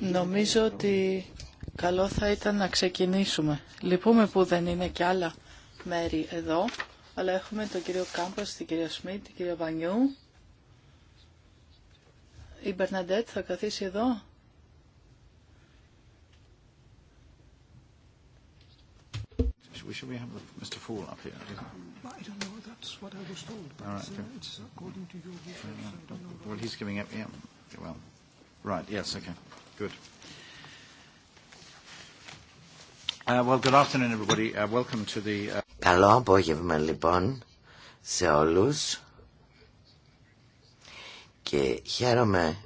Νομίζω ότι καλό θα ήταν να ξεκινήσουμε. Λυπούμε που δεν είναι και άλλα μέρη εδώ, αλλά έχουμε τον κύριο Κάμπο, την κυρία Σμιτ, την κυρία Βανιού. Η Μπερναντέτ θα καθίσει εδώ. we have Mr. Fall up here? I don't know. That's what I was told. All right. It's according to your research. Well, he's giving up. Yeah. Well. Right. Yes. Okay. Good. Well, good afternoon, everybody. Welcome to the... Καλό απόγευμα λοιπόν σε όλους και χαίρομαι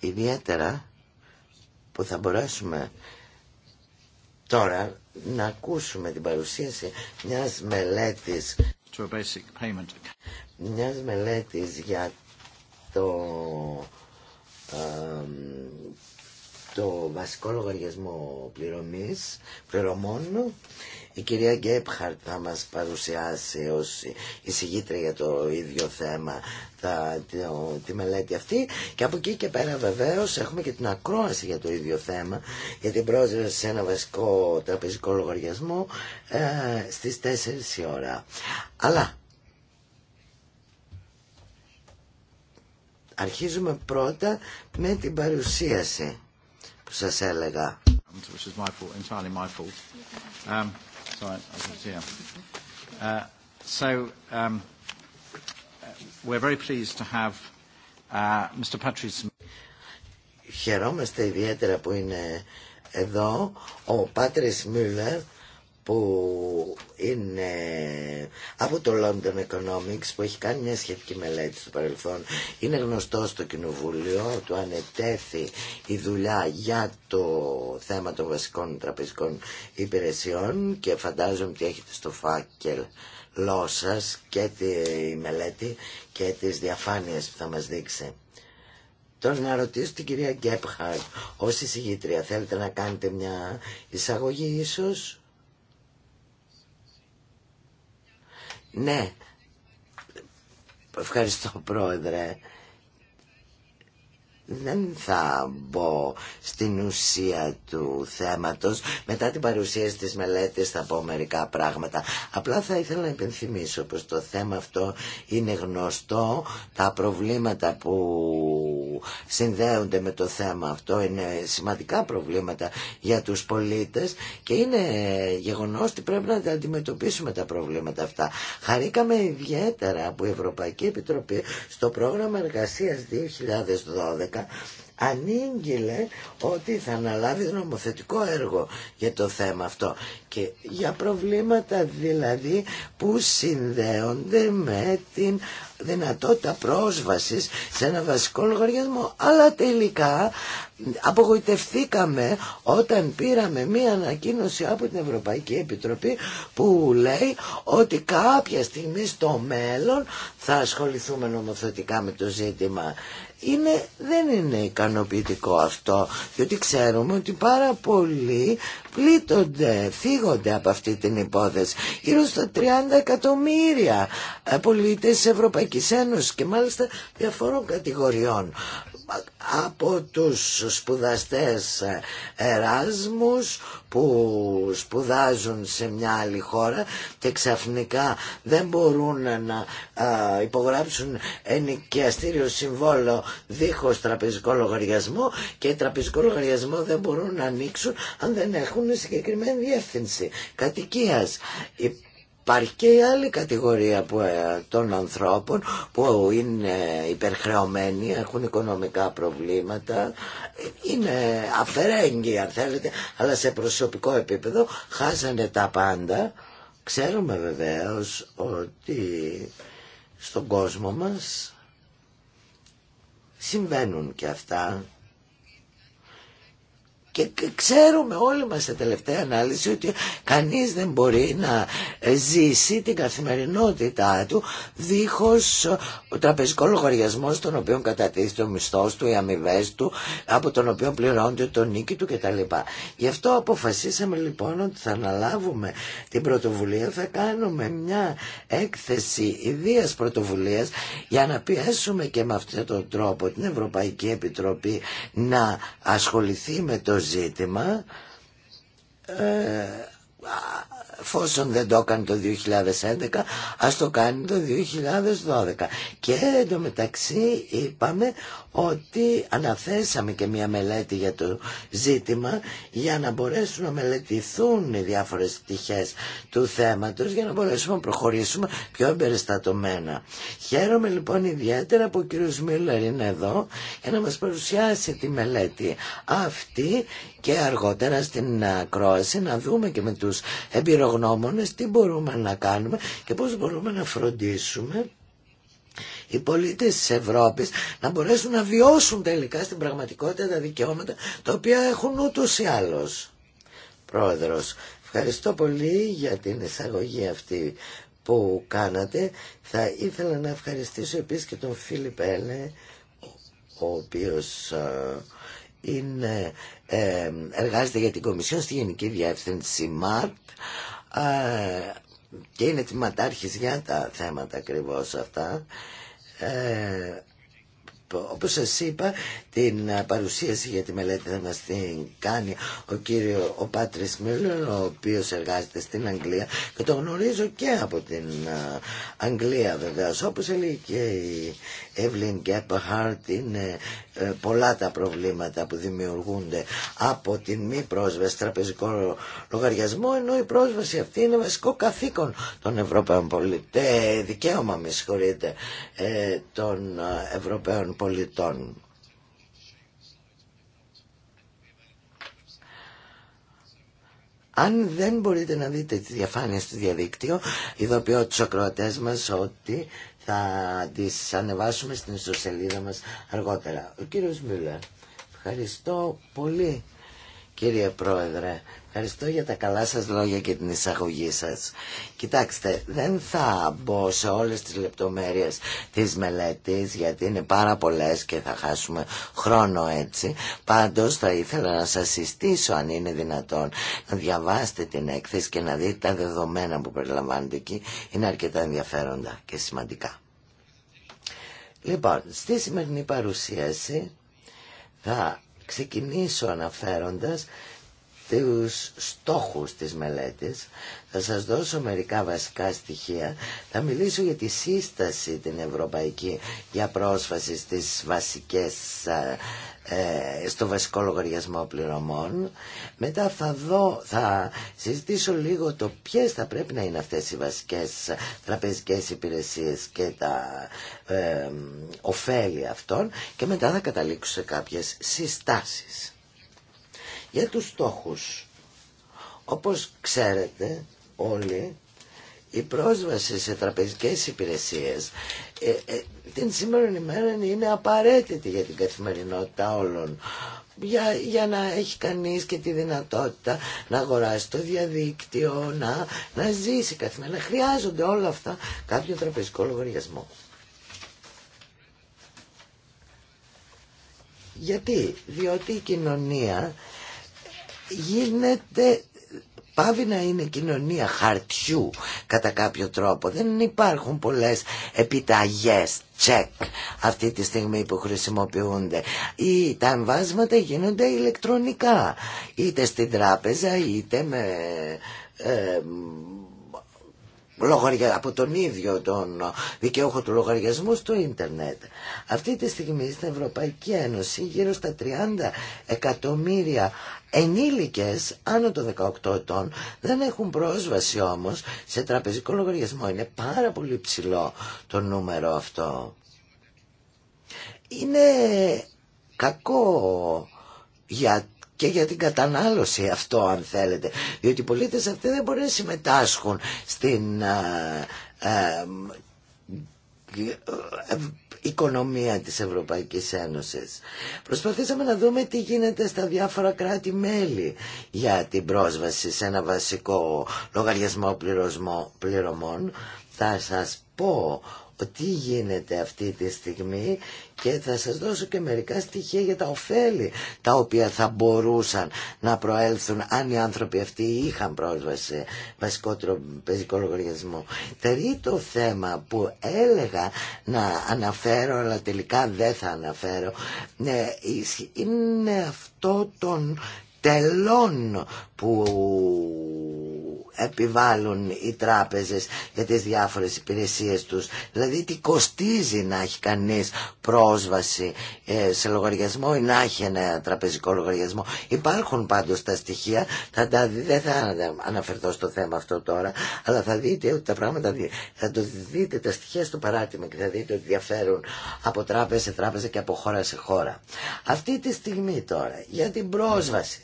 ιδιαίτερα που θα μπορέσουμε τώρα να ακούσουμε την παρουσίαση μιας μελέτης to a payment. μιας μελέτης για το το βασικό λογαριασμό πληρωμής, πληρωμών η κυρία Γκέπχαρτ θα μας παρουσιάσει ως εισηγήτρια για το ίδιο θέμα τη μελέτη αυτή και από εκεί και πέρα βεβαίως έχουμε και την ακρόαση για το ίδιο θέμα για την πρόσβαση σε ένα βασικό τραπεζικό λογαριασμό ε, στις 4 η ώρα. Αλλά αρχίζουμε πρώτα με την παρουσίαση που σας έλεγα. Um, sorry, I uh, So um, we're very pleased to have uh, Mr. Patrice. Χαιρόμαστε ιδιαίτερα που είναι εδώ ο Πάτρις Μούλερ που είναι από το London Economics που έχει κάνει μια σχετική μελέτη στο παρελθόν είναι γνωστό στο Κοινοβούλιο του ανετέθη η δουλειά για το θέμα των βασικών τραπεζικών υπηρεσιών και φαντάζομαι ότι έχετε στο φάκελ λόσας και τη μελέτη και τις διαφάνειες που θα μας δείξει. Τώρα να ρωτήσω την κυρία Γκέπχαρτ, ως εισηγήτρια θέλετε να κάνετε μια εισαγωγή ίσως. Ναι. Ευχαριστώ πρόεδρε δεν θα μπω στην ουσία του θέματος. Μετά την παρουσίαση της μελέτης θα πω μερικά πράγματα. Απλά θα ήθελα να υπενθυμίσω πως το θέμα αυτό είναι γνωστό. Τα προβλήματα που συνδέονται με το θέμα αυτό είναι σημαντικά προβλήματα για τους πολίτες και είναι γεγονός ότι πρέπει να τα αντιμετωπίσουμε τα προβλήματα αυτά. Χαρήκαμε ιδιαίτερα που η Ευρωπαϊκή Επιτροπή στο πρόγραμμα εργασίας 2012 ανήγγειλε ότι θα αναλάβει νομοθετικό έργο για το θέμα αυτό και για προβλήματα δηλαδή που συνδέονται με την δυνατότητα πρόσβασης σε ένα βασικό λογαριασμό αλλά τελικά απογοητευθήκαμε όταν πήραμε μία ανακοίνωση από την Ευρωπαϊκή Επιτροπή που λέει ότι κάποια στιγμή στο μέλλον θα ασχοληθούμε νομοθετικά με το ζήτημα είναι, δεν είναι ικανοποιητικό αυτό διότι ξέρουμε ότι πάρα πολλοί πλήττονται, φύγονται από αυτή την υπόθεση γύρω στα 30 εκατομμύρια ε, πολίτες της Ευρωπαϊκής Ένωσης και μάλιστα διαφορών κατηγοριών από τους σπουδαστές Εράσμους που σπουδάζουν σε μια άλλη χώρα και ξαφνικά δεν μπορούν να υπογράψουν ενοικιαστήριο συμβόλο δίχως τραπεζικό λογαριασμό και τραπεζικό λογαριασμό δεν μπορούν να ανοίξουν αν δεν έχουν συγκεκριμένη διεύθυνση κατοικίας. Υπάρχει και η άλλη κατηγορία που, ε, των ανθρώπων που είναι υπερχρεωμένοι, έχουν οικονομικά προβλήματα, είναι αφαιρέγγοι αν θέλετε, αλλά σε προσωπικό επίπεδο χάσανε τα πάντα. Ξέρουμε βεβαίως ότι στον κόσμο μας συμβαίνουν και αυτά και ξέρουμε όλοι μας σε τελευταία ανάλυση ότι κανείς δεν μπορεί να ζήσει την καθημερινότητά του δίχως ο τραπεζικό λογαριασμό στον οποίο κατατίθεται ο μισθό του, οι αμοιβέ του, από τον οποίο πληρώνεται το νίκη του κτλ. Γι' αυτό αποφασίσαμε λοιπόν ότι θα αναλάβουμε την πρωτοβουλία, θα κάνουμε μια έκθεση ιδίας πρωτοβουλίας για να πιέσουμε και με αυτόν τον τρόπο την Ευρωπαϊκή Επιτροπή να ασχοληθεί με το ζήτημα ε, Φόσον δεν το έκανε το 2011 ας το κάνει το 2012 και εντωμεταξύ είπαμε ότι αναθέσαμε και μια μελέτη για το ζήτημα για να μπορέσουν να μελετηθούν οι διάφορες πτυχές του θέματος για να μπορέσουμε να προχωρήσουμε πιο εμπεριστατωμένα. Χαίρομαι λοιπόν ιδιαίτερα που ο κύριος Μίλλερ είναι εδώ για να μας παρουσιάσει τη μελέτη αυτή και αργότερα στην ακρόαση να δούμε και με τους τι μπορούμε να κάνουμε και πώς μπορούμε να φροντίσουμε οι πολίτες της Ευρώπης να μπορέσουν να βιώσουν τελικά στην πραγματικότητα τα δικαιώματα τα οποία έχουν ούτως ή άλλως. Πρόεδρος, ευχαριστώ πολύ για την εισαγωγή αυτή που κάνατε. Θα ήθελα να ευχαριστήσω επίσης και τον Φίλιπ Έλε, ο οποίος ε, είναι, ε, εργάζεται για την Κομισιόν στη Γενική Διεύθυνση ΜΑΤ και είναι τιματάρχης για τα θέματα ακριβώ αυτά. Ε, όπως σας είπα την ε, παρουσίαση για τη μελέτη θα μας την κάνει ο κύριο ο Πάτρις Μίλλον ο οποίος εργάζεται στην Αγγλία και το γνωρίζω και από την ε, Αγγλία βέβαια, όπως έλεγε και η Εύλιν Γκέπχαρτ είναι ε, πολλά τα προβλήματα που δημιουργούνται από την μη πρόσβαση τραπεζικό λογαριασμό ενώ η πρόσβαση αυτή είναι βασικό καθήκον των Ευρωπαίων πολιτών δικαίωμα με συγχωρείτε των Ευρωπαίων πολιτών Αν δεν μπορείτε να δείτε τη διαφάνεια στο διαδίκτυο, ειδοποιώ τους ακροατές μας ότι θα τις ανεβάσουμε στην ιστοσελίδα μας αργότερα. Ο κύριος Μιούλερ, ευχαριστώ πολύ. Κύριε Πρόεδρε, ευχαριστώ για τα καλά σας λόγια και την εισαγωγή σας. Κοιτάξτε, δεν θα μπω σε όλες τις λεπτομέρειες της μελέτης, γιατί είναι πάρα πολλές και θα χάσουμε χρόνο έτσι. Πάντως θα ήθελα να σας συστήσω, αν είναι δυνατόν, να διαβάσετε την έκθεση και να δείτε τα δεδομένα που περιλαμβάνονται εκεί. Είναι αρκετά ενδιαφέροντα και σημαντικά. Λοιπόν, στη σημερινή παρουσίαση θα ξεκινήσω αναφέροντας τους στόχους της μελέτης. Θα σας δώσω μερικά βασικά στοιχεία. Θα μιλήσω για τη σύσταση την ευρωπαϊκή για πρόσφαση στις βασικές, ε, στο βασικό λογαριασμό πληρωμών. Μετά θα, δω, θα συζητήσω λίγο το ποιες θα πρέπει να είναι αυτές οι βασικές τραπεζικές υπηρεσίες και τα ε, ωφέλη αυτών και μετά θα καταλήξω σε κάποιες συστάσεις. Για τους στόχους. Όπως ξέρετε όλοι, η πρόσβαση σε τραπεζικές υπηρεσίες ε, ε, την σήμερα ημέρα είναι απαραίτητη για την καθημερινότητα όλων. Για, για να έχει κανείς και τη δυνατότητα να αγοράσει το διαδίκτυο, να, να ζήσει καθημερινά. Χρειάζονται όλα αυτά κάποιο τραπεζικό λογαριασμό. Γιατί, διότι η κοινωνία γίνεται πάβει να είναι κοινωνία χαρτιού κατά κάποιο τρόπο. Δεν υπάρχουν πολλές επιταγές, check αυτή τη στιγμή που χρησιμοποιούνται. Ή τα εμβάσματα γίνονται ηλεκτρονικά, είτε στην τράπεζα είτε με... Ε, λογαρια... από τον ίδιο τον δικαιούχο του λογαριασμού στο ίντερνετ. Αυτή τη στιγμή στην Ευρωπαϊκή Ένωση γύρω στα 30 εκατομμύρια ενήλικες άνω των 18 ετών δεν έχουν πρόσβαση όμως σε τραπεζικό λογαριασμό. Είναι πάρα πολύ ψηλό το νούμερο αυτό. Είναι κακό για και για την κατανάλωση αυτό αν θέλετε διότι οι πολίτες αυτοί δεν μπορούν να συμμετάσχουν στην ε, ε, ε, οικονομία της Ευρωπαϊκής Ένωσης. Προσπαθήσαμε να δούμε τι γίνεται στα διάφορα κράτη-μέλη για την πρόσβαση σε ένα βασικό λογαριασμό πληρωσμό, πληρωμών. Θα σας πω τι γίνεται αυτή τη στιγμή και θα σας δώσω και μερικά στοιχεία για τα ωφέλη τα οποία θα μπορούσαν να προέλθουν αν οι άνθρωποι αυτοί είχαν πρόσβαση σε βασικό τροπεζικό λογαριασμό. Τρίτο θέμα που έλεγα να αναφέρω αλλά τελικά δεν θα αναφέρω ε, είναι αυτό των τελών που επιβάλλουν οι τράπεζες για τις διάφορες υπηρεσίες τους. Δηλαδή τι κοστίζει να έχει κανείς πρόσβαση ε, σε λογαριασμό ή να έχει ένα τραπεζικό λογαριασμό. Υπάρχουν πάντως τα στοιχεία, θα τα, δεν θα αναφερθώ στο θέμα αυτό τώρα, αλλά θα δείτε ότι τα πράγματα, θα το δείτε τα στοιχεία στο παράτημα και θα δείτε ότι διαφέρουν από τράπεζα σε τράπεζα και από χώρα σε χώρα. Αυτή τη στιγμή τώρα για την πρόσβαση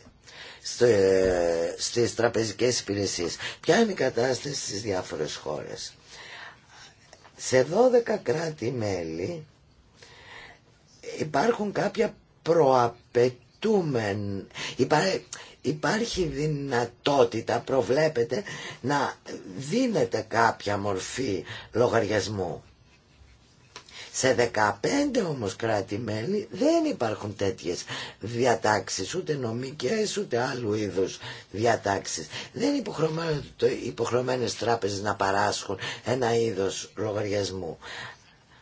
ε, στις τραπεζικές υπηρεσίες. Ποια είναι η κατάσταση στις διάφορες χώρες. Σε 12 κράτη-μέλη υπάρχουν κάποια προαπαιτούμεν, υπάρχει δυνατότητα, προβλέπεται, να δίνεται κάποια μορφή λογαριασμού. Σε 15 όμως κράτη-μέλη δεν υπάρχουν τέτοιες διατάξεις, ούτε νομικές ούτε άλλου είδους διατάξεις. Δεν υποχρεωμένες τράπεζες να παράσχουν ένα είδος λογαριασμού.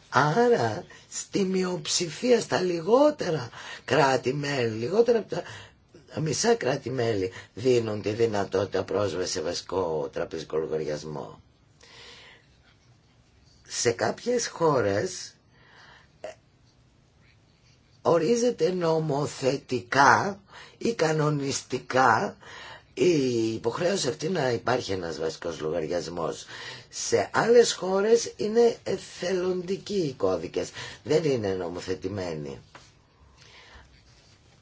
Άρα στη μειοψηφία, στα λιγότερα κράτη-μέλη, λιγότερα από τα μισά κράτη-μέλη δίνουν τη δυνατότητα πρόσβαση σε βασικό τραπεζικό λογαριασμό. Σε κάποιες χώρες ορίζεται νομοθετικά ή κανονιστικά η υποχρέωση αυτή να υπάρχει ένας βασικός λογαριασμός. Σε άλλες χώρες είναι εθελοντικοί οι κώδικες, δεν είναι νομοθετημένοι.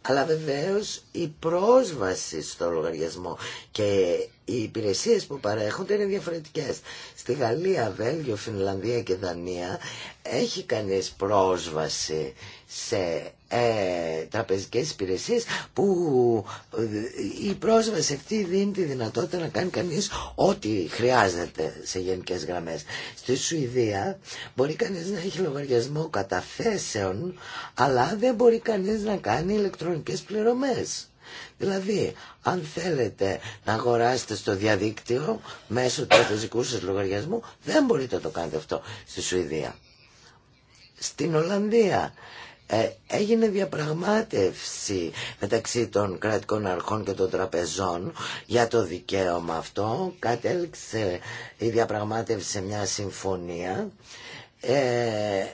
Αλλά βεβαίως η πρόσβαση στο λογαριασμό και οι υπηρεσίες που παρέχονται είναι διαφορετικές. Στη Γαλλία, Βέλγιο, Φινλανδία και Δανία έχει κανείς πρόσβαση σε ε, τραπεζικές υπηρεσίες που ε, η πρόσβαση αυτή δίνει τη δυνατότητα να κάνει κανείς ό,τι χρειάζεται σε γενικές γραμμές. Στη Σουηδία μπορεί κανείς να έχει λογαριασμό καταθέσεων αλλά δεν μπορεί κανείς να κάνει ηλεκτρονικές πληρωμές. Δηλαδή, αν θέλετε να αγοράσετε στο διαδίκτυο μέσω του τραπεζικού σας λογαριασμού, δεν μπορείτε να το κάνετε αυτό στη Σουηδία. Στην Ολλανδία ε, έγινε διαπραγμάτευση μεταξύ των κρατικών αρχών και των τραπεζών για το δικαίωμα αυτό. Κατέληξε η διαπραγμάτευση σε μια συμφωνία ε,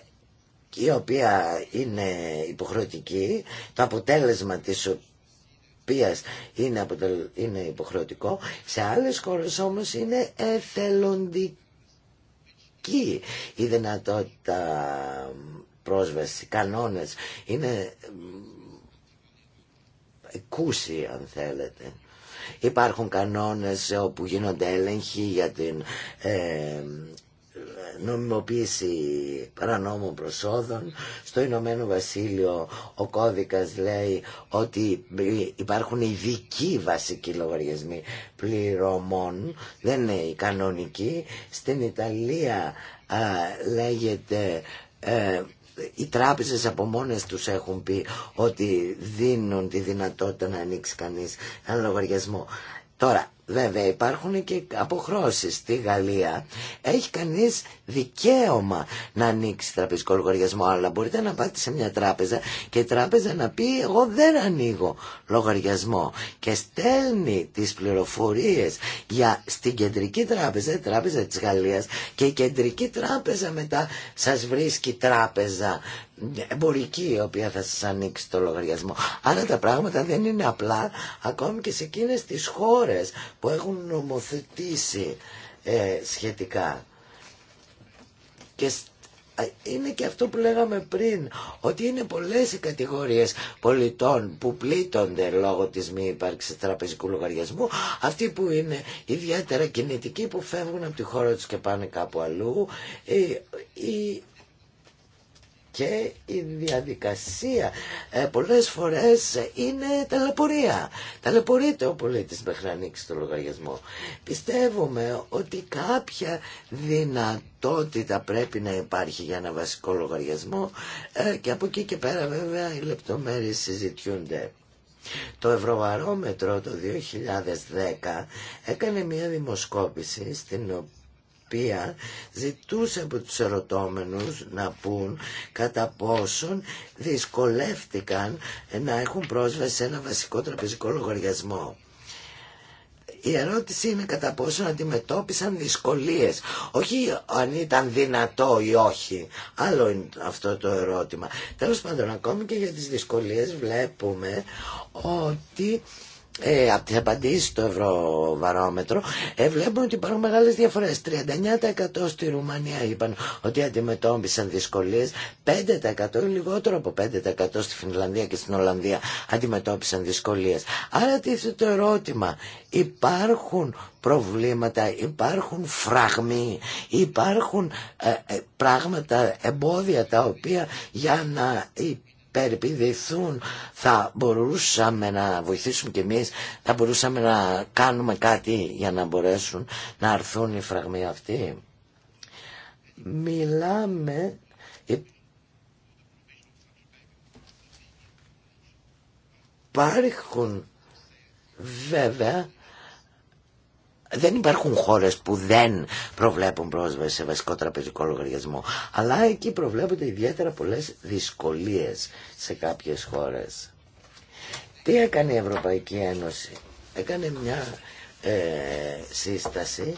η οποία είναι υποχρεωτική, το αποτέλεσμα της οποίας είναι, είναι υποχρεωτικό, σε άλλες χώρες όμως είναι εθελοντική η δυνατότητα πρόσβαση, κανόνες. Είναι εκούσιοι αν θέλετε. Υπάρχουν κανόνες όπου γίνονται έλεγχοι για την ε, νομιμοποίηση παρανόμων προσόδων. Στο Ηνωμένο Βασίλειο ο κώδικας λέει ότι υπάρχουν ειδικοί βασικοί λογαριασμοί πληρωμών, δεν είναι οι κανονικοί. Στην Ιταλία λέγεται... Ε, οι τράπεζες από μόνες τους έχουν πει ότι δίνουν τη δυνατότητα να ανοίξει κανείς ένα λογαριασμό. Τώρα, βέβαια υπάρχουν και αποχρώσεις στη Γαλλία. Έχει κανείς δικαίωμα να ανοίξει τραπεζικό λογαριασμό, αλλά μπορείτε να πάτε σε μια τράπεζα και η τράπεζα να πει εγώ δεν ανοίγω λογαριασμό και στέλνει τις πληροφορίες για στην κεντρική τράπεζα, η τράπεζα της Γαλλίας και η κεντρική τράπεζα μετά σας βρίσκει τράπεζα εμπορική η οποία θα σας ανοίξει το λογαριασμό. Άρα τα πράγματα δεν είναι απλά ακόμη και σε εκείνες τις χώρες που έχουν νομοθετήσει ε, σχετικά. Και είναι και αυτό που λέγαμε πριν, ότι είναι πολλές οι κατηγορίες πολιτών που πλήττονται λόγω της μη ύπαρξης τραπεζικού λογαριασμού, αυτοί που είναι ιδιαίτερα κινητικοί που φεύγουν από τη χώρα τους και πάνε κάπου αλλού, ε, και η διαδικασία ε, πολλές φορές είναι ταλαιπωρία. Ταλαιπωρείται ο πολίτης μέχρι να ανοίξει το λογαριασμό. Πιστεύουμε ότι κάποια δυνατότητα πρέπει να υπάρχει για ένα βασικό λογαριασμό ε, και από εκεί και πέρα βέβαια οι λεπτομέρειες συζητιούνται. Το Ευρωβαρόμετρο το 2010 έκανε μια δημοσκόπηση στην οποία οποία ζητούσε από τους ερωτώμενους να πούν κατά πόσον δυσκολεύτηκαν να έχουν πρόσβαση σε ένα βασικό τραπεζικό λογαριασμό. Η ερώτηση είναι κατά πόσον αντιμετώπισαν δυσκολίες. Όχι αν ήταν δυνατό ή όχι. Άλλο είναι αυτό το ερώτημα. Τέλος πάντων, ακόμη και για τις δυσκολίες βλέπουμε ότι ε, από τις απαντήσεις στο Ευρωβαρόμετρο ε, βλέπουμε ότι υπάρχουν μεγάλες διαφορές 39% στη Ρουμανία είπαν ότι αντιμετώπισαν δυσκολίες 5% ή λιγότερο από 5% στη Φινλανδία και στην Ολλανδία αντιμετώπισαν δυσκολίες άρα τίθεται το ερώτημα υπάρχουν προβλήματα υπάρχουν φραγμοί υπάρχουν ε, ε, πράγματα εμπόδια τα οποία για να περιπηδηθούν θα μπορούσαμε να βοηθήσουμε κι εμείς θα μπορούσαμε να κάνουμε κάτι για να μπορέσουν να αρθούν οι φραγμοί αυτοί μιλάμε υπάρχουν βέβαια δεν υπάρχουν χώρες που δεν προβλέπουν πρόσβαση σε βασικό τραπεζικό λογαριασμό. Αλλά εκεί προβλέπονται ιδιαίτερα πολλές δυσκολίες σε κάποιες χώρες. Τι έκανε η Ευρωπαϊκή Ένωση. Έκανε μια ε, σύσταση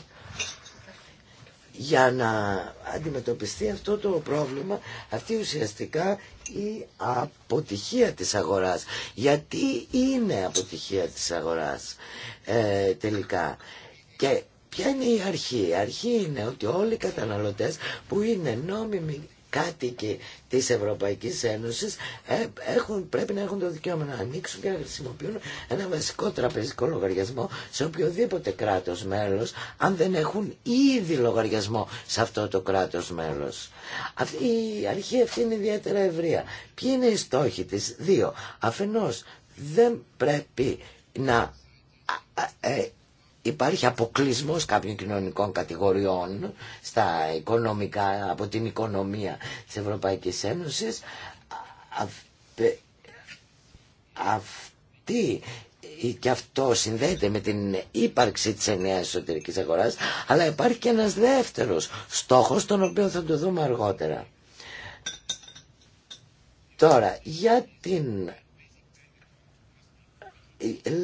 για να αντιμετωπιστεί αυτό το πρόβλημα, αυτή ουσιαστικά η αποτυχία της αγοράς. Γιατί είναι αποτυχία της αγοράς ε, τελικά. Και ποια είναι η αρχή. Η αρχή είναι ότι όλοι οι καταναλωτές που είναι νόμιμοι κάτοικοι της Ευρωπαϊκής Ένωσης ε, έχουν, πρέπει να έχουν το δικαίωμα να ανοίξουν και να χρησιμοποιούν ένα βασικό τραπεζικό λογαριασμό σε οποιοδήποτε κράτος μέλος αν δεν έχουν ήδη λογαριασμό σε αυτό το κράτος μέλος. Αυτή, η αρχή αυτή είναι ιδιαίτερα ευρεία. Ποιοι είναι οι στόχοι της. Δύο. Αφενός δεν πρέπει να ε, υπάρχει αποκλεισμό κάποιων κοινωνικών κατηγοριών στα οικονομικά, από την οικονομία τη Ευρωπαϊκή Ένωσης ε, αυτή ε, και αυτό συνδέεται με την ύπαρξη της ενιαίας εσωτερικής αγοράς αλλά υπάρχει και ένας δεύτερος στόχος τον οποίο θα το δούμε αργότερα τώρα για την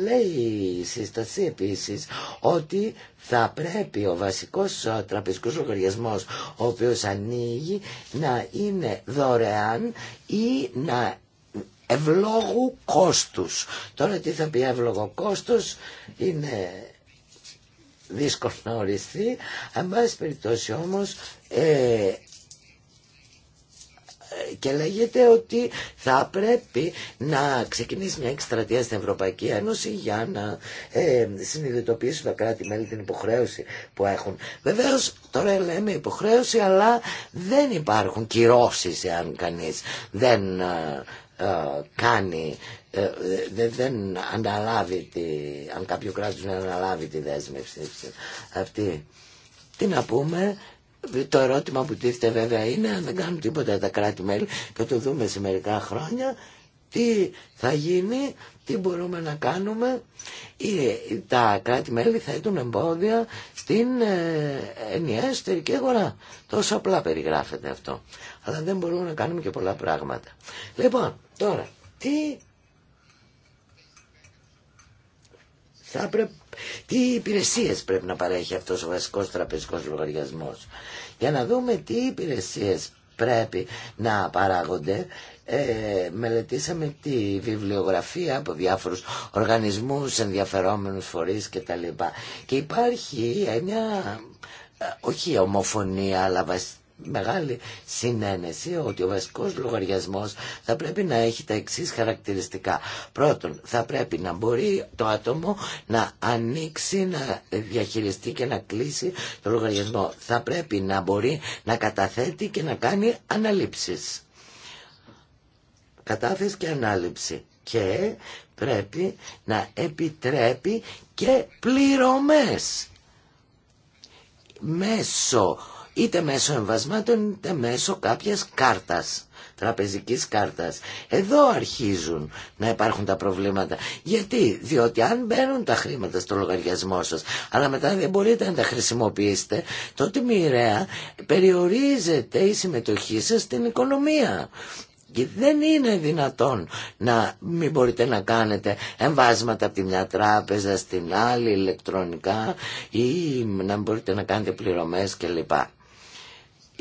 Λέει η σύσταση επίσης ότι θα πρέπει ο βασικός τραπεζικός λογαριασμός ο οποίος ανοίγει να είναι δωρεάν ή να ευλόγου κόστους. Τώρα τι θα πει ευλόγο κόστο, είναι δύσκολο να οριστεί. Αν πάση περιπτώσει όμως ε, και λέγεται ότι θα πρέπει να ξεκινήσει μια εκστρατεία στην Ευρωπαϊκή Ένωση για να ε, συνειδητοποιήσουν τα κράτη-μέλη την υποχρέωση που έχουν. Βεβαίω τώρα λέμε υποχρέωση αλλά δεν υπάρχουν κυρώσει εάν κανείς δεν ε, ε, κάνει ε, δεν, δεν αναλάβει τη, αν κάποιο κράτος δεν αναλάβει τη δέσμευση αυτή. Τι να πούμε, το ερώτημα που τίθεται βέβαια είναι αν δεν κάνουν τίποτα τα κράτη-μέλη και το δούμε σε μερικά χρόνια τι θα γίνει, τι μπορούμε να κάνουμε. Τα κράτη-μέλη θα έτουν εμπόδια στην ε, ενιαία εσωτερική αγορά. Τόσο απλά περιγράφεται αυτό. Αλλά δεν μπορούμε να κάνουμε και πολλά πράγματα. Λοιπόν, τώρα, τι θα Τι υπηρεσίες πρέπει να παρέχει αυτός ο βασικός τραπεζικός λογαριασμός για να δούμε τι υπηρεσίες πρέπει να παράγονται. Ε, μελετήσαμε τη βιβλιογραφία από διάφορους οργανισμούς, ενδιαφερόμενους φορείς κτλ. Και υπάρχει μια, ε, όχι ομοφωνία, αλλά μεγάλη συνένεση ότι ο βασικός λογαριασμός θα πρέπει να έχει τα εξής χαρακτηριστικά. Πρώτον, θα πρέπει να μπορεί το άτομο να ανοίξει, να διαχειριστεί και να κλείσει το λογαριασμό. Θα πρέπει να μπορεί να καταθέτει και να κάνει αναλήψεις. Κατάθεση και ανάληψη. Και πρέπει να επιτρέπει και πληρωμές μέσω είτε μέσω εμβασμάτων είτε μέσω κάποιας κάρτας, τραπεζικής κάρτας. Εδώ αρχίζουν να υπάρχουν τα προβλήματα. Γιατί, διότι αν μπαίνουν τα χρήματα στο λογαριασμό σας, αλλά μετά δεν μπορείτε να τα χρησιμοποιήσετε, τότε μοιραία περιορίζεται η συμμετοχή σας στην οικονομία. Και δεν είναι δυνατόν να μην μπορείτε να κάνετε εμβάσματα από τη μια τράπεζα στην άλλη ηλεκτρονικά ή να μπορείτε να κάνετε πληρωμές κλπ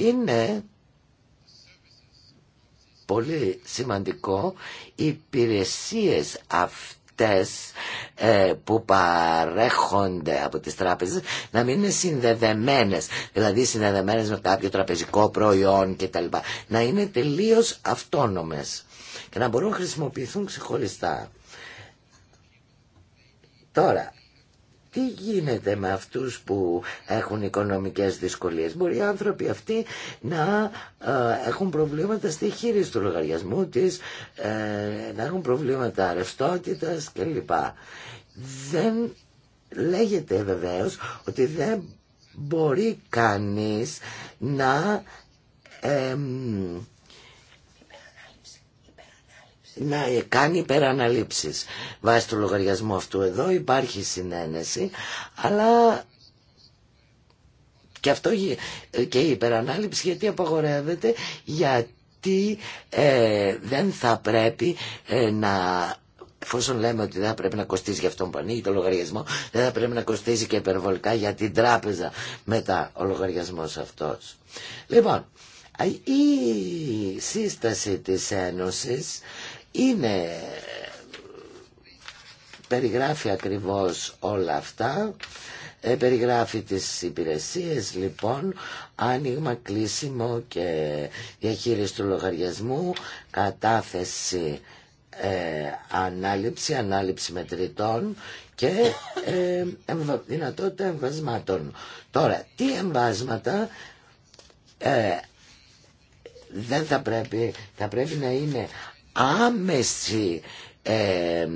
είναι πολύ σημαντικό οι υπηρεσίες αυτές ε, που παρέχονται από τις τράπεζες να μην είναι συνδεδεμένες, δηλαδή συνδεδεμένες με κάποιο τραπεζικό προϊόν κτλ. Να είναι τελείως αυτόνομες και να μπορούν να χρησιμοποιηθούν ξεχωριστά. Τώρα, τι γίνεται με αυτούς που έχουν οικονομικές δυσκολίες. Μπορεί οι άνθρωποι αυτοί να ε, έχουν προβλήματα στη χείριση του λογαριασμού της, ε, να έχουν προβλήματα ρευστότητας κλπ. Δεν λέγεται βεβαίως ότι δεν μπορεί κανείς να να κάνει υπεραναλήψεις. Βάσει του λογαριασμού αυτού εδώ υπάρχει συνένεση, αλλά και, αυτό, και η υπερανάληψη γιατί απαγορεύεται, γιατί ε, δεν θα πρέπει ε, να εφόσον λέμε ότι δεν θα πρέπει να κοστίζει για αυτόν που ανοίγει το λογαριασμό, δεν θα πρέπει να κοστίζει και υπερβολικά για την τράπεζα μετά ο λογαριασμός αυτός. Λοιπόν, η σύσταση της Ένωσης είναι περιγράφει ακριβώς όλα αυτά ε, περιγράφει τις υπηρεσίες λοιπόν άνοιγμα, κλείσιμο και διαχείριση του λογαριασμού κατάθεση ε, ανάληψη, ανάληψη μετρητών και ε, δυνατότητα εμβασμάτων. Τώρα, τι εμβάσματα ε, δεν θα πρέπει, θα πρέπει να είναι άμεση ε,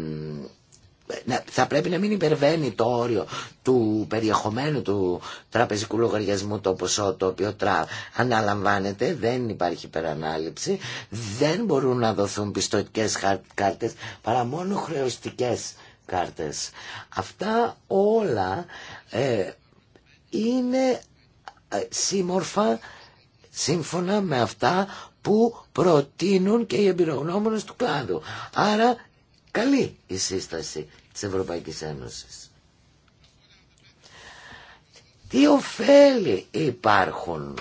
θα πρέπει να μην υπερβαίνει το όριο του περιεχομένου του τραπεζικού λογαριασμού το ποσό το οποίο τρα... αναλαμβάνεται, δεν υπάρχει υπερανάληψη, δεν μπορούν να δοθούν πιστοτικές κάρτες παρά μόνο χρεωστικές κάρτες. Αυτά όλα ε, είναι ε, σύμμορφα σύμφωνα με αυτά που προτείνουν και οι εμπειρογνώμονες του κλάδου. Άρα καλή η σύσταση της Ευρωπαϊκής Ένωσης. Τι ωφέλη υπάρχουν.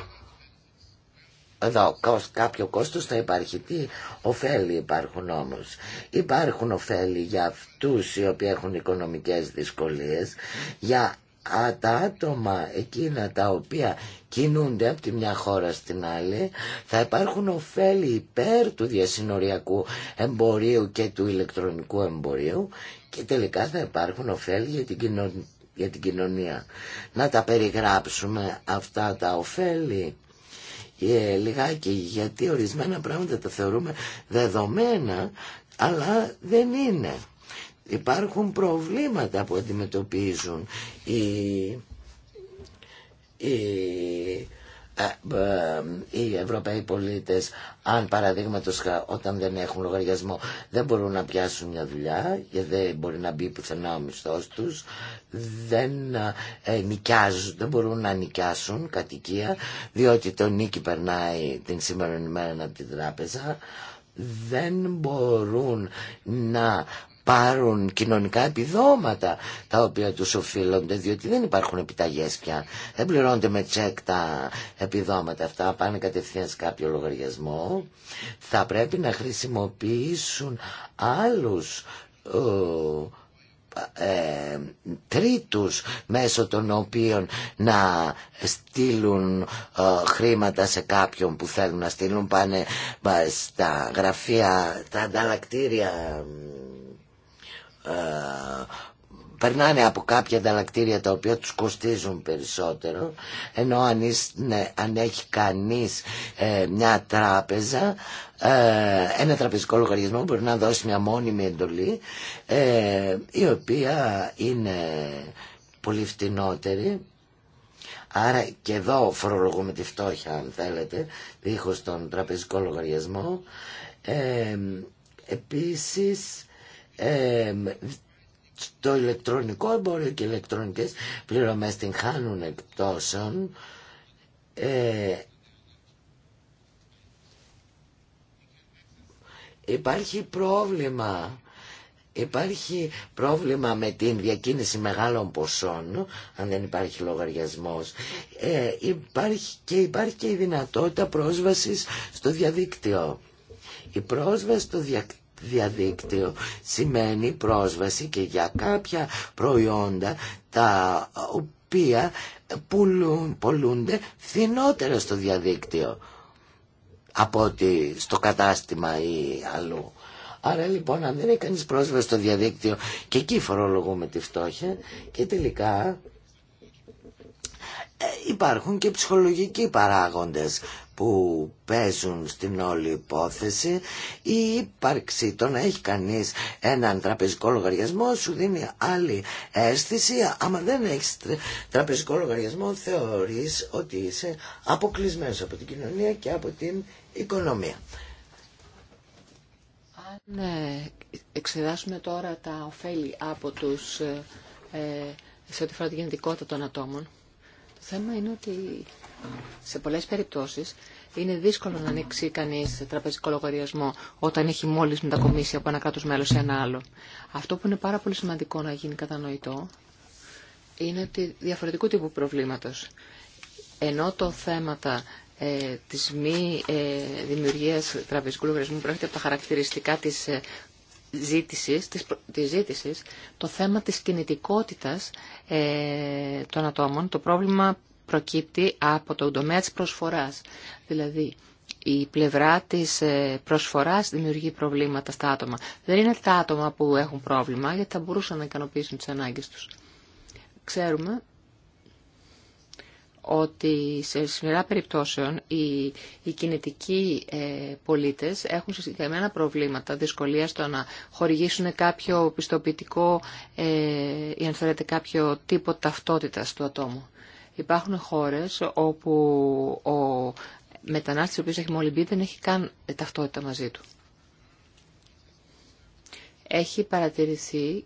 Εδώ κάποιο κόστος θα υπάρχει. Τι ωφέλη υπάρχουν όμως. Υπάρχουν ωφέλη για αυτούς οι οποίοι έχουν οικονομικές δυσκολίες, για α, τα άτομα εκείνα τα οποία κινούνται από τη μια χώρα στην άλλη θα υπάρχουν ωφέλη υπέρ του διασυνοριακού εμπορίου και του ηλεκτρονικού εμπορίου και τελικά θα υπάρχουν ωφέλη για την, κοινο... για κοινωνία. Να τα περιγράψουμε αυτά τα ωφέλη ε, λιγάκι γιατί ορισμένα πράγματα τα θεωρούμε δεδομένα αλλά δεν είναι υπάρχουν προβλήματα που αντιμετωπίζουν οι, οι ε, ε, ε, οι Ευρωπαίοι πολίτες αν παραδείγματο όταν δεν έχουν λογαριασμό δεν μπορούν να πιάσουν μια δουλειά γιατί δεν μπορεί να μπει πουθενά ο μισθός τους δεν, ε, δεν μπορούν να νοικιάσουν κατοικία διότι το νίκη περνάει την σήμερα ημέρα από την τράπεζα δεν μπορούν να πάρουν κοινωνικά επιδόματα τα οποία τους οφείλονται διότι δεν υπάρχουν επιταγές πια δεν πληρώνονται με τσεκ τα επιδόματα αυτά πάνε κατευθείαν σε κάποιο λογαριασμό θα πρέπει να χρησιμοποιήσουν άλλους ε, ε, τρίτους μέσω των οποίων να στείλουν ε, χρήματα σε κάποιον που θέλουν να στείλουν πάνε ε, στα γραφεία, τα ανταλλακτήρια ε, περνάνε από κάποια ανταλλακτήρια τα οποία τους κοστίζουν περισσότερο ενώ αν, ναι, έχει κανείς ε, μια τράπεζα ε, ένα τραπεζικό λογαριασμό μπορεί να δώσει μια μόνιμη εντολή η οποία είναι πολύ φτηνότερη άρα και εδώ φορολογούμε τη φτώχεια αν θέλετε δίχως τον τραπεζικό λογαριασμό επίσης ε, το ηλεκτρονικό εμπόριο και οι ηλεκτρονικές πληρωμές την χάνουν εκπτώσεων ε, υπάρχει πρόβλημα Υπάρχει πρόβλημα με την διακίνηση μεγάλων ποσών, αν δεν υπάρχει λογαριασμός. Ε, υπάρχει, και υπάρχει και η δυνατότητα πρόσβασης στο διαδίκτυο. Η πρόσβαση στο διαδίκτυο διαδίκτυο σημαίνει πρόσβαση και για κάποια προϊόντα τα οποία πουλούν, πουλούνται φθηνότερα στο διαδίκτυο από ότι στο κατάστημα ή αλλού. Άρα λοιπόν αν δεν έχει πρόσβαση στο διαδίκτυο και εκεί φορολογούμε τη φτώχεια και τελικά ε, υπάρχουν και ψυχολογικοί παράγοντες που παίζουν στην όλη υπόθεση η ύπαρξη το να έχει κανείς έναν τραπεζικό λογαριασμό σου δίνει άλλη αίσθηση άμα δεν έχει τραπεζικό λογαριασμό θεωρείς ότι είσαι αποκλεισμένος από την κοινωνία και από την οικονομία. Αν ε, εξετάσουμε τώρα τα ωφέλη από τους ε, ε σε ό,τι φορά τη γεννητικότητα των ατόμων, το θέμα είναι ότι σε πολλές περιπτώσεις είναι δύσκολο να ανοίξει κανείς τραπεζικό λογαριασμό όταν έχει μόλις μετακομίσει από ένα κράτο μέλο σε ένα άλλο. Αυτό που είναι πάρα πολύ σημαντικό να γίνει κατανοητό είναι ότι διαφορετικού τύπου προβλήματος. Ενώ το θέματα ε, της μη ε, δημιουργίας τραπεζικού λογαριασμού πρόκειται από τα χαρακτηριστικά τη ε, ζήτησης, της, της το θέμα της κινητικότητας ε, των ατόμων, το πρόβλημα προκύπτει από τον τομέα της προσφοράς. Δηλαδή, η πλευρά της ε, προσφοράς δημιουργεί προβλήματα στα άτομα. Δεν είναι τα άτομα που έχουν πρόβλημα, γιατί θα μπορούσαν να ικανοποιήσουν τις ανάγκες τους. Ξέρουμε ότι σε σημερινά περιπτώσεων οι, κινητικοί ε, πολίτες έχουν συγκεκριμένα προβλήματα, δυσκολία στο να χορηγήσουν κάποιο πιστοποιητικό ε, ή αν θέλετε κάποιο τύπο ταυτότητας του ατόμου. Υπάρχουν χώρες όπου ο μετανάστης ο οποίος έχει μόλι δεν έχει καν ταυτότητα μαζί του. Έχει παρατηρηθεί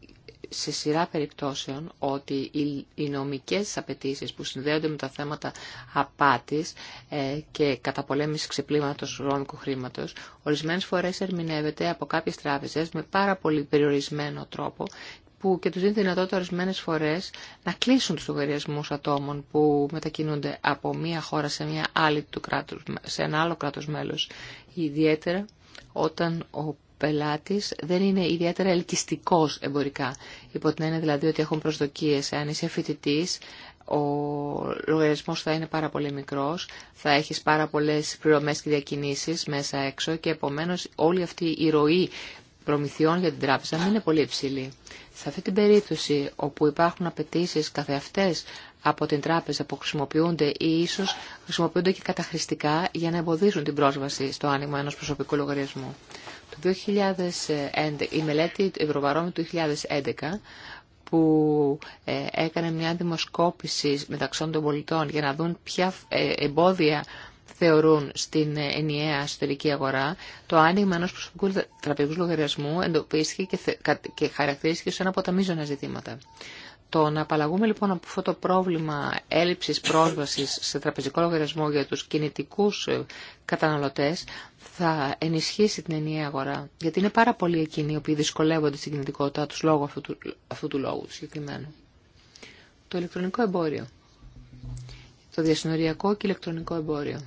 σε σειρά περιπτώσεων ότι οι νομικές απαιτήσεις που συνδέονται με τα θέματα απάτης ε, και καταπολέμησης ξεπλήματος ρόμικου χρήματος, ορισμένες φορές ερμηνεύεται από κάποιες τράπεζες με πάρα πολύ περιορισμένο τρόπο που και τους δίνει δυνατότητα ορισμένε φορές να κλείσουν τους λογαριασμούς ατόμων που μετακινούνται από μία χώρα σε, μία άλλη του κράτους, σε ένα άλλο κράτος μέλος. Ιδιαίτερα όταν ο πελάτης δεν είναι ιδιαίτερα ελκυστικός εμπορικά. Υπό την έννοια δηλαδή ότι έχουν προσδοκίες. Αν είσαι φοιτητή, ο λογαριασμό θα είναι πάρα πολύ μικρό, θα έχει πάρα πολλέ πληρωμέ και διακινήσει μέσα έξω και επομένω όλη αυτή η ροή προμηθειών για την τράπεζα μην είναι πολύ υψηλή. Σε αυτή την περίπτωση όπου υπάρχουν απαιτήσει καθεαυτές από την τράπεζα που χρησιμοποιούνται ή ίσως χρησιμοποιούνται και καταχρηστικά για να εμποδίσουν την πρόσβαση στο άνοιγμα ενός προσωπικού λογαριασμού. Το 2011, η μελέτη Ευρωβαρόμη του 2011 που ε, έκανε μια δημοσκόπηση μεταξύ των πολιτών για να δουν ποια ε, εμπόδια θεωρούν στην ενιαία εσωτερική αγορά, το άνοιγμα ενός προσωπικού τραπεζικού λογαριασμού εντοπίστηκε και χαρακτηρίστηκε σε ένα από τα μείζωνα ζητήματα. Το να απαλλαγούμε λοιπόν από αυτό το πρόβλημα έλλειψης πρόσβασης σε τραπεζικό λογαριασμό για τους κινητικούς ε, καταναλωτές θα ενισχύσει την ενιαία αγορά. Γιατί είναι πάρα πολλοί εκείνοι οι οποίοι δυσκολεύονται στην κινητικότητά τους λόγω αυτού του, λόγου συγκεκριμένου. Το ηλεκτρονικό εμπόριο. Το διασυνοριακό και ηλεκτρονικό εμπόριο.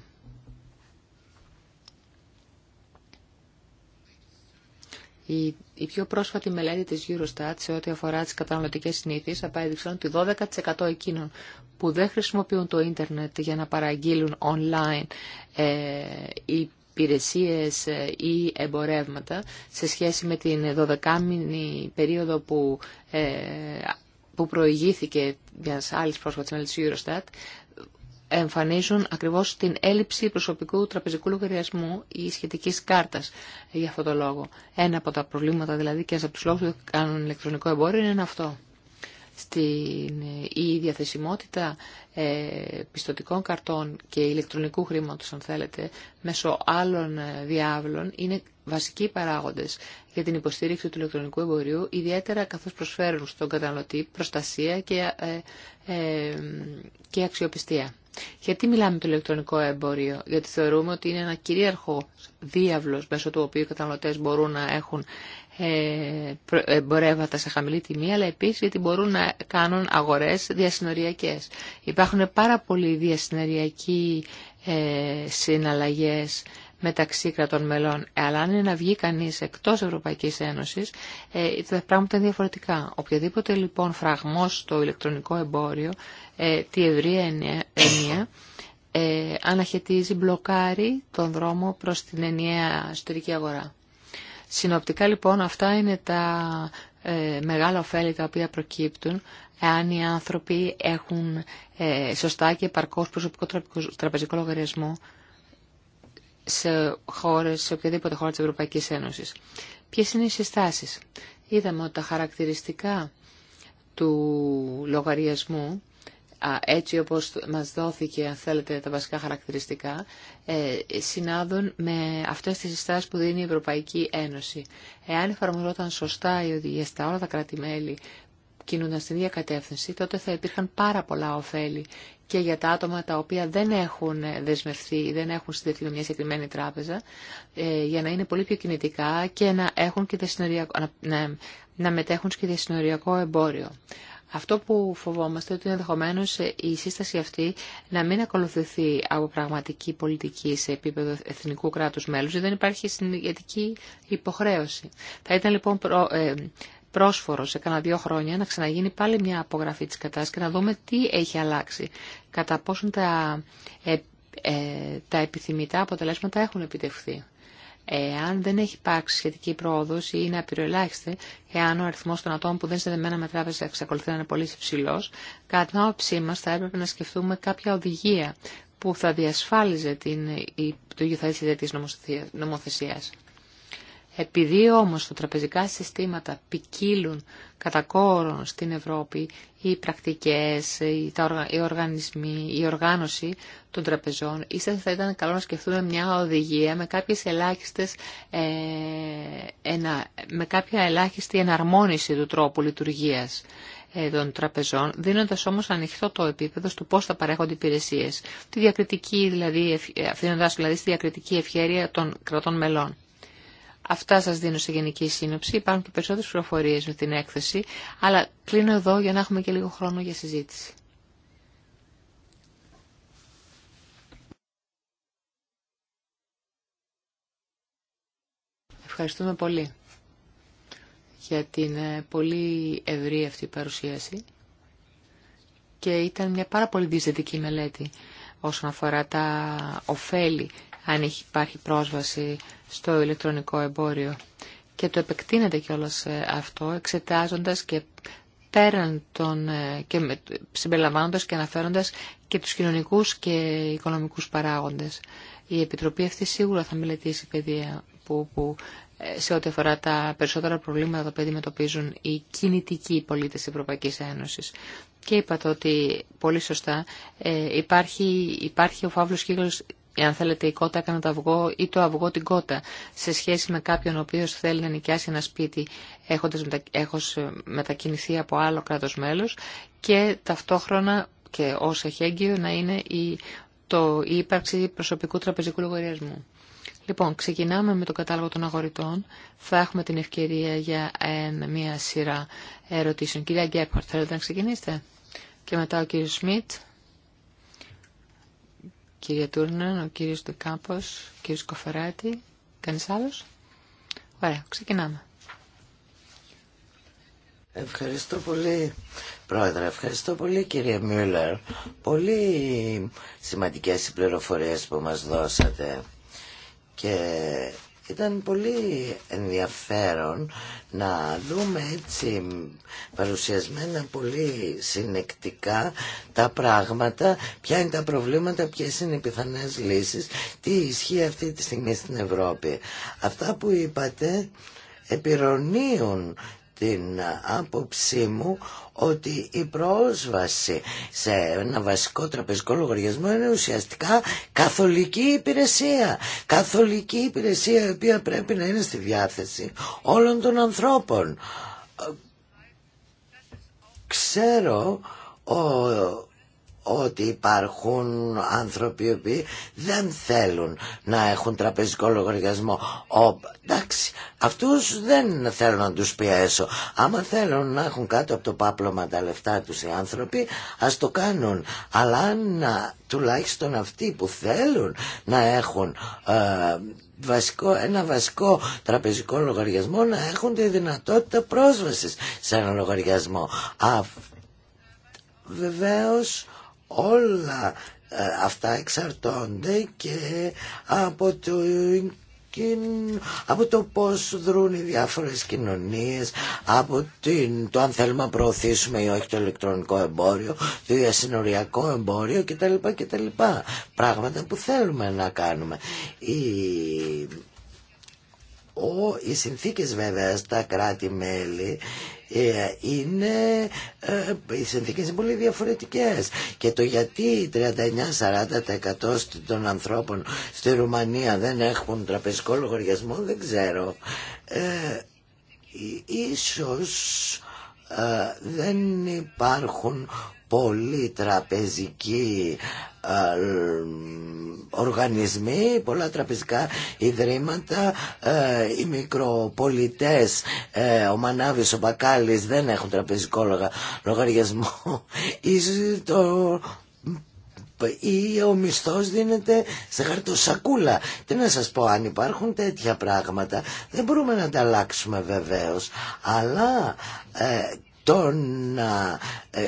Η, πιο πρόσφατη μελέτη της Eurostat σε ό,τι αφορά τις καταναλωτικές συνήθειες απέδειξαν ότι 12% εκείνων που δεν χρησιμοποιούν το ίντερνετ για να παραγγείλουν online ε, υπηρεσίες ε, ή εμπορεύματα σε σχέση με την 12μηνη περίοδο που, ε, που προηγήθηκε μιας άλλης πρόσφατης μελέτης Eurostat εμφανίζουν ακριβώς την έλλειψη προσωπικού τραπεζικού λογαριασμού ή σχετικής κάρτας για αυτό το λόγο. Ένα από τα προβλήματα δηλαδή και ένα από τους λόγους που κάνουν ηλεκτρονικό εμπόριο είναι αυτό. Στην, η διαθεσιμότητα ε, πιστοτικών καρτών και ηλεκτρονικού χρήματος, αν θέλετε, μέσω άλλων ε, διάβλων είναι βασικοί παράγοντες για την υποστήριξη του ηλεκτρονικού εμπορίου, ιδιαίτερα καθώς προσφέρουν στον καταναλωτή προστασία και, ε, ε, και αξιοπιστία. Γιατί μιλάμε το ηλεκτρονικό εμπορίο, γιατί θεωρούμε ότι είναι ένα κυρίαρχο διάβλος μέσω του οποίου οι καταναλωτές μπορούν να έχουν ε, ε, εμπορεύματα σε χαμηλή τιμή, αλλά επίση γιατί μπορούν να κάνουν αγορές διασυνοριακές. Υπάρχουν πάρα πολλοί διασυνοριακοί ε, συναλλαγές μεταξύ κρατών μελών. Αλλά αν είναι να βγει κανείς εκτός Ευρωπαϊκής Ένωσης, ε, τα πράγματα είναι διαφορετικά. Οποιοδήποτε λοιπόν φραγμός στο ηλεκτρονικό εμπόριο, ε, τη ευρία έννοια, ε, αναχαιτίζει, μπλοκάρει τον δρόμο προς την ενιαία εσωτερική αγορά. Συνοπτικά λοιπόν αυτά είναι τα μεγάλα ωφέλη τα οποία προκύπτουν εάν οι άνθρωποι έχουν σωστά και επαρκώς προσωπικό τραπεζικό λογαριασμό σε, χώρες, σε οποιαδήποτε χώρα της Ευρωπαϊκής Ένωσης. Ποιες είναι οι συστάσεις. Είδαμε ότι τα χαρακτηριστικά του λογαριασμού, έτσι όπως μας δόθηκε, αν θέλετε, τα βασικά χαρακτηριστικά, ε, συνάδουν με αυτές τις συστάσεις που δίνει η Ευρωπαϊκή Ένωση. Εάν εφαρμοζόταν σωστά οι οδηγίες στα όλα τα κράτη-μέλη, κινούνταν στην ίδια κατεύθυνση, τότε θα υπήρχαν πάρα πολλά ωφέλη και για τα άτομα τα οποία δεν έχουν δεσμευθεί ή δεν έχουν συνδεθεί με μια συγκεκριμένη τράπεζα ε, για να είναι πολύ πιο κινητικά και να, έχουν και να, να μετέχουν και εμπόριο. Αυτό που φοβόμαστε ότι ενδεχομένω ε, η σύσταση αυτή να μην ακολουθηθεί από πραγματική πολιτική σε επίπεδο εθνικού κράτους μέλους, δεν υπάρχει συνεργατική υποχρέωση. Θα ήταν λοιπόν ε, πρόσφορο σε κανένα δύο χρόνια να ξαναγίνει πάλι μια απογραφή της κατάστασης και να δούμε τι έχει αλλάξει, κατά πόσον τα, ε, ε, τα επιθυμητά αποτελέσματα έχουν επιτευχθεί. Εάν δεν έχει υπάρξει σχετική πρόοδο ή είναι απειροελάχιστη, εάν ο αριθμό των ατόμων που δεν συνδεμένα με τράπεζα εξακολουθεί να είναι πολύ υψηλό, κατά την άποψή μα θα έπρεπε να σκεφτούμε κάποια οδηγία που θα διασφάλιζε την, το θα της νομοθεσίας. Επειδή όμως τα τραπεζικά συστήματα ποικίλουν κατά κόρον στην Ευρώπη, οι πρακτικές, οι οργανισμοί, η οργάνωση των τραπεζών, ίσως θα ήταν καλό να σκεφτούμε μια οδηγία με, κάποιες ελάχιστες, ε, με κάποια ελάχιστη εναρμόνιση του τρόπου λειτουργίας ε, των τραπεζών, δίνοντας όμως ανοιχτό το επίπεδο στο πώ θα παρέχονται υπηρεσίε. Τη διακριτική, δηλαδή, ε, αφήνοντα δηλαδή στη διακριτική ευχαίρεια των κρατών μελών. Αυτά σας δίνω σε γενική σύνοψη. Υπάρχουν και περισσότερες πληροφορίες με την έκθεση, αλλά κλείνω εδώ για να έχουμε και λίγο χρόνο για συζήτηση. Ευχαριστούμε πολύ για την ε, πολύ ευρύ αυτή παρουσίαση και ήταν μια πάρα πολύ δυσδετική μελέτη όσον αφορά τα ωφέλη αν υπάρχει πρόσβαση στο ηλεκτρονικό εμπόριο. Και το επεκτείνεται κιόλας ε, αυτό εξετάζοντας και πέραν των, ε, και συμπεριλαμβάνοντας και αναφέροντας και τους κοινωνικούς και οικονομικούς παράγοντες. Η Επιτροπή αυτή σίγουρα θα μελετήσει παιδεία που, που ε, σε ό,τι αφορά τα περισσότερα προβλήματα που αντιμετωπίζουν οι κινητικοί πολίτες της Ευρωπαϊκής Ένωσης. Και είπατε ότι πολύ σωστά υπάρχει, υπάρχει ο φαύλος κύκλος εάν θέλετε η κότα έκανε το αυγό ή το αυγό την κότα σε σχέση με κάποιον ο οποίος θέλει να νοικιάσει ένα σπίτι έχοντας έχος ε, μετακινηθεί από άλλο κράτος μέλος και ταυτόχρονα και ως εχέγγυο να είναι η, το, η ύπαρξη προσωπικού τραπεζικού λογαριασμού. Λοιπόν, ξεκινάμε με τον κατάλογο των αγοριτών. Θα έχουμε την ευκαιρία για ε, μία σειρά ερωτήσεων. Κυρία Γκέπχαρτ, θέλετε να ξεκινήσετε. Και μετά ο κύριος Σμιτ κυρία Τούρναν, ο κύριος Δεκάμπος, ο κύριος Κοφεράτη. Κανείς άλλος? Ωραία, ξεκινάμε. Ευχαριστώ πολύ, Πρόεδρε. Ευχαριστώ πολύ, κύριε Μιούλερ. Πολύ σημαντικές οι πληροφορίες που μας δώσατε. Και ήταν πολύ ενδιαφέρον να δούμε έτσι παρουσιασμένα πολύ συνεκτικά τα πράγματα, ποια είναι τα προβλήματα, ποιες είναι οι πιθανές λύσεις, τι ισχύει αυτή τη στιγμή στην Ευρώπη. Αυτά που είπατε επιρρονίουν την άποψή μου ότι η πρόσβαση σε ένα βασικό τραπεζικό λογαριασμό είναι ουσιαστικά καθολική υπηρεσία. Καθολική υπηρεσία η οποία πρέπει να είναι στη διάθεση όλων των ανθρώπων. Ξέρω ο, ότι υπάρχουν άνθρωποι οι οποίοι δεν θέλουν να έχουν τραπεζικό λογαριασμό. εντάξει, αυτούς δεν θέλω να τους πιέσω. Άμα θέλουν να έχουν κάτω από το πάπλωμα τα λεφτά τους οι άνθρωποι, ας το κάνουν. Αλλά να, τουλάχιστον αυτοί που θέλουν να έχουν... Ε, ένα βασικό τραπεζικό λογαριασμό να έχουν τη δυνατότητα πρόσβασης σε ένα λογαριασμό. Α, βεβαίως όλα ε, αυτά εξαρτώνται και από το από το πώς δρούν οι διάφορες κοινωνίες από την, το αν θέλουμε να προωθήσουμε ή όχι το ηλεκτρονικό εμπόριο το διασυνοριακό εμπόριο κτλ, κτλ. πράγματα που θέλουμε να κάνουμε η, ο, οι συνθήκες βέβαια στα κράτη-μέλη ε, είναι, ε, οι συνθήκες είναι πολύ διαφορετικές και το γιατί 39-40% των ανθρώπων στη Ρουμανία δεν έχουν τραπεζικό λογαριασμό δεν ξέρω ε, ίσως ε, δεν υπάρχουν τραπεζικοί ε, οργανισμοί, πολλά τραπεζικά ιδρύματα, ε, οι μικροπολιτές, ε, ο Μανάβης, ο Μπακάλης δεν έχουν τραπεζικό λογαριασμό. το ή ο μισθό δίνεται σε χαρτοσακούλα. Τι να σας πω, αν υπάρχουν τέτοια πράγματα, δεν μπορούμε να τα αλλάξουμε βεβαίως, αλλά ε,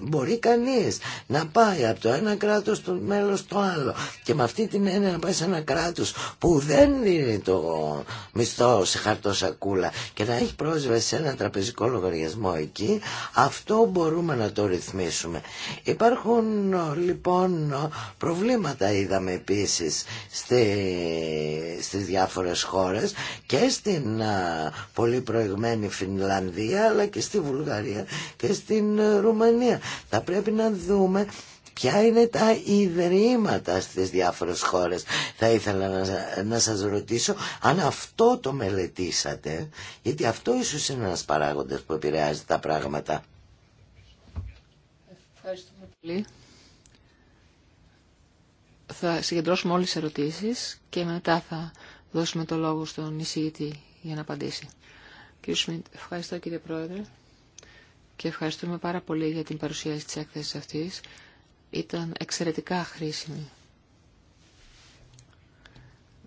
μπορεί κανείς να πάει από το ένα κράτος στο μέλος στο άλλο και με αυτή την έννοια να πάει σε ένα κράτος που δεν δίνει το μισθό σε σακούλα και να έχει πρόσβαση σε ένα τραπεζικό λογαριασμό εκεί αυτό μπορούμε να το ρυθμίσουμε υπάρχουν ε, λοιπόν προβλήματα είδαμε επίσης στη, στις διάφορες χώρες και στην ε, πολύ προηγμένη Φινλανδία αλλά και στη Βουλή. Βουλγαρία και στην ε, Ρουμανία. Θα πρέπει να δούμε ποια είναι τα ιδρύματα στις διάφορες χώρες. Θα ήθελα να, να σας ρωτήσω αν αυτό το μελετήσατε, γιατί αυτό ίσως είναι ένας παράγοντας που επηρεάζει τα πράγματα. Ευχαριστούμε πολύ. Θα συγκεντρώσουμε όλες τις ερωτήσεις και μετά θα δώσουμε το λόγο στον εισηγητή για να απαντήσει. Κύριε Σμιντ, ευχαριστώ κύριε Πρόεδρε και ευχαριστούμε πάρα πολύ για την παρουσίαση της έκθεσης αυτής. Ήταν εξαιρετικά χρήσιμη.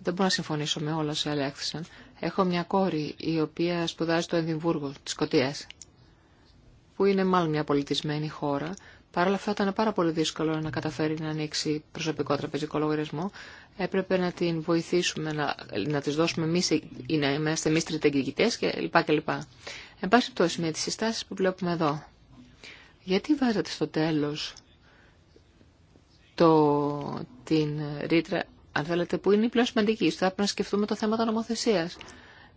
Δεν μπορώ να συμφωνήσω με όλα όσα ελέγχθησαν. Έχω μια κόρη η οποία σπουδάζει στο Ενδιμβούργο της Σκοτίας, που είναι μάλλον μια πολιτισμένη χώρα. Παρ' όλα αυτά ήταν πάρα πολύ δύσκολο να καταφέρει να ανοίξει προσωπικό τραπεζικό λογαριασμό. Έπρεπε να την βοηθήσουμε, να, να της δώσουμε εμείς, να είμαστε εμείς τριτεγγυητές κλπ. Εν πάση πτώση, με τις συστάσεις που βλέπουμε εδώ, γιατί βάζατε στο τέλος το, την ρήτρα, αν θέλετε, που είναι η πλέον σημαντική. Θα πρέπει να σκεφτούμε το θέμα των νομοθεσία.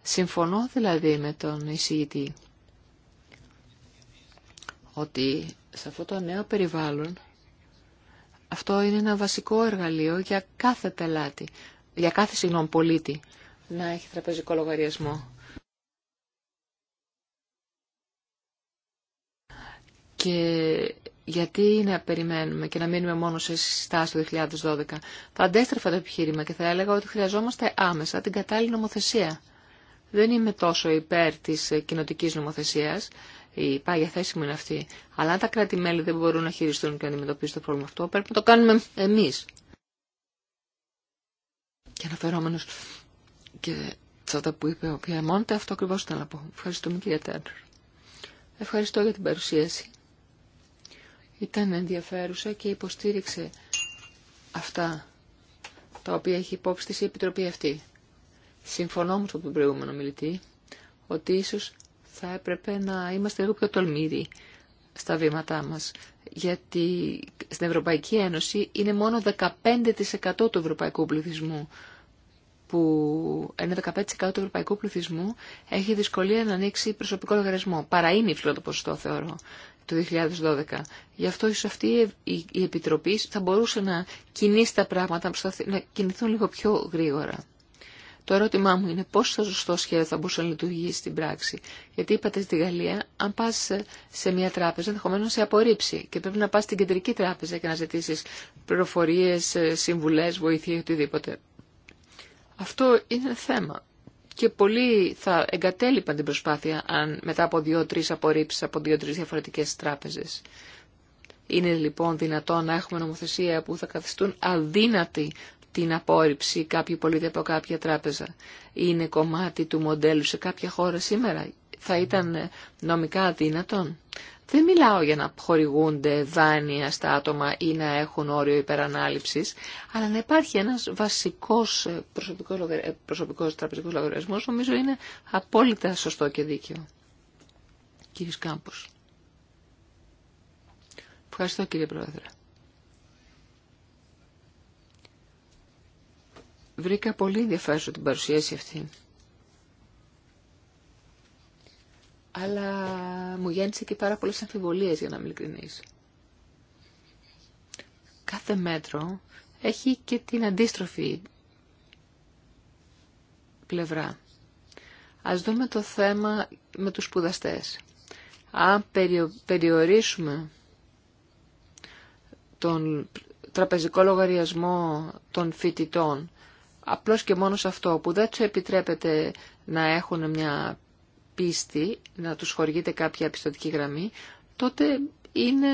Συμφωνώ δηλαδή με τον εισηγητή ότι σε αυτό το νέο περιβάλλον αυτό είναι ένα βασικό εργαλείο για κάθε πελάτη, για κάθε συγγνώμη πολίτη να έχει τραπεζικό λογαριασμό. Και γιατί να περιμένουμε και να μείνουμε μόνο σε συστάσεις το 2012. Θα αντέστρεφα το επιχείρημα και θα έλεγα ότι χρειαζόμαστε άμεσα την κατάλληλη νομοθεσία. Δεν είμαι τόσο υπέρ της κοινοτική νομοθεσίας, η πάγια θέση μου είναι αυτή. Αλλά αν τα κράτη-μέλη δεν μπορούν να χειριστούν και να αντιμετωπίσουν το πρόβλημα αυτό, πρέπει να το κάνουμε εμεί. Και αναφερόμένο. και σε αυτά που είπε ο Πιαμόντε, αυτό ακριβώ ήταν να πω. Ευχαριστούμε κύριε Τέντρο. Ευχαριστώ για την παρουσίαση ήταν ενδιαφέρουσα και υποστήριξε αυτά τα οποία έχει υπόψη της η Επιτροπή αυτή. Συμφωνώ μου από τον προηγούμενο μιλητή ότι ίσως θα έπρεπε να είμαστε λίγο πιο τολμήροι στα βήματά μας. Γιατί στην Ευρωπαϊκή Ένωση είναι μόνο 15% του ευρωπαϊκού πληθυσμού που ένα 15% του ευρωπαϊκού πληθυσμού έχει δυσκολία να ανοίξει προσωπικό λογαριασμό. Παρά υψηλό το ποσοστό, θεωρώ του 2012. Γι' αυτό ίσως αυτή η Επιτροπή θα μπορούσε να κινήσει τα πράγματα, να κινηθούν λίγο πιο γρήγορα. Το ερώτημά μου είναι πώς το ζωστό σχέδιο θα μπορούσε να λειτουργήσει στην πράξη. Γιατί είπατε στη Γαλλία, αν πας σε μια τράπεζα, ενδεχομένω σε απορρίψει και πρέπει να πας στην κεντρική τράπεζα και να ζητήσεις πληροφορίες, ε, συμβουλές, βοηθή, οτιδήποτε. Αυτό είναι θέμα και πολλοί θα εγκατέλειπαν την προσπάθεια αν μετά από δύο-τρεις απορρίψεις από δύο-τρεις διαφορετικές τράπεζες. Είναι λοιπόν δυνατόν να έχουμε νομοθεσία που θα καθιστούν αδύνατη την απόρριψη κάποιου πολίτη από κάποια τράπεζα. Είναι κομμάτι του μοντέλου σε κάποια χώρα σήμερα. Θα ήταν νομικά αδύνατον. Δεν μιλάω για να χορηγούνται δάνεια στα άτομα ή να έχουν όριο υπερανάληψης, αλλά να υπάρχει ένας βασικός ε, προσωπικός, ε, προσωπικός τραπεζικός λογαριασμός, νομίζω είναι απόλυτα σωστό και δίκαιο. Κύριε Κάμπος. Ευχαριστώ κύριε Πρόεδρε. Βρήκα πολύ ενδιαφέρουσα την παρουσίαση αυτή. αλλά μου γέννησε και πάρα πολλές αμφιβολίες για να είμαι ειλικρινής. Κάθε μέτρο έχει και την αντίστροφη πλευρά. Ας δούμε το θέμα με τους σπουδαστέ. Αν περιορίσουμε τον τραπεζικό λογαριασμό των φοιτητών απλώς και μόνο σε αυτό που δεν του επιτρέπεται να έχουν μια πίστη, να τους χορηγείται κάποια πιστοτική γραμμή, τότε είναι,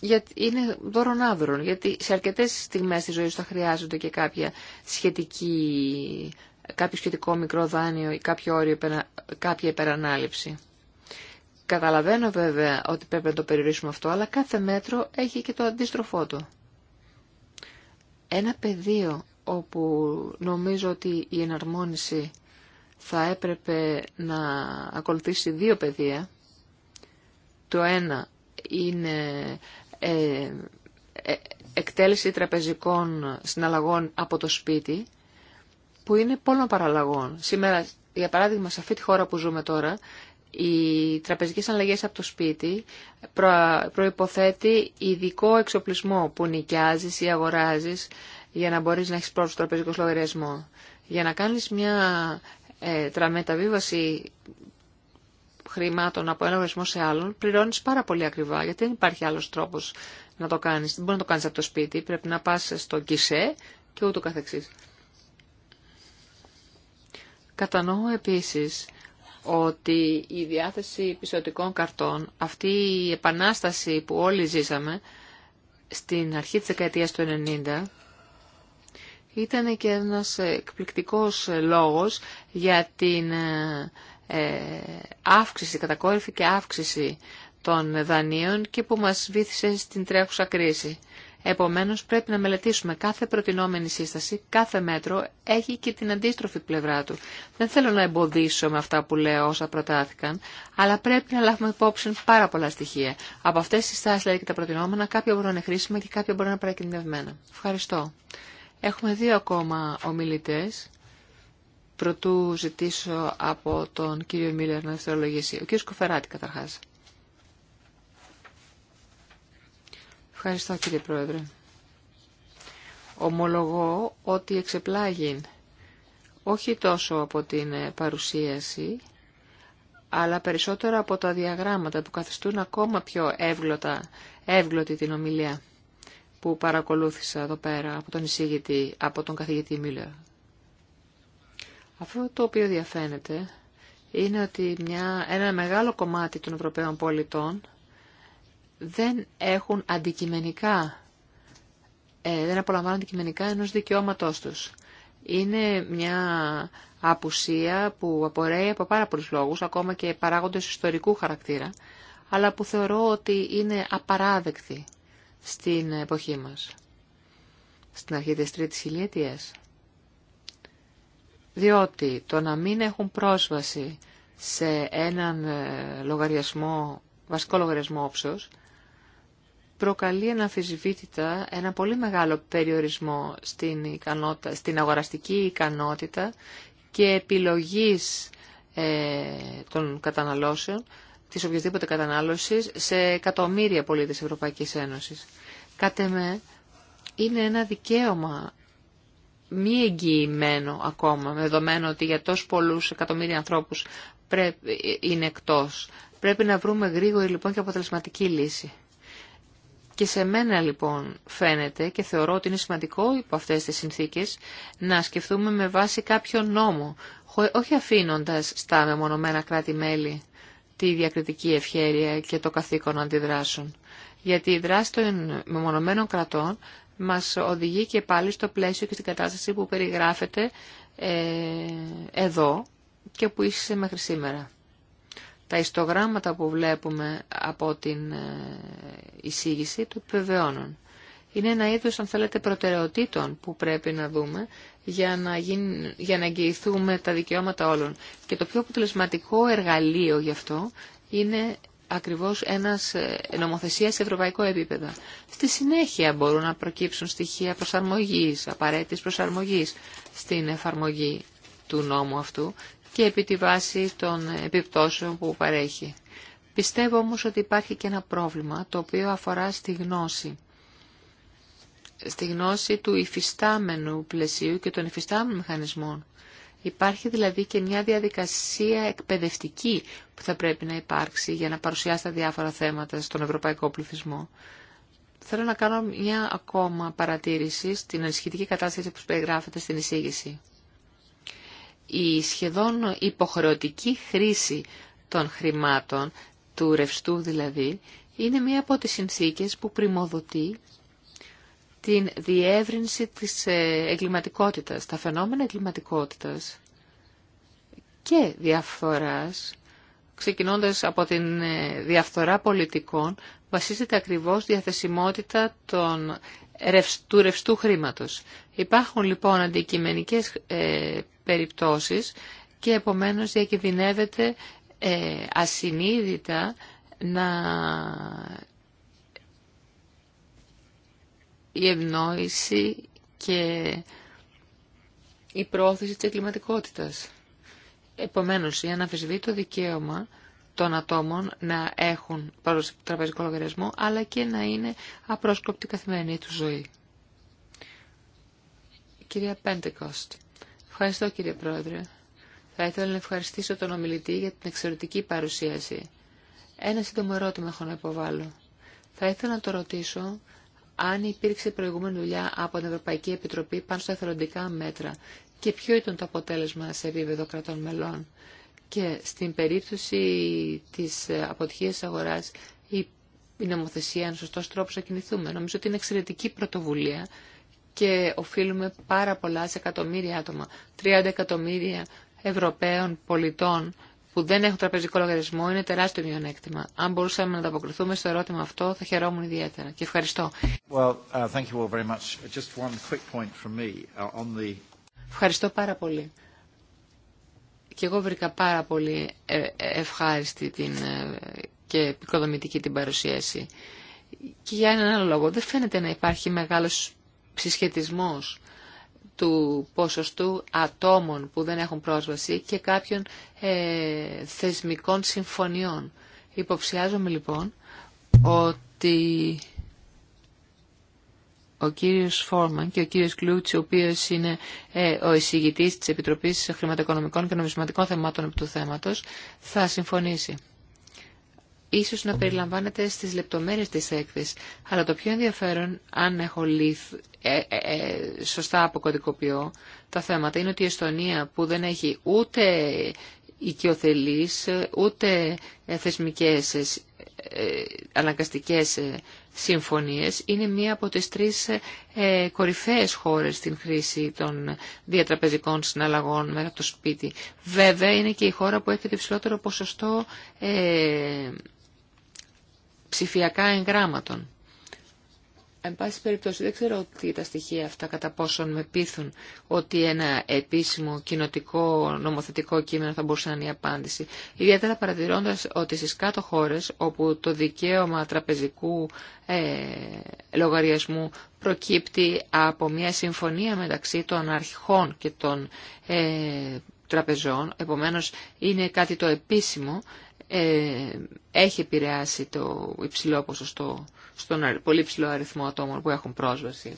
για, είναι δωρονάδρον, γιατί σε αρκετές στιγμές της ζωής θα χρειάζονται και κάποια σχετική, κάποιο σχετικό μικρό δάνειο ή κάποιο όριο, κάποια υπερανάληψη. Καταλαβαίνω βέβαια ότι πρέπει να το περιορίσουμε αυτό, αλλά κάθε μέτρο έχει και το αντίστροφό του. Ένα πεδίο όπου νομίζω ότι η εναρμόνιση θα έπρεπε να ακολουθήσει δύο πεδία. Το ένα είναι ε, ε, εκτέλεση τραπεζικών συναλλαγών από το σπίτι, που είναι πολλών παραλλαγών. Σήμερα, για παράδειγμα, σε αυτή τη χώρα που ζούμε τώρα, οι τραπεζικές αλλαγές από το σπίτι προϋποθέτει ειδικό εξοπλισμό που νοικιάζεις ή αγοράζεις για να μπορείς να έχεις πρόσφατο τραπεζικό λογαριασμό. Για να κάνεις μια ε, τραμεταβίβαση χρημάτων από ένα οργανισμό σε άλλον, πληρώνει πάρα πολύ ακριβά, γιατί δεν υπάρχει άλλο τρόπο να το κάνει. Δεν μπορεί να το κάνει από το σπίτι, πρέπει να πα στο κισέ και ούτω καθεξή. Κατανοώ επίση ότι η διάθεση πιστοτικών καρτών, αυτή η επανάσταση που όλοι ζήσαμε στην αρχή της δεκαετίας του ήταν και ένας εκπληκτικός λόγος για την ε, αύξηση, κατακόρυφη και αύξηση των δανείων και που μας βήθησε στην τρέχουσα κρίση. Επομένως πρέπει να μελετήσουμε κάθε προτινόμενη σύσταση, κάθε μέτρο έχει και την αντίστροφη πλευρά του. Δεν θέλω να εμποδίσω με αυτά που λέω όσα προτάθηκαν, αλλά πρέπει να λάβουμε υπόψη πάρα πολλά στοιχεία. Από αυτές τις στάσεις λέει και τα προτινόμενα κάποια μπορούν να είναι χρήσιμα και κάποια μπορούν να είναι παρακινδευμένα. Ευχαριστώ. Έχουμε δύο ακόμα ομιλητές. Πρωτού ζητήσω από τον κύριο Μίλερ να δευτερολογήσει. Ο κύριος Κοφεράτη καταρχάς. Ευχαριστώ κύριε Πρόεδρε. Ομολογώ ότι εξεπλάγει όχι τόσο από την παρουσίαση, αλλά περισσότερο από τα διαγράμματα που καθιστούν ακόμα πιο εύγλωτα, εύγλωτη την ομιλία που παρακολούθησα εδώ πέρα από τον εισήγητη, από τον καθηγητή Μίλλερ. Αυτό το οποίο διαφαίνεται είναι ότι μια, ένα μεγάλο κομμάτι των Ευρωπαίων πολιτών δεν έχουν αντικειμενικά, ε, δεν απολαμβάνουν αντικειμενικά ενός δικαιώματός τους. Είναι μια απουσία που απορρέει από πάρα πολλούς λόγους, ακόμα και παράγοντες ιστορικού χαρακτήρα, αλλά που θεωρώ ότι είναι απαράδεκτη στην εποχή μας, στην αρχή της τρίτης χιλιετίας. Διότι το να μην έχουν πρόσβαση σε έναν ε, λογαριασμό, βασικό λογαριασμό όψεως, προκαλεί αναφυσβήτητα ένα πολύ μεγάλο περιορισμό στην, στην αγοραστική ικανότητα και επιλογής ε, των καταναλώσεων της οποιασδήποτε κατανάλωσης σε εκατομμύρια πολίτες Ευρωπαϊκής Ένωσης. Κατ' εμέ, είναι ένα δικαίωμα μη εγγυημένο ακόμα, με δεδομένο ότι για τόσους πολλούς εκατομμύρια ανθρώπους είναι εκτός. Πρέπει να βρούμε γρήγορη λοιπόν και αποτελεσματική λύση. Και σε μένα λοιπόν φαίνεται και θεωρώ ότι είναι σημαντικό υπό αυτές τις συνθήκες να σκεφτούμε με βάση κάποιο νόμο, όχι αφήνοντας στα μεμονωμένα κράτη-μέλη τη διακριτική ευχέρεια και το καθήκον αντιδράσεων. Γιατί η δράση των μεμονωμένων κρατών μας οδηγεί και πάλι στο πλαίσιο και στην κατάσταση που περιγράφεται ε, εδώ και που είσαι μέχρι σήμερα. Τα ιστογράμματα που βλέπουμε από την ε, εισήγηση του επιβεβαιώνουν. Είναι ένα είδος, αν θέλετε, προτεραιοτήτων που πρέπει να δούμε για να, γίν για εγγυηθούμε τα δικαιώματα όλων. Και το πιο αποτελεσματικό εργαλείο γι' αυτό είναι ακριβώς ένας ε, νομοθεσία σε ευρωπαϊκό επίπεδο. Στη συνέχεια μπορούν να προκύψουν στοιχεία προσαρμογής, απαραίτητης προσαρμογής στην εφαρμογή του νόμου αυτού και επί τη βάση των επιπτώσεων που παρέχει. Πιστεύω όμως ότι υπάρχει και ένα πρόβλημα το οποίο αφορά στη γνώση στη γνώση του υφιστάμενου πλαισίου και των υφιστάμενων μηχανισμών. Υπάρχει δηλαδή και μια διαδικασία εκπαιδευτική που θα πρέπει να υπάρξει για να παρουσιάσει τα διάφορα θέματα στον ευρωπαϊκό πληθυσμό. Θέλω να κάνω μια ακόμα παρατήρηση στην ενισχυτική κατάσταση που περιγράφεται στην εισήγηση. Η σχεδόν υποχρεωτική χρήση των χρημάτων, του ρευστού δηλαδή, είναι μία από τις συνθήκες που πρημοδοτεί την διεύρυνση της ε, εγκληματικότητας, τα φαινόμενα εγκληματικότητας και διαφθοράς, ξεκινώντας από την ε, διαφθορά πολιτικών, βασίζεται ακριβώς διαθεσιμότητα των, του ρευστού χρήματος. Υπάρχουν λοιπόν αντικειμενικές ε, περιπτώσεις και επομένως διακινδυνεύεται ε, ασυνείδητα να η ευνόηση και η πρόθεση της εγκληματικότητας. Επομένως, η το δικαίωμα των ατόμων να έχουν στο τραπεζικό λογαριασμό, αλλά και να είναι απρόσκοπτη καθημερινή του ζωή. Κυρία Πέντεκοστ, ευχαριστώ κύριε Πρόεδρε. Θα ήθελα να ευχαριστήσω τον ομιλητή για την εξαιρετική παρουσίαση. Ένα σύντομο ερώτημα έχω να υποβάλω. Θα ήθελα να το ρωτήσω αν υπήρξε προηγούμενη δουλειά από την Ευρωπαϊκή Επιτροπή πάνω στα εθελοντικά μέτρα και ποιο ήταν το αποτέλεσμα σε επίπεδο κρατών μελών. Και στην περίπτωση της αποτυχίας αγοράς η νομοθεσία είναι σωστός τρόπος να κινηθούμε. Νομίζω ότι είναι εξαιρετική πρωτοβουλία και οφείλουμε πάρα πολλά σε εκατομμύρια άτομα. 30 εκατομμύρια Ευρωπαίων πολιτών που δεν έχουν τραπεζικό λογαριασμό είναι τεράστιο μειονέκτημα. Αν μπορούσαμε να ανταποκριθούμε στο ερώτημα αυτό, θα χαιρόμουν ιδιαίτερα. Και ευχαριστώ. Well, the... Ευχαριστώ πάρα πολύ. Και εγώ βρήκα πάρα πολύ ε, ευχάριστη την, ε, και επικοδομητική την παρουσίαση. Και για έναν άλλο λόγο, δεν φαίνεται να υπάρχει μεγάλος συσχετισμός του ποσοστού ατόμων που δεν έχουν πρόσβαση και κάποιων ε, θεσμικών συμφωνιών. Υποψιάζομαι λοιπόν ότι ο κύριος Φόρμαν και ο κύριος Κλούτς, ο οποίος είναι ε, ο εισηγητής της Επιτροπής Χρηματοοικονομικών και Νομισματικών Θεμάτων του θέματος, θα συμφωνήσει ίσως να περιλαμβάνεται στις λεπτομέρειες της έκθεσης. Αλλά το πιο ενδιαφέρον, αν έχω ε, ε, ε, σωστά αποκωδικοποιώ τα θέματα, είναι ότι η Εστονία που δεν έχει ούτε οικειοθελείς, ούτε θεσμικές αναγκαστικές συμφωνίες είναι μία από τις τρεις ε, κορυφαίες χώρες στην χρήση των διατραπεζικών συναλλαγών μέσα από το σπίτι. Βέβαια είναι και η χώρα που έχει το υψηλότερο ποσοστό ψηφιακά εγγράμματων. Εν πάση περιπτώσει, δεν ξέρω ότι τα στοιχεία αυτά κατά πόσον με πείθουν ότι ένα επίσημο κοινοτικό νομοθετικό κείμενο θα μπορούσε να είναι η απάντηση. Ιδιαίτερα παρατηρώντας ότι στις κάτω χώρες όπου το δικαίωμα τραπεζικού ε, λογαριασμού προκύπτει από μια συμφωνία μεταξύ των αρχών και των ε, τραπεζών, επομένως είναι κάτι το επίσημο, ε, έχει επηρεάσει το υψηλό ποσοστό, στον πολύ υψηλό αριθμό ατόμων που έχουν πρόσβαση.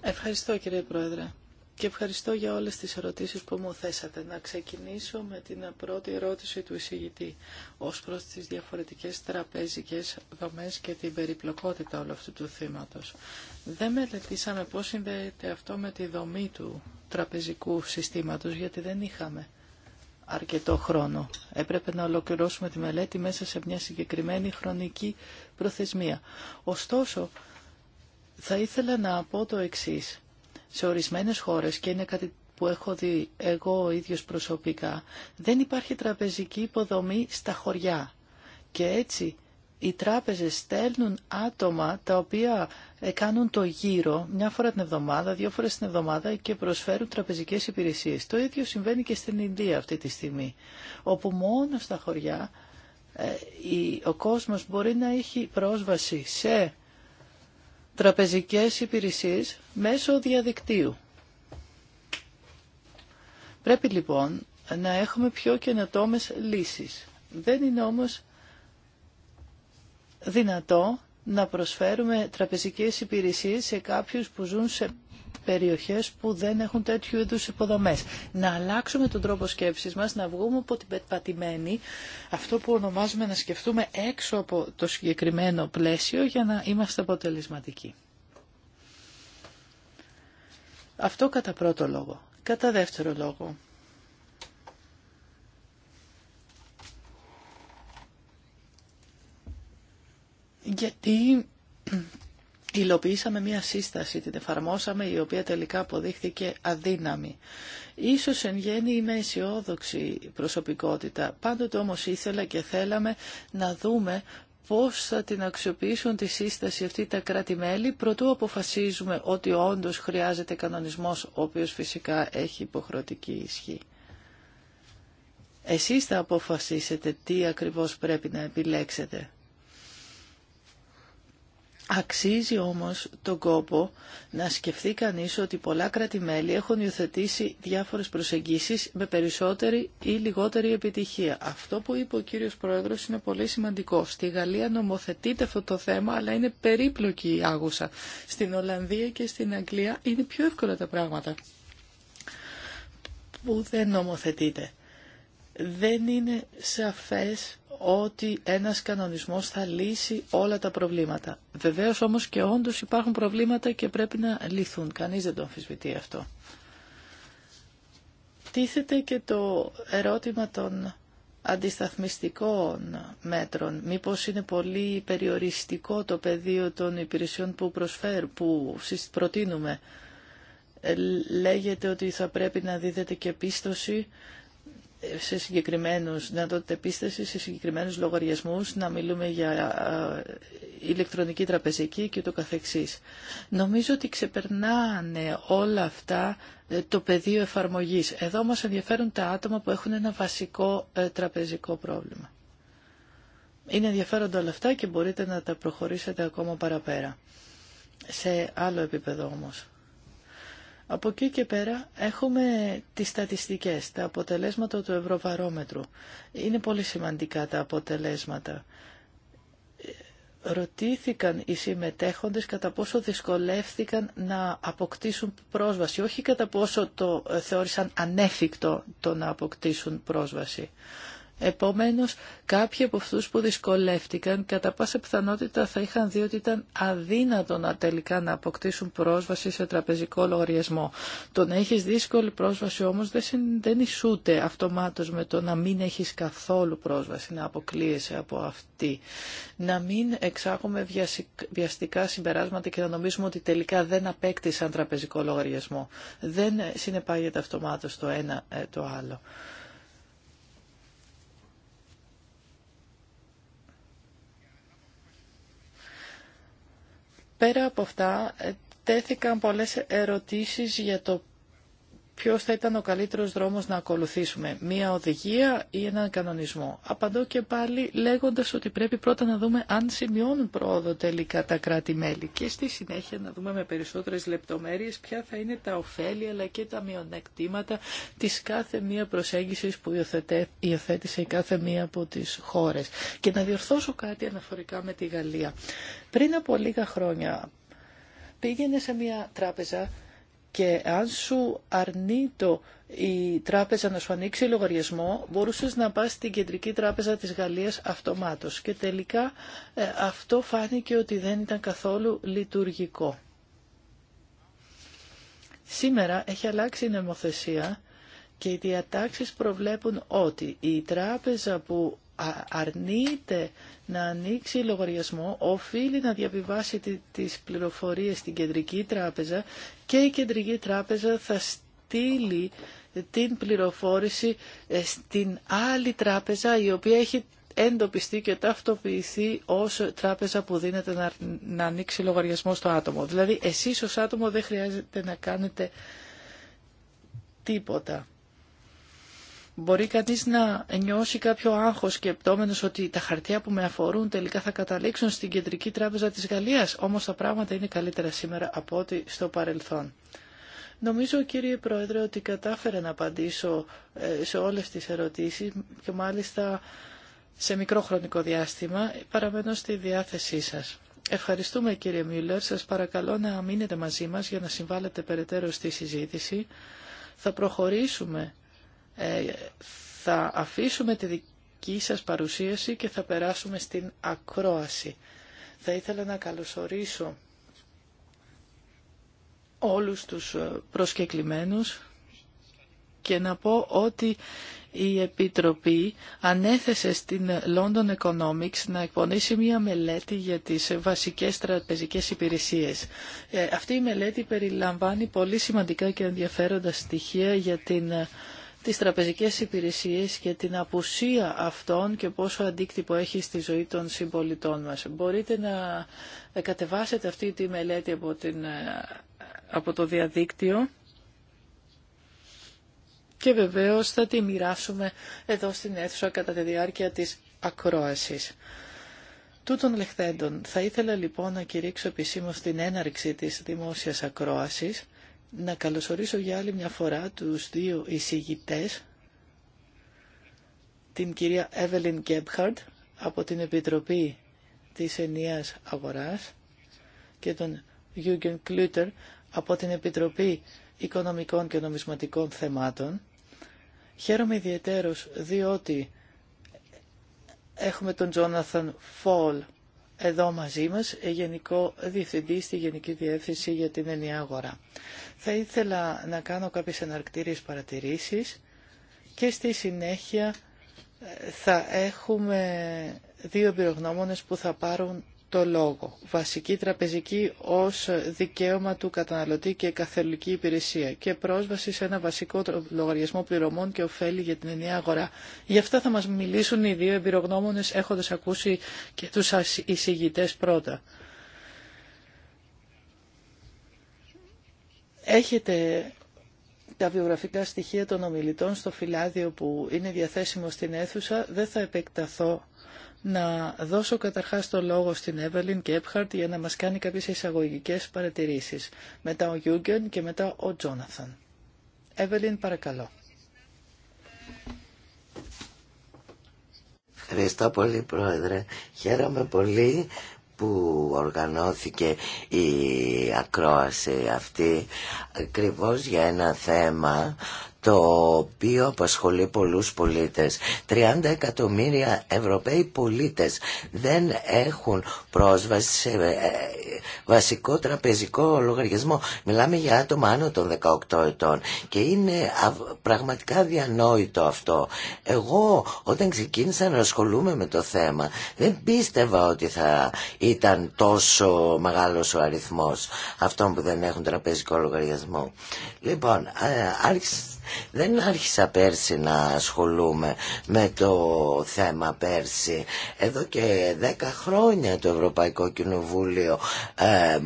Ευχαριστώ κύριε Πρόεδρε και ευχαριστώ για όλες τις ερωτήσεις που μου θέσατε. Να ξεκινήσω με την πρώτη ερώτηση του εισηγητή ως προς τις διαφορετικές τραπεζικές δομές και την περιπλοκότητα όλου αυτού του θύματος. Δεν μελετήσαμε πώς συνδέεται αυτό με τη δομή του τραπεζικού συστήματος γιατί δεν είχαμε αρκετό χρόνο. Έπρεπε να ολοκληρώσουμε τη μελέτη μέσα σε μια συγκεκριμένη χρονική προθεσμία. Ωστόσο, θα ήθελα να πω το εξής. Σε ορισμένες χώρες, και είναι κάτι που έχω δει εγώ ο ίδιος προσωπικά, δεν υπάρχει τραπεζική υποδομή στα χωριά. Και έτσι οι τράπεζες στέλνουν άτομα τα οποία ε, κάνουν το γύρο μια φορά την εβδομάδα, δύο φορές την εβδομάδα και προσφέρουν τραπεζικές υπηρεσίες. Το ίδιο συμβαίνει και στην Ινδία αυτή τη στιγμή, όπου μόνο στα χωριά ε, ο κόσμος μπορεί να έχει πρόσβαση σε τραπεζικές υπηρεσίες μέσω διαδικτύου. Πρέπει λοιπόν να έχουμε πιο καινοτόμες λύσεις. Δεν είναι όμως δυνατό να προσφέρουμε τραπεζικές υπηρεσίες σε κάποιους που ζουν σε περιοχές που δεν έχουν τέτοιου είδους υποδομές. Να αλλάξουμε τον τρόπο σκέψης μας, να βγούμε από την πεπατημένη, αυτό που ονομάζουμε να σκεφτούμε έξω από το συγκεκριμένο πλαίσιο για να είμαστε αποτελεσματικοί. Αυτό κατά πρώτο λόγο. Κατά δεύτερο λόγο, γιατί υλοποιήσαμε μία σύσταση, την εφαρμόσαμε, η οποία τελικά αποδείχθηκε αδύναμη. Ίσως εν γέννη είμαι αισιόδοξη προσωπικότητα, πάντοτε όμως ήθελα και θέλαμε να δούμε πώς θα την αξιοποιήσουν τη σύσταση αυτή τα κράτη-μέλη, προτού αποφασίζουμε ότι όντως χρειάζεται κανονισμός, ο οποίος φυσικά έχει υποχρεωτική ισχύ. Εσείς θα αποφασίσετε τι ακριβώς πρέπει να επιλέξετε. Αξίζει όμως τον κόπο να σκεφτεί κανείς ότι πολλά κράτη-μέλη έχουν υιοθετήσει διάφορες προσεγγίσεις με περισσότερη ή λιγότερη επιτυχία. Αυτό που είπε ο κύριος Πρόεδρος είναι πολύ σημαντικό. Στη Γαλλία νομοθετείται αυτό το θέμα, αλλά είναι περίπλοκη η άγουσα. Στην Ολλανδία και στην Αγγλία είναι πιο εύκολα τα πράγματα που δεν νομοθετείται δεν είναι σαφές ότι ένας κανονισμός θα λύσει όλα τα προβλήματα. Βεβαίως όμως και όντως υπάρχουν προβλήματα και πρέπει να λυθούν. Κανείς δεν το αμφισβητεί αυτό. Τίθεται και το ερώτημα των αντισταθμιστικών μέτρων. Μήπως είναι πολύ περιοριστικό το πεδίο των υπηρεσιών που, προσφέρ, που προτείνουμε. Ε, λέγεται ότι θα πρέπει να δίδεται και πίστοση σε συγκεκριμένους, δυνατότητα επίσταση σε συγκεκριμένους λογαριασμούς, να μιλούμε για ηλεκτρονική τραπεζική και το καθεξής. Νομίζω ότι ξεπερνάνε όλα αυτά ε, το πεδίο εφαρμογής. Εδώ μας ενδιαφέρουν τα άτομα που έχουν ένα βασικό ε, τραπεζικό πρόβλημα. Είναι ενδιαφέροντα όλα αυτά και μπορείτε να τα προχωρήσετε ακόμα παραπέρα. Σε άλλο επίπεδο όμως. Από εκεί και πέρα έχουμε τις στατιστικές, τα αποτελέσματα του Ευρωβαρόμετρου. Είναι πολύ σημαντικά τα αποτελέσματα. Ρωτήθηκαν οι συμμετέχοντες κατά πόσο δυσκολεύθηκαν να αποκτήσουν πρόσβαση, όχι κατά πόσο το θεώρησαν ανέφικτο το να αποκτήσουν πρόσβαση. Επομένως, κάποιοι από αυτούς που δυσκολεύτηκαν κατά πάσα πιθανότητα θα είχαν δει ότι ήταν αδύνατο να τελικά να αποκτήσουν πρόσβαση σε τραπεζικό λογαριασμό. Το να έχεις δύσκολη πρόσβαση όμως δεν ισούται αυτομάτως με το να μην έχεις καθόλου πρόσβαση, να αποκλείεσαι από αυτή. Να μην εξάγουμε βιαστικά συμπεράσματα και να νομίζουμε ότι τελικά δεν απέκτησαν τραπεζικό λογαριασμό. Δεν συνεπάγεται αυτομάτως το ένα ε, το άλλο. Πέρα από αυτά, ε, τέθηκαν πολλές ερωτήσεις για το ποιος θα ήταν ο καλύτερος δρόμος να ακολουθήσουμε, μία οδηγία ή έναν κανονισμό. Απαντώ και πάλι λέγοντας ότι πρέπει πρώτα να δούμε αν σημειώνουν πρόοδο τελικά τα κράτη-μέλη και στη συνέχεια να δούμε με περισσότερες λεπτομέρειες ποια θα είναι τα ωφέλη αλλά και τα μειονεκτήματα της κάθε μία προσέγγισης που υιοθετέ, υιοθέτησε η κάθε μία από τις χώρες. Και να διορθώσω κάτι αναφορικά με τη Γαλλία. Πριν από λίγα χρόνια πήγαινε σε μια τράπεζα και αν σου αρνεί η τράπεζα να σου ανοίξει λογαριασμό, μπορούσες να πας στην κεντρική τράπεζα της Γαλλίας αυτομάτως. Και τελικά ε, αυτό φάνηκε ότι δεν ήταν καθόλου λειτουργικό. Σήμερα έχει αλλάξει η νομοθεσία και οι διατάξεις προβλέπουν ότι η τράπεζα που αρνείται να ανοίξει λογαριασμό, οφείλει να διαβιβάσει τις πληροφορίες στην Κεντρική Τράπεζα και η Κεντρική Τράπεζα θα στείλει την πληροφόρηση ε, στην άλλη τράπεζα η οποία έχει εντοπιστεί και ταυτοποιηθεί ως τράπεζα που δίνεται να ανοίξει λογαριασμό στο άτομο. Δηλαδή εσείς ως άτομο δεν χρειάζεται να κάνετε τίποτα μπορεί κανείς να νιώσει κάποιο άγχος σκεπτόμενος ότι τα χαρτιά που με αφορούν τελικά θα καταλήξουν στην Κεντρική Τράπεζα της Γαλλίας, όμως τα πράγματα είναι καλύτερα σήμερα από ό,τι στο παρελθόν. Νομίζω κύριε Πρόεδρε ότι κατάφερα να απαντήσω ε, σε όλες τις ερωτήσεις και μάλιστα σε μικρό χρονικό διάστημα παραμένω στη διάθεσή σας. Ευχαριστούμε κύριε Μιούλερ, σας παρακαλώ να μείνετε μαζί μας για να συμβάλλετε περαιτέρω στη συζήτηση. Θα προχωρήσουμε ε, θα αφήσουμε τη δική σας παρουσίαση και θα περάσουμε στην ακρόαση. Θα ήθελα να καλωσορίσω όλους τους προσκεκλημένους και να πω ότι η Επιτροπή ανέθεσε στην London Economics να εκπονήσει μία μελέτη για τις βασικές τραπεζικές υπηρεσίες. Ε, αυτή η μελέτη περιλαμβάνει πολύ σημαντικά και ενδιαφέροντα στοιχεία για την τις τραπεζικές υπηρεσίες και την απουσία αυτών και πόσο αντίκτυπο έχει στη ζωή των συμπολιτών μας. Μπορείτε να κατεβάσετε αυτή τη μελέτη από, την, από το διαδίκτυο και βεβαίως θα τη μοιράσουμε εδώ στην αίθουσα κατά τη διάρκεια της ακρόασης. Τούτων λεχθέντων, θα ήθελα λοιπόν να κηρύξω επισήμως την έναρξη της δημόσιας ακρόασης να καλωσορίσω για άλλη μια φορά τους δύο εισηγητές, την κυρία Εύελιν Γκέμπχαρντ από την Επιτροπή της Ενίας Αγοράς και τον Γιούγκεν Κλούτερ από την Επιτροπή Οικονομικών και Νομισματικών Θεμάτων. Χαίρομαι ιδιαίτερος διότι έχουμε τον Τζόναθαν Φόλ εδώ μαζί μας, ε, Γενικό Διευθυντή στη Γενική Διεύθυνση για την ενίαγορα. Αγορά. Θα ήθελα να κάνω κάποιες αναρκτήριες παρατηρήσεις και στη συνέχεια ε, θα έχουμε δύο εμπειρογνώμονες που θα πάρουν το λόγο. Βασική τραπεζική ως δικαίωμα του καταναλωτή και καθελική υπηρεσία και πρόσβαση σε ένα βασικό λογαριασμό πληρωμών και ωφέλη για την ενιαία αγορά. Γι' αυτά θα μας μιλήσουν οι δύο εμπειρογνώμονες έχοντας ακούσει και τους εισηγητές πρώτα. Έχετε τα βιογραφικά στοιχεία των ομιλητών στο φυλάδιο που είναι διαθέσιμο στην αίθουσα. Δεν θα επεκταθώ να δώσω καταρχάς το λόγο στην Εύελιν και για να μας κάνει κάποιες εισαγωγικέ παρατηρήσεις. Μετά ο Γιούγκεν και μετά ο Τζόναθαν. Εύελιν παρακαλώ. Ευχαριστώ πολύ Πρόεδρε. Χαίρομαι πολύ που οργανώθηκε η ακρόαση αυτή ακριβώς για ένα θέμα το οποίο απασχολεί πολλούς πολίτες. 30 εκατομμύρια Ευρωπαίοι πολίτες δεν έχουν πρόσβαση σε ε, βασικό τραπεζικό λογαριασμό. Μιλάμε για άτομα άνω των 18 ετών και είναι πραγματικά διανόητο αυτό. Εγώ όταν ξεκίνησα να ασχολούμαι με το θέμα δεν πίστευα ότι θα ήταν τόσο μεγάλος ο αριθμός αυτών που δεν έχουν τραπεζικό λογαριασμό. Λοιπόν, ε, άρχισα δεν άρχισα πέρσι να ασχολούμαι με το θέμα πέρσι. Εδώ και δέκα χρόνια το Ευρωπαϊκό Κοινοβούλιο ε, ε,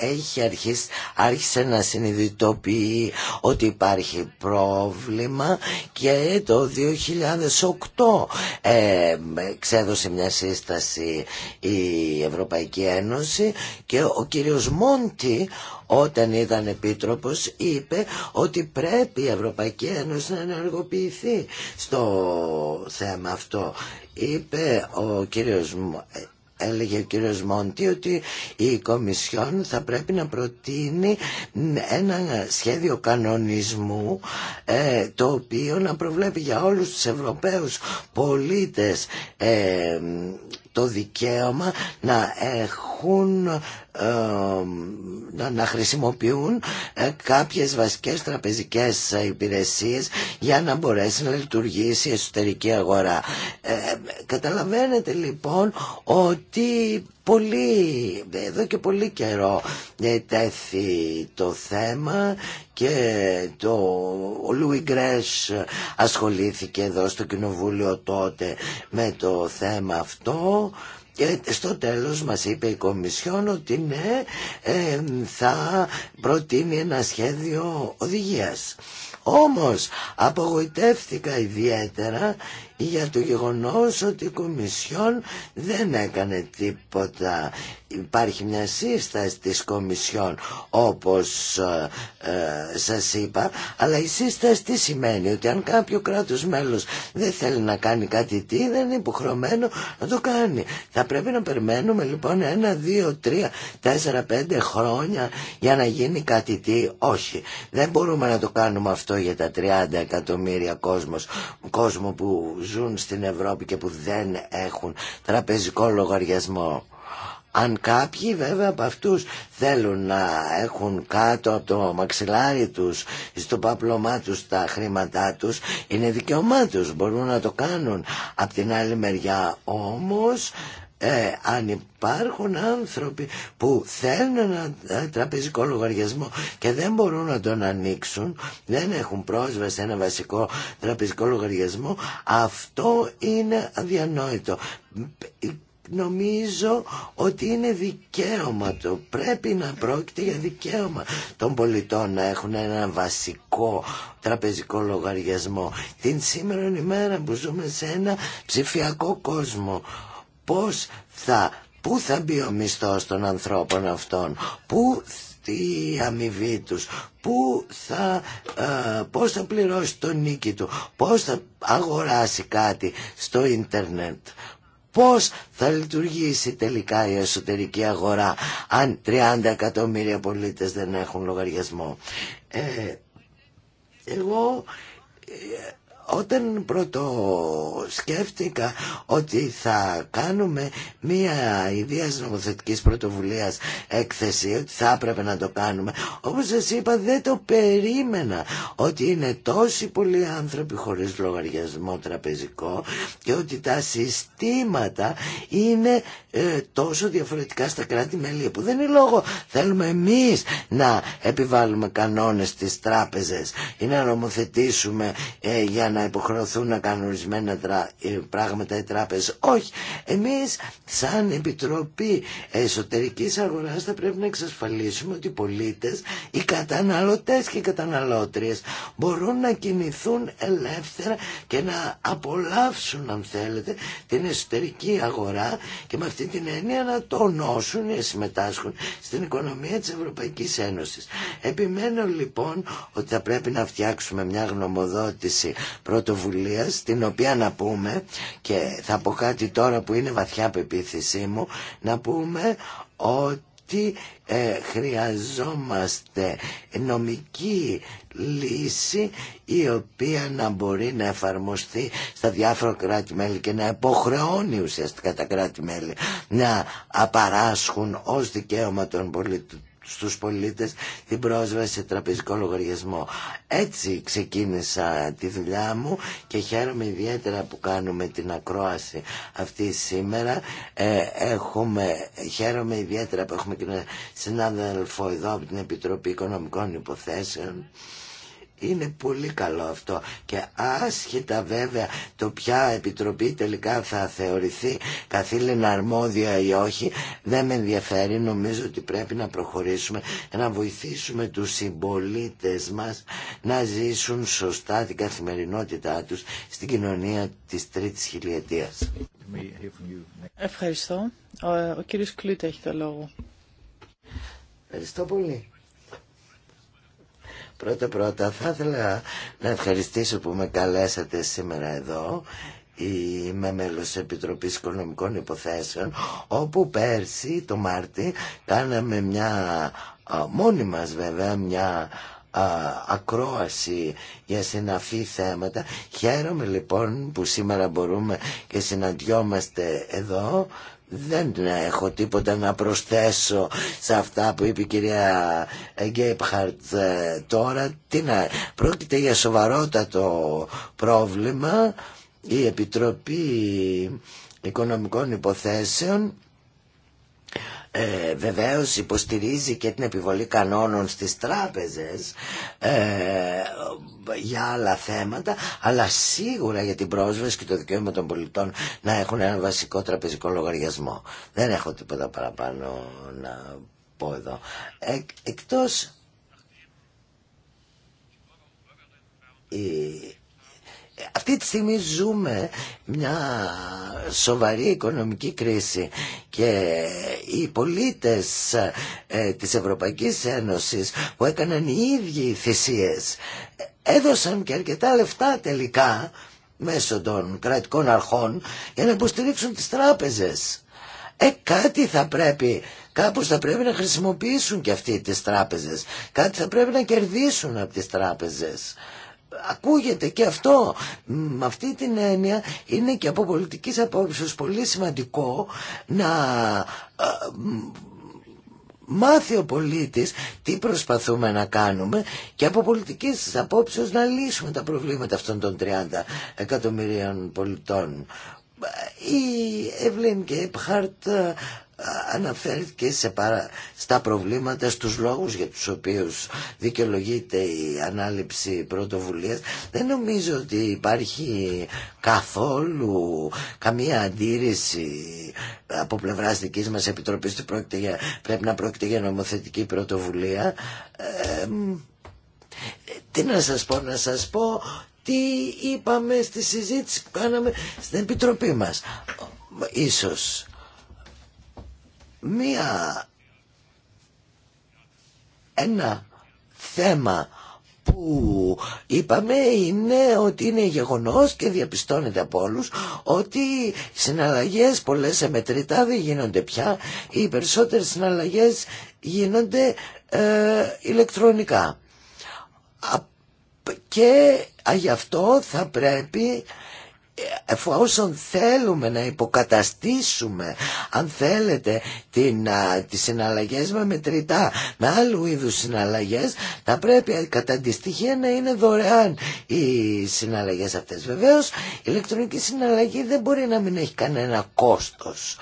έχει αρχίσει, άρχισε να συνειδητοποιεί ότι υπάρχει πρόβλημα και το 2008 ε, ξέδωσε μια σύσταση η Ευρωπαϊκή Ένωση και ο κύριος Μόντι όταν ήταν επίτροπος είπε ότι πρέπει η Ευρωπαϊκή Ένωση να ενεργοποιηθεί στο θέμα αυτό. Είπε ο κύριος ε, έλεγε ο κύριος Μόντι ότι η Κομισιόν θα πρέπει να προτείνει ένα σχέδιο κανονισμού ε, το οποίο να προβλέπει για όλους τους Ευρωπαίους πολίτες ε, το δικαίωμα να έχουν να χρησιμοποιούν ε, κάποιες βασικές τραπεζικές υπηρεσίες για να μπορέσει να λειτουργήσει η εσωτερική αγορά. Ε, καταλαβαίνετε λοιπόν ότι πολύ, εδώ και πολύ καιρό ε, τέθη το θέμα και το, ο Λούι Γκρέσ ασχολήθηκε εδώ στο Κοινοβούλιο τότε με το θέμα αυτό. Και ε, στο τέλος μας είπε η Κομισιόν ότι ναι, ε, θα προτείνει ένα σχέδιο οδηγίας. Όμως απογοητεύτηκα ιδιαίτερα για το γεγονός ότι η Κομισιόν δεν έκανε τίποτα. Υπάρχει μια σύσταση της Κομισιόν όπως ε, ε, σας είπα, αλλά η σύσταση τι σημαίνει, ότι αν κάποιο κράτος μέλος δεν θέλει να κάνει κάτι τι, δεν είναι υποχρεωμένο να το κάνει. Θα πρέπει να περιμένουμε λοιπόν ένα, δύο, τρία, τέσσερα, πέντε χρόνια για να γίνει κάτι τι, όχι. Δεν μπορούμε να το κάνουμε αυτό για τα 30 εκατομμύρια κόσμος, κόσμο που ζουν στην Ευρώπη και που δεν έχουν τραπεζικό λογαριασμό. Αν κάποιοι βέβαια από αυτούς θέλουν να έχουν κάτω από το μαξιλάρι τους στο παπλωμά τους τα χρήματά τους, είναι δικαιωμά τους, μπορούν να το κάνουν. Απ' την άλλη μεριά όμως ε, αν υπάρχουν άνθρωποι που θέλουν ένα τραπεζικό λογαριασμό και δεν μπορούν να τον ανοίξουν, δεν έχουν πρόσβαση σε ένα βασικό τραπεζικό λογαριασμό, αυτό είναι αδιανόητο. Νομίζω ότι είναι δικαίωμα το. Πρέπει να πρόκειται για δικαίωμα των πολιτών να έχουν ένα βασικό τραπεζικό λογαριασμό. Την σήμερα ημέρα που ζούμε σε ένα ψηφιακό κόσμο πώς θα, πού θα μπει ο μισθός των ανθρώπων αυτών, πού η αμοιβή του, που θα, ε, πώς θα πληρώσει το νίκη του πώς θα αγοράσει κάτι στο ίντερνετ πώς θα λειτουργήσει τελικά η εσωτερική αγορά αν 30 εκατομμύρια πολίτες δεν έχουν λογαριασμό ε, εγώ ε, όταν πρώτο σκέφτηκα ότι θα κάνουμε μία ιδέα νομοθετική πρωτοβουλία έκθεση, ότι θα έπρεπε να το κάνουμε, όπω σα είπα δεν το περίμενα ότι είναι τόσοι πολλοί άνθρωποι χωρίς λογαριασμό τραπεζικό και ότι τα συστήματα είναι ε, τόσο διαφορετικά στα κράτη-μέλη που δεν είναι λόγο θέλουμε εμείς να επιβάλλουμε κανόνες στις τράπεζες ή να νομοθετήσουμε ε, για να να υποχρεωθούν να κάνουν ορισμένα ε, πράγματα οι τράπεζες. Όχι, εμείς σαν Επιτροπή Εσωτερικής Αγοράς θα πρέπει να εξασφαλίσουμε ότι οι πολίτες, οι καταναλωτές και οι καταναλώτριες μπορούν να κινηθούν ελεύθερα και να απολαύσουν αν θέλετε την εσωτερική αγορά και με αυτή την έννοια να τονώσουν ή συμμετάσχουν στην οικονομία της Ευρωπαϊκής Ένωσης. Επιμένω λοιπόν ότι θα πρέπει να φτιάξουμε μια γνωμοδότηση την οποία να πούμε και θα πω κάτι τώρα που είναι βαθιά πεποίθησή μου να πούμε ότι ε, χρειαζόμαστε νομική λύση η οποία να μπορεί να εφαρμοστεί στα διάφορα κράτη-μέλη και να υποχρεώνει ουσιαστικά τα κράτη-μέλη να απαράσχουν ως δικαίωμα των πολιτών στους πολίτες την πρόσβαση σε τραπεζικό λογαριασμό. Έτσι ξεκίνησα τη δουλειά μου και χαίρομαι ιδιαίτερα που κάνουμε την ακρόαση αυτή σήμερα. Ε, έχουμε, χαίρομαι ιδιαίτερα που έχουμε και έναν συνάδελφο εδώ από την Επιτροπή Οικονομικών Υποθέσεων είναι πολύ καλό αυτό και άσχετα βέβαια το ποια επιτροπή τελικά θα θεωρηθεί καθήλυνα αρμόδια ή όχι δεν με ενδιαφέρει νομίζω ότι πρέπει να προχωρήσουμε να βοηθήσουμε τους συμπολίτε μας να ζήσουν σωστά την καθημερινότητά τους στην κοινωνία της τρίτης χιλιετίας Ευχαριστώ ο, ο κύριος Κλούτ έχει το λόγο Ευχαριστώ πολύ Πρώτα πρώτα θα ήθελα να ευχαριστήσω που με καλέσατε σήμερα εδώ Είμαι μέλος της Επιτροπής Οικονομικών Υποθέσεων όπου πέρσι το Μάρτι κάναμε μια μόνη βέβαια μια ακρόαση για συναφή θέματα χαίρομαι λοιπόν που σήμερα μπορούμε και συναντιόμαστε εδώ δεν έχω τίποτα να προσθέσω σε αυτά που είπε η κυρία Γκέιπχαρτ ε, τώρα. Τι να... Πρόκειται για σοβαρότατο πρόβλημα. Η Επιτροπή Οικονομικών Υποθέσεων ε, βεβαίως υποστηρίζει και την επιβολή κανόνων στις τράπεζες ε, για άλλα θέματα αλλά σίγουρα για την πρόσβαση και το δικαίωμα των πολιτών να έχουν ένα βασικό τραπεζικό λογαριασμό δεν έχω τίποτα παραπάνω να πω εδώ ε, εκτός αυτή τη στιγμή ζούμε μια σοβαρή οικονομική κρίση και οι πολίτες ε, της Ευρωπαϊκής Ένωσης που έκαναν οι ίδιοι θυσίες έδωσαν και αρκετά λεφτά τελικά μέσω των κρατικών αρχών για να υποστηρίξουν τις τράπεζες. Ε, κάτι θα πρέπει, κάπως θα πρέπει να χρησιμοποιήσουν και αυτοί τις τράπεζες. Κάτι θα πρέπει να κερδίσουν από τις τράπεζες ακούγεται και αυτό με αυτή την έννοια είναι και από πολιτικής απόψεως πολύ σημαντικό να ε, μάθει ο πολίτης τι προσπαθούμε να κάνουμε και από πολιτικής απόψεως να λύσουμε τα προβλήματα αυτών των 30 εκατομμυρίων πολιτών. Η και Κέιπχαρτ αναφέρθηκε σε παρα... στα προβλήματα, στους λόγους για τους οποίους δικαιολογείται η ανάληψη πρωτοβουλίας. Δεν νομίζω ότι υπάρχει καθόλου καμία αντίρρηση από πλευράς δικής μας Επιτροπής ότι πρέπει να πρόκειται για νομοθετική πρωτοβουλία. τι να σας πω, να σας πω τι είπαμε στη συζήτηση που κάναμε στην Επιτροπή μας. Ίσως μία, ένα θέμα που είπαμε είναι ότι είναι γεγονός και διαπιστώνεται από όλου ότι οι συναλλαγές πολλές σε μετρητά δεν γίνονται πια οι περισσότερες συναλλαγές γίνονται ε, ηλεκτρονικά και γι' αυτό θα πρέπει εφόσον θέλουμε να υποκαταστήσουμε αν θέλετε την, α, τις συναλλαγές με μετρητά με άλλου είδους συναλλαγές θα πρέπει κατά τη να είναι δωρεάν οι συναλλαγές αυτές βεβαίως η ηλεκτρονική συναλλαγή δεν μπορεί να μην έχει κανένα κόστος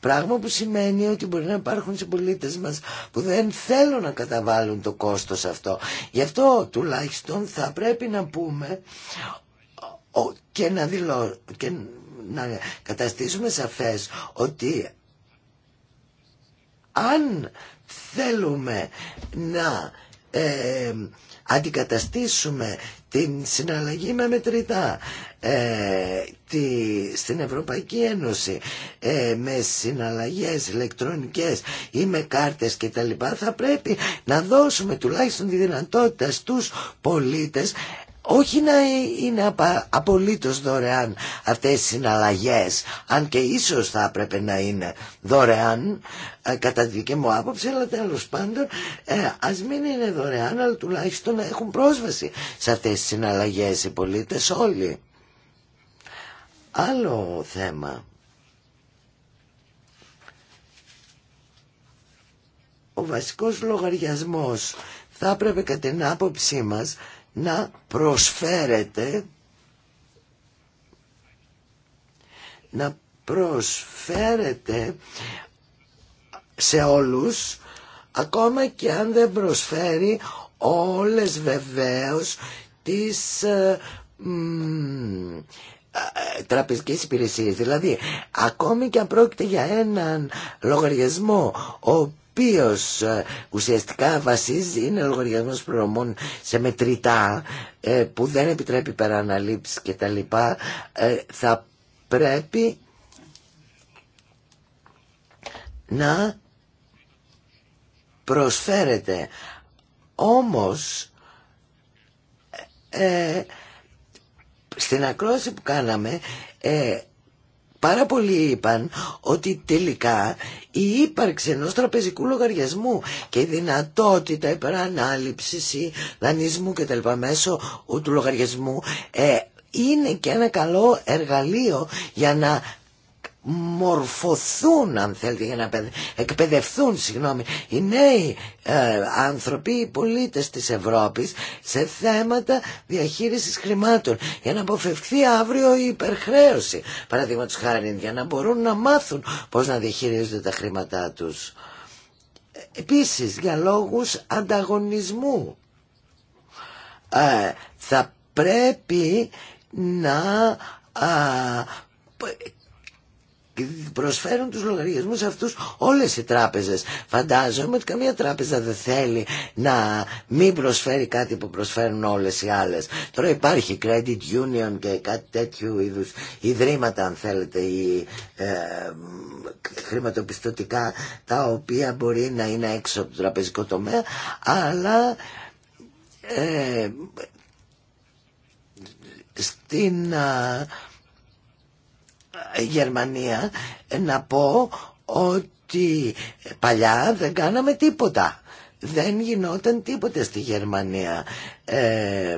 Πράγμα που σημαίνει ότι μπορεί να υπάρχουν συμπολίτε μας που δεν θέλουν να καταβάλουν το κόστος αυτό. Γι' αυτό τουλάχιστον θα πρέπει να πούμε και να, δηλώ, και να καταστήσουμε σαφές ότι αν θέλουμε να ε, αντικαταστήσουμε την συναλλαγή με μετρητά ε, στην Ευρωπαϊκή Ένωση ε, με συναλλαγές ηλεκτρονικές ή με κάρτες και τα λοιπά θα πρέπει να δώσουμε τουλάχιστον τη δυνατότητα στους πολίτες όχι να είναι απολύτως δωρεάν αυτές οι συναλλαγές αν και ίσως θα έπρεπε να είναι δωρεάν ε, κατά τη δική μου άποψη αλλά τέλος πάντων ε, ας μην είναι δωρεάν αλλά τουλάχιστον να έχουν πρόσβαση σε αυτές τις συναλλαγές οι πολίτες όλοι Άλλο θέμα. Ο βασικός λογαριασμός θα έπρεπε κατά την άποψή μας να προσφέρεται να προσφέρεται σε όλους ακόμα και αν δεν προσφέρει όλες βεβαίως τις ε, ε, ε, τραπεζικές υπηρεσίες. Δηλαδή, ακόμη και αν πρόκειται για έναν λογαριασμό ο οποίος ε, ουσιαστικά βασίζει, είναι λογαριασμός προνομών σε μετρητά που δεν επιτρέπει περαναλήψεις και τα λοιπά, θα πρέπει να προσφέρεται. Όμως, στην ακρόαση που κάναμε ε, πάρα πολλοί είπαν ότι τελικά η ύπαρξη ενός τραπεζικού λογαριασμού και η δυνατότητα υπερανάληψης ή δανεισμού κτλ. μέσω του λογαριασμού ε, είναι και ένα καλό εργαλείο για να μορφωθούν αν θέλετε για να εκπαιδευθούν συγγνώμη, οι νέοι ε, άνθρωποι, οι πολίτες της Ευρώπης σε θέματα διαχείρισης χρημάτων για να αποφευχθεί αύριο η υπερχρέωση παραδείγματος χάρη για να μπορούν να μάθουν πώς να διαχειρίζονται τα χρήματά τους επίσης για λόγους ανταγωνισμού ε, θα πρέπει να α, προσφέρουν τους λογαριασμούς αυτούς όλες οι τράπεζες. Φαντάζομαι ότι καμία τράπεζα δεν θέλει να μην προσφέρει κάτι που προσφέρουν όλες οι άλλες. Τώρα υπάρχει credit union και κάτι τέτοιου είδους ιδρύματα αν θέλετε ή ε, χρηματοπιστωτικά τα οποία μπορεί να είναι έξω από το τραπεζικό τομέα αλλά ε, στην Γερμανία να πω ότι παλιά δεν κάναμε τίποτα. Δεν γινόταν τίποτε στη Γερμανία. Ε,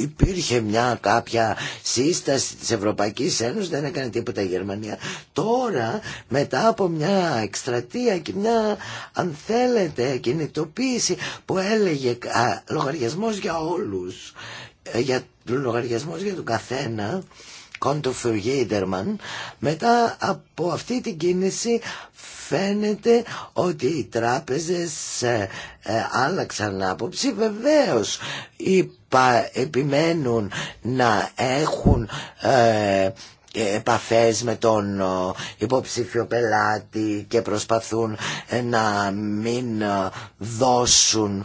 υπήρχε μια κάποια σύσταση της Ευρωπαϊκής Ένωσης, δεν έκανε τίποτα η Γερμανία. Τώρα, μετά από μια εκστρατεία και μια, αν θέλετε, κινητοποίηση που έλεγε α, λογαριασμός για όλους, ε, για, λογαριασμός για τον καθένα, μετά από αυτή την κίνηση φαίνεται ότι οι τράπεζες ε, ε, άλλαξαν άποψη. Βεβαίως είπα, επιμένουν να έχουν... Ε, ε, επαφές με τον ε, υποψήφιο πελάτη και προσπαθούν ε, να μην δώσουν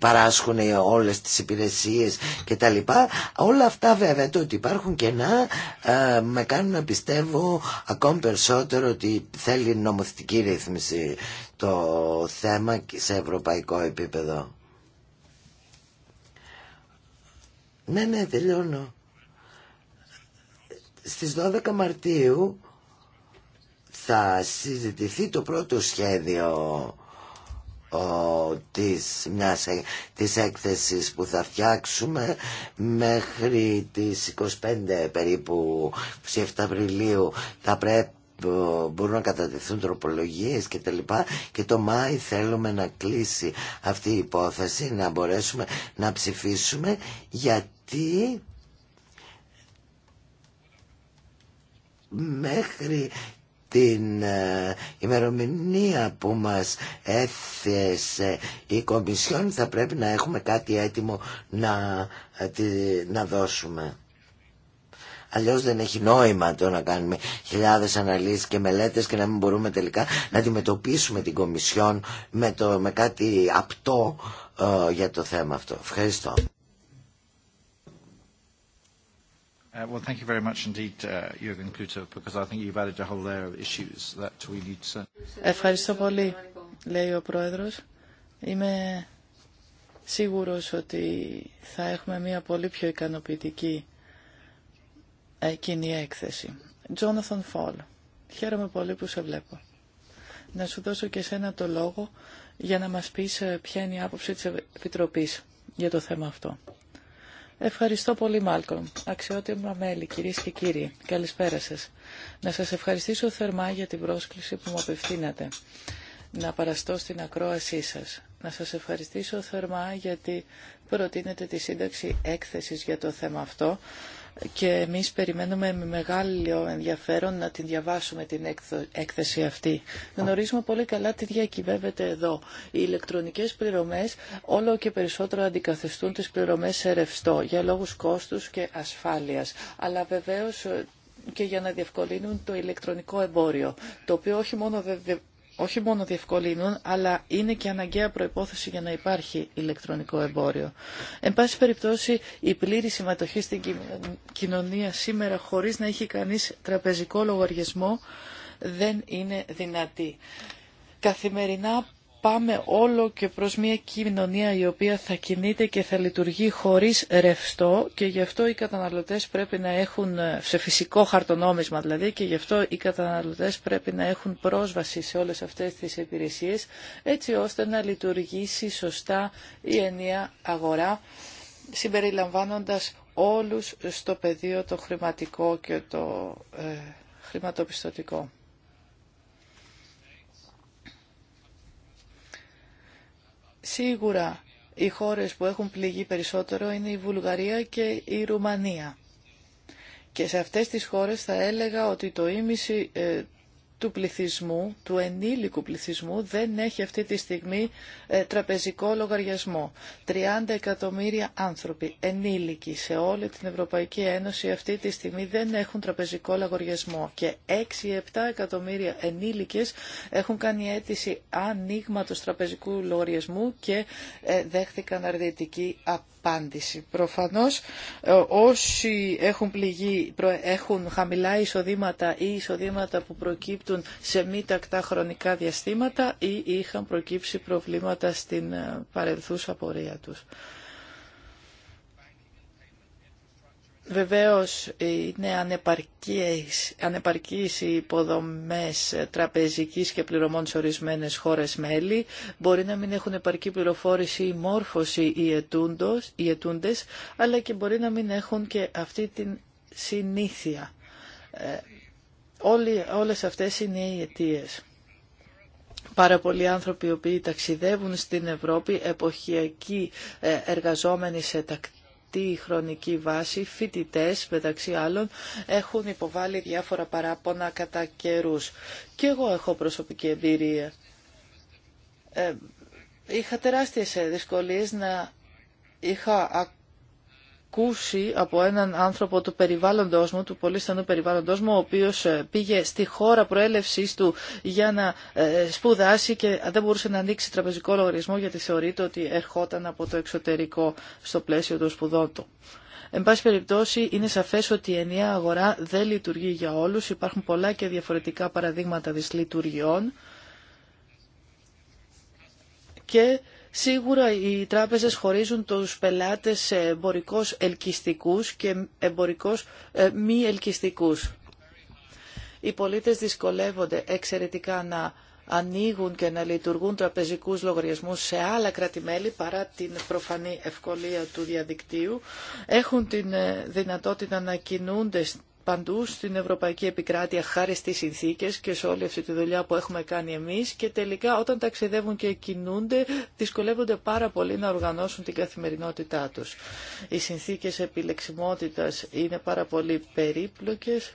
παράσχουν όλες τις υπηρεσίες και τα λοιπά όλα αυτά βέβαια το ότι υπάρχουν κενά με κάνουν να πιστεύω ακόμη περισσότερο ότι θέλει νομοθετική ρύθμιση το θέμα σε ευρωπαϊκό επίπεδο ναι ναι τελειώνω στις 12 Μαρτίου θα συζητηθεί το πρώτο σχέδιο ο, της, μιας, της έκθεσης που θα φτιάξουμε μέχρι τις 25 περίπου 7 Απριλίου θα πρέπει μπορούν να κατατεθούν τροπολογίες και τα και το Μάη θέλουμε να κλείσει αυτή η υπόθεση να μπορέσουμε να ψηφίσουμε γιατί μέχρι την ε, ημερομηνία που μας έθεσε η Κομισιόν θα πρέπει να έχουμε κάτι έτοιμο να, ε, να δώσουμε. Αλλιώς δεν έχει νόημα το να κάνουμε χιλιάδες αναλύσεις και μελέτες και να μην μπορούμε τελικά να αντιμετωπίσουμε την Κομισιόν με, το, με κάτι απτό ε, για το θέμα αυτό. Ευχαριστώ. Ευχαριστώ πολύ, λέει ο Πρόεδρος. Είμαι σίγουρος ότι θα έχουμε μια πολύ πιο ικανοποιητική ε, κοινή έκθεση. Τζόναθον Φόλ, χαίρομαι πολύ που σε βλέπω. Να σου δώσω και σένα το λόγο για να μας πεις ε, ποια είναι η άποψη της Επιτροπής για το θέμα αυτό. Ευχαριστώ πολύ, Μάλκομ. Αξιότιμα μέλη, κυρίε και κύριοι. Καλησπέρα σα. Να σα ευχαριστήσω θερμά για την πρόσκληση που μου απευθύνατε να παραστώ στην ακρόασή σας. Να σα ευχαριστήσω θερμά γιατί προτείνετε τη σύνταξη έκθεσης για το θέμα αυτό και εμείς περιμένουμε με μεγάλο ενδιαφέρον να την διαβάσουμε την έκθεση αυτή. Γνωρίζουμε πολύ καλά τι διακυβεύεται εδώ. Οι ηλεκτρονικές πληρωμές όλο και περισσότερο αντικαθεστούν τις πληρωμές σε ρευστό για λόγους κόστους και ασφάλειας. Αλλά βεβαίως και για να διευκολύνουν το ηλεκτρονικό εμπόριο, το οποίο όχι μόνο όχι μόνο διευκολύνουν, αλλά είναι και αναγκαία προϋπόθεση για να υπάρχει ηλεκτρονικό εμπόριο. Εν πάση περιπτώσει, η πλήρη συμμετοχή στην κοινωνία σήμερα, χωρίς να έχει κανείς τραπεζικό λογαριασμό, δεν είναι δυνατή. Καθημερινά πάμε όλο και προς μια κοινωνία η οποία θα κινείται και θα λειτουργεί χωρίς ρευστό και γι' αυτό οι καταναλωτές πρέπει να έχουν, ε, σε φυσικό χαρτονόμισμα δηλαδή, και γι' αυτό οι καταναλωτές πρέπει να έχουν πρόσβαση σε όλες αυτές τις υπηρεσίες έτσι ώστε να λειτουργήσει σωστά η ενιαία αγορά συμπεριλαμβάνοντας όλους στο πεδίο το χρηματικό και το ε, χρηματοπιστωτικό. Σίγουρα οι χώρες που έχουν πληγεί περισσότερο είναι η Βουλγαρία και η Ρουμανία. Και σε αυτές τις χώρες θα έλεγα ότι το ίμιση ε, του πληθυσμού, του ενήλικου πληθυσμού, δεν έχει αυτή τη στιγμή ε, τραπεζικό λογαριασμό. 30 εκατομμύρια άνθρωποι ενήλικοι σε όλη την Ευρωπαϊκή Ένωση αυτή τη στιγμή δεν έχουν τραπεζικό λογαριασμό και 6-7 εκατομμύρια ενήλικες έχουν κάνει αίτηση ανοίγματο τραπεζικού λογαριασμού και ε, δέχθηκαν αρνητική απάντηση απάντηση. Προφανώς ε, όσοι έχουν πληγεί, έχουν χαμηλά εισοδήματα ή εισοδήματα που προκύπτουν σε μη τακτά χρονικά διαστήματα ή είχαν προκύψει προβλήματα στην ε, παρελθούσα πορεία τους. Βεβαίως είναι ανεπαρκείς, ανεπαρκείς οι υποδομές τραπεζικής και πληρωμών σε ορισμένες χώρες μέλη. Μπορεί να μην έχουν επαρκή πληροφόρηση ή μόρφωση οι, ετούντος, ετούντες, αλλά και μπορεί να μην έχουν και αυτή την συνήθεια. Ε, όλοι, όλες αυτές είναι οι αιτίες. Πάρα πολλοί άνθρωποι οι οποίοι ταξιδεύουν στην Ευρώπη, εποχιακοί ε, εργαζόμενοι σε τακτικές, αυτή χρονική βάση φοιτητέ, μεταξύ άλλων, έχουν υποβάλει διάφορα παράπονα κατά καιρού. Και εγώ έχω προσωπική εμπειρία. Ε, είχα τεράστιες ε, δυσκολίες να είχα ακούσει από έναν άνθρωπο του περιβάλλοντος μου, του πολύ στενού περιβάλλοντος μου, ο οποίος ε, πήγε στη χώρα προέλευσής του για να ε, σπουδάσει και δεν μπορούσε να ανοίξει τραπεζικό λογαριασμό γιατί θεωρείται ότι ερχόταν από το εξωτερικό στο πλαίσιο των σπουδών του. Εν πάση περιπτώσει, είναι σαφές ότι η ενιαία αγορά δεν λειτουργεί για όλου. Υπάρχουν πολλά και διαφορετικά παραδείγματα δυσλειτουργιών. Και Σίγουρα οι τράπεζες χωρίζουν τους πελάτες σε εμπορικώς ελκυστικούς και εμπορικώς ε, μη ελκυστικούς. Οι πολίτες δυσκολεύονται εξαιρετικά να ανοίγουν και να λειτουργούν τραπεζικούς λογαριασμούς σε άλλα κράτη-μέλη παρά την προφανή ευκολία του διαδικτύου. Έχουν την ε, δυνατότητα να κινούνται παντού στην Ευρωπαϊκή Επικράτεια χάρη στις συνθήκες και σε όλη αυτή τη δουλειά που έχουμε κάνει εμείς και τελικά όταν ταξιδεύουν και κινούνται δυσκολεύονται πάρα πολύ να οργανώσουν την καθημερινότητά τους. Οι συνθήκες επιλεξιμότητας είναι πάρα πολύ περίπλοκες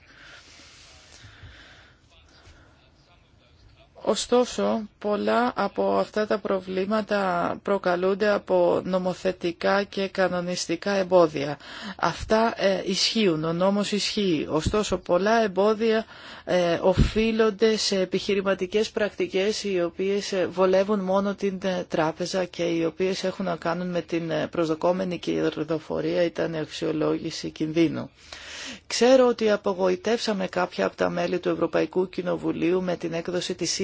Ωστόσο, πολλά από αυτά τα προβλήματα προκαλούνται από νομοθετικά και κανονιστικά εμπόδια. Αυτά ε, ισχύουν, ο νόμος ισχύει. Ωστόσο, πολλά εμπόδια ε, οφείλονται σε επιχειρηματικές πρακτικές οι οποίες ε, βολεύουν μόνο την τράπεζα και οι οποίες έχουν να κάνουν με την προσδοκόμενη κερδοφορία ή την αξιολόγηση κινδύνου. Ξέρω ότι απογοητεύσαμε κάποια από τα μέλη του Ευρωπαϊκού Κοινοβουλίου με την έκδοση της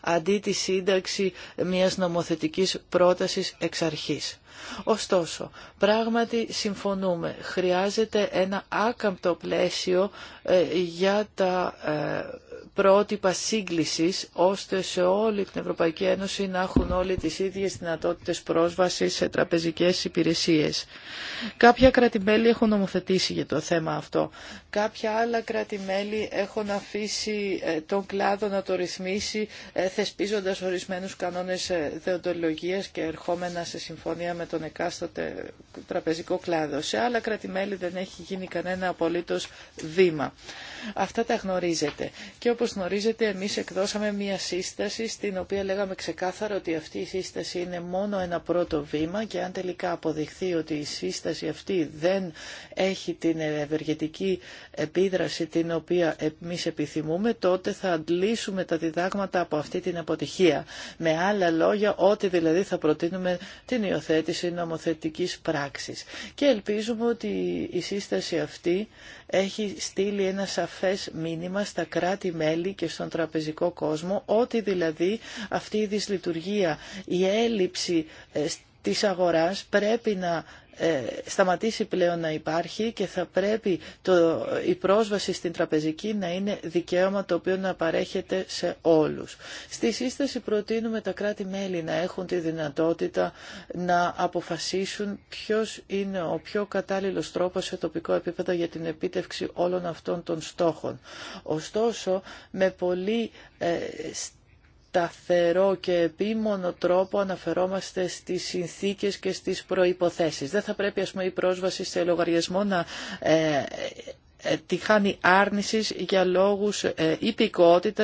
αντί τη σύνταξη μιας νομοθετικής πρότασης εξ αρχής. Ωστόσο, πράγματι συμφωνούμε, χρειάζεται ένα άκαμπτο πλαίσιο ε, για τα ε, πρότυπα σύγκλησης ώστε σε όλη την Ευρωπαϊκή Ένωση να έχουν όλοι τις ίδιες δυνατότητες πρόσβαση σε τραπεζικές υπηρεσίες. Κάποια κρατημέλη έχουν νομοθετήσει για το θέμα αυτό. Κάποια άλλα κρατημέλη έχουν αφήσει ε, τον κλάδο να το ρυθμίσει ε, θεσπίζοντας ορισμένους κανόνες ε, δεοντολογίας και ερχόμενα σε συμφωνία με τον εκάστοτε τραπεζικό κλάδο. Σε άλλα κρατημέλη δεν έχει γίνει κανένα απολύτω βήμα. Αυτά τα γνωρίζετε. Όπως γνωρίζετε, εμείς εκδώσαμε μία σύσταση στην οποία λέγαμε ξεκάθαρα ότι αυτή η σύσταση είναι μόνο ένα πρώτο βήμα και αν τελικά αποδειχθεί ότι η σύσταση αυτή δεν έχει την ευεργετική επίδραση την οποία εμείς επιθυμούμε, τότε θα αντλήσουμε τα διδάγματα από αυτή την αποτυχία. Με άλλα λόγια, ότι δηλαδή θα προτείνουμε την υιοθέτηση νομοθετικής πράξης. Και ελπίζουμε ότι η σύσταση αυτή έχει στείλει ένα σαφές μήνυμα στα κράτη-μέλη και στον τραπεζικό κόσμο, ότι δηλαδή αυτή η δυσλειτουργία, η έλλειψη ε, της αγοράς πρέπει να ε, σταματήσει πλέον να υπάρχει και θα πρέπει το, η πρόσβαση στην τραπεζική να είναι δικαίωμα το οποίο να παρέχεται σε όλους. Στη σύσταση προτείνουμε τα κράτη-μέλη να έχουν τη δυνατότητα να αποφασίσουν ποιος είναι ο πιο κατάλληλος τρόπος σε τοπικό επίπεδο για την επίτευξη όλων αυτών των στόχων. Ωστόσο, με πολύ ε, σταθερό και επίμονο τρόπο αναφερόμαστε στις συνθήκες και στις προϋποθέσεις. Δεν θα πρέπει ας πούμε, η πρόσβαση σε λογαριασμό να ε, ε, ε τη χάνει άρνησης για λόγους ε,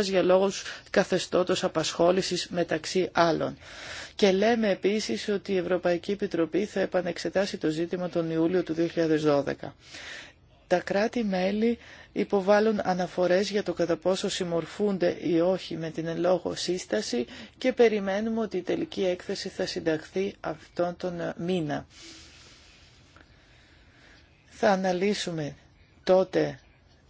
για λόγους καθεστώτος απασχόλησης μεταξύ άλλων. Και λέμε επίσης ότι η Ευρωπαϊκή Επιτροπή θα επανεξετάσει το ζήτημα τον Ιούλιο του 2012 τα κράτη-μέλη υποβάλλουν αναφορές για το κατά πόσο συμμορφούνται ή όχι με την λόγω σύσταση και περιμένουμε ότι η τελική έκθεση θα συνταχθεί αυτόν τον ε, μήνα. Θα αναλύσουμε τότε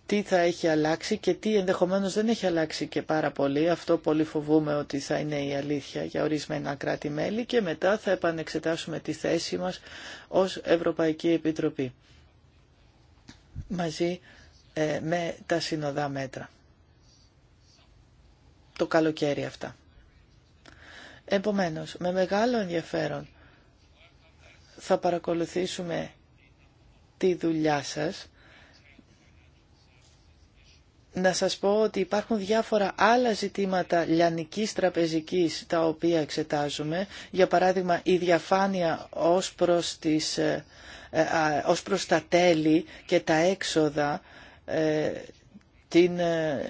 τι θα έχει αλλάξει και τι ενδεχομένως δεν έχει αλλάξει και πάρα πολύ. Αυτό πολύ φοβούμε ότι θα είναι η αλήθεια για ορισμένα κράτη-μέλη και μετά θα επανεξετάσουμε τη θέση μας ως Ευρωπαϊκή Επιτροπή μαζί ε, με τα συνοδά μέτρα. Το καλοκαίρι αυτά. Επομένως, με μεγάλο ενδιαφέρον θα παρακολουθήσουμε τη δουλειά σας να σας πω ότι υπάρχουν διάφορα άλλα ζητήματα λιανικής τραπεζικής τα οποία εξετάζουμε. Για παράδειγμα, η διαφάνεια ως προς, τις, ε, ε, ως προς τα τέλη και τα έξοδα ε, την ε,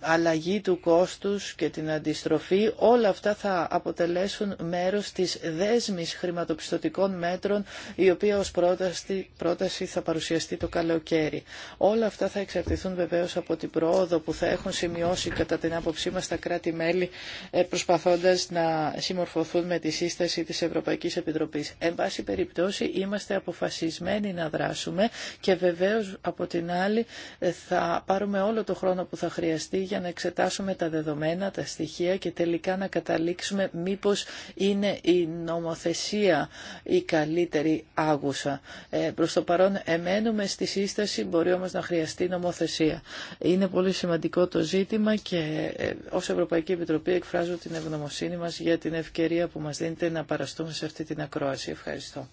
αλλαγή του κόστους και την αντιστροφή, όλα αυτά θα αποτελέσουν μέρος της δέσμης χρηματοπιστωτικών μέτρων, η οποία ως πρόταση, πρόταση θα παρουσιαστεί το καλοκαίρι. Όλα αυτά θα εξαρτηθούν βεβαίως από την πρόοδο που θα έχουν σημειώσει κατά την άποψή μας τα κράτη-μέλη, ε, προσπαθώντας να συμμορφωθούν με τη σύσταση της Ευρωπαϊκής Επιτροπής. Εν πάση περιπτώσει, είμαστε αποφασισμένοι να δράσουμε και βεβαίως από την άλλη ε, θα πάρουμε όλο το χρόνο που θα χρειαστεί για να εξετάσουμε τα δεδομένα, τα στοιχεία και τελικά να καταλήξουμε μήπως είναι η νομοθεσία η καλύτερη άγουσα. Ε, προς το παρόν εμένουμε στη σύσταση, μπορεί όμως να χρειαστεί νομοθεσία. Είναι πολύ σημαντικό το ζήτημα και ε, ως Ευρωπαϊκή Επιτροπή εκφράζω την ευγνωμοσύνη μας για την ευκαιρία που μας δίνεται να παραστούμε σε αυτή την ακρόαση. Ευχαριστώ.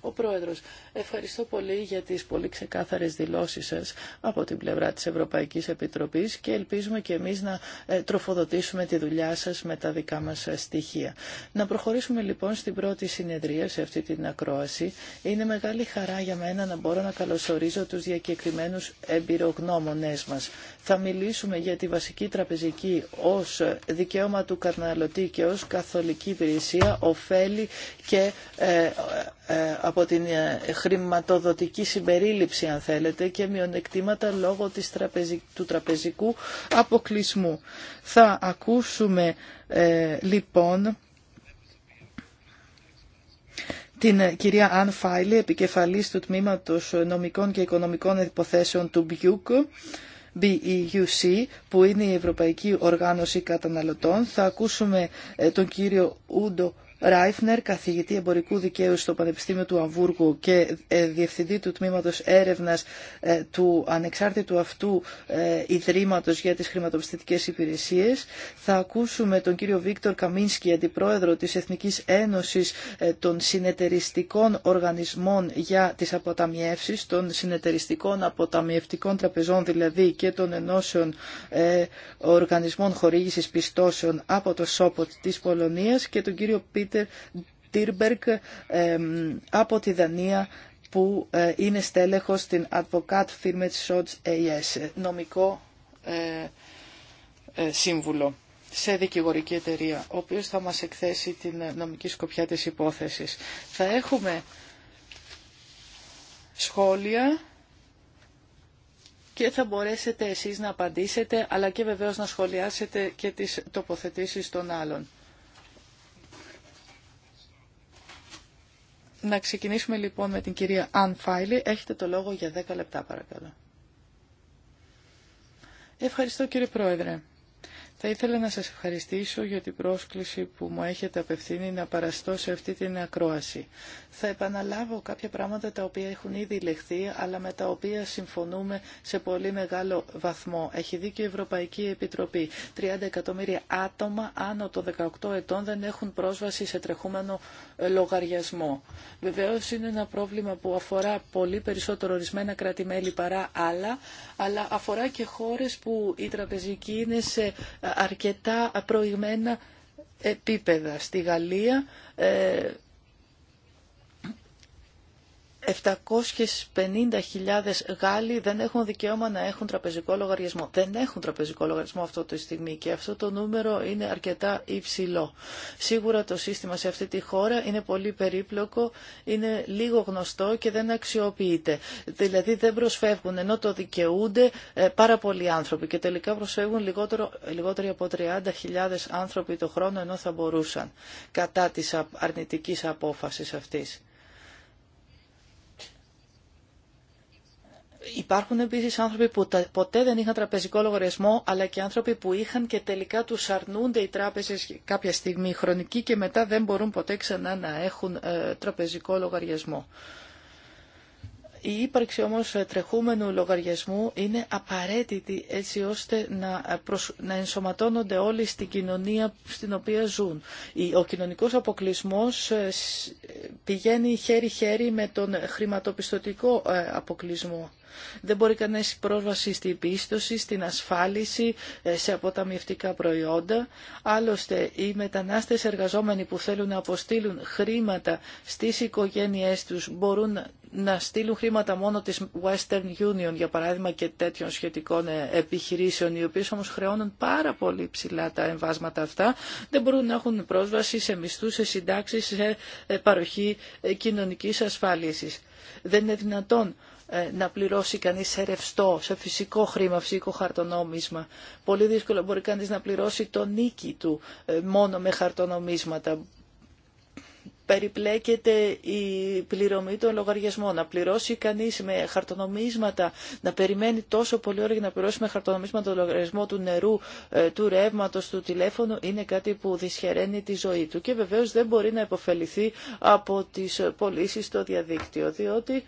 Ο Πρόεδρος, ευχαριστώ πολύ για τις πολύ ξεκάθαρες δηλώσεις σας από την πλευρά της Ευρωπαϊκής Ευρωπαϊκής Επιτροπής και ελπίζουμε και εμείς να ε, τροφοδοτήσουμε τη δουλειά σας με τα δικά μας ε, στοιχεία. Να προχωρήσουμε λοιπόν στην πρώτη συνεδρία, σε αυτή την ακρόαση. Είναι μεγάλη χαρά για μένα να μπορώ να καλωσορίζω τους διακεκριμένους εμπειρογνώμονές μας. Θα μιλήσουμε για τη βασική τραπεζική ως ε, δικαίωμα του καταναλωτή και ως καθολική υπηρεσία, ωφέλη και ε, από την ε, χρηματοδοτική συμπερίληψη αν θέλετε και μειονεκτήματα λόγω του τραπεζικού αποκλεισμού. Θα ακούσουμε ε, λοιπόν την κυρία Αν Φάιλε, επικεφαλής του Τμήματος Νομικών και Οικονομικών Υποθέσεων του BUC, e BEUC, που είναι η Ευρωπαϊκή Οργάνωση Καταναλωτών. Θα ακούσουμε τον κύριο Ούντο Ράιφνερ, καθηγητή εμπορικού δικαίου στο Πανεπιστήμιο του Αμβούργου και ε, διευθυντή του τμήματος έρευνας ε, του ανεξάρτητου αυτού ε, Ιδρύματος για τις Χρηματοπιστωτικές Υπηρεσίες. Θα ακούσουμε τον κύριο Βίκτορ Καμίνσκι, αντιπρόεδρο της Εθνικής Ένωσης των Συνεταιριστικών Οργανισμών για τις Αποταμιεύσεις, των Συνεταιριστικών Αποταμιευτικών Τραπεζών δηλαδή και των Ενώσεων Οργανισμών Χορήγησης Πιστώσεων από το Σόποτ της Πολωνίας και τον κύριο Πίτ Πίτερ από τη Δανία που ε, είναι στέλεχος στην Advocat Firmet Shots AS, νομικό ε, ε, σύμβουλο σε δικηγορική εταιρεία, ο οποίος θα μας εκθέσει την νομική σκοπιά της υπόθεσης. Θα έχουμε σχόλια και θα μπορέσετε εσείς να απαντήσετε, αλλά και βεβαίως να σχολιάσετε και τις τοποθετήσεις των άλλων. Να ξεκινήσουμε λοιπόν με την κυρία Αν Φάιλι. Έχετε το λόγο για 10 λεπτά παρακαλώ. Ευχαριστώ κύριε Πρόεδρε. Θα ήθελα να σας ευχαριστήσω για την πρόσκληση που μου έχετε απευθύνει να παραστώ σε αυτή την ακρόαση. Θα επαναλάβω κάποια πράγματα τα οποία έχουν ήδη λεχθεί, αλλά με τα οποία συμφωνούμε σε πολύ μεγάλο βαθμό. Έχει δίκιο η Ευρωπαϊκή Επιτροπή. 30 εκατομμύρια άτομα άνω των 18 ετών δεν έχουν πρόσβαση σε τρεχούμενο ε, λογαριασμό. Βεβαίω είναι ένα πρόβλημα που αφορά πολύ περισσότερο ορισμένα κράτη-μέλη παρά άλλα, αλλά αφορά και χώρες που η τραπεζική είναι σε αρκετά προηγμένα επίπεδα. Στη Γαλλία ε, 750.000 Γάλλοι δεν έχουν δικαίωμα να έχουν τραπεζικό λογαριασμό. Δεν έχουν τραπεζικό λογαριασμό αυτό τη στιγμή και αυτό το νούμερο είναι αρκετά υψηλό. Σίγουρα το σύστημα σε αυτή τη χώρα είναι πολύ περίπλοκο, είναι λίγο γνωστό και δεν αξιοποιείται. Δηλαδή δεν προσφεύγουν ενώ το δικαιούνται ε, πάρα πολλοί άνθρωποι και τελικά προσφεύγουν λιγότερο, λιγότεροι από 30.000 άνθρωποι το χρόνο ενώ θα μπορούσαν κατά της αρνητικής απόφασης αυτής. Υπάρχουν επίσης άνθρωποι που ποτέ δεν είχαν τραπεζικό λογαριασμό, αλλά και άνθρωποι που είχαν και τελικά τους αρνούνται οι τράπεζες κάποια στιγμή χρονική και μετά δεν μπορούν ποτέ ξανά να έχουν ε, τραπεζικό λογαριασμό. Η ύπαρξη όμως ε, τρεχούμενου λογαριασμού είναι απαραίτητη έτσι ώστε ε, να, ενσωματώνονται όλοι στην κοινωνία στην οποία ζουν. Ο κοινωνικός αποκλεισμός πηγαίνει χέρι-χέρι με τον χρηματοπιστωτικό αποκλεισμό. Δεν μπορεί κανείς πρόσβαση στην πίστοση, στην ασφάλιση, ε, σε αποταμιευτικά προϊόντα. Άλλωστε, οι μετανάστες εργαζόμενοι που θέλουν να αποστείλουν χρήματα στις οικογένειές τους μπορούν να στείλουν χρήματα μόνο της Western Union, για παράδειγμα, και τέτοιων σχετικών ε, επιχειρήσεων, οι οποίες όμως χρεώνουν πάρα πολύ ψηλά τα εμβάσματα αυτά, δεν μπορούν να έχουν πρόσβαση σε μισθούς, σε συντάξεις, σε ε, παροχή κοινωνικής ασφάλισης. Δεν είναι δυνατόν ε, να πληρώσει κανείς σε ρευστό, σε φυσικό χρήμα, φυσικό χαρτονόμισμα. Πολύ δύσκολο μπορεί κανείς να πληρώσει το νίκη του ε, μόνο με χαρτονομίσματα. Περιπλέκεται η πληρωμή των λογαριασμών. Να πληρώσει κανείς με χαρτονομίσματα, να περιμένει τόσο πολύ ώρα για να πληρώσει με χαρτονομίσματα το λογαριασμό του νερού, ε, του ρεύματος, του τηλέφωνου, είναι κάτι που δυσχεραίνει τη ζωή του. Και βεβαίως δεν μπορεί να υποφεληθεί από τις πωλήσει στο διαδίκτυο, διότι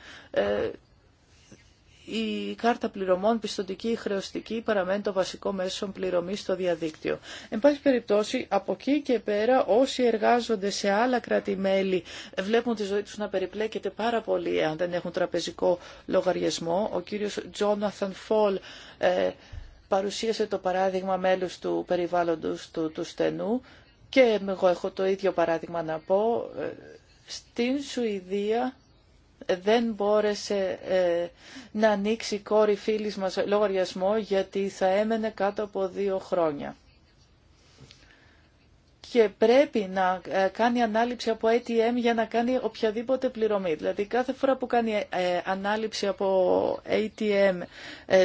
η κάρτα πληρωμών πιστοτική ή χρεωστική παραμένει το βασικό μέσο πληρωμής στο διαδίκτυο. Εν πάση περιπτώσει, από εκεί και πέρα όσοι εργάζονται σε άλλα κράτη-μέλη βλέπουν τη ζωή τους να περιπλέκεται πάρα πολύ αν δεν έχουν τραπεζικό λογαριασμό. Ο κύριος Τζόναθαν Φόλ ε, παρουσίασε το παράδειγμα μέλους του περιβάλλοντο του, του στενού και εγώ έχω το ίδιο παράδειγμα να πω. Ε, στην Σουηδία δεν μπόρεσε ε, να ανοίξει η κόρη φίλης μας λογαριασμό γιατί θα έμενε κάτω από δύο χρόνια. Και πρέπει να ε, κάνει ανάληψη από ATM για να κάνει οποιαδήποτε πληρωμή. Δηλαδή κάθε φορά που κάνει ε, ανάληψη από ATM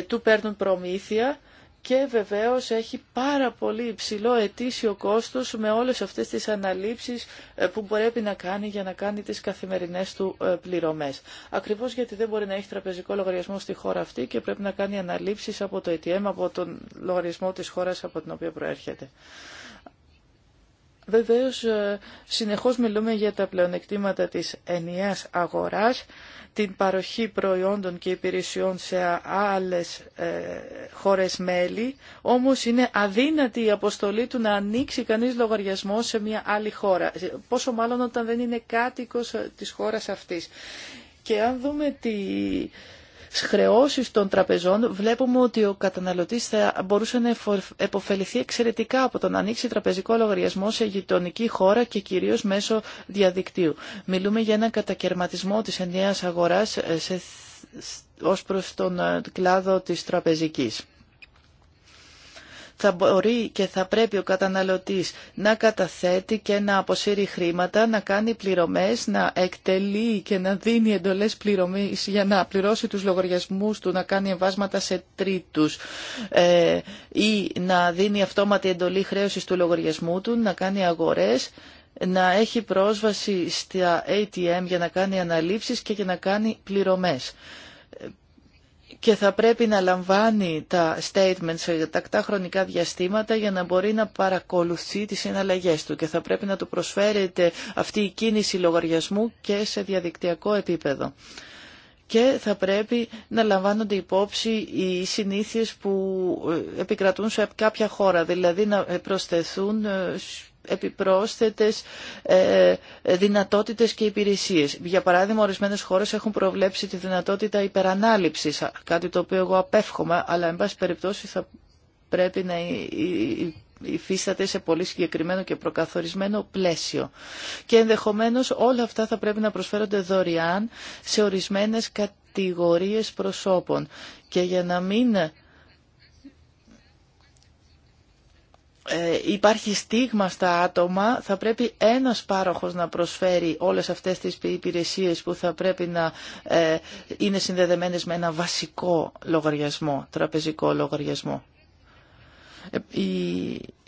του παίρνουν προμήθεια και βεβαίως έχει πάρα πολύ υψηλό ετήσιο κόστος με όλες αυτές τις αναλήψεις ε, που πρέπει να κάνει για να κάνει τις καθημερινές του ε, πληρωμές. Ακριβώς γιατί δεν μπορεί να έχει τραπεζικό λογαριασμό στη χώρα αυτή και πρέπει να κάνει αναλήψεις από το ETM, από τον λογαριασμό της χώρας από την οποία προέρχεται. Βεβαίως ε, συνεχώς μιλούμε για τα πλεονεκτήματα της ενιαίας αγοράς, την παροχή προϊόντων και υπηρεσιών σε άλλες ε, χώρες μέλη, όμως είναι αδύνατη η αποστολή του να ανοίξει κανείς λογαριασμό σε μια άλλη χώρα, ε, πόσο μάλλον όταν δεν είναι κάτοικος ε, της χώρας αυτής. Και αν δούμε τη, χρεώσεις των τραπεζών βλέπουμε ότι ο καταναλωτής θα μπορούσε να επωφεληθεί εξαιρετικά από το να ανοίξει τραπεζικό λογαριασμό σε γειτονική χώρα και κυρίως μέσω διαδικτύου. Μιλούμε για έναν κατακαιρματισμό της ενιαίας αγοράς ω ε, ως προς τον ε, κλάδο της τραπεζικής θα μπορεί και θα πρέπει ο καταναλωτής να καταθέτει και να αποσύρει χρήματα, να κάνει πληρωμές, να εκτελεί και να δίνει εντολές πληρωμής για να πληρώσει τους λογαριασμούς του, να κάνει εμβάσματα σε τρίτους ε, ή να δίνει αυτόματη εντολή χρέωσης του λογαριασμού του, να κάνει αγορές να έχει πρόσβαση στα ATM για να κάνει αναλήψεις και για να κάνει πληρωμές και θα πρέπει να λαμβάνει τα statements σε τακτά χρονικά διαστήματα για να μπορεί να παρακολουθεί τις συναλλαγές του και θα πρέπει να του προσφέρεται αυτή η κίνηση λογαριασμού και σε διαδικτυακό επίπεδο. Και θα πρέπει να λαμβάνονται υπόψη οι συνήθειες που ε, επικρατούν σε κάποια χώρα, δηλαδή να προσθεθούν ε, επιπρόσθετες ε, δυνατότητες και υπηρεσίες. Για παράδειγμα, ορισμένες χώρες έχουν προβλέψει τη δυνατότητα υπερανάληψης, κάτι το οποίο εγώ απέφχομαι, αλλά εν πάση περιπτώσει θα πρέπει να υφίσταται σε πολύ συγκεκριμένο και προκαθορισμένο πλαίσιο. Και ενδεχομένως όλα αυτά θα πρέπει να προσφέρονται δωρεάν σε ορισμένες κατηγορίες προσώπων. Και για να μην Ε, υπάρχει στίγμα στα άτομα, θα πρέπει ένας πάροχος να προσφέρει όλες αυτές τις υπηρεσίες που θα πρέπει να ε, είναι συνδεδεμένες με ένα βασικό λογαριασμό, τραπεζικό λογαριασμό. Ε,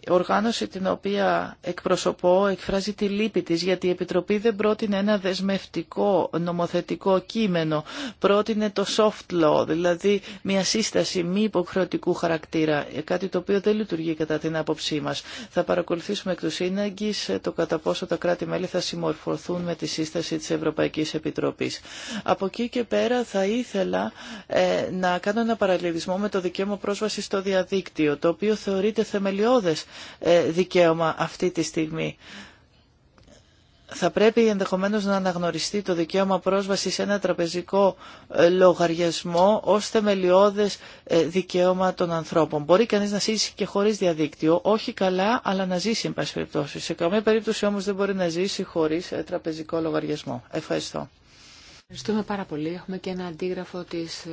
οργάνωση την οποία εκπροσωπώ εκφράζει τη λύπη της γιατί η Επιτροπή δεν πρότεινε ένα δεσμευτικό νομοθετικό κείμενο. Πρότεινε το soft law, δηλαδή μια σύσταση μη υποχρεωτικού χαρακτήρα, κάτι το οποίο δεν λειτουργεί κατά την άποψή μας. Θα παρακολουθήσουμε εκ του σύναγκης το κατά πόσο τα κράτη-μέλη θα συμμορφωθούν με τη σύσταση της Ευρωπαϊκής Επιτροπής. Από εκεί και πέρα θα ήθελα ε, να κάνω ένα παραλληλισμό με το δικαίωμα πρόσβαση στο διαδίκτυο, το οποίο θεωρείται θεμελιώδες ε, δικαίωμα αυτή τη στιγμή. Θα πρέπει ενδεχομένως να αναγνωριστεί το δικαίωμα πρόσβασης σε ένα τραπεζικό ε, λογαριασμό ως θεμελιώδες ε, δικαίωμα των ανθρώπων. Μπορεί κανείς να ζήσει και χωρίς διαδίκτυο, όχι καλά, αλλά να ζήσει, εν πάση περιπτώσει. Σε καμία περίπτωση όμως δεν μπορεί να ζήσει χωρίς τραπεζικό λογαριασμό. Ευχαριστώ. Ευχαριστούμε πάρα πολύ. Έχουμε και ένα αντίγραφο της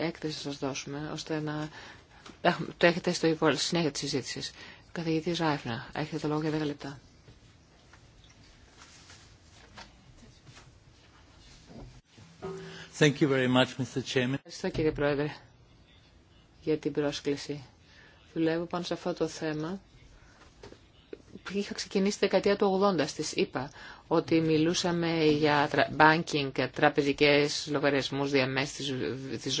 έκθεσης να σας δώσουμε, ώστε να το έχετε στο υπόλοιπο συνέχεια τη συζήτηση. Καθηγητή Ράιφνα, έχετε το λόγο για 10 λεπτά. Thank you very much, Mr. Chairman. Ευχαριστώ κύριε Πρόεδρε για την πρόσκληση. Δουλεύω πάνω σε αυτό το θέμα είχα ξεκινήσει τη δεκαετία του 80 στις είπα ότι μιλούσαμε για banking, τραπεζικές λογαριασμούς διαμέσεις της,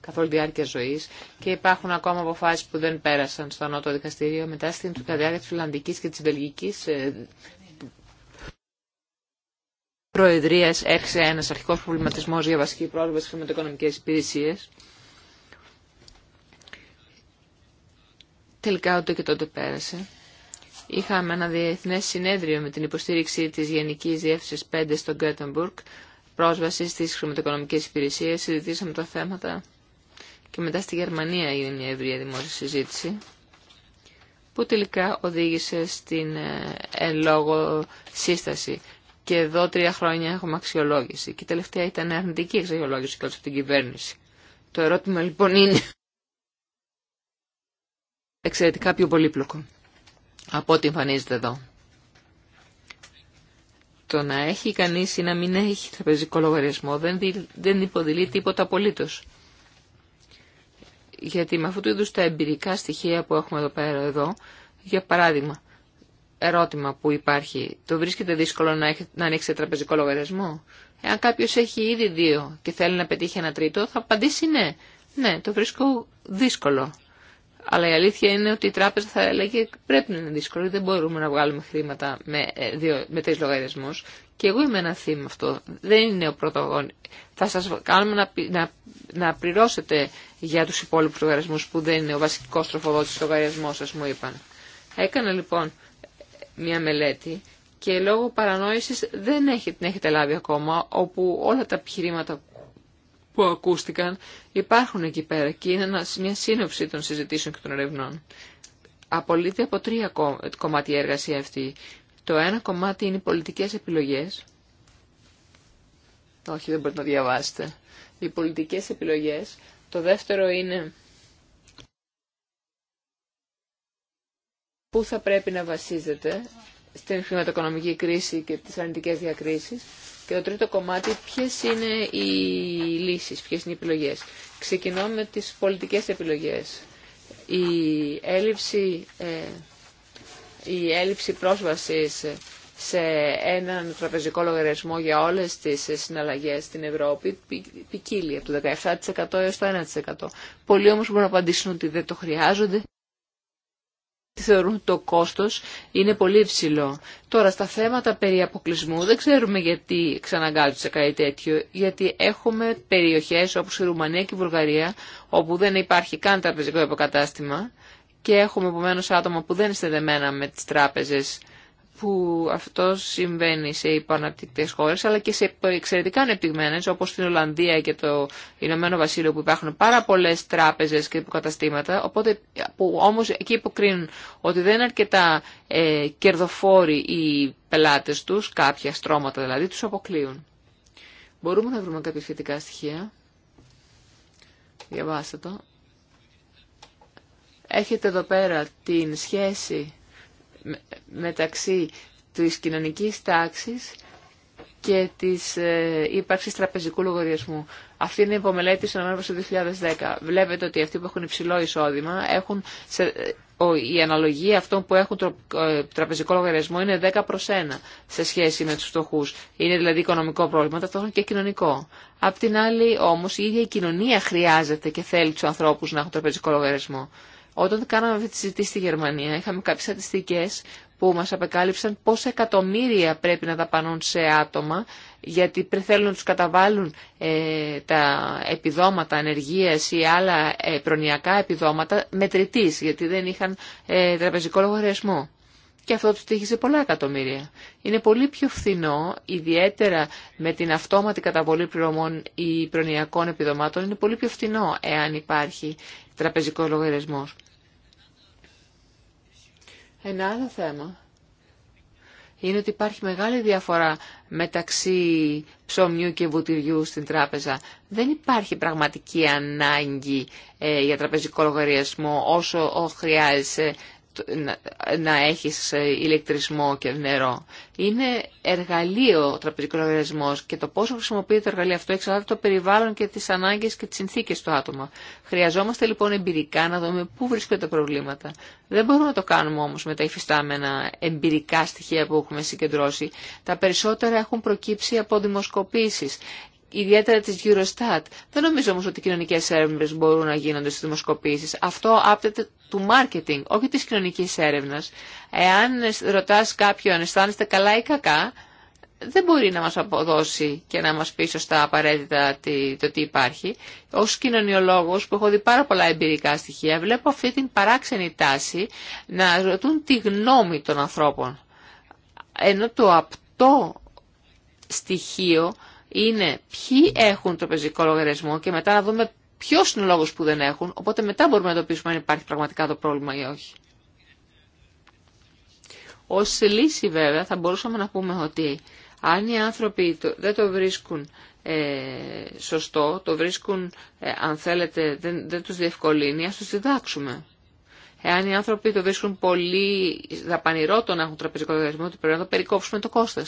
καθ' όλη διάρκεια ζωής και υπάρχουν ακόμα αποφάσεις που δεν πέρασαν στο νότο δικαστήριο μετά στην διάρκεια της Φιλανδικής και της Βελγικής ε, Προεδρίας έρχεται ένας αρχικός προβληματισμός για βασική πρόβλημα στις χρηματοοικονομικές υπηρεσίες. Τελικά ούτε και τότε πέρασε. Είχαμε ένα διεθνές συνέδριο με την υποστήριξη της Γενικής Διεύθυνσης 5 στο Γκέτεμπουργκ, πρόσβαση στις χρηματοοικονομικές υπηρεσίες, συζητήσαμε τα θέματα και μετά στη Γερμανία έγινε μια ευρία δημόσια συζήτηση που τελικά οδήγησε στην ε, εν λόγω σύσταση. Και εδώ τρία χρόνια έχουμε αξιολόγηση. Και τελευταία ήταν αρνητική αξιολόγηση κατά από την κυβέρνηση. Το ερώτημα λοιπόν είναι εξαιρετικά πιο πολύπλοκο από ό,τι εμφανίζεται εδώ. Το να έχει κανείς ή να μην έχει τραπεζικό λογαριασμό δεν, δεν υποδηλεί τίποτα απολύτως. Γιατί με αυτού του είδους τα εμπειρικά στοιχεία που έχουμε εδώ πέρα εδώ, για παράδειγμα, ερώτημα που υπάρχει, το βρίσκεται δύσκολο να, έχει, να ανοίξει τραπεζικό λογαριασμό. Εάν κάποιος έχει ήδη δύο και θέλει να πετύχει ένα τρίτο, θα απαντήσει ναι. Ναι, το βρίσκω δύσκολο. Αλλά η αλήθεια είναι ότι η τράπεζα θα έλεγε πρέπει να είναι δύσκολο, δεν μπορούμε να βγάλουμε χρήματα με, ε, με τρεις λογαριασμούς. Και εγώ είμαι ένα θύμα αυτό. Δεν είναι ο πρωτογόνη. Θα σα κάνουμε να, να, να πληρώσετε για του υπόλοιπου λογαριασμού που δεν είναι ο βασικό τροφοδότη λογαριασμό, σα μου είπαν. Έκανα λοιπόν μια μελέτη και λόγω παρανόηση δεν έχει, την έχετε λάβει ακόμα, όπου όλα τα επιχειρήματα που ακούστηκαν υπάρχουν εκεί πέρα και είναι μια σύνοψη των συζητήσεων και των ερευνών. Απολύτει από τρία κομμάτια εργασία αυτή. Το ένα κομμάτι είναι οι πολιτικές επιλογές. Όχι, δεν μπορείτε να διαβάσετε. Οι πολιτικές επιλογές. Το δεύτερο είναι πού θα πρέπει να βασίζεται στην χρηματοοικονομική κρίση και τις αρνητικές διακρίσεις. Και το τρίτο κομμάτι, ποιες είναι οι λύσεις, ποιες είναι οι επιλογές. Ξεκινώ με τις πολιτικές επιλογές. Η έλλειψη, ε, έλλειψη πρόσβασης σε έναν τραπεζικό λογαριασμό για όλες τις συναλλαγές στην Ευρώπη ποικίλει από το 17% έως το 1%. Πολλοί όμως μπορούν να απαντήσουν ότι δεν το χρειάζονται θεωρούν ότι το κόστος είναι πολύ υψηλό. Τώρα στα θέματα περί αποκλεισμού δεν ξέρουμε γιατί ξαναγκάλυψε κάτι τέτοιο, γιατί έχουμε περιοχές όπως η Ρουμανία και η Βουλγαρία όπου δεν υπάρχει καν τραπεζικό υποκατάστημα και έχουμε επομένω άτομα που δεν είναι στεδεμένα με τις τράπεζες που αυτό συμβαίνει σε υποαναπτυκτές χώρε αλλά και σε εξαιρετικά ανεπτυγμένε όπως στην Ολλανδία και το Ηνωμένο Βασίλειο που υπάρχουν πάρα πολλέ τράπεζε και υποκαταστήματα οπότε που όμως εκεί υποκρίνουν ότι δεν είναι αρκετά ε, κερδοφόροι οι πελάτες τους, κάποια στρώματα δηλαδή, τους αποκλείουν. Μπορούμε να βρούμε κάποια σχετικά στοιχεία. Διαβάστε το. Έχετε εδώ πέρα την σχέση μεταξύ της κοινωνικής τάξης και της ε, ύπαρξης τραπεζικού λογαριασμού. Αυτή είναι η υπομελέτη στον του 2010. Βλέπετε ότι αυτοί που έχουν υψηλό εισόδημα έχουν ε, η αναλογία αυτών που έχουν ε, τραπεζικό λογαριασμό είναι 10 προς 1 σε σχέση με τους φτωχούς. Είναι δηλαδή οικονομικό πρόβλημα, ταυτόχρονα και κοινωνικό. Απ' την άλλη όμως η ίδια η κοινωνία χρειάζεται και θέλει τους ανθρώπους να έχουν τραπεζικό λογαριασμό. Όταν κάναμε αυτή τη συζήτηση στη Γερμανία, είχαμε κάποιε στατιστικές που μας απεκάλυψαν πόσα εκατομμύρια πρέπει να δαπανούν σε άτομα, γιατί θέλουν να του καταβάλουν ε, τα επιδόματα ανεργία ή άλλα ε, προνοιακά επιδόματα μετρητή, γιατί δεν είχαν ε, τραπεζικό λογαριασμό. Και αυτό του τύχησε πολλά εκατομμύρια. Είναι πολύ πιο φθηνό, ιδιαίτερα με την αυτόματη καταβολή πληρωμών ή προνοιακών επιδομάτων, είναι πολύ πιο φθηνό εάν υπάρχει τραπεζικό λογαριασμό. Ένα άλλο θέμα είναι ότι υπάρχει μεγάλη διαφορά μεταξύ ψωμιού και βουτυριού στην τράπεζα. Δεν υπάρχει πραγματική ανάγκη ε, για τραπεζικό λογαριασμό όσο χρειάζεσαι να έχεις ε, ηλεκτρισμό και νερό. Είναι εργαλείο ο τραπεζικός και το πόσο χρησιμοποιείται το εργαλείο αυτό εξαρτάται το περιβάλλον και τις ανάγκες και τις συνθήκες του άτομα. Χρειαζόμαστε λοιπόν εμπειρικά να δούμε πού βρίσκονται τα προβλήματα. Δεν μπορούμε να το κάνουμε όμως με τα υφιστάμενα εμπειρικά στοιχεία που έχουμε συγκεντρώσει. Τα περισσότερα έχουν προκύψει από δημοσκοπήσεις ιδιαίτερα της Eurostat. Δεν νομίζω όμως ότι οι κοινωνικές έρευνες μπορούν να γίνονται στις δημοσκοπήσεις. Αυτό άπτεται του marketing, όχι της κοινωνικής έρευνας. Εάν ρωτάς κάποιον αισθάνεστε καλά ή κακά, δεν μπορεί να μας αποδώσει και να μας πει σωστά απαραίτητα το τι υπάρχει. Ως κοινωνιολόγος που έχω δει πάρα πολλά εμπειρικά στοιχεία, βλέπω αυτή την παράξενη τάση να ρωτούν τη γνώμη των ανθρώπων. Ενώ το απτό στοιχείο είναι ποιοι έχουν πεζικό λογαριασμό και μετά να δούμε ποιο είναι ο λόγο που δεν έχουν. Οπότε μετά μπορούμε να εντοπίσουμε αν υπάρχει πραγματικά το πρόβλημα ή όχι. Ω λύση βέβαια θα μπορούσαμε να πούμε ότι αν οι άνθρωποι δεν το βρίσκουν ε, σωστό, το βρίσκουν ε, αν θέλετε δεν, δεν τους διευκολύνει, ας τους διδάξουμε. Εάν οι άνθρωποι το βρίσκουν πολύ δαπανηρό το να έχουν τραπεζικό λογαριασμό, ότι πρέπει να το περικόψουμε το κόστο.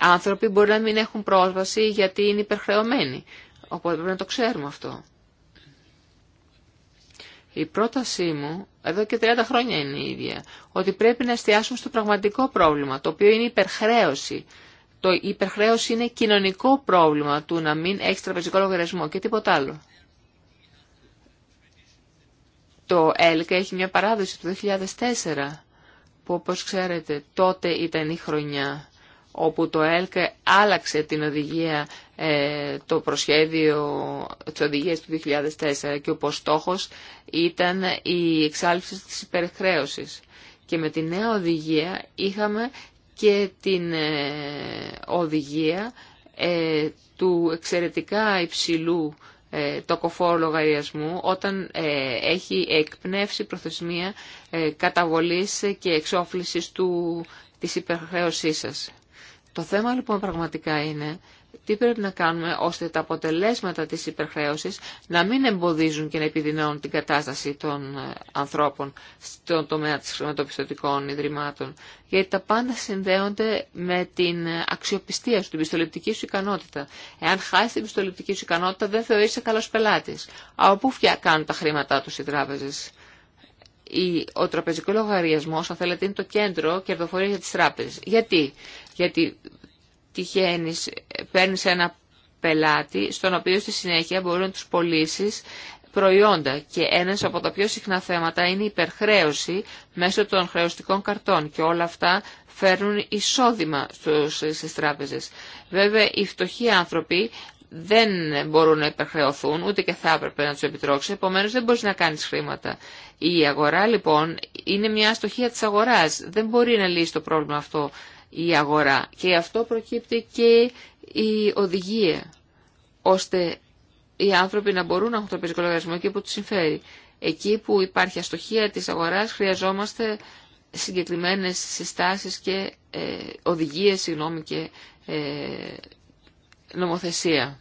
Άνθρωποι μπορεί να μην έχουν πρόσβαση γιατί είναι υπερχρεωμένοι. Οπότε πρέπει να το ξέρουμε αυτό. Η πρότασή μου, εδώ και 30 χρόνια είναι η ίδια, ότι πρέπει να εστιάσουμε στο πραγματικό πρόβλημα, το οποίο είναι η υπερχρέωση. Το υπερχρέωση είναι κοινωνικό πρόβλημα του να μην έχει τραπεζικό λογαριασμό και τίποτα άλλο. Το ΕΛΚ έχει μια παράδοση του 2004 που όπως ξέρετε τότε ήταν η χρονιά όπου το ΕΛΚ άλλαξε την οδηγία, ε, το προσχέδιο της οδηγίας του 2004 και ο στόχος ήταν η εξάλληψη της υπερχρέωσης. Και με τη νέα οδηγία είχαμε και την ε, οδηγία ε, του εξαιρετικά υψηλού ε, το κοφόρο λογαριασμού όταν ε, έχει εκπνεύσει προθεσμία ε, καταβολής και εξόφλησης του, της υπερχρέωσής σας. Το θέμα λοιπόν πραγματικά είναι τι πρέπει να κάνουμε ώστε τα αποτελέσματα της υπερχρέωσης να μην εμποδίζουν και να επιδεινώνουν την κατάσταση των ε, ανθρώπων στον τομέα της χρηματοπιστωτικών ιδρυμάτων. Γιατί τα πάντα συνδέονται με την ε, αξιοπιστία σου, την πιστοληπτική σου ικανότητα. Εάν χάσει την πιστοληπτική σου ικανότητα δεν σε καλός πελάτης. Από πού κάνουν τα χρήματά τους οι τράπεζες. Ο τραπεζικό λογαριασμό, αν θέλετε, είναι το κέντρο κερδοφορία για τι τράπεζε. Γιατί? Γιατί τυχαίνεις, παίρνεις ένα πελάτη, στον οποίο στη συνέχεια μπορούν να τους πωλήσει προϊόντα και ένας από τα πιο συχνά θέματα είναι η υπερχρέωση μέσω των χρεωστικών καρτών και όλα αυτά φέρνουν εισόδημα στους, στις τράπεζες. Βέβαια οι φτωχοί άνθρωποι δεν μπορούν να υπερχρεωθούν, ούτε και θα έπρεπε να του επιτρώξει, επομένω δεν μπορεί να κάνει χρήματα. Η αγορά λοιπόν είναι μια αστοχία τη αγορά. Δεν μπορεί να λύσει το πρόβλημα αυτό η αγορά. Και αυτό προκύπτει και η οδηγία, ώστε οι άνθρωποι να μπορούν να έχουν τραπεζικό λογαριασμό εκεί που τους συμφέρει. Εκεί που υπάρχει αστοχία της αγοράς χρειαζόμαστε συγκεκριμένες συστάσεις και ε, οδηγίες, συγγνώμη, και ε, νομοθεσία.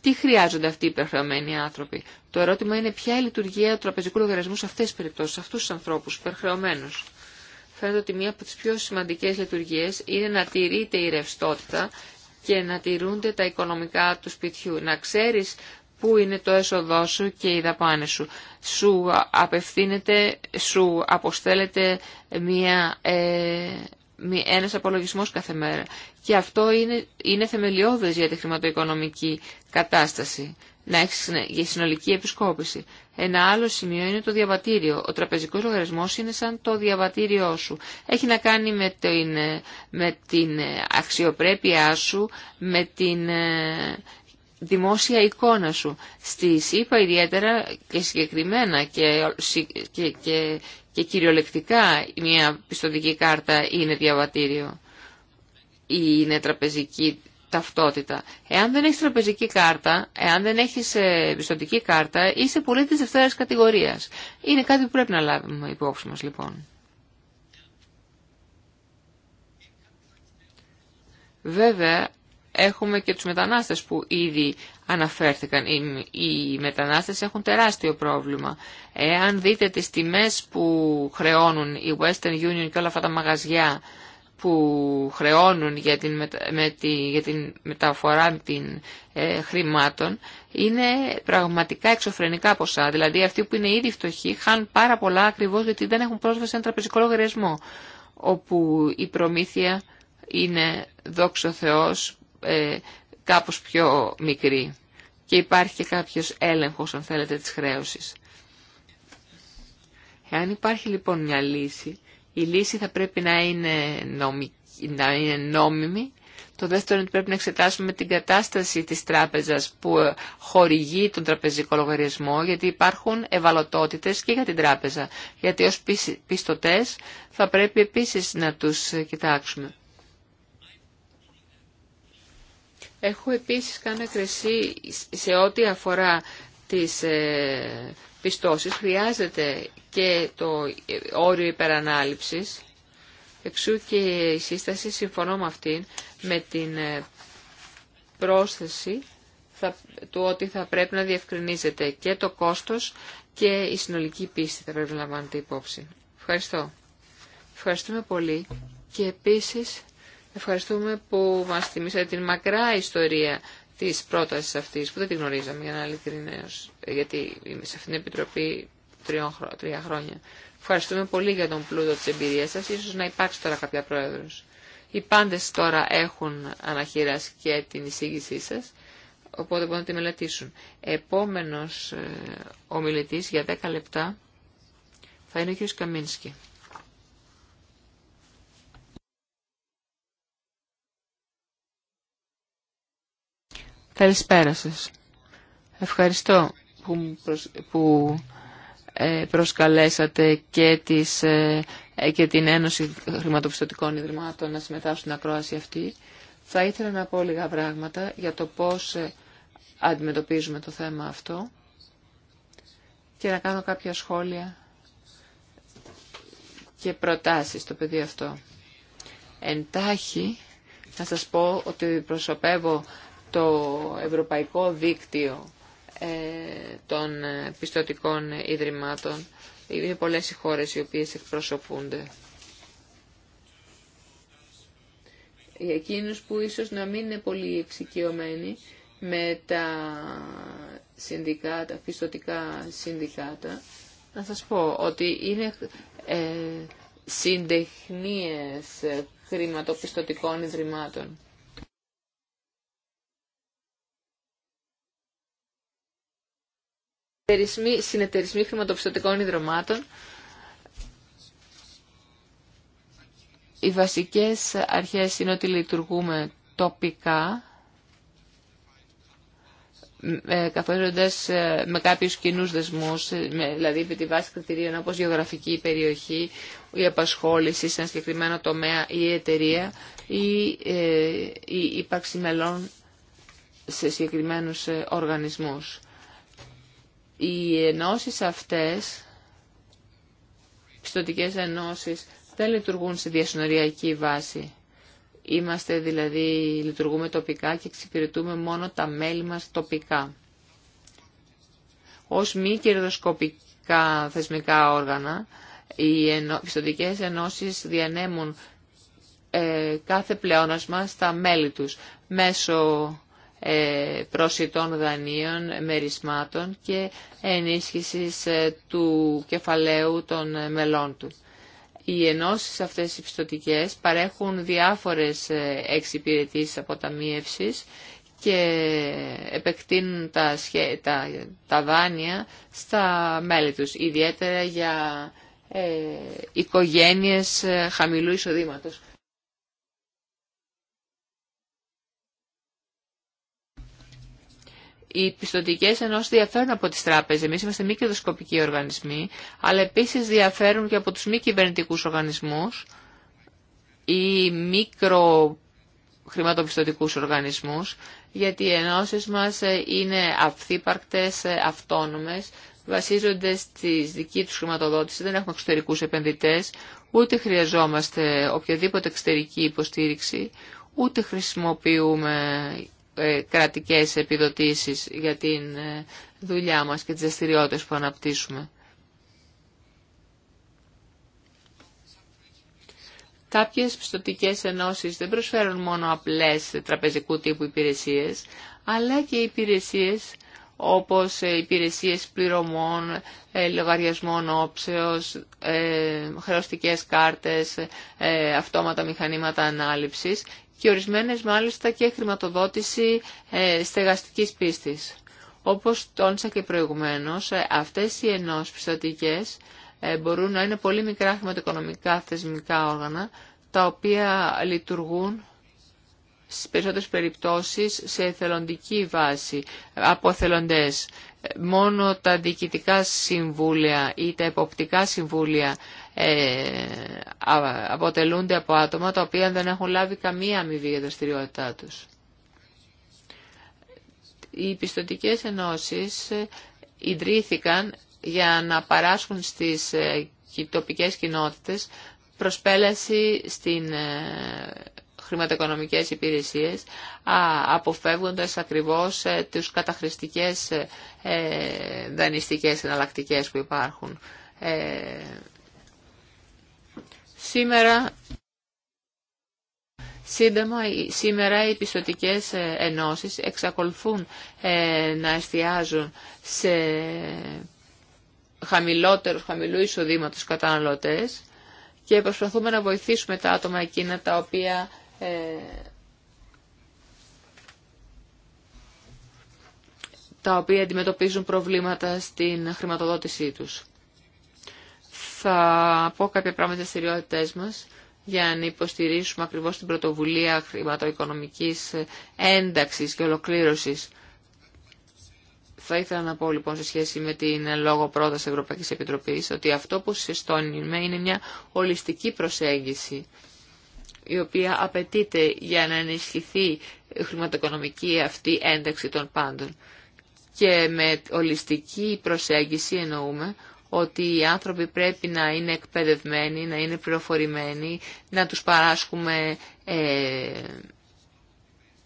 Τι χρειάζονται αυτοί οι υπερχρεωμένοι άνθρωποι. Το ερώτημα είναι ποια είναι η λειτουργία του τραπεζικού λογαριασμού σε αυτές τις περιπτώσεις, σε αυτούς τους ανθρώπους υπερχρεωμένους φαίνεται ότι μία από τις πιο σημαντικές λειτουργίες είναι να τηρείται η ρευστότητα και να τηρούνται τα οικονομικά του σπιτιού. Να ξέρεις πού είναι το έσοδό σου και οι δαπάνε σου. Σου απευθύνεται, σου αποστέλλεται μία, ε, ένας απολογισμός κάθε μέρα. Και αυτό είναι, είναι θεμελιώδες για τη χρηματοοικονομική κατάσταση να έχει συνολική επισκόπηση. Ένα άλλο σημείο είναι το διαβατήριο. Ο τραπεζικό λογαριασμό είναι σαν το διαβατήριό σου. Έχει να κάνει με την, με την αξιοπρέπειά σου, με την ε, δημόσια εικόνα σου. Στη ΣΥΠΑ ιδιαίτερα και συγκεκριμένα και, και, κυριολεκτικά μια πιστοτική κάρτα είναι διαβατήριο. Είναι τραπεζική ταυτότητα. Εάν δεν έχεις τραπεζική κάρτα, εάν δεν έχεις ε, πιστοτική κάρτα, είσαι πολίτης δευτέρας κατηγορίας. Είναι κάτι που πρέπει να λάβουμε υπόψη μας λοιπόν. Βέβαια, έχουμε και τους μετανάστες που ήδη αναφέρθηκαν. Οι μετανάστες έχουν τεράστιο πρόβλημα. Εάν δείτε τις τιμές που χρεώνουν η Western Union και όλα αυτά τα μαγαζιά που χρεώνουν για την, με τη, για την μεταφορά την, ε, χρημάτων είναι πραγματικά εξωφρενικά ποσά. Δηλαδή αυτοί που είναι ήδη φτωχοί χάνουν πάρα πολλά ακριβώς γιατί δεν έχουν πρόσβαση σε ένα τραπεζικό λογαριασμό όπου η προμήθεια είναι δοξο Θεός ε, κάπως πιο μικρή και υπάρχει και κάποιος έλεγχος αν θέλετε της χρέωσης. Εάν υπάρχει λοιπόν μια λύση η λύση θα πρέπει να είναι, να είναι νόμιμη. Το δεύτερο είναι ότι πρέπει να εξετάσουμε την κατάσταση της τράπεζας που ε, χορηγεί τον τραπεζικό λογαριασμό, γιατί υπάρχουν ευαλωτότητες και για την τράπεζα. Γιατί ως πιστωτές θα πρέπει επίσης να τους ε, κοιτάξουμε. Έχω επίσης κάνει κρεσί σε ό,τι αφορά τις ε, πιστώσεις χρειάζεται και το όριο υπερανάληψης. Εξού και η σύσταση, συμφωνώ με αυτήν, με την ε, πρόσθεση θα, του ότι θα πρέπει να διευκρινίζεται και το κόστος και η συνολική πίστη θα πρέπει να λαμβάνεται υπόψη. Ευχαριστώ. Ευχαριστούμε πολύ και επίσης ευχαριστούμε που μας θυμίσατε την μακρά ιστορία Τη πρόταση αυτή που δεν τη γνωρίζαμε για να ειλικρινέως, γιατί είμαι σε αυτήν την Επιτροπή τρία χρόνια. Ευχαριστούμε πολύ για τον πλούτο τη εμπειρία σα, ίσως να υπάρξει τώρα κάποια πρόεδρο. Οι πάντε τώρα έχουν αναχειράσει και την εισήγησή σα, οπότε μπορούν να τη μελετήσουν. Επόμενος ε, ομιλητή για 10 λεπτά θα είναι ο κ. Καμίνσκι. Καλησπέρα Ευχαριστώ που, που ε, προσκαλέσατε και, τις, ε, ε, και την Ένωση Χρηματοπιστωτικών Ιδρυμάτων να συμμετάσχουν στην ακρόαση αυτή. Θα ήθελα να πω λίγα πράγματα για το πώς αντιμετωπίζουμε το θέμα αυτό και να κάνω κάποια σχόλια και προτάσεις στο παιδί αυτό. Εντάχει, να σας πω ότι προσωπεύω το Ευρωπαϊκό Δίκτυο ε, των Πιστοτικών Ιδρυμάτων. Είναι πολλές οι χώρες οι οποίες εκπροσωπούνται. Για εκείνους που ίσως να μην είναι πολύ εξοικειωμένοι με τα συνδικάτα, πιστωτικά συνδικάτα, να σας πω ότι είναι ε, συντεχνίες χρηματοπιστωτικών ιδρυμάτων. συνεταιρισμοί χρηματοπιστωτικών ιδρωμάτων. Οι βασικές αρχές είναι ότι λειτουργούμε τοπικά, ε, καθορίζοντας ε, με κάποιους κοινούς δεσμούς, ε, δηλαδή με τη βάση κριτηρίων όπως γεωγραφική περιοχή, η απασχόληση σε ένα συγκεκριμένο τομέα ή η εταιρεία ή η ύπαρξη μελών σε συγκεκριμένους οργανισμούς. Οι ενώσεις αυτές, πιστοτικές ενώσεις, δεν λειτουργούν σε διασυνοριακή βάση. Είμαστε δηλαδή, λειτουργούμε τοπικά και εξυπηρετούμε μόνο τα μέλη μας τοπικά. Ως μη κερδοσκοπικά θεσμικά όργανα, οι πιστοτικές ενώσεις διανέμουν ε, κάθε πλεόνασμα στα μέλη τους μέσω ε, προσιτών δανείων, μερισμάτων και ενίσχυσης ε, του κεφαλαίου των μελών του. Οι ενώσεις αυτές οι πιστοτικές παρέχουν διάφορες ε, εξυπηρετήσεις αποταμίευσης και επεκτείνουν τα, τα, τα δάνεια στα μέλη τους, ιδιαίτερα για ε, οικογένειες χαμηλού εισοδήματος. οι πιστοτικέ ενώσει διαφέρουν από τι τράπεζε. Εμεί είμαστε μη κερδοσκοπικοί οργανισμοί, αλλά επίση διαφέρουν και από του μη κυβερνητικού οργανισμού ή μικρο χρηματοπιστωτικού οργανισμούς, γιατί οι ενώσει μα είναι αυθύπαρκτε, αυτόνομε, βασίζονται στη δική του χρηματοδότηση, δεν έχουμε εξωτερικού επενδυτέ, ούτε χρειαζόμαστε οποιαδήποτε εξωτερική υποστήριξη, ούτε χρησιμοποιούμε ε, κρατικές επιδοτήσεις για την ε, δουλειά μας και τις δραστηριότητε που αναπτύσσουμε. Κάποιες πιστοτικές ενώσεις δεν προσφέρουν μόνο απλές τραπεζικού τύπου υπηρεσίες, αλλά και υπηρεσίες όπως ε, υπηρεσίες πληρωμών, λογαριασμών όψεως, χρεωστικές κάρτες, αυτόματα μηχανήματα ανάληψης και ορισμένες μάλιστα και χρηματοδότηση ε, στεγαστικής πίστης. Όπως τόνισα και προηγουμένως, ε, αυτές οι ενός πιστοτικές ε, μπορούν να είναι πολύ μικρά χρηματοοικονομικά θεσμικά όργανα, τα οποία λειτουργούν στις περισσότερες περιπτώσεις σε εθελοντική βάση, από εθελοντές. Μόνο τα διοικητικά συμβούλια ή τα εποπτικά συμβούλια ε, αποτελούνται από άτομα τα οποία δεν έχουν λάβει καμία αμοιβή για δραστηριότητά τους. Οι πιστοτικές ενώσεις ε, ιδρύθηκαν για να παράσχουν στις ε, τοπικές κοινότητες προσπέλαση στην χρηματοοικονομικές υπηρεσίες, αποφεύγοντας ακριβώς τους καταχρηστικές δανειστικές εναλλακτικές που υπάρχουν. Σήμερα, σήμερα οι πιστοτικές ε, ενώσεις εξακολουθούν ε, να εστιάζουν σε χαμηλότερους, χαμηλού εισοδήματος καταναλωτές και προσπαθούμε να βοηθήσουμε τα άτομα εκείνα τα οποία ε, τα οποία αντιμετωπίζουν προβλήματα στην χρηματοδότησή τους θα πω κάποια πράγματα στις κυριότητές μας για να υποστηρίσουμε ακριβώς την πρωτοβουλία χρηματοοικονομικής ένταξης και ολοκλήρωσης. Θα ήθελα να πω λοιπόν σε σχέση με την λόγο πρόταση Ευρωπαϊκής Επιτροπής ότι αυτό που συστώνουμε είναι μια ολιστική προσέγγιση η οποία απαιτείται για να ενισχυθεί η χρηματοοικονομική αυτή ένταξη των πάντων. Και με ολιστική προσέγγιση εννοούμε ότι οι άνθρωποι πρέπει να είναι εκπαιδευμένοι, να είναι πληροφορημένοι, να τους παράσχουμε ε,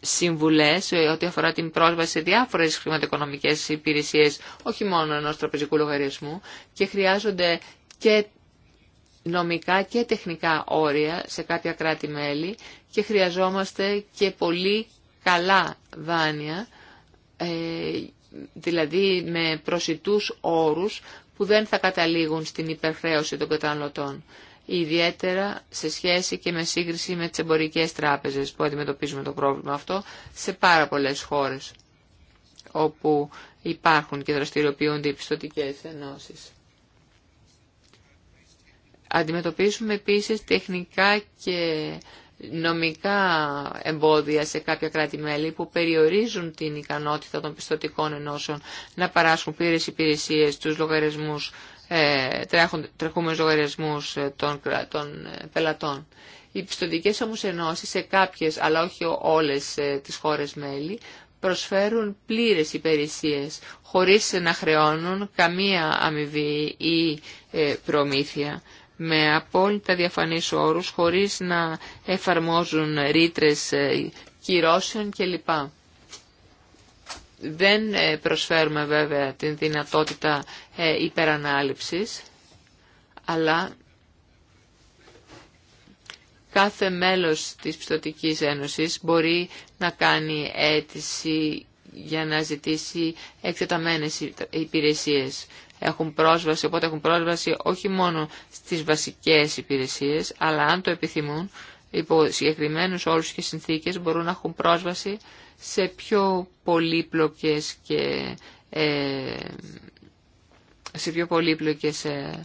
συμβουλές ε, ό,τι αφορά την πρόσβαση σε διάφορες χρηματοοικονομικές υπηρεσίες, όχι μόνο ενό τραπεζικού λογαριασμού και χρειάζονται και νομικά και τεχνικά όρια σε κάποια κράτη-μέλη και χρειαζόμαστε και πολύ καλά δάνεια, ε, δηλαδή με προσιτούς όρους που δεν θα καταλήγουν στην υπερχρέωση των καταναλωτών, ιδιαίτερα σε σχέση και με σύγκριση με τις εμπορικές τράπεζες που αντιμετωπίζουμε το πρόβλημα αυτό σε πάρα πολλές χώρες όπου υπάρχουν και δραστηριοποιούνται οι πιστοτικές ενώσεις. Αντιμετωπίζουμε επίσης τεχνικά και νομικά εμπόδια σε κάποια κράτη-μέλη που περιορίζουν την ικανότητα των πιστοτικών ενώσεων να παράσχουν πλήρες υπηρεσίες στους λογαριασμούς, ε, λογαριασμούς ε, των, των ε, πελατών. Οι πιστοτικές όμως ενώσεις σε κάποιες, αλλά όχι όλες ε, τις χώρες μέλη, προσφέρουν πλήρες υπηρεσίες χωρίς να χρεώνουν καμία αμοιβή ή προμήθεια με απόλυτα διαφανείς όρους, χωρίς να εφαρμόζουν ρήτρες ε, κυρώσεων κλπ. Δεν ε, προσφέρουμε βέβαια την δυνατότητα ε, υπερανάληψης, αλλά κάθε μέλος της Πιστοτικής Ένωσης μπορεί να κάνει αίτηση για να ζητήσει εκτεταμένες υπηρεσίες έχουν πρόσβαση, οπότε έχουν πρόσβαση όχι μόνο στις βασικές υπηρεσίες, αλλά αν το επιθυμούν, υπό συγκεκριμένους όλους και συνθήκες μπορούν να έχουν πρόσβαση σε πιο πολύπλοκες και ε, σε πιο πολύπλοκες ε,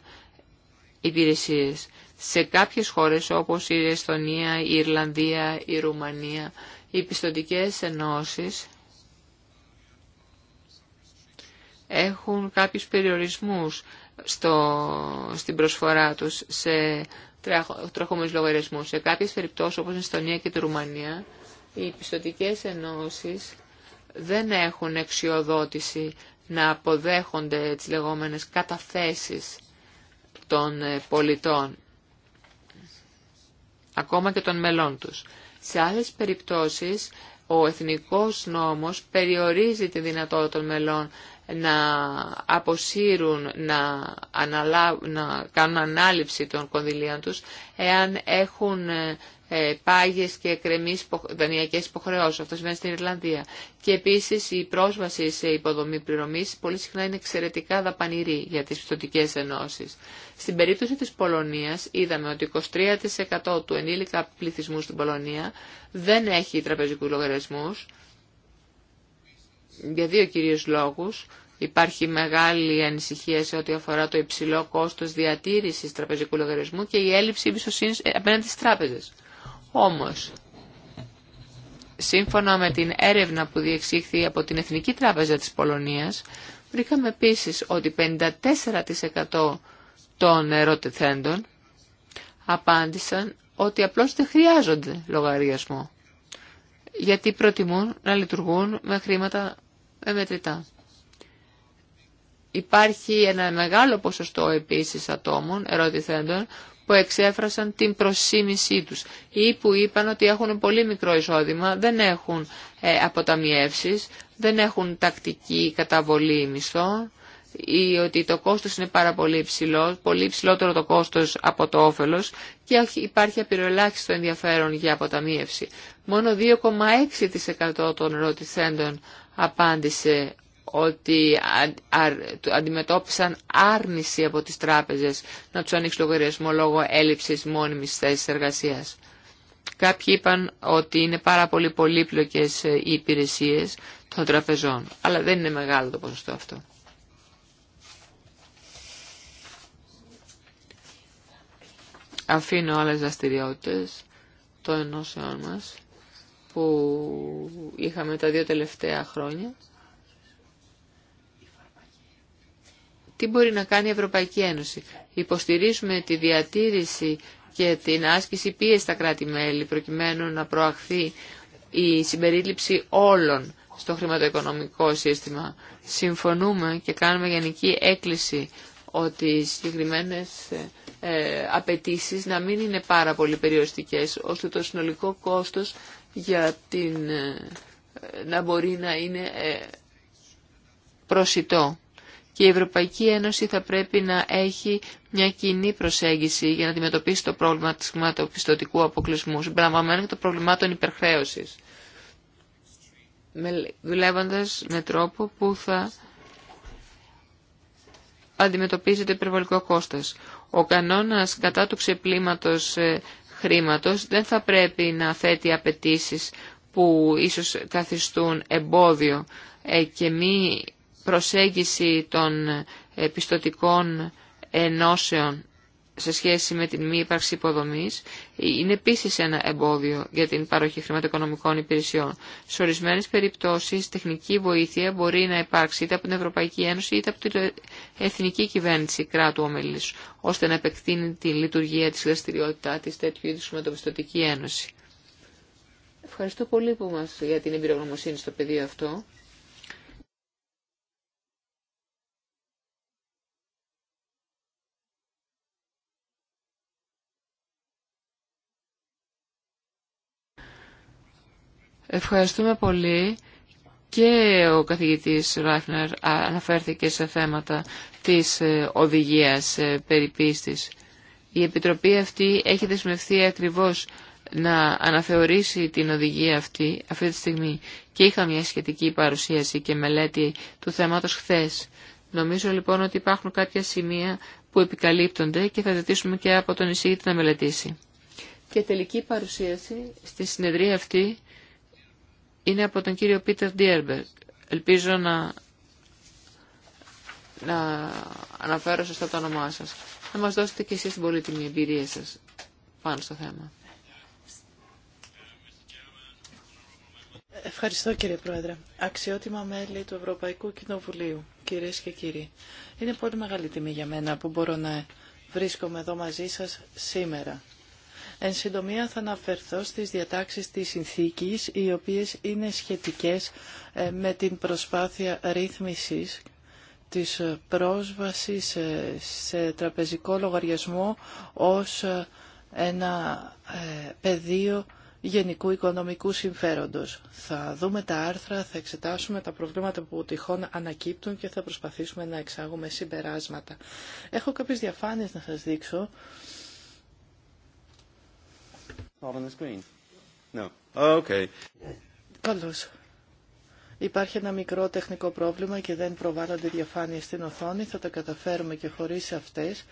υπηρεσίες. Σε κάποιες χώρες όπως η Εστονία, η Ιρλανδία, η Ρουμανία, οι πιστοντικές ενώσεις έχουν κάποιους περιορισμούς στο, στην προσφορά τους σε τραχόμενους λογαριασμούς. Σε κάποιες περιπτώσεις όπως η Εστονία και τη Ρουμανία οι πιστοτικές ενώσεις δεν έχουν εξιοδότηση να αποδέχονται τις λεγόμενες καταθέσεις των ε, πολιτών, ακόμα και των μελών τους. Σε άλλες περιπτώσεις, ο εθνικός νόμος περιορίζει τη δυνατότητα των μελών να αποσύρουν, να, κάνουν ανάληψη των κονδυλίων τους, εάν έχουν ε, ε, πάγιες και κρεμείς δανειακές υποχρεώσεις. Αυτό σημαίνει στην Ιρλανδία. Και επίσης η πρόσβαση σε υποδομή πληρωμής πολύ συχνά είναι εξαιρετικά δαπανηρή για τις πιστοτικές ενώσεις. Στην περίπτωση της Πολωνίας είδαμε ότι 23% του ενήλικα πληθυσμού στην Πολωνία δεν έχει τραπεζικούς λογαριασμούς για δύο κυρίως λόγους. Υπάρχει μεγάλη ανησυχία σε ό,τι αφορά το υψηλό κόστος διατήρησης τραπεζικού λογαριασμού και η έλλειψη εμπιστοσύνη απέναντι στις τράπεζες. Όμως, σύμφωνα με την έρευνα που διεξήχθη από την Εθνική Τράπεζα της Πολωνίας, βρήκαμε επίσης ότι 54% των ερωτηθέντων απάντησαν ότι απλώς δεν χρειάζονται λογαριασμό γιατί προτιμούν να λειτουργούν με χρήματα μετρητά. Υπάρχει ένα μεγάλο ποσοστό επίσης ατόμων, ερωτηθέντων, που εξέφρασαν την προσήμισή τους ή που είπαν ότι έχουν πολύ μικρό εισόδημα, δεν έχουν ε, αποταμιεύσεις, δεν έχουν τακτική καταβολή μισθών ή ότι το κόστος είναι πάρα πολύ υψηλό, πολύ υψηλότερο το κόστος από το όφελος και υπάρχει απειροελάχιστο ενδιαφέρον για αποταμίευση. Μόνο 2,6% των ερωτηθέντων απάντησε ότι αντιμετώπισαν άρνηση από τις τράπεζες να τους ανοίξει λογαριασμό λόγω έλλειψης μόνιμης θέσης εργασίας. Κάποιοι είπαν ότι είναι πάρα πολύ πολύπλοκες ε, οι υπηρεσίες των τραπεζών, αλλά δεν είναι μεγάλο το ποσοστό αυτό. αφήνω άλλες δραστηριότητε των ενώσεών μας που είχαμε τα δύο τελευταία χρόνια. Τι μπορεί να κάνει η Ευρωπαϊκή Ένωση. Υποστηρίζουμε τη διατήρηση και την άσκηση πίεση στα κράτη-μέλη προκειμένου να προαχθεί η συμπερίληψη όλων στο χρηματοοικονομικό σύστημα. Συμφωνούμε και κάνουμε γενική έκκληση ότι οι συγκεκριμένες ε, ε, να μην είναι πάρα πολύ περιοριστικές, ώστε το συνολικό κόστος για την, ε, να μπορεί να είναι ε, προσιτό. Και η Ευρωπαϊκή Ένωση θα πρέπει να έχει μια κοινή προσέγγιση για να αντιμετωπίσει το πρόβλημα της χρηματοπιστωτικού αποκλεισμού, συμπεριλαμβανομένου και το πρόβλημά των υπερχρέωσης, δουλεύοντα με τρόπο που θα αντιμετωπίζεται υπερβολικό κόστος. Ο κανόνας κατά του ξεπλήματος ε, χρήματος δεν θα πρέπει να θέτει απαιτήσει που ίσως καθιστούν εμπόδιο ε, και μη προσέγγιση των ε, πιστοτικών ενώσεων σε σχέση με την μη ύπαρξη υποδομή είναι επίση ένα εμπόδιο για την παροχή χρηματοοικονομικών υπηρεσιών. Σε ορισμένε περιπτώσει, τεχνική βοήθεια μπορεί να υπάρξει είτε από την Ευρωπαϊκή Ένωση είτε από την εθνική κυβέρνηση κράτου ομιλή, ώστε να επεκτείνει τη λειτουργία τη δραστηριότητά τη τέτοιου είδου χρηματοπιστωτική ένωση. Ευχαριστώ πολύ που μας, για την εμπειρογνωμοσύνη στο πεδίο αυτό. Ευχαριστούμε πολύ και ο καθηγητής Ράιφνερ αναφέρθηκε σε θέματα της ε, οδηγίας ε, περιπίστης. Η Επιτροπή αυτή έχει δεσμευθεί ακριβώς να αναθεωρήσει την οδηγία αυτή αυτή τη στιγμή και είχα μια σχετική παρουσίαση και μελέτη του θέματος χθες. Νομίζω λοιπόν ότι υπάρχουν κάποια σημεία που επικαλύπτονται και θα ζητήσουμε και από τον εισήγητη να μελετήσει. Και τελική παρουσίαση στη συνεδρία αυτή είναι από τον κύριο Πίτερ Ντιέρμπερκ. Ελπίζω να, να αναφέρω σωστά το όνομά σας. Να μας δώσετε και εσείς την πολύτιμη εμπειρία σας πάνω στο θέμα. Ευχαριστώ κύριε Πρόεδρε. Αξιότιμα μέλη του Ευρωπαϊκού Κοινοβουλίου, κυρίες και κύριοι. Είναι πολύ μεγάλη τιμή για μένα που μπορώ να βρίσκομαι εδώ μαζί σας σήμερα. Εν συντομία θα αναφερθώ στις διατάξεις της συνθήκης, οι οποίες είναι σχετικές ε, με την προσπάθεια ρύθμισης της ε, πρόσβασης ε, σε τραπεζικό λογαριασμό ως ένα πεδίο γενικού οικονομικού συμφέροντος. Θα δούμε τα άρθρα, θα εξετάσουμε τα προβλήματα που τυχόν ανακύπτουν και θα προσπαθήσουμε να εξάγουμε συμπεράσματα. Έχω κάποιες διαφάνειες να σας δείξω Not on the screen. No. Oh, okay. Καλώς. Υπάρχει ένα μικρό τεχνικό πρόβλημα και δεν προβάλλονται διαφάνειες στην οθόνη. Θα τα καταφέρουμε και χωρίς αυτές.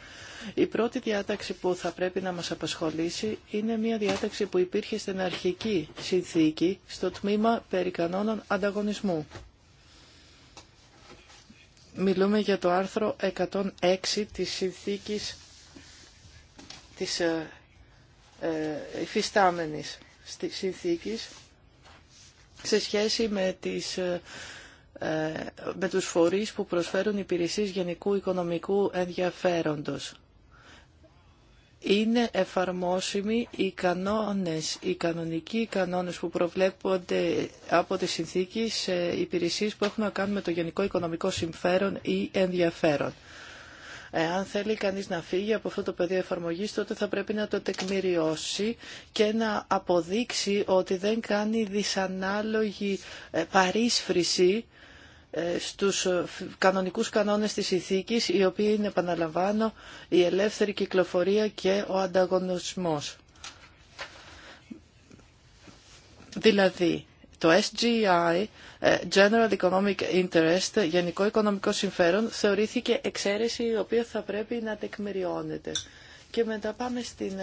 Η πρώτη διάταξη που θα πρέπει να μας απασχολήσει είναι μια διάταξη που υπήρχε στην αρχική συνθήκη στο τμήμα περί κανόνων ανταγωνισμού. Μιλούμε για το άρθρο 106 της συνθήκης της ε, ε, υφιστάμενης συνθήκης σε σχέση με, τις, ε, ε, με τους φορείς που προσφέρουν υπηρεσίες γενικού οικονομικού ενδιαφέροντος. Είναι εφαρμόσιμοι οι κανόνες, οι κανονικοί κανόνες που προβλέπονται από τη συνθήκη σε υπηρεσίες που έχουν να κάνουν με το γενικό οικονομικό συμφέρον ή ενδιαφέρον. Εάν θέλει κανείς να φύγει από αυτό το πεδίο εφαρμογής, τότε θα πρέπει να το τεκμηριώσει και να αποδείξει ότι δεν κάνει δυσανάλογη ε, παρίσφρηση ε, στους ε, κανονικούς κανόνες της ηθίκης, οι οποίοι είναι, επαναλαμβάνω, η ελεύθερη κυκλοφορία και ο ανταγωνισμός. Δηλαδή, το SGI, ε, General Economic Interest, Γενικό Οικονομικό Συμφέρον, θεωρήθηκε εξαίρεση η οποία θα πρέπει να τεκμηριώνεται. Και μετά πάμε στην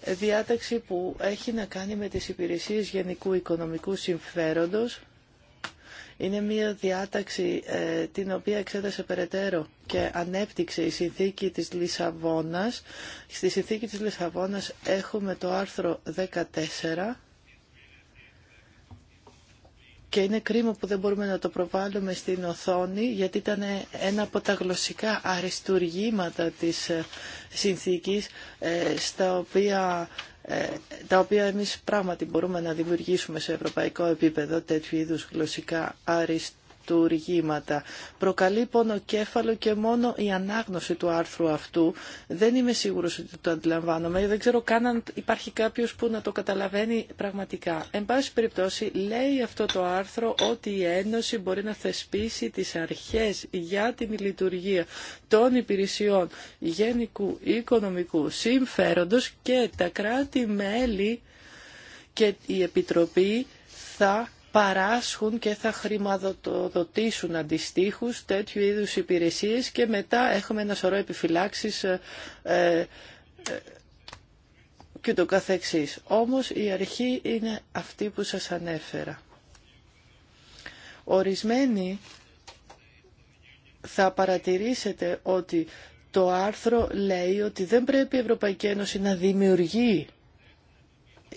ε, διάταξη που έχει να κάνει με τις υπηρεσίες Γενικού Οικονομικού Συμφέροντος. Είναι μια διάταξη ε, την οποία εξέτασε περαιτέρω και ανέπτυξε η συνθήκη της Λισαβόνας. Στη συνθήκη της Λισαβόνας έχουμε το άρθρο 14 και είναι κρίμα που δεν μπορούμε να το προβάλλουμε στην οθόνη γιατί ήταν ένα από τα γλωσσικά αριστουργήματα της ε, συνθήκης ε, στα οποία, ε, τα οποία εμείς πράγματι μπορούμε να δημιουργήσουμε σε ευρωπαϊκό επίπεδο τέτοιου είδους γλωσσικά αριστουργήματα αριστούργήματα. Προκαλεί πονοκέφαλο και μόνο η ανάγνωση του άρθρου αυτού. Δεν είμαι σίγουρος ότι το αντιλαμβάνομαι. Δεν ξέρω καν αν υπάρχει κάποιος που να το καταλαβαίνει πραγματικά. Εν πάση περιπτώσει λέει αυτό το άρθρο ότι η Ένωση μπορεί να θεσπίσει τις αρχές για την λειτουργία των υπηρεσιών γενικού οικονομικού συμφέροντος και τα κράτη-μέλη και η Επιτροπή θα παράσχουν και θα χρηματοδοτήσουν αντιστοίχους τέτοιου είδους υπηρεσίες και μετά έχουμε ένα σωρό επιφυλάξεις ε, ε, ε, και το καθεξής. Όμως η αρχή είναι αυτή που σας ανέφερα. Ορισμένοι θα παρατηρήσετε ότι το άρθρο λέει ότι δεν πρέπει η Ευρωπαϊκή Ένωση να δημιουργεί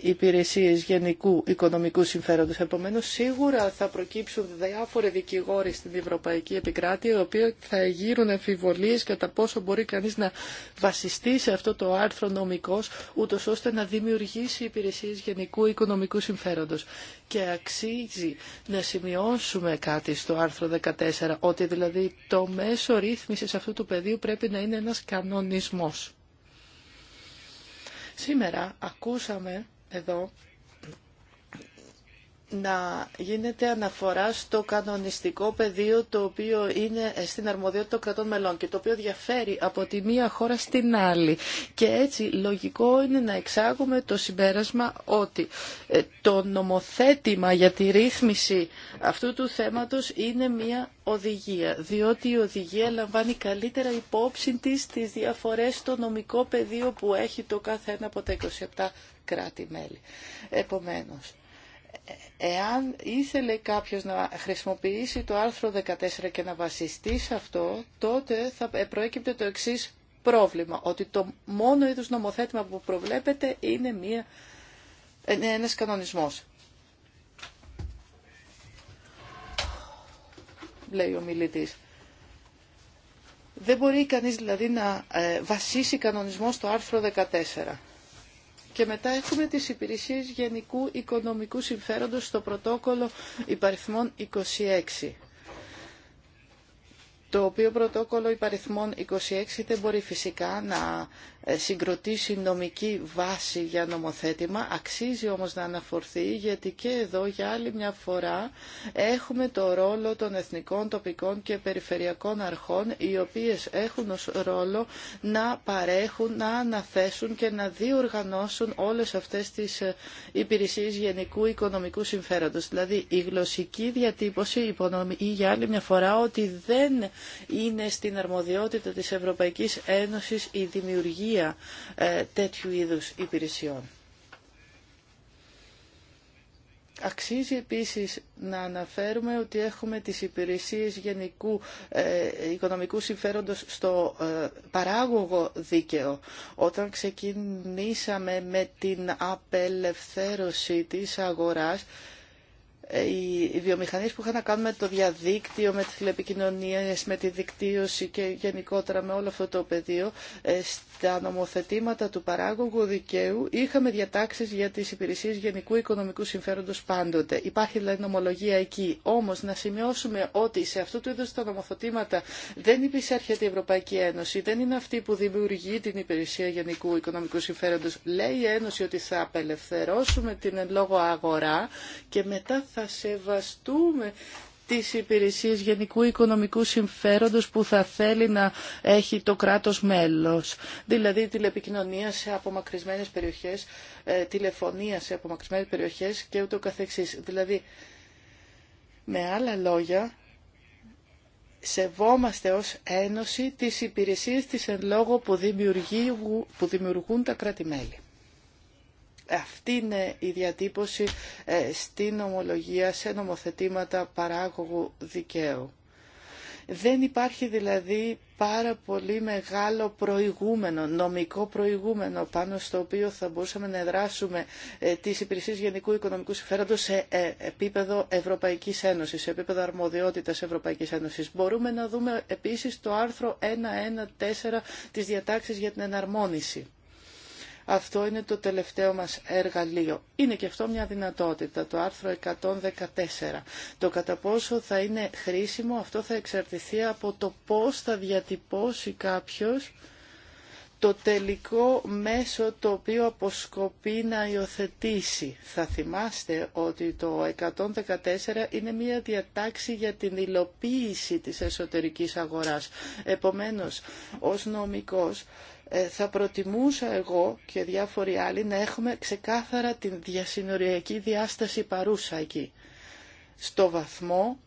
υπηρεσίες γενικού οικονομικού συμφέροντος. Επομένως, σίγουρα θα προκύψουν διάφοροι δικηγόροι στην Ευρωπαϊκή Επικράτεια, οι οποίοι θα γύρουν εμφιβολίες κατά πόσο μπορεί κανείς να βασιστεί σε αυτό το άρθρο νομικός, ούτω ώστε να δημιουργήσει υπηρεσίες γενικού οικονομικού συμφέροντος. Και αξίζει να σημειώσουμε κάτι στο άρθρο 14, ότι δηλαδή το μέσο ρύθμισης αυτού του πεδίου πρέπει να είναι ένας κανονισμός. Σήμερα ακούσαμε εδώ να γίνεται αναφορά στο κανονιστικό πεδίο το οποίο είναι στην αρμοδιότητα των κρατών μελών και το οποίο διαφέρει από τη μία χώρα στην άλλη. Και έτσι λογικό είναι να εξάγουμε το συμπέρασμα ότι ε, το νομοθέτημα για τη ρύθμιση αυτού του θέματος είναι μία οδηγία, διότι η οδηγία λαμβάνει καλύτερα υπόψη της τις διαφορές στο νομικό πεδίο που έχει το κάθε από τα 27 κράτη-μέλη. Επομένως, εάν ήθελε κάποιος να χρησιμοποιήσει το άρθρο 14 και να βασιστεί σε αυτό, τότε θα προέκυπτε το εξής πρόβλημα, ότι το μόνο είδους νομοθέτημα που προβλέπεται είναι, μία, ένας κανονισμός. Λέει ο μιλητής. Δεν μπορεί κανείς δηλαδή να ε, βασίσει κανονισμό στο άρθρο 14. Και μετά έχουμε τις υπηρεσίες γενικού οικονομικού συμφέροντος στο πρωτόκολλο υπαριθμών 26 το οποίο πρωτόκολλο υπαριθμών 26 δεν μπορεί φυσικά να ε, συγκροτήσει νομική βάση για νομοθέτημα. Αξίζει όμως να αναφορθεί γιατί και εδώ για άλλη μια φορά έχουμε το ρόλο των εθνικών, τοπικών και περιφερειακών αρχών οι οποίες έχουν ως ρόλο να παρέχουν, να αναθέσουν και να διοργανώσουν όλες αυτές τις ε, υπηρεσίες γενικού οικονομικού συμφέροντος. Δηλαδή η γλωσσική διατύπωση για άλλη μια φορά ότι δεν είναι στην αρμοδιότητα της Ευρωπαϊκής Ένωσης η δημιουργία ε, τέτοιου είδους υπηρεσιών. Αξίζει επίσης να αναφέρουμε ότι έχουμε τις υπηρεσίες γενικού ε, οικονομικού συμφέροντος στο ε, παράγωγο δίκαιο. Όταν ξεκινήσαμε με την απελευθέρωση της αγοράς, ε, οι βιομηχανίες που είχαν να κάνουν με το διαδίκτυο, με τις τηλεπικοινωνίες, με τη δικτύωση και γενικότερα με όλο αυτό το πεδίο, ε, στα νομοθετήματα του παράγωγου δικαίου είχαμε διατάξεις για τις υπηρεσίες γενικού οικονομικού συμφέροντος πάντοτε. Υπάρχει δηλαδή νομολογία εκεί. Όμως να σημειώσουμε ότι σε αυτού του είδους τα νομοθετήματα δεν υπησέρχεται η Ευρωπαϊκή Ένωση, δεν είναι αυτή που δημιουργεί την υπηρεσία γενικού οικονομικού συμφέροντος. Λέει η Ένωση ότι θα απελευθερώσουμε την εν λόγω αγορά και μετά θα θα σεβαστούμε τις υπηρεσίες γενικού οικονομικού συμφέροντος που θα θέλει να έχει το κράτος μέλος. Δηλαδή τηλεπικοινωνία σε απομακρυσμένες περιοχές, ε, τηλεφωνία σε απομακρυσμένες περιοχές και ούτω καθεξής. Δηλαδή, με άλλα λόγια, σεβόμαστε ως Ένωση τις υπηρεσίες της εν λόγω που, δημιουργούν, που δημιουργούν τα κράτη-μέλη. Αυτή είναι η διατύπωση ε, στην ομολογία σε νομοθετήματα παράγωγου δικαίου. Δεν υπάρχει δηλαδή πάρα πολύ μεγάλο προηγούμενο, νομικό προηγούμενο πάνω στο οποίο θα μπορούσαμε να εδράσουμε ε, τις υπηρεσίες γενικού οικονομικού συμφέροντος σε ε, επίπεδο Ευρωπαϊκής Ένωσης, σε επίπεδο αρμοδιότητας Ευρωπαϊκής Ένωσης. Μπορούμε να δούμε επίσης το άρθρο 1.1.4 της διατάξης για την εναρμόνιση. Αυτό είναι το τελευταίο μας εργαλείο. Είναι και αυτό μια δυνατότητα, το άρθρο 114. Το κατά πόσο θα είναι χρήσιμο, αυτό θα εξαρτηθεί από το πώς θα διατυπώσει κάποιος το τελικό μέσο το οποίο αποσκοπεί να υιοθετήσει. Θα θυμάστε ότι το 114 είναι μια διατάξη για την υλοποίηση της εσωτερικής αγοράς. Επομένως, ως νομικός ε, θα προτιμούσα εγώ και διάφοροι άλλοι να έχουμε ξεκάθαρα την διασυνοριακή διάσταση παρούσα εκεί. Στο βαθμό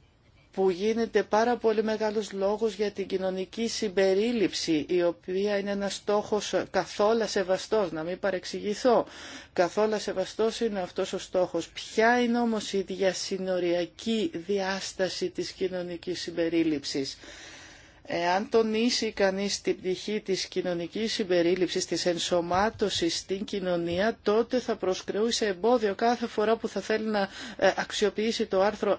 που γίνεται πάρα πολύ μεγάλος λόγος για την κοινωνική συμπερίληψη, η οποία είναι ένας στόχος καθόλου σεβαστός, να μην παρεξηγηθώ. Καθόλου σεβαστός είναι αυτός ο στόχος. Ποια είναι όμως η διασυνοριακή διάσταση της κοινωνικής συμπερίληψης. Εάν τονίσει κανείς την πτυχή της κοινωνικής συμπερίληψης, της ενσωμάτωσης στην κοινωνία, τότε θα προσκρεούει σε εμπόδιο κάθε φορά που θα θέλει να ε, αξιοποιήσει το άρθρο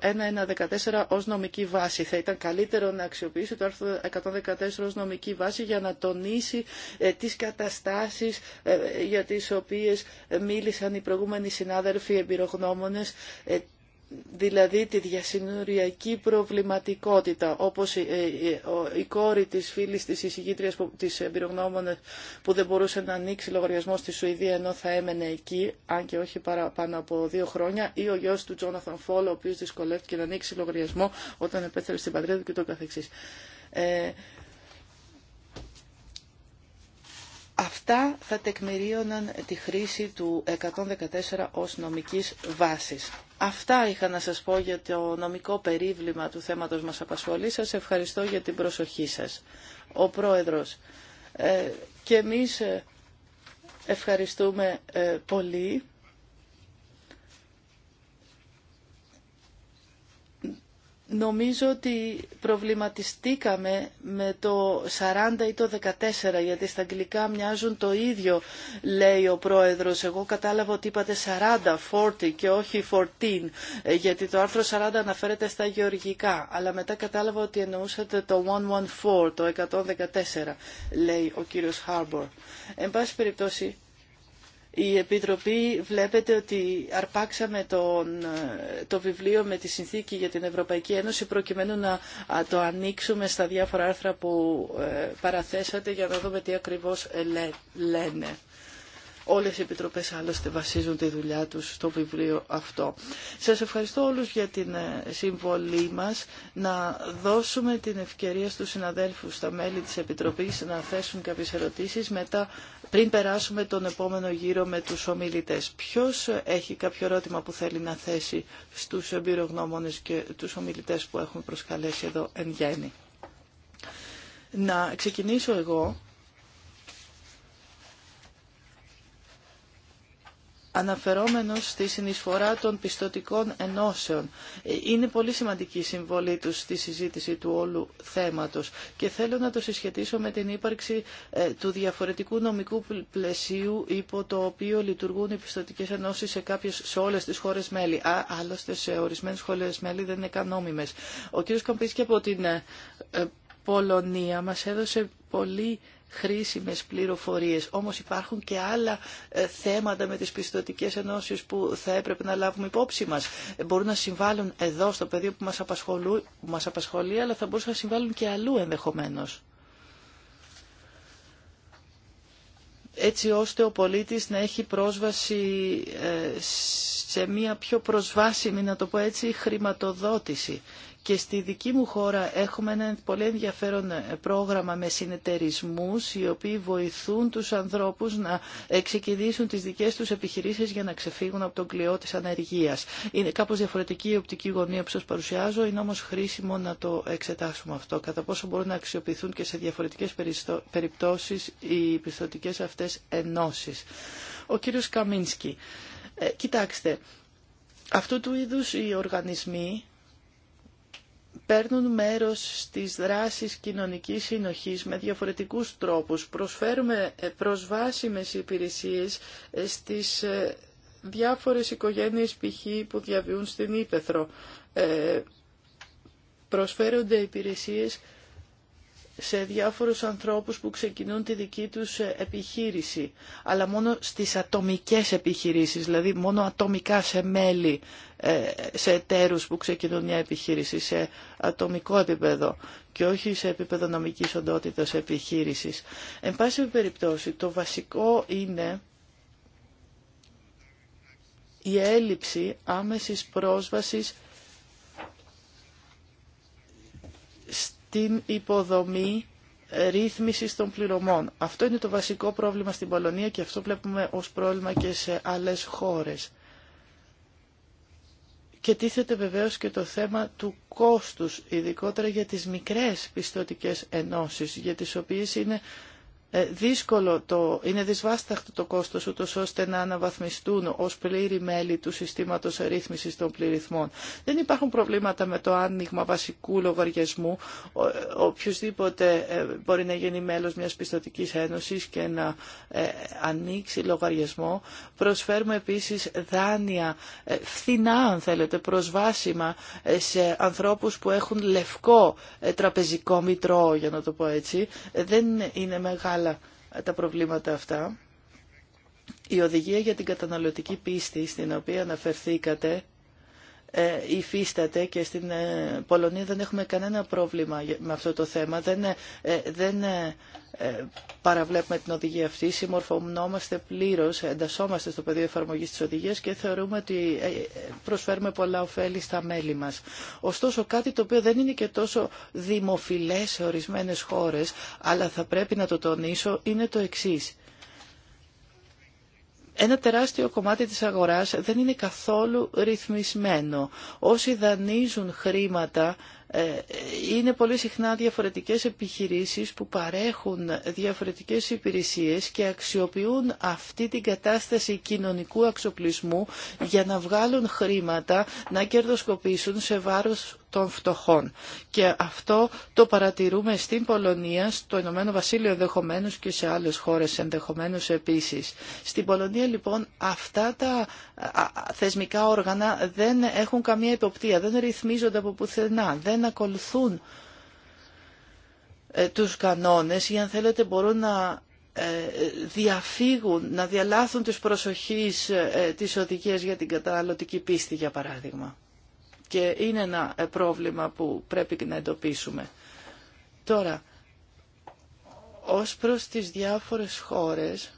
1114 ως νομική βάση. Θα ήταν καλύτερο να αξιοποιήσει το άρθρο 114 ως νομική βάση για να τονίσει ε, τις καταστάσεις ε, για τις οποίες μίλησαν οι προηγούμενοι συνάδελφοι εμπειρογνώμονες, δηλαδή τη διασυνοριακή προβληματικότητα, όπως η κόρη της φίλης της εισηγήτριας της εμπειρογνώμονας που δεν μπορούσε να ανοίξει λογαριασμό στη Σουηδία ενώ θα έμενε εκεί, αν και όχι πάνω από δύο χρόνια, ή ο γιος του Τζόναθαν Φόλ, ο οποίος δυσκολεύτηκε να ανοίξει λογαριασμό όταν επέστρεψε στην πατρίδα του και το καθεξής. Ε, Αυτά θα τεκμηρίωναν τη χρήση του 114 ως νομικής βάσης. Αυτά είχα να σας πω για το νομικό περίβλημα του θέματος μας απασχολεί. Σας ευχαριστώ για την προσοχή σας. Ο Πρόεδρος, ε, και εμείς ε, ευχαριστούμε ε, πολύ. Νομίζω ότι προβληματιστήκαμε με το 40 ή το 14, γιατί στα αγγλικά μοιάζουν το ίδιο, λέει ο πρόεδρος. Εγώ κατάλαβα ότι είπατε 40, 40 και όχι 14, ε, γιατί το άρθρο 40 αναφέρεται στα γεωργικά. Αλλά μετά κατάλαβα ότι εννοούσατε το 114, το 114, λέει ο κύριος Χάρμπορ. Εν πάση περιπτώσει, η Επιτροπή βλέπετε ότι αρπάξαμε τον, ε, το βιβλίο με τη συνθήκη για την Ευρωπαϊκή Ένωση προκειμένου να το ανοίξουμε στα διάφορα άρθρα που ε, παραθέσατε για να δούμε τι ακριβώς ε, λένε. Όλες οι επιτροπές άλλωστε βασίζουν τη δουλειά τους στο βιβλίο αυτό. Σας ευχαριστώ όλους για την ε, συμβολή μας να δώσουμε την ευκαιρία στους συναδέλφους, στα μέλη της Επιτροπής να θέσουν κάποιες ερωτήσεις μετά πριν περάσουμε τον επόμενο γύρο με τους ομιλητές. Ποιος ε, έχει κάποιο ερώτημα που θέλει να θέσει στους εμπειρογνώμονες και τους ομιλητές που έχουν προσκαλέσει εδώ εν γέννη. Να ξεκινήσω εγώ αναφερόμενος στη συνεισφορά των πιστοτικών ενώσεων. Ε, είναι πολύ σημαντική η συμβολή του στη συζήτηση του όλου θέματος και θέλω να το συσχετίσω με την ύπαρξη ε, του διαφορετικού νομικού πλαισίου υπό το οποίο λειτουργούν οι πιστοτικές ενώσεις σε, κάποιες, σε όλες τις χώρες μέλη. Α, άλλωστε σε ορισμένες χώρες μέλη δεν είναι καν Ο κ. Καμπίσκη από την ε, Πολωνία μας έδωσε πολύ χρήσιμες πληροφορίες. Όμως υπάρχουν και άλλα ε, θέματα με τις πιστοτικές ενώσεις που θα έπρεπε να λάβουμε υπόψη μας. Ε, μπορούν να συμβάλλουν εδώ στο πεδίο που μας, μας απασχολεί, αλλά θα μπορούσαν να συμβάλλουν και αλλού ενδεχομένως. έτσι ώστε ο πολίτης να έχει πρόσβαση ε, σε μια πιο προσβάσιμη, να το πω έτσι, χρηματοδότηση. Και στη δική μου χώρα έχουμε ένα πολύ ενδιαφέρον ε, πρόγραμμα με συνεταιρισμούς οι οποίοι βοηθούν τους ανθρώπους να εξεκινήσουν τις δικές τους επιχειρήσεις για να ξεφύγουν από τον κλειό της ανεργία. Είναι κάπως διαφορετική η οπτική γωνία που σας παρουσιάζω, είναι όμως χρήσιμο να το εξετάσουμε αυτό. Κατά πόσο μπορούν να αξιοποιηθούν και σε διαφορετικές περιπτώσεις οι πιστοτικές αυτές ενώσεις. Ο κύριος Καμίνσκι. Ε, κοιτάξτε, αυτού του είδους οι οργανισμοί παίρνουν μέρος στις δράσεις κοινωνικής συνοχής με διαφορετικούς τρόπους. Προσφέρουμε ε, προσβάσιμες υπηρεσίες ε, στις ε, διάφορες οικογένειες π.χ. που διαβιούν στην Ήπεθρο. Προσφέρονται υπηρεσίες σε διάφορους ανθρώπους που ξεκινούν τη δική τους ε, επιχείρηση, αλλά μόνο στις ατομικές επιχειρήσεις, δηλαδή μόνο ατομικά σε μέλη, ε, σε εταίρους που ξεκινούν μια επιχείρηση, σε ατομικό επίπεδο και όχι σε επίπεδο νομικής οντότητας επιχείρησης. Εν πάση περιπτώσει, το βασικό είναι η έλλειψη άμεσης πρόσβασης την υποδομή ε, ρύθμισης των πληρωμών. Αυτό είναι το βασικό πρόβλημα στην Πολωνία και αυτό βλέπουμε ως πρόβλημα και σε άλλες χώρες. Και τίθεται βεβαίως και το θέμα του κόστους, ειδικότερα για τις μικρές πιστοτικές ενώσεις, για τις οποίες είναι ε, δύσκολο είναι δυσβάσταχτο το κόστος ούτως ώστε να αναβαθμιστούν ως πλήρη μέλη του συστήματος ρύθμισης των πληρυθμών. Δεν υπάρχουν προβλήματα με το άνοιγμα βασικού λογαριασμού. Ο, ε, οποιουσδήποτε ε, μπορεί να γίνει μέλος μιας πιστοτικής ένωσης και να ανοίξει λογαριασμό. Προσφέρουμε επίσης δάνεια φθηνά αν θέλετε προσβάσιμα σε ανθρώπους που έχουν λευκό τραπεζικό μητρό για να το πω έτσι. Δεν είναι άλλα τα προβλήματα αυτά. Η οδηγία για την καταναλωτική πίστη στην οποία αναφερθήκατε ε, υφίσταται και στην ε, Πολωνία δεν έχουμε κανένα πρόβλημα με αυτό το θέμα. Δεν, ε, δεν παραβλέπουμε την οδηγία αυτή, συμμορφωνόμαστε πλήρως, εντασσόμαστε στο πεδίο εφαρμογής της οδηγίας και θεωρούμε ότι προσφέρουμε πολλά ωφέλη στα μέλη μας. Ωστόσο κάτι το οποίο δεν είναι και τόσο δημοφιλές σε ορισμένες χώρες, αλλά θα πρέπει να το τονίσω, είναι το εξής ένα τεράστιο κομμάτι της αγοράς δεν είναι καθόλου ρυθμισμένο. Όσοι δανείζουν χρήματα ε, είναι πολύ συχνά διαφορετικές επιχειρήσεις που παρέχουν διαφορετικές υπηρεσίες και αξιοποιούν αυτή την κατάσταση κοινωνικού αξοπλισμού για να βγάλουν χρήματα, να κερδοσκοπήσουν σε βάρος των φτωχών. Και αυτό το παρατηρούμε στην Πολωνία, στο Ηνωμένο Βασίλειο ενδεχομένω και σε άλλε χώρε ενδεχομένω επίση. Στην Πολωνία λοιπόν αυτά τα θεσμικά όργανα δεν έχουν καμία υποπτία, δεν ρυθμίζονται από πουθενά, δεν ακολουθούν ε, τους κανόνες ή αν θέλετε μπορούν να ε, διαφύγουν, να διαλάθουν ε, τις προσοχής της οδηγίας για την καταναλωτική πίστη, για παράδειγμα και είναι ένα ε, πρόβλημα που πρέπει να εντοπίσουμε. Τώρα, ως προς τις διάφορες χώρες,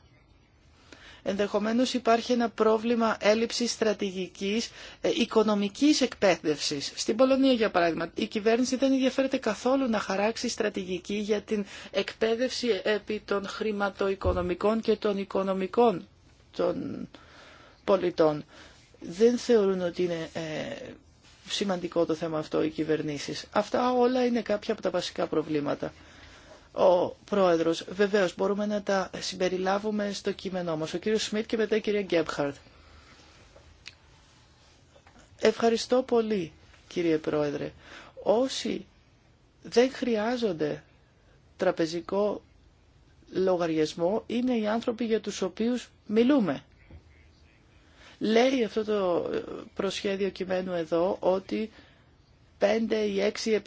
ενδεχομένως υπάρχει ένα πρόβλημα έλλειψης στρατηγικής ε, οικονομικής εκπαίδευσης. Στην Πολωνία, για παράδειγμα, η κυβέρνηση δεν ενδιαφέρεται καθόλου να χαράξει στρατηγική για την εκπαίδευση ε, επί των χρηματοοικονομικών και των οικονομικών των πολιτών. Δεν θεωρούν ότι είναι... Ε, σημαντικό το θέμα αυτό οι κυβερνήσεις. Αυτά όλα είναι κάποια από τα βασικά προβλήματα. Ο Πρόεδρος, βεβαίως μπορούμε να τα συμπεριλάβουμε στο κείμενό μας. Ο κύριος Σμιτ και μετά η κυρία Γκέμπχαρτ. Ευχαριστώ πολύ κύριε Πρόεδρε. Όσοι δεν χρειάζονται τραπεζικό λογαριασμό είναι οι άνθρωποι για τους οποίους μιλούμε. Λέει αυτό το ε, προσχέδιο κειμένου εδώ ότι 5 ή 6 ή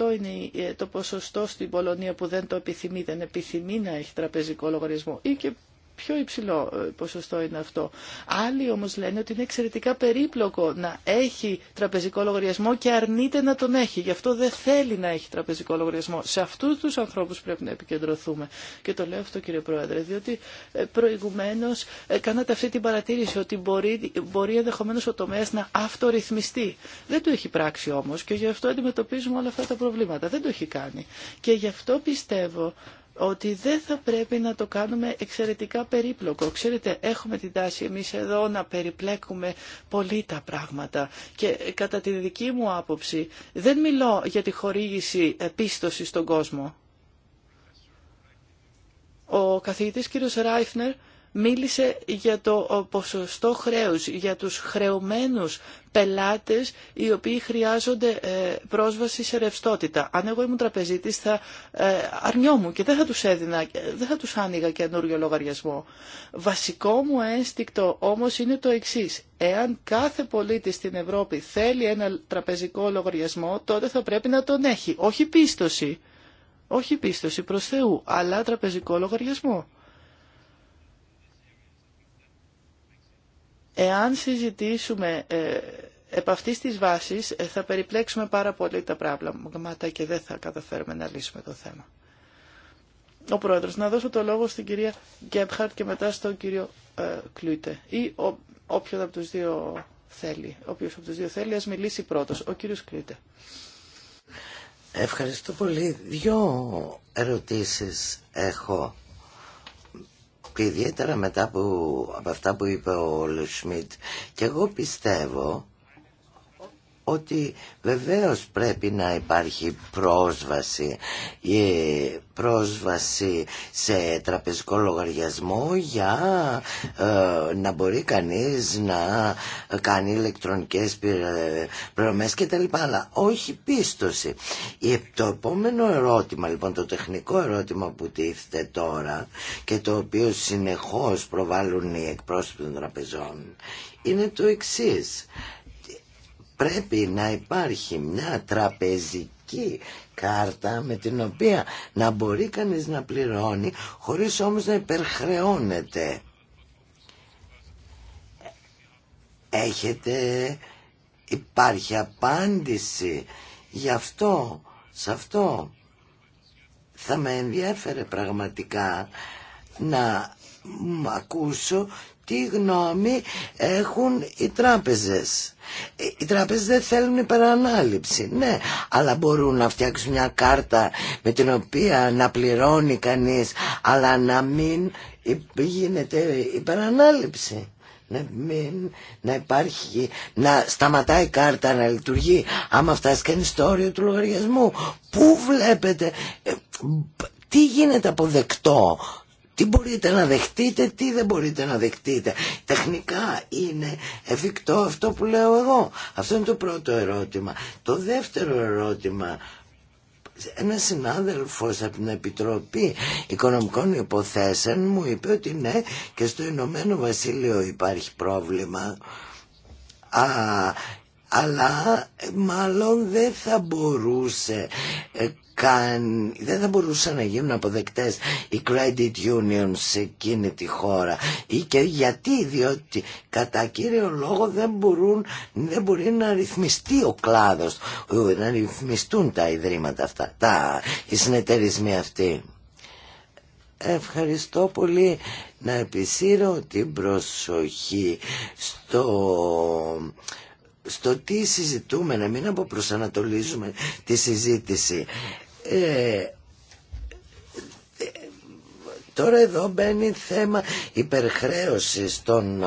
7% είναι ε, το ποσοστό στην Πολωνία που δεν το επιθυμεί, δεν επιθυμεί να έχει τραπεζικό λογαριασμό ή και πιο υψηλό ε, ποσοστό είναι αυτό. Άλλοι όμως λένε ότι είναι εξαιρετικά περίπλοκο να έχει τραπεζικό λογαριασμό και αρνείται να τον έχει. Γι' αυτό δεν θέλει να έχει τραπεζικό λογαριασμό. Σε αυτούς τους ανθρώπους πρέπει να επικεντρωθούμε. Και το λέω αυτό κύριε Πρόεδρε, διότι ε, προηγουμένως ε, κάνατε αυτή την παρατήρηση ότι μπορεί, μπορεί ενδεχομένως ο τομέας να αυτορυθμιστεί. Δεν το έχει πράξει όμως και γι' αυτό αντιμετωπίζουμε όλα αυτά τα προβλήματα. Δεν το έχει κάνει. Και γι' αυτό πιστεύω ότι δεν θα πρέπει να το κάνουμε εξαιρετικά περίπλοκο. Ξέρετε, έχουμε την τάση εμείς εδώ να περιπλέκουμε πολύ τα πράγματα και κατά τη δική μου άποψη δεν μιλώ για τη χορήγηση πίστοση στον κόσμο. Ο καθηγητής κύριος Ράιφνερ μίλησε για το ποσοστό χρέους, για τους χρεωμένους πελάτες οι οποίοι χρειάζονται ε, πρόσβαση σε ρευστότητα. Αν εγώ ήμουν τραπεζίτης θα ε, αρνιόμουν και δεν θα τους έδινα, ε, δεν θα τους άνοιγα καινούριο λογαριασμό. Βασικό μου ένστικτο όμως είναι το εξής. Εάν κάθε πολίτη στην Ευρώπη θέλει ένα τραπεζικό λογαριασμό, τότε θα πρέπει να τον έχει. Όχι πίστοση, όχι πίστοση προς Θεού, αλλά τραπεζικό λογαριασμό. Εάν συζητήσουμε ε, επ' αυτής της βάσης ε, θα περιπλέξουμε πάρα πολύ τα πράγματα και δεν θα καταφέρουμε να λύσουμε το θέμα. Ο Πρόεδρος, να δώσω το λόγο στην κυρία Γκέμπχαρτ και μετά στον κύριο ε, ή ο, από τους δύο θέλει. Όποιος από τους δύο θέλει ας μιλήσει πρώτος. Ο κύριος Κλούιτε. Ευχαριστώ πολύ. Δυο ερωτήσεις έχω ιδιαίτερα μετά που, από αυτά που είπε ο Λεσμίτ Και εγώ πιστεύω ότι βεβαίως πρέπει να υπάρχει πρόσβαση, ε, πρόσβαση σε τραπεζικό λογαριασμό για ε, να μπορεί κανείς να κάνει ηλεκτρονικές ε, πληρωμές και αλλά όχι πίστοση. Το επόμενο ερώτημα, λοιπόν, το τεχνικό ερώτημα που τίθεται τώρα και το οποίο συνεχώς προβάλλουν οι εκπρόσωποι των τραπεζών είναι το εξής πρέπει να υπάρχει μια τραπεζική κάρτα με την οποία να μπορεί κανείς να πληρώνει χωρίς όμως να υπερχρεώνεται. Έχετε, υπάρχει απάντηση γι' αυτό, σε αυτό θα με ενδιέφερε πραγματικά να ακούσω τι γνώμη έχουν οι τράπεζες. Ε, οι τράπεζες δεν θέλουν υπερανάληψη, ναι, αλλά μπορούν να φτιάξουν μια κάρτα με την οποία να πληρώνει κανεί, αλλά να μην γίνεται υπερανάληψη, Να, μην, να υπάρχει, να σταματάει η κάρτα να λειτουργεί άμα φτάσει κανεί στο όριο του λογαριασμού. Πού βλέπετε, ε, τι γίνεται αποδεκτό τι μπορείτε να δεχτείτε, τι δεν μπορείτε να δεχτείτε. Τεχνικά είναι εφικτό αυτό που λέω εγώ. Αυτό είναι το πρώτο ερώτημα. Το δεύτερο ερώτημα ένα συνάδελφος από την Επιτροπή Οικονομικών Υποθέσεων μου είπε ότι ναι και στο Ηνωμένο Βασίλειο υπάρχει πρόβλημα. Α, αλλά ε, μάλλον δεν θα μπορούσε ε, καν, δεν θα μπορούσαν να γίνουν αποδεκτές οι credit unions σε εκείνη τη χώρα ή και γιατί διότι κατά κύριο λόγο δεν μπορούν δεν μπορεί να ρυθμιστεί ο κλάδος να ρυθμιστούν τα ιδρύματα αυτά τα, οι συνεταιρισμοί αυτοί Ευχαριστώ πολύ να επισύρω την προσοχή στο στο τι συζητούμε, να μην αποπροσανατολίζουμε τη συζήτηση. Ε, Τώρα εδώ μπαίνει θέμα υπερχρέωσης των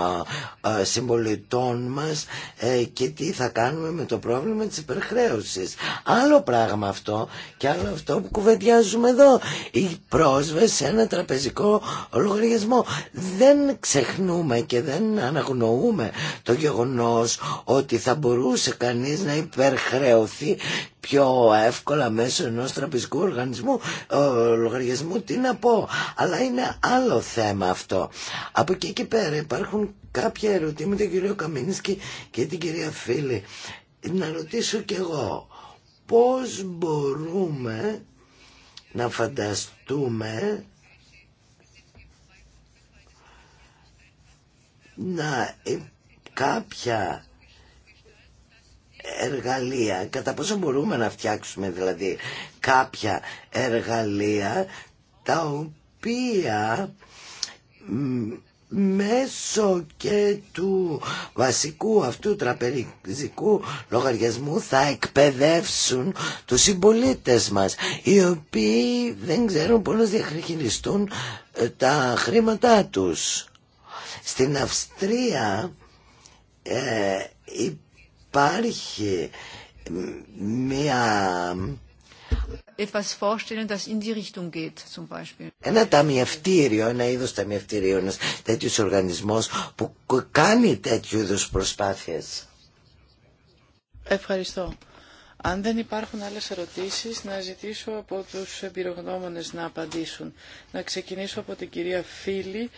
συμπολιτών μας ε, και τι θα κάνουμε με το πρόβλημα της υπερχρέωσης. Άλλο πράγμα αυτό και άλλο αυτό που κουβεντιάζουμε εδώ. Η πρόσβαση σε ένα τραπεζικό λογαριασμό. Δεν ξεχνούμε και δεν αναγνωρούμε το γεγονός ότι θα μπορούσε κανείς να υπερχρεωθεί πιο εύκολα μέσω ενό τραπεζικού οργανισμού ε, λογαριασμού τι να πω αλλά είναι άλλο θέμα αυτό από εκεί και πέρα υπάρχουν κάποια ερωτήματα κύριο Καμίνσκι και την κυρία Φίλη να ρωτήσω κι εγώ πως μπορούμε να φανταστούμε να κάποια εργαλεία, κατά πόσο μπορούμε να φτιάξουμε δηλαδή κάποια εργαλεία τα οποία μέσω και του βασικού αυτού τραπεζικού λογαριασμού θα εκπαιδεύσουν τους συμπολίτε μας οι οποίοι δεν ξέρουν πώς να διαχειριστούν ε, τα χρήματά τους. Στην Αυστρία ε, υπάρχει μια... Ένα ταμιευτήριο, ένα είδο ταμιευτήριο, ένα τέτοιο οργανισμό που κάνει τέτοιου είδου προσπάθειε. Ευχαριστώ. Αν δεν υπάρχουν άλλες ερωτήσεις, να ζητήσω από τους εμπειρογνώμονες να απαντήσουν. Να ξεκινήσω από την κυρία Φίλη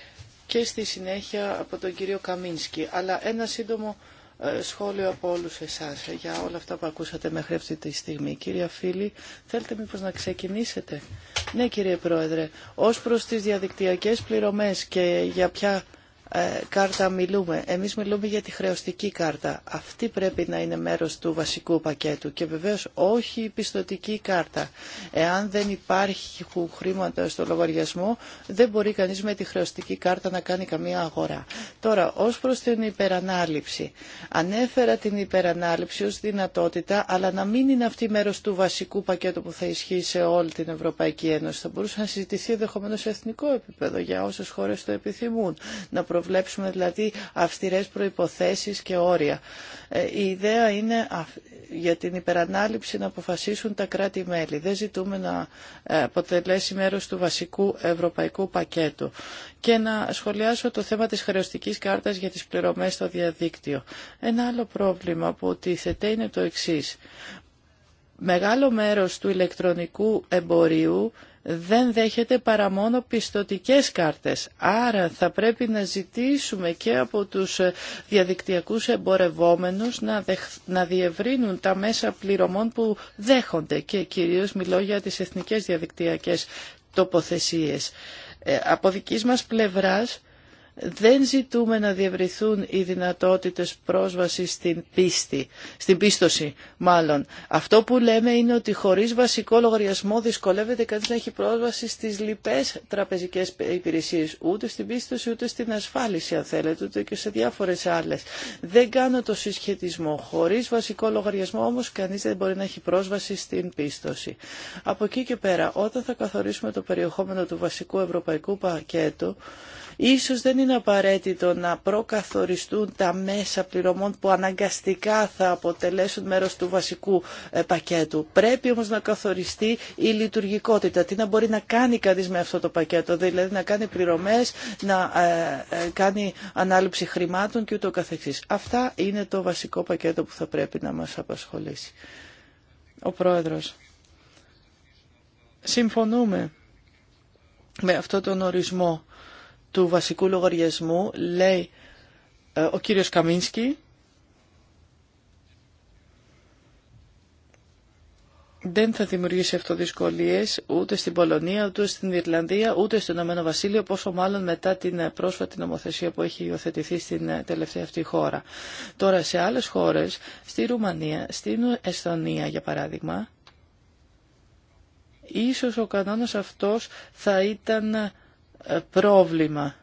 και στη συνέχεια από τον κύριο Καμίνσκι. Αλλά ένα σύντομο ε, σχόλιο από όλους εσάς ε, για όλα αυτά που ακούσατε μέχρι αυτή τη στιγμή. Κύριε Φίλη, θέλετε μήπως να ξεκινήσετε. Ναι κύριε Πρόεδρε, ως προς τις διαδικτυακές πληρωμές και για ποια ε, κάρτα μιλούμε. Εμείς μιλούμε για τη χρεωστική κάρτα. Αυτή πρέπει να είναι μέρος του βασικού πακέτου και βεβαίως όχι η πιστοτική κάρτα. Εάν δεν υπάρχει χρήματα στο λογαριασμό, δεν μπορεί κανείς με τη χρεωστική κάρτα να κάνει καμία αγορά. Τώρα, ως προς την υπερανάληψη. Ανέφερα την υπερανάληψη ως δυνατότητα, αλλά να μην είναι αυτή μέρος του βασικού πακέτου που θα ισχύει σε όλη την Ευρωπαϊκή Ένωση. Θα μπορούσε να συζητηθεί ενδεχομένω σε εθνικό επίπεδο για όσε χώρε το επιθυμούν. Να προβλέψουμε δηλαδή αυστηρές προϋποθέσεις και όρια. Ε, η ιδέα είναι για την υπερανάληψη να αποφασίσουν τα κράτη-μέλη. Δεν ζητούμε να ε, αποτελέσει μέρος του βασικού ευρωπαϊκού πακέτου. Και να σχολιάσω το θέμα της χρεωστικής κάρτας για τις πληρωμές στο διαδίκτυο. Ένα άλλο πρόβλημα που τίθεται είναι το εξής. Μεγάλο μέρος του ηλεκτρονικού εμπορίου δεν δέχεται παρά μόνο πιστοτικές κάρτες. Άρα θα πρέπει να ζητήσουμε και από τους ε, διαδικτυακούς εμπορευόμενους να διευρύνουν τα μέσα πληρωμών που δέχονται και κυρίως μιλώ για τις εθνικές διαδικτυακές τοποθεσίες. Ε, από δικής μας πλευράς δεν ζητούμε να διευρυθούν οι δυνατότητες πρόσβασης στην πίστη, στην πίστοση μάλλον. Αυτό που λέμε είναι ότι χωρίς βασικό λογαριασμό δυσκολεύεται κανείς να έχει πρόσβαση στις λοιπές τραπεζικές υπηρεσίες, ούτε στην πίστοση ούτε στην ασφάλιση αν θέλετε, ούτε και σε διάφορες άλλες. Δεν κάνω το συσχετισμό. Χωρίς βασικό λογαριασμό όμως κανείς δεν μπορεί να έχει πρόσβαση στην πίστοση. Από εκεί και πέρα, όταν θα καθορίσουμε το περιεχόμενο του βασικού ευρωπαϊκού πακέτου, Ίσως δεν είναι απαραίτητο να προκαθοριστούν τα μέσα πληρωμών που αναγκαστικά θα αποτελέσουν μέρος του βασικού ε, πακέτου. Πρέπει όμως να καθοριστεί η λειτουργικότητα. Τι να μπορεί να κάνει κανείς με αυτό το πακέτο, δηλαδή να κάνει πληρωμές, να ε, ε, κάνει ανάληψη χρημάτων και ούτω καθεξής. Αυτά είναι το βασικό πακέτο που θα πρέπει να μας απασχολήσει. Ο Πρόεδρος. Συμφωνούμε με αυτόν τον ορισμό του βασικού λογαριασμού λέει ε, ο κύριος Καμίνσκι δεν θα δημιουργήσει αυτό ούτε στην Πολωνία, ούτε στην Ιρλανδία, ούτε στον Ηνωμένο Βασίλειο, πόσο μάλλον μετά την ε, πρόσφατη νομοθεσία που έχει υιοθετηθεί στην ε, τελευταία αυτή χώρα. Τώρα σε άλλες χώρες, στη Ρουμανία, στην Εσθονία για παράδειγμα, ίσως ο κανόνας αυτός θα ήταν ε, πρόβλημα.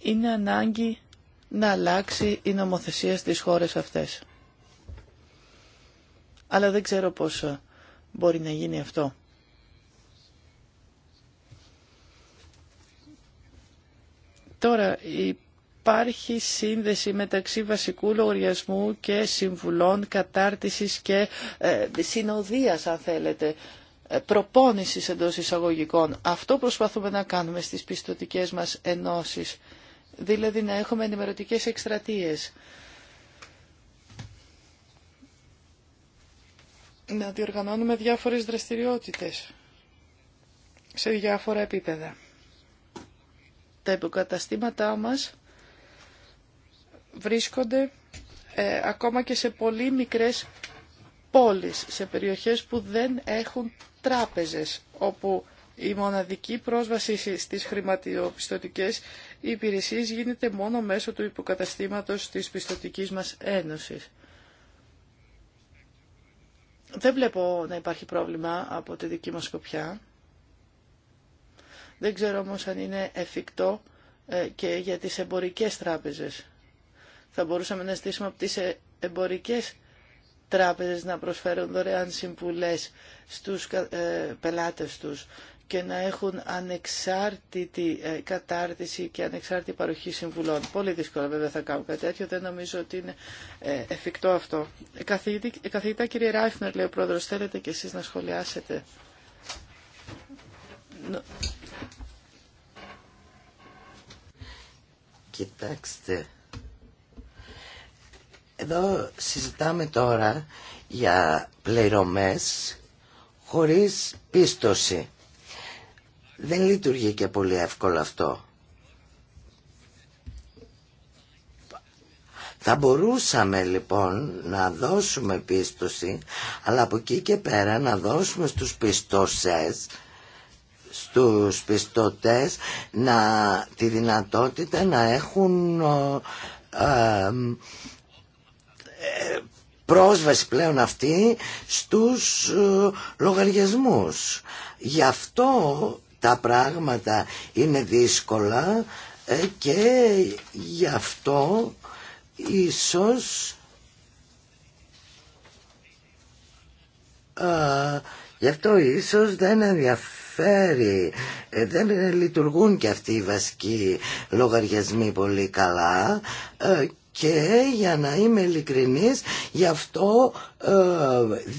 Είναι ανάγκη να αλλάξει η νομοθεσία στις χώρες αυτές. Αλλά δεν ξέρω πώς ε, μπορεί να γίνει αυτό. Τώρα, η υπάρχει σύνδεση μεταξύ βασικού λογαριασμού και συμβουλών κατάρτισης και ε, συνοδείας αν θέλετε ε, προπόνησης εντός εισαγωγικών. Αυτό προσπαθούμε να κάνουμε στις πιστοτικές μας ενώσεις. Δηλαδή να έχουμε ενημερωτικές εκστρατείες. Να διοργανώνουμε διάφορες δραστηριότητες σε διάφορα επίπεδα. Τα υποκαταστήματά μας βρίσκονται ε, ακόμα και σε πολύ μικρές πόλεις, σε περιοχές που δεν έχουν τράπεζες, όπου η μοναδική πρόσβαση στις χρηματοπιστωτικές υπηρεσίες γίνεται μόνο μέσω του υποκαταστήματος της πιστωτικής μας ένωσης. Δεν βλέπω να υπάρχει πρόβλημα από τη δική μας σκοπιά. Δεν ξέρω όμως αν είναι εφικτό ε, και για τις εμπορικές τράπεζες. Θα μπορούσαμε να στήσουμε από τις εμπορικές τράπεζες να προσφέρουν δωρεάν συμβουλές στους ε, πελάτες τους και να έχουν ανεξάρτητη ε, κατάρτιση και ανεξάρτητη παροχή συμβουλών. Πολύ δύσκολα βέβαια θα κάνουν κάτι τέτοιο, δεν νομίζω ότι είναι ε, εφικτό αυτό. Καθηγητή, καθηγητά κύριε Ράιφνερ, λέει ο πρόεδρος, θέλετε και εσείς να σχολιάσετε. Κοιτάξτε, εδώ συζητάμε τώρα για πληρωμές χωρίς πίστοση. Δεν λειτουργεί και πολύ εύκολο αυτό. Θα μπορούσαμε λοιπόν να δώσουμε πίστοση, αλλά από εκεί και πέρα να δώσουμε στους πιστώσες, στους πιστωτές, να, τη δυνατότητα να έχουν ε, πρόσβαση πλέον αυτή στους ε, λογαριασμούς. Γι' αυτό τα πράγματα είναι δύσκολα ε, και γι' αυτό ίσως α, ε, γι' αυτό ίσως δεν ενδιαφέρει δεν λειτουργούν και αυτοί οι βασικοί λογαριασμοί πολύ καλά και για να είμαι ειλικρινής γι' αυτό ε,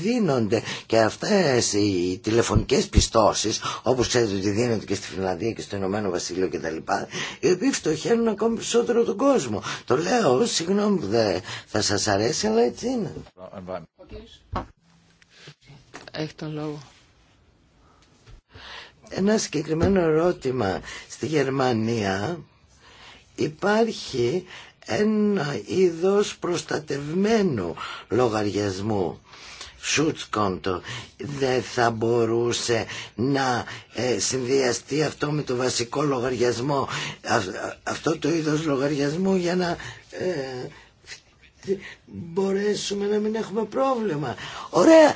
δίνονται και αυτές οι τηλεφωνικές πιστώσεις όπως ξέρετε ότι δίνονται και στη Φιλανδία και στο Ηνωμένο Βασίλειο και τα λοιπά οι οποίοι φτωχαίνουν ακόμη περισσότερο τον κόσμο το λέω συγγνώμη που δεν θα σας αρέσει αλλά έτσι είναι Έχει τον λόγο ένα συγκεκριμένο ερώτημα στη Γερμανία υπάρχει ένα είδος προστατευμένου λογαριασμού κόντο δεν θα μπορούσε να ε, συνδυαστεί αυτό με το βασικό λογαριασμό αυτό το είδος λογαριασμού για να ε, μπορέσουμε να μην έχουμε πρόβλημα ωραία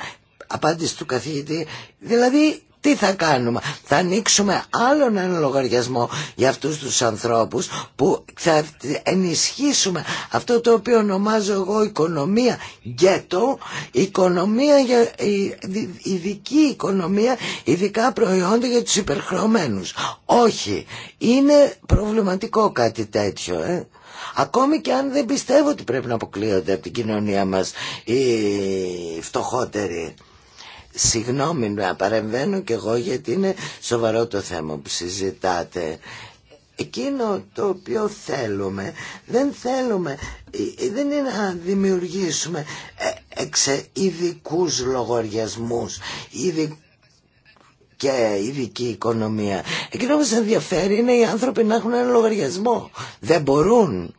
απάντηση του καθηγητή δηλαδή τι θα κάνουμε. Θα ανοίξουμε άλλον ένα λογαριασμό για αυτούς τους ανθρώπους που θα ενισχύσουμε αυτό το οποίο ονομάζω εγώ οικονομία γκέτο, οικονομία για, ειδική οικονομία, ειδικά προϊόντα για τους υπερχρωμένους. Όχι, είναι προβληματικό κάτι τέτοιο. Ε. Ακόμη και αν δεν πιστεύω ότι πρέπει να αποκλείονται από την κοινωνία μας οι φτωχότεροι. Συγγνώμη να παρεμβαίνω και εγώ γιατί είναι σοβαρό το θέμα που συζητάτε. Εκείνο το οποίο θέλουμε, δεν θέλουμε, ε, ε, δεν είναι να δημιουργήσουμε ε, εξε, ειδικούς λογαριασμούς, και ειδική οικονομία. Εκείνο που σας ενδιαφέρει είναι οι άνθρωποι να έχουν ένα λογαριασμό. Δεν μπορούν.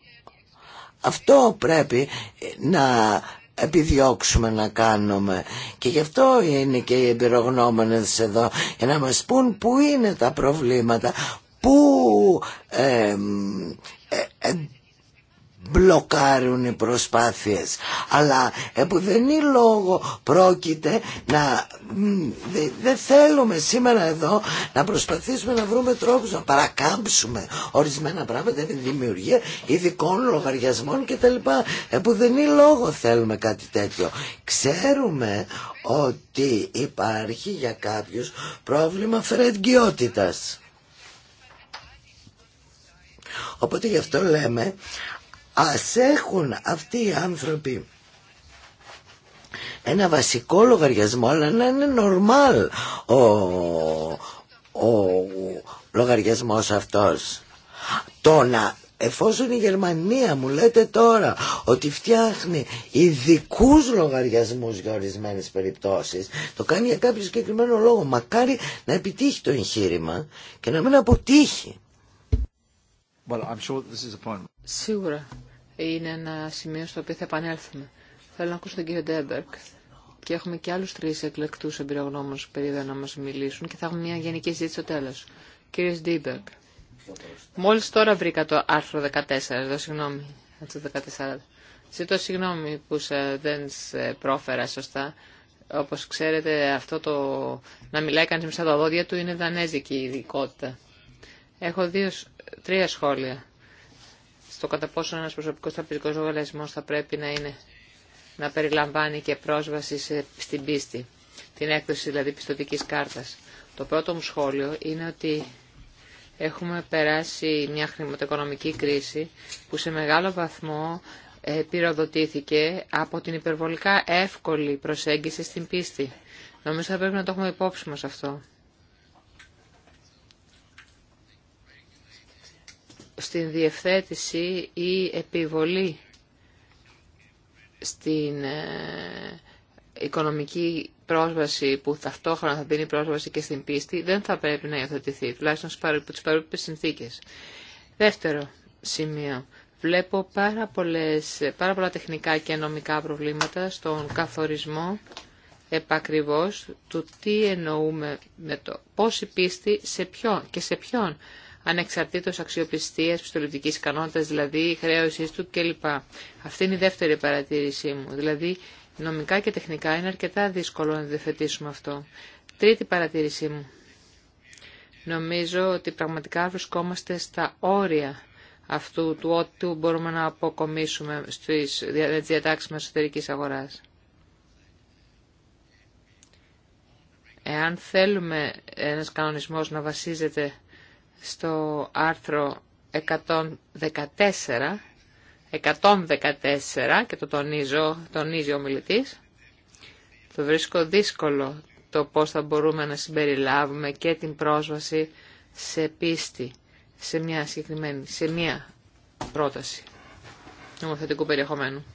Αυτό πρέπει να επιδιώξουμε να κάνουμε και γι' αυτό είναι και οι εμπειρογνώμονες εδώ για να μας πούν πού είναι τα προβλήματα πού ε, ε, μπλοκάρουν οι προσπάθειες αλλά επουδενή λόγο πρόκειται να δεν θέλουμε σήμερα εδώ να προσπαθήσουμε να βρούμε τρόπους να παρακάμψουμε ορισμένα πράγματα τη δημιουργία ειδικών λογαριασμών κτλ επουδενή λόγο θέλουμε κάτι τέτοιο ξέρουμε ότι υπάρχει για κάποιους πρόβλημα φρεντγκιότητας Οπότε γι' αυτό λέμε ας έχουν αυτοί οι άνθρωποι ένα βασικό λογαριασμό αλλά να είναι normal ο, ο λογαριασμός αυτός το να εφόσον η Γερμανία μου λέτε τώρα ότι φτιάχνει ειδικού λογαριασμούς για ορισμένες περιπτώσεις το κάνει για κάποιο συγκεκριμένο λόγο μακάρι να επιτύχει το εγχείρημα και να μην αποτύχει Σίγουρα είναι ένα σημείο στο οποίο θα επανέλθουμε. Θέλω να ακούσω τον κύριο Ντέμπερκ και έχουμε και άλλους τρεις εκλεκτούς εμπειρογνώμους περίπου να μας μιλήσουν και θα έχουμε μια γενική συζήτηση στο τέλος. Κύριος Ντέμπερκ, μόλις τώρα βρήκα το άρθρο 14, εδώ συγγνώμη, το 14. Ζητώ συγγνώμη που δεν σε πρόφερα σωστά. Όπως ξέρετε, αυτό το να μιλάει κανείς με τα δόντια του είναι δανέζικη ειδικότητα. Έχω δύο τρία σχόλια στο κατά πόσο ένας προσωπικός τραπεζικός λογαριασμός θα πρέπει να είναι να περιλαμβάνει και πρόσβαση σε, στην πίστη, την έκδοση δηλαδή πιστοτικής κάρτας. Το πρώτο μου σχόλιο είναι ότι έχουμε περάσει μια χρηματοοικονομική κρίση που σε μεγάλο βαθμό ε, πυροδοτήθηκε από την υπερβολικά εύκολη προσέγγιση στην πίστη. Νομίζω θα πρέπει να το έχουμε υπόψη μας αυτό. στην διευθέτηση ή επιβολή στην ε, οικονομική πρόσβαση που ταυτόχρονα θα δίνει πρόσβαση και στην πίστη δεν θα πρέπει να υιοθετηθεί, τουλάχιστον από τις συνθήκες. Δεύτερο σημείο. Βλέπω πάρα, πολλές, πάρα πολλά τεχνικά και νομικά προβλήματα στον καθορισμό επακριβώς του τι εννοούμε με το πώς η πίστη σε ποιον και σε ποιον ανεξαρτήτως αξιοπιστίας, πιστοληπτικής ικανότητας, δηλαδή χρέωσή του κλπ. Αυτή είναι η δεύτερη παρατήρησή μου. Δηλαδή, νομικά και τεχνικά είναι αρκετά δύσκολο να διευθετήσουμε αυτό. Τρίτη παρατήρησή μου. Νομίζω ότι πραγματικά βρισκόμαστε στα όρια αυτού του ό,τι μπορούμε να αποκομίσουμε στις διατάξεις μας εσωτερικής αγοράς. Εάν θέλουμε ένας κανονισμός να βασίζεται στο άρθρο 114, 114 και το τονίζω, τονίζει ο μιλητής, το βρίσκω δύσκολο το πώς θα μπορούμε να συμπεριλάβουμε και την πρόσβαση σε πίστη, σε μια συγκεκριμένη, σε μια πρόταση νομοθετικού περιεχομένου.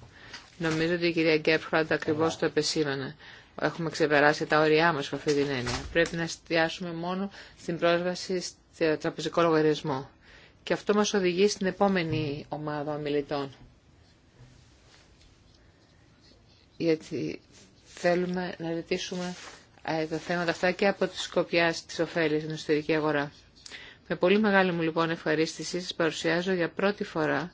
Νομίζω ότι η κυρία Γκέπχαρντ ακριβώς το επεσήμανε. Έχουμε ξεπεράσει τα όρια μας από αυτή την έννοια. Πρέπει να εστιάσουμε μόνο στην πρόσβαση τραπεζικό λογαριασμό. Και αυτό μας οδηγεί στην επόμενη ομάδα ομιλητών. Γιατί θέλουμε να ρωτήσουμε ε, τα θέματα αυτά και από τη σκοπιά της ωφέλης στην εσωτερική αγορά. Με πολύ μεγάλη μου λοιπόν ευχαρίστηση σας παρουσιάζω για πρώτη φορά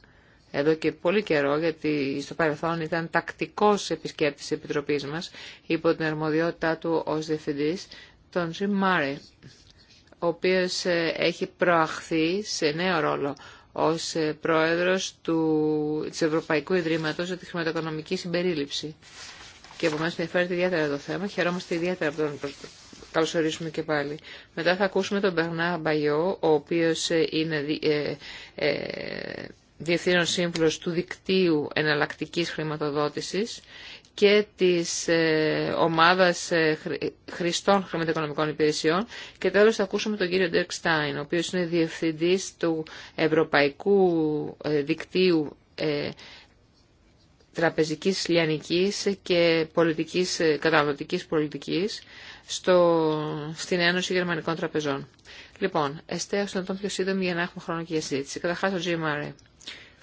εδώ και πολύ καιρό, γιατί στο παρελθόν ήταν τακτικός επισκέπτης της Επιτροπής μας, υπό την αρμοδιότητά του ως Διευθυντής, τον Jim Murray ο οποίος ε, έχει προαχθεί σε νέο ρόλο ως ε, πρόεδρος του, της Ευρωπαϊκού Ιδρύματος για τη χρηματοοικονομική συμπερίληψη. Και από εμάς ενδιαφέρεται ιδιαίτερα το θέμα. Χαιρόμαστε ιδιαίτερα από τον καλωσορίσουμε και πάλι. Μετά θα ακούσουμε τον Περνά Μπαγιό, ο οποίος ε, είναι ε, διευθύνων σύμβουλος του δικτύου εναλλακτικής χρηματοδότησης και της ε, ομάδας ε, χρηστών χρηματοοικονομικών υπηρεσιών και τέλος θα ακούσουμε τον κύριο Ντέρκ Στάιν ο οποίος είναι διευθυντής του Ευρωπαϊκού ε, Δικτύου Τραπεζικής Λιανικής και πολιτικής, καταναλωτικής πολιτικής στο, στην Ένωση Γερμανικών Τραπεζών. Λοιπόν, εστέω στον τον πιο σύντομη για να έχουμε χρόνο και για συζήτηση. Καταρχάς ο Τζίμαρε.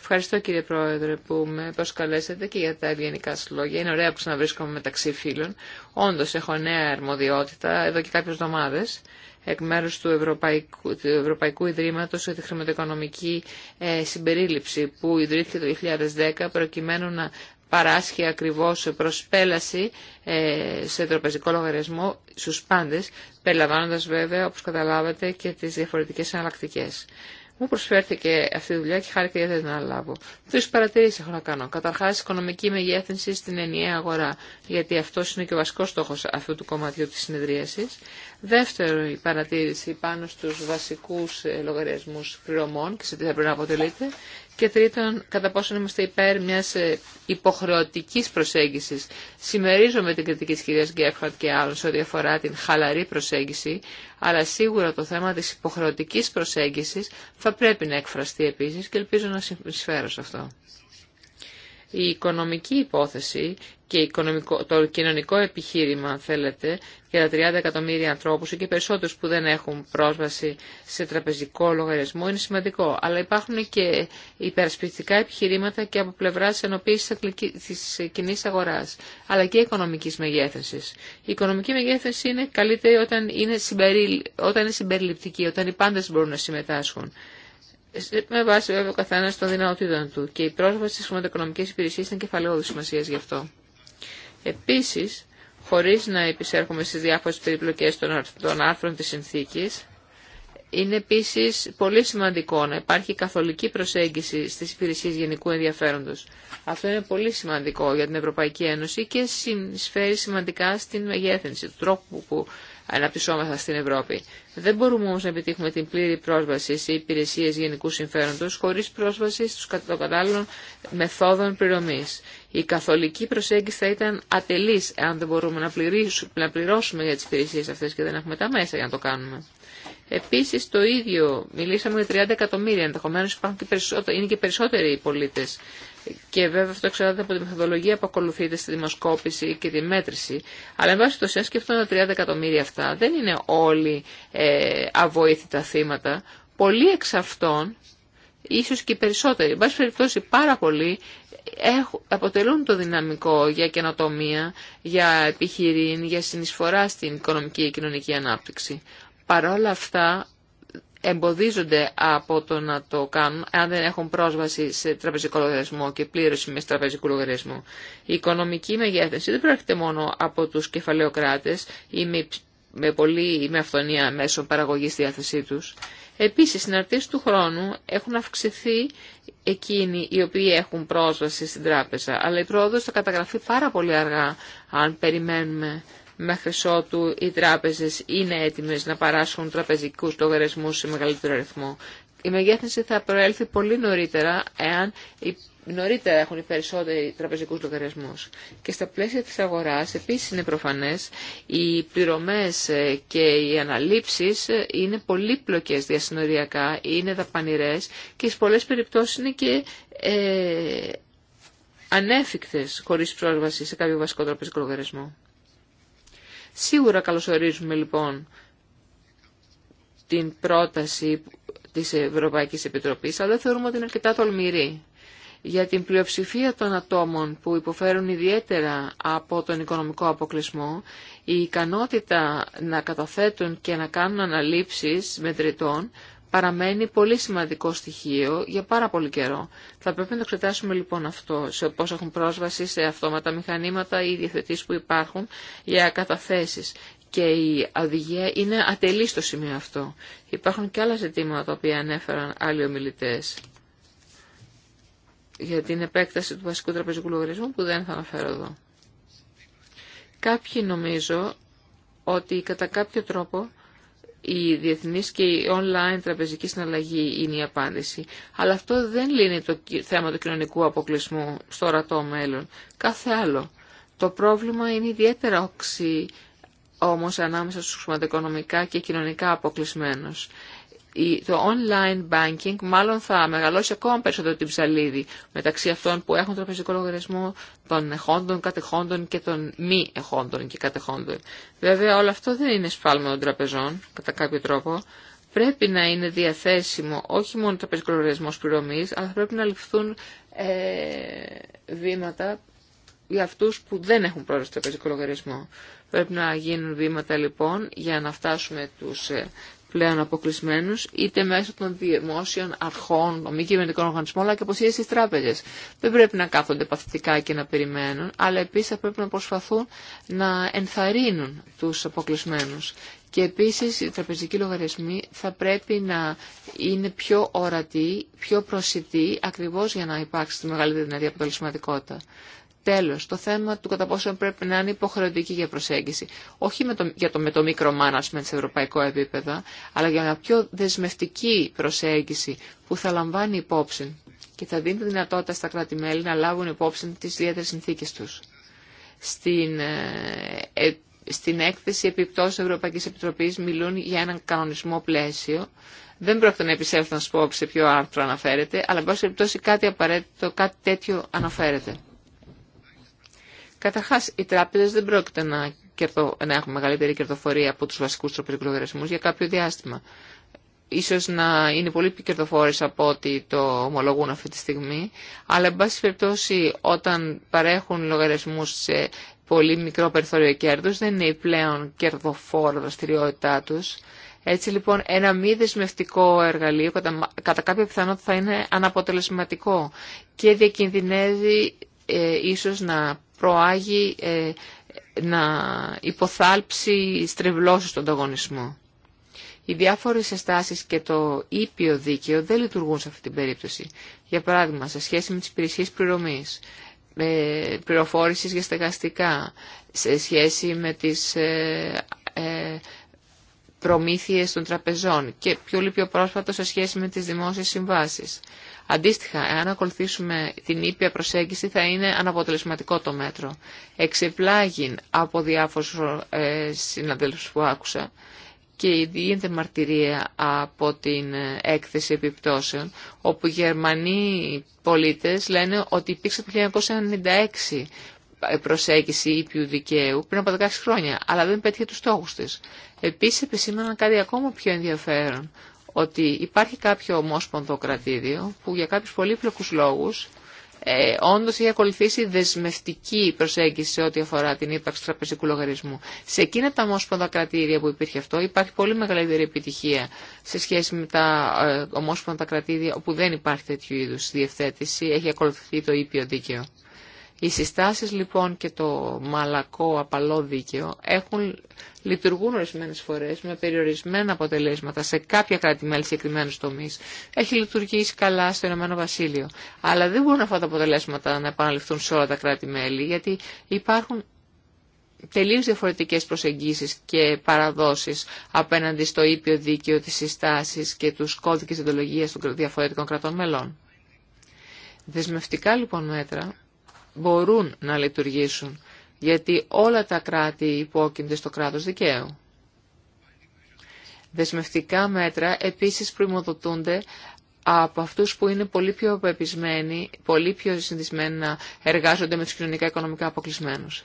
Ευχαριστώ κύριε Πρόεδρε που με προσκαλέσατε και για τα ευγενικά συλλόγια. λόγια. Είναι ωραία που ξαναβρίσκομαι μεταξύ φίλων. Όντω έχω νέα αρμοδιότητα εδώ και κάποιε εβδομάδε εκ μέρους του Ευρωπαϊκού, του Ευρωπαϊκού Ιδρύματος για τη χρηματοοικονομική ε, συμπερίληψη που ιδρύθηκε το 2010 προκειμένου να παράσχει ακριβώς προσπέλαση ε, σε τροπεζικό λογαριασμό στους πάντες, περιλαμβάνοντας βέβαια, όπως καταλάβατε, και τις διαφορετικές εναλλακτικέ. Μου προσφέρθηκε αυτή η δουλειά και χάρηκα γιατί δεν την αναλάβω. Τρει παρατηρήσει έχω να κάνω. Καταρχά, οικονομική μεγέθυνση στην ενιαία αγορά, γιατί αυτό είναι και ο βασικό στόχο αυτού του κομματιού τη συνεδρίαση. Δεύτερη παρατήρηση πάνω στους βασικούς ε, λογαριασμούς πληρωμών και σε τι θα πρέπει να αποτελείται. Και τρίτον, κατά πόσον είμαστε υπέρ μιας ε, υποχρεωτικής προσέγγισης. Συμμερίζομαι την κριτική της κυρίας και άλλων σε ό,τι αφορά την χαλαρή προσέγγιση, αλλά σίγουρα το θέμα της υποχρεωτικής προσέγγισης θα πρέπει να εκφραστεί επίσης και ελπίζω να συμφέρω σε αυτό η οικονομική υπόθεση και το κοινωνικό επιχείρημα, αν θέλετε, για τα 30 εκατομμύρια ανθρώπους και περισσότερους που δεν έχουν πρόσβαση σε τραπεζικό λογαριασμό είναι σημαντικό. Αλλά υπάρχουν και υπερασπιστικά επιχειρήματα και από πλευρά ενοποίηση τη κοινή αγορά, αλλά και οικονομική μεγέθυνση. Η οικονομική μεγέθυνση είναι καλύτερη όταν είναι, όταν είναι συμπεριληπτική, όταν οι πάντε μπορούν να συμμετάσχουν με βάση βέβαια ο καθένα των δυνατοτήτων του και η πρόσβαση στι χρηματοοικονομικέ υπηρεσίε ήταν κεφαλαιόδου σημασία γι' αυτό. Επίση, χωρί να επισέρχομαι στι διάφορε περιπλοκέ των άρθρων τη συνθήκη, είναι επίση πολύ σημαντικό να υπάρχει καθολική προσέγγιση στι υπηρεσίε γενικού ενδιαφέροντο. Αυτό είναι πολύ σημαντικό για την Ευρωπαϊκή Ένωση και συνεισφέρει σημαντικά στην μεγέθυνση του τρόπου που αναπτυσσόμεθα στην Ευρώπη. Δεν μπορούμε όμω να επιτύχουμε την πλήρη πρόσβαση σε υπηρεσίε γενικού συμφέροντος χωρί πρόσβαση στους κατάλληλων μεθόδων πληρωμής. Η καθολική προσέγγιση θα ήταν ατελής αν δεν μπορούμε να, πληρώσουμε για τι υπηρεσίε αυτέ και δεν έχουμε τα μέσα για να το κάνουμε. Επίση, το ίδιο, μιλήσαμε για 30 εκατομμύρια, Ενδεχομένω, είναι και περισσότεροι οι πολίτες και βέβαια αυτό εξαρτάται από τη μεθοδολογία που ακολουθείται στη δημοσκόπηση και τη μέτρηση. Αλλά εν πάση αν σκεφτώ τα 30 εκατομμύρια αυτά δεν είναι όλοι ε, αβοήθητα θύματα. Πολλοί εξ αυτών, ίσως και οι περισσότεροι, εν πάση περιπτώσει πάρα πολλοί, αποτελούν το δυναμικό για καινοτομία, για επιχειρήν, για συνεισφορά στην οικονομική και κοινωνική ανάπτυξη. Παρ' όλα αυτά εμποδίζονται από το να το κάνουν αν δεν έχουν πρόσβαση σε τραπεζικό λογαριασμό και πλήρωση με τραπεζικού λογαριασμού. Η οικονομική μεγέθυνση δεν προέρχεται μόνο από τους κεφαλαιοκράτες ή με, με πολύ ή με αυθονία μέσω παραγωγής διάθεσή τους. Επίσης, συναρτήσεις του χρόνου έχουν αυξηθεί εκείνοι οι οποίοι έχουν πρόσβαση στην τράπεζα, αλλά η με αυθονια μεσω παραγωγης διαθεση τους επισης αρτηση του χρονου εχουν αυξηθει εκεινοι οι οποιοι εχουν προσβαση στην τραπεζα αλλα η προοδος θα καταγραφεί πάρα πολύ αργά αν περιμένουμε μέχρι ότου οι τράπεζες είναι έτοιμες να παράσχουν τραπεζικούς λογαριασμούς σε μεγαλύτερο αριθμό. Η μεγέθυνση θα προέλθει πολύ νωρίτερα εάν οι νωρίτερα έχουν οι περισσότεροι τραπεζικού λογαριασμού. Και στα πλαίσια τη αγορά, επίση είναι προφανέ, οι πληρωμές ε, και οι αναλήψει ε, είναι πολύπλοκες διασυνοριακά, είναι δαπανηρέ, και σε πολλέ περιπτώσει είναι και ε, ανέφικτες χωρίς πρόσβαση σε κάποιο βασικό τραπεζικό λογαριασμό. Σίγουρα καλωσορίζουμε λοιπόν την πρόταση της Ευρωπαϊκής Επιτροπής, αλλά δεν θεωρούμε ότι είναι αρκετά τολμηρή. Για την πλειοψηφία των ατόμων που υποφέρουν ιδιαίτερα από τον οικονομικό αποκλεισμό, η ικανότητα να καταθέτουν και να κάνουν αναλήψεις μετρητών παραμένει πολύ σημαντικό στοιχείο για πάρα πολύ καιρό. Θα πρέπει να το εξετάσουμε λοιπόν αυτό, σε πώς έχουν πρόσβαση σε αυτόματα μηχανήματα ή διαθετήσεις που υπάρχουν για καταθέσεις. Και η οδηγία είναι ατελή στο σημείο αυτό. Υπάρχουν και άλλα ζητήματα τα οποία ανέφεραν άλλοι ομιλητέ για την επέκταση του βασικού τραπεζικού λογαριασμού που δεν θα αναφέρω εδώ. Κάποιοι νομίζω ότι κατά κάποιο τρόπο η διεθνή και η online τραπεζική συναλλαγή είναι η απάντηση. Αλλά αυτό δεν λύνει το θέμα του κοινωνικού αποκλεισμού στο ορατό μέλλον. Κάθε άλλο. Το πρόβλημα είναι ιδιαίτερα οξύ όμως ανάμεσα στους χρηματοοικονομικά και κοινωνικά αποκλεισμένους το online banking μάλλον θα μεγαλώσει ακόμα περισσότερο την ψαλίδη μεταξύ αυτών που έχουν τραπεζικό λογαριασμό, των εχόντων, κατεχόντων και των μη εχόντων και κατεχόντων. Βέβαια όλο αυτό δεν είναι σφάλμα των τραπεζών κατά κάποιο τρόπο. Πρέπει να είναι διαθέσιμο όχι μόνο τραπεζικό λογαριασμό πληρωμή, αλλά πρέπει να ληφθούν ε, βήματα για αυτούς που δεν έχουν πρόσβαση στο τραπεζικό λογαριασμό. Πρέπει να γίνουν βήματα λοιπόν για να φτάσουμε τους ε, πλέον αποκλεισμένου, είτε μέσω των δημόσιων αρχών, των μη κυβερνητικών οργανισμών, αλλά και από τράπεζε. Δεν πρέπει να κάθονται παθητικά και να περιμένουν, αλλά επίση θα πρέπει να προσπαθούν να ενθαρρύνουν του αποκλεισμένου. Και επίση οι τραπεζικοί λογαριασμοί θα πρέπει να είναι πιο ορατοί, πιο προσιτοί, ακριβώ για να υπάρξει τη μεγαλύτερη δυνατή αποτελεσματικότητα. Τέλος, το θέμα του κατά πόσο πρέπει να είναι υποχρεωτική για προσέγγιση. Όχι με το, για το, με το σε ευρωπαϊκό επίπεδο, αλλά για μια πιο δεσμευτική προσέγγιση που θα λαμβάνει υπόψη και θα δίνει τη δυνατότητα στα κράτη-μέλη να λάβουν υπόψη τις ιδιαίτερε συνθήκες τους. Στην, ε, ε, στην έκθεση επιπτώσεων Ευρωπαϊκής Επιτροπής μιλούν για έναν κανονισμό πλαίσιο. Δεν πρόκειται να επισέλθω να σου πω σε ποιο άρθρο αναφέρεται, αλλά εν πάση περιπτώσει κάτι απαραίτητο, κάτι τέτοιο αναφέρεται. Καταρχά, οι τράπεζε δεν πρόκειται να, κερδο, να έχουν μεγαλύτερη κερδοφορία από του βασικού τροπικού λογαριασμού για κάποιο διάστημα. σω να είναι πολύ πιο κερδοφόρε από ό,τι το ομολογούν αυτή τη στιγμή, αλλά εν πάση περιπτώσει όταν παρέχουν λογαριασμού σε πολύ μικρό περιθώριο κέρδου, δεν είναι η πλέον κερδοφόρο δραστηριότητά του. Έτσι λοιπόν ένα μη δεσμευτικό εργαλείο κατά, κατά κάποια πιθανότητα θα είναι αναποτελεσματικό και διακινδυνεύει ε, ίσως να προάγει, ε, να υποθάλψει στρεβλώσεις στον ανταγωνισμό. Οι διάφορες εστάσεις και το ήπιο δίκαιο δεν λειτουργούν σε αυτή την περίπτωση. Για παράδειγμα, σε σχέση με τις υπηρεσίες πληρωμής, με πληροφόρησης για στεγαστικά, σε σχέση με τις ε, προμήθειες των τραπεζών και πιο λίπιο πρόσφατο σε σχέση με τις δημόσιες συμβάσεις. Αντίστοιχα, εάν ακολουθήσουμε την ήπια προσέγγιση θα είναι αναποτελεσματικό το μέτρο. Εξεπλάγει από διάφορου ε, συναδέλφους που άκουσα και γίνεται μαρτυρία από την έκθεση επιπτώσεων, όπου οι Γερμανοί πολίτες λένε ότι υπήρξε το 1996 προσέγγιση ήπιου δικαίου πριν από 16 χρόνια, αλλά δεν πέτυχε τους στόχους της. Επίσης επισήμαναν κάτι ακόμα πιο ενδιαφέρον, ότι υπάρχει κάποιο ομόσπονδο κρατήδιο που για κάποιους πολύπλοκους λόγους ε, όντως έχει ακολουθήσει δεσμευτική προσέγγιση σε ό,τι αφορά την ύπαρξη τραπεζικού λογαριασμού. Σε εκείνα τα ομόσπονδα κρατήρια που υπήρχε αυτό υπάρχει πολύ μεγαλύτερη επιτυχία σε σχέση με τα ε, ομόσπονδα κρατήρια όπου δεν υπάρχει τέτοιου είδους διευθέτηση, έχει ακολουθηθεί το ήπιο δίκαιο. Οι συστάσεις λοιπόν και το μαλακό απαλό δίκαιο έχουν, λειτουργούν ορισμένε φορές με περιορισμένα αποτελέσματα σε κάποια κράτη-μέλη συγκεκριμένου τομεί. Έχει λειτουργήσει καλά στο Ηνωμένο Βασίλειο. Αλλά δεν μπορούν αυτά τα αποτελέσματα να επαναληφθούν σε όλα τα κράτη-μέλη γιατί υπάρχουν τελείως διαφορετικές προσεγγίσεις και παραδόσεις απέναντι στο ήπιο δίκαιο της συστάσης και τους κώδικες εντολογίας των διαφορετικών κρατών μελών. Δεσμευτικά λοιπόν μέτρα μπορούν να λειτουργήσουν, γιατί όλα τα κράτη υπόκεινται στο κράτος δικαίου. Δεσμευτικά μέτρα επίσης πρημοδοτούνται από αυτούς που είναι πολύ πιο πεπισμένοι, πολύ πιο συνδυσμένοι να εργάζονται με τους κοινωνικά οικονομικά αποκλεισμένους.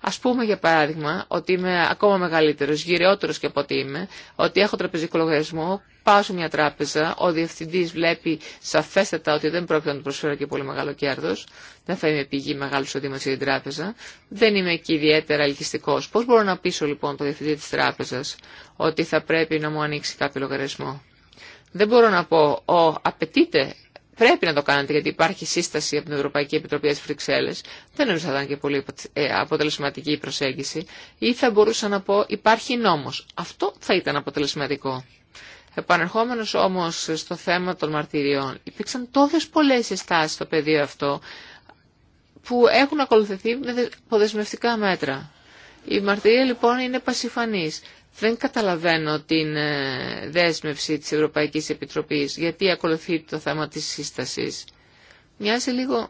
Ας πούμε για παράδειγμα ότι είμαι ακόμα μεγαλύτερος, γυρεότερος και από ότι είμαι, ότι έχω τραπεζικό λογαριασμό, πάω σε μια τράπεζα, ο διευθυντής βλέπει σαφέστατα ότι δεν πρόκειται να του προσφέρω και πολύ μεγάλο κέρδος, δεν θα είμαι πηγή μεγάλου εισοδήματος για την τράπεζα, δεν είμαι εκεί ιδιαίτερα ελκυστικός. Πώς μπορώ να πείσω λοιπόν το διευθυντή της τράπεζας ότι θα πρέπει να μου ανοίξει κάποιο λογαριασμό. Δεν μπορώ να πω, ο, απαιτείται Πρέπει να το κάνετε γιατί υπάρχει σύσταση από την Ευρωπαϊκή Επιτροπή της Φρυξέλλες. Δεν νομίζω θα ήταν και πολύ ε, αποτελεσματική η προσέγγιση. Ή θα μπορούσα να πω υπάρχει νόμος. Αυτό θα ήταν αποτελεσματικό. Επανερχόμενος όμως στο θέμα των μαρτυριών, υπήρξαν τόσες πολλές συστάσεις στο πεδίο αυτό που έχουν ακολουθηθεί με αποδεσμευτικά μέτρα. Η μαρτυρία λοιπόν είναι πασιφανής. Δεν καταλαβαίνω την ε, δέσμευση της Ευρωπαϊκής Επιτροπής γιατί ακολουθεί το θέμα της σύστασης. Μοιάζει λίγο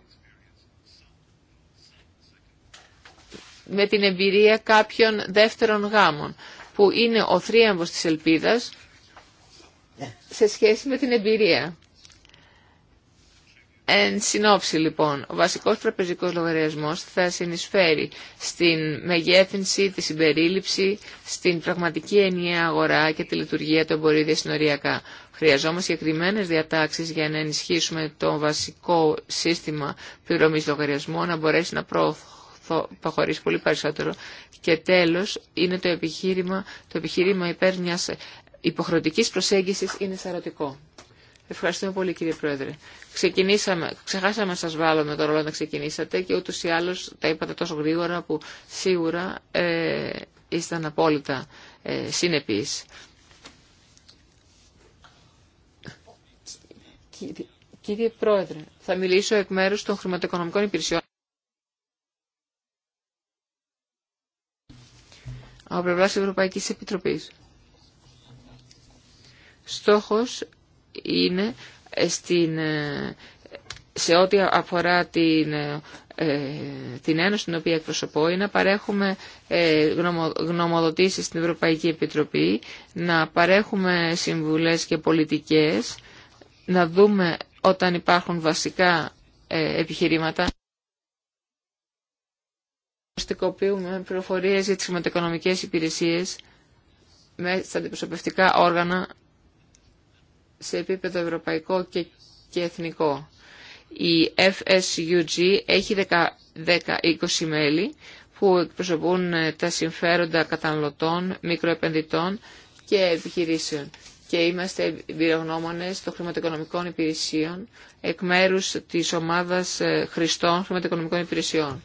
με την εμπειρία κάποιων δεύτερων γάμων που είναι ο θρίαμβος της ελπίδας ναι. σε σχέση με την εμπειρία. Εν συνόψη λοιπόν, ο βασικός τραπεζικός λογαριασμός θα συνεισφέρει στην μεγέθυνση, τη συμπερίληψη, στην πραγματική ενιαία αγορά και τη λειτουργία του εμπορίου συνοριακά. Χρειαζόμαστε συγκεκριμένε διατάξεις για να ενισχύσουμε το βασικό σύστημα πληρωμής λογαριασμού, να μπορέσει να προχωρήσει πολύ περισσότερο. Και τέλος, είναι το επιχείρημα, το επιχείρημα υπέρ μιας υποχρεωτικής προσέγγισης είναι σαρωτικό. Ευχαριστούμε πολύ κύριε Πρόεδρε. Ξεκινήσαμε, ξεχάσαμε να σας βάλω με το ρόλο να ξεκινήσατε και ούτως ή άλλως τα είπατε τόσο γρήγορα που σίγουρα ε, ήσταν απόλυτα ε, συνεπείς. Κύριε, Πρόεδρε, θα μιλήσω εκ μέρους των χρηματοοικονομικών υπηρεσιών. Από πλευράς Ευρωπαϊκής Επιτροπής. Στόχος είναι ε, στην, ε, σε ό,τι αφορά την, ε, την Ένωση την οποία εκπροσωπώ να παρέχουμε γνωμοδοτήσεις στην Ευρωπαϊκή Επιτροπή, να παρέχουμε συμβουλές και πολιτικές, να δούμε όταν υπάρχουν βασικά επιχειρήματα Προστικοποιούμε πληροφορίε για χρηματοοικονομικές υπηρεσίες με στα αντιπροσωπευτικά όργανα σε επίπεδο ευρωπαϊκό και, και εθνικό. Η FSUG έχει 10, 20 μέλη που εκπροσωπούν ε, τα συμφέροντα καταναλωτών, μικροεπενδυτών και επιχειρήσεων. Και είμαστε εμπειρογνώμονες των χρηματοοικονομικών υπηρεσιών εκ μέρους της ομάδας ε, χρηστών χρηματοοικονομικών υπηρεσιών.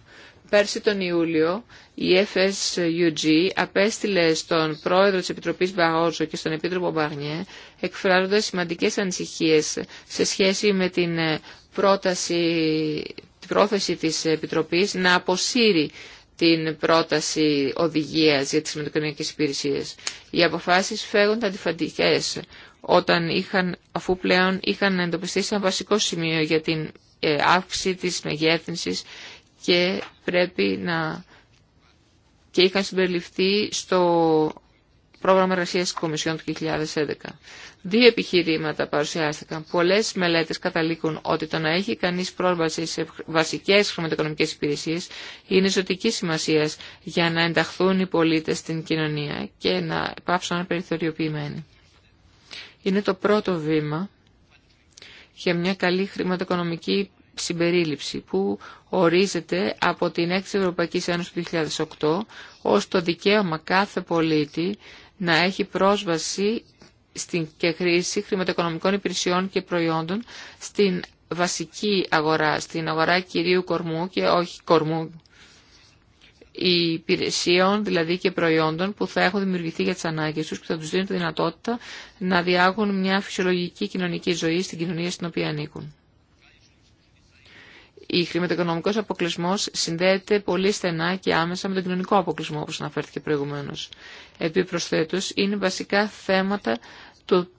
Πέρσι τον Ιούλιο η FSUG απέστειλε στον πρόεδρο της Επιτροπής Μπαρόζο και στον Επίτροπο Μπαρνιέ εκφράζοντας σημαντικές ανησυχίες σε σχέση με την ε, πρόταση, πρόθεση της Επιτροπής να αποσύρει την πρόταση οδηγίας για τις μετακοινωνικές υπηρεσίες. Οι αποφάσεις φέγονται αντιφαντικές όταν είχαν, αφού πλέον είχαν εντοπιστεί σαν βασικό σημείο για την ε, αύξηση της μεγέθυνσης και πρέπει να και είχαν συμπεριληφθεί στο πρόγραμμα εργασία τη Κομισιόν του 2011. Δύο επιχειρήματα παρουσιάστηκαν. Πολλέ μελέτε καταλήγουν ότι το να έχει κανεί πρόσβαση σε βασικέ χρηματοοικονομικέ υπηρεσίε είναι ζωτική σημασία για να ενταχθούν οι πολίτε στην κοινωνία και να πάψουν να περιθωριοποιημένοι. Είναι το πρώτο βήμα για μια καλή χρηματοοικονομική συμπερίληψη που ορίζεται από την έκθεση Ευρωπαϊκή Ένωση του 2008 ως το δικαίωμα κάθε πολίτη να έχει πρόσβαση στην και χρήση χρηματοοικονομικών υπηρεσιών και προϊόντων στην βασική αγορά, στην αγορά κυρίου κορμού και όχι κορμού υπηρεσίων δηλαδή και προϊόντων που θα έχουν δημιουργηθεί για τις ανάγκες τους και θα τους δίνουν τη δυνατότητα να διάγουν μια φυσιολογική κοινωνική ζωή στην κοινωνία στην οποία ανήκουν η χρηματοοικονομικός αποκλεισμός συνδέεται πολύ στενά και άμεσα με τον κοινωνικό αποκλεισμό, όπως αναφέρθηκε προηγουμένως. Επιπροσθέτως, είναι βασικά θέματα του,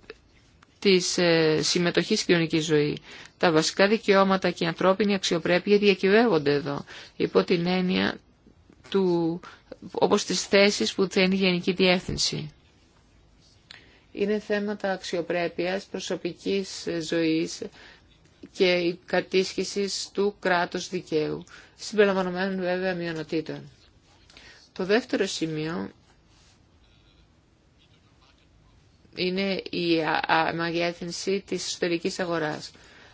της ε, συμμετοχής στην κοινωνική ζωή. Τα βασικά δικαιώματα και η ανθρώπινη αξιοπρέπεια διακυβεύονται εδώ, υπό την έννοια του, όπως τις θέσεις που θέλει η Γενική Διεύθυνση. Είναι θέματα αξιοπρέπειας, προσωπικής ε, ζωής, και η κατήσχηση του κράτους δικαίου, συμπεριλαμβανομένων βέβαια μειονοτήτων. Το δεύτερο σημείο είναι η αμαγέθυνση της εσωτερικής αγοράς.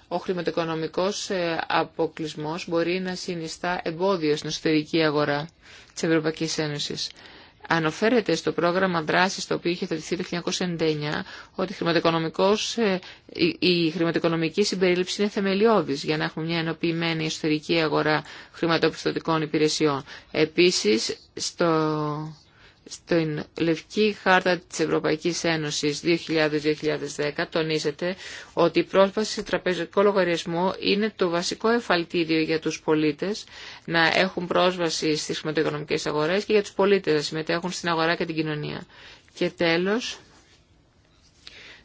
Ο χρηματοοικονομικός ε, αποκλεισμός μπορεί να συνιστά εμπόδιο στην εσωτερική αγορά της Ευρωπαϊκής Ένωσης αναφέρεται στο πρόγραμμα δράσης το οποίο είχε θετηθεί το 1999 ότι ε, η χρηματοοικονομική συμπερίληψη είναι θεμελιώδης για να έχουμε μια ενοποιημένη εσωτερική αγορά χρηματοπιστωτικών υπηρεσιών. Επίσης, στο στην Λευκή Χάρτα της Ευρωπαϊκής Ένωσης 2000-2010 τονίζεται ότι η πρόσβαση σε τραπεζικό λογαριασμό είναι το βασικό εφαλτήριο για τους πολίτες να έχουν πρόσβαση στις χρηματοοικονομικές αγορές και για τους πολίτες να συμμετέχουν στην αγορά και την κοινωνία. Και τέλος,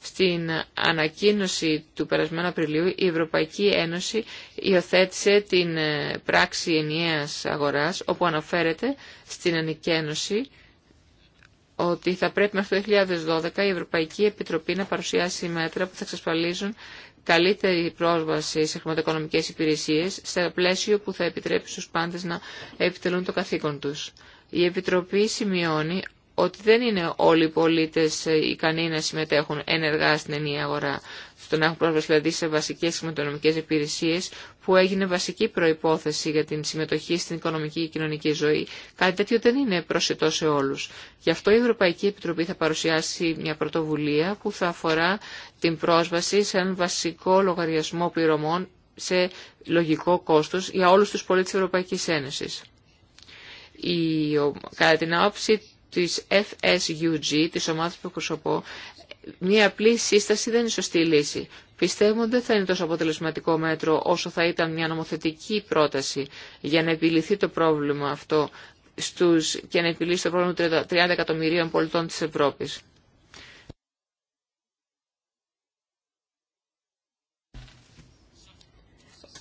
στην ανακοίνωση του περασμένου Απριλίου η Ευρωπαϊκή Ένωση υιοθέτησε την πράξη ενιαίας αγοράς όπου αναφέρεται στην ανικένωση, ότι θα πρέπει μέχρι το 2012 η Ευρωπαϊκή Επιτροπή να παρουσιάσει μέτρα που θα εξασφαλίζουν καλύτερη πρόσβαση σε χρηματοοικονομικές υπηρεσίες σε πλαίσιο που θα επιτρέπει στους πάντες να επιτελούν το καθήκον τους. Η Επιτροπή σημειώνει ότι δεν είναι όλοι οι πολίτε ε, ικανοί να συμμετέχουν ενεργά στην ενιαία αγορά, να έχουν πρόσβαση δηλαδή σε βασικέ χρηματονομικές υπηρεσίε που έγινε βασική προπόθεση για την συμμετοχή στην οικονομική και κοινωνική ζωή. Κάτι τέτοιο δεν είναι προσιτό σε όλου. Γι' αυτό η Ευρωπαϊκή Επιτροπή θα παρουσιάσει μια πρωτοβουλία που θα αφορά την πρόσβαση σε έναν βασικό λογαριασμό πληρωμών σε λογικό κόστο για όλου του πολίτε τη Ευρωπαϊκή Ένωση. κατά την άποψη της FSUG, της ομάδας που εκπροσωπώ, μια απλή σύσταση δεν είναι σωστή λύση. Πιστεύω ότι δεν θα είναι τόσο αποτελεσματικό μέτρο όσο θα ήταν μια νομοθετική πρόταση για να επιληθεί το πρόβλημα αυτό στους, και να επιλύσει το πρόβλημα 30 εκατομμυρίων πολιτών της Ευρώπης.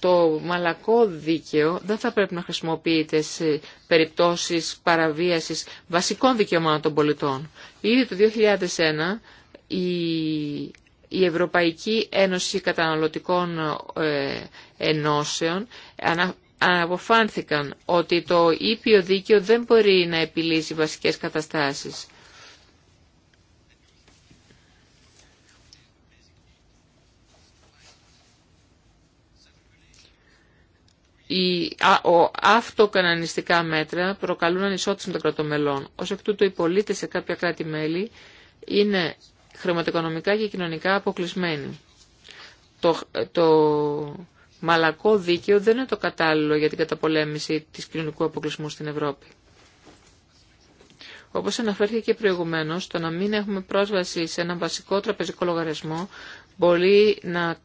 το μαλακό δίκαιο δεν θα πρέπει να χρησιμοποιείται σε περιπτώσεις παραβίασης βασικών δικαιωμάτων των πολιτών. Ήδη το 2001 η, η Ευρωπαϊκή Ένωση Καταναλωτικών ε, Ενώσεων αναποφάνθηκαν ότι το ήπιο δίκαιο δεν μπορεί να επιλύσει βασικές καταστάσεις. οι, αυτοκανανιστικά μέτρα προκαλούν ανισότητα των κρατομελών. Ως εκ τούτου οι πολίτε σε κάποια κράτη-μέλη είναι χρηματοοικονομικά και κοινωνικά αποκλεισμένοι. Το, το μαλακό δίκαιο δεν είναι το κατάλληλο για την καταπολέμηση της κοινωνικού αποκλεισμού στην Ευρώπη. Όπω αναφέρθηκε και προηγουμένω, το να μην έχουμε πρόσβαση σε έναν βασικό τραπεζικό λογαριασμό μπορεί να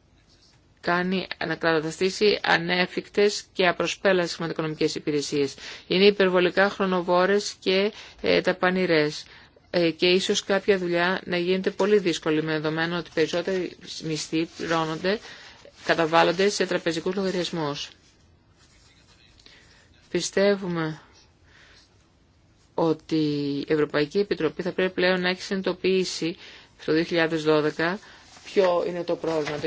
κάνει να καταταστήσει ανέφικτες και απροσπέλαστες χρηματοοικονομικές υπηρεσίες. Είναι υπερβολικά χρονοβόρες και ε, πανηρές ε, και ίσως κάποια δουλειά να γίνεται πολύ δύσκολη με δεδομένο ότι περισσότεροι μισθοί πληρώνονται, καταβάλλονται σε τραπεζικούς λογαριασμούς. Πιστεύουμε ότι η Ευρωπαϊκή Επιτροπή θα πρέπει πλέον να έχει συνειδητοποιήσει το 2012 ποιο είναι το πρόβλημα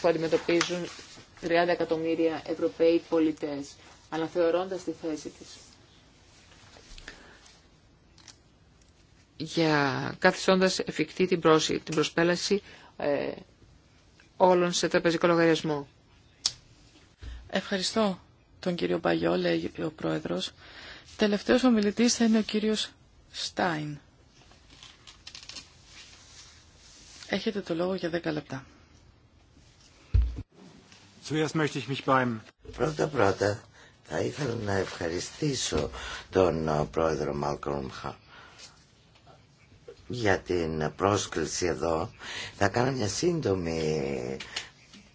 που αντιμετωπίζουν 30 εκατομμύρια Ευρωπαίοι πολιτές, αναθεωρώντας τη θέση της. Για καθιστώντας εφικτή την, πρόση, την προσπέλαση ε, όλων σε τραπεζικό λογαριασμό. Ευχαριστώ τον κύριο Μπαγιό, λέει ο πρόεδρος. Τελευταίος ομιλητής θα είναι ο κύριος Στάιν. Έχετε το λόγο για 10 λεπτά. Πρώτα πρώτα θα ήθελα να ευχαριστήσω τον ε, πρόεδρο Μάλκορμ για την πρόσκληση εδώ. Θα κάνω μια σύντομη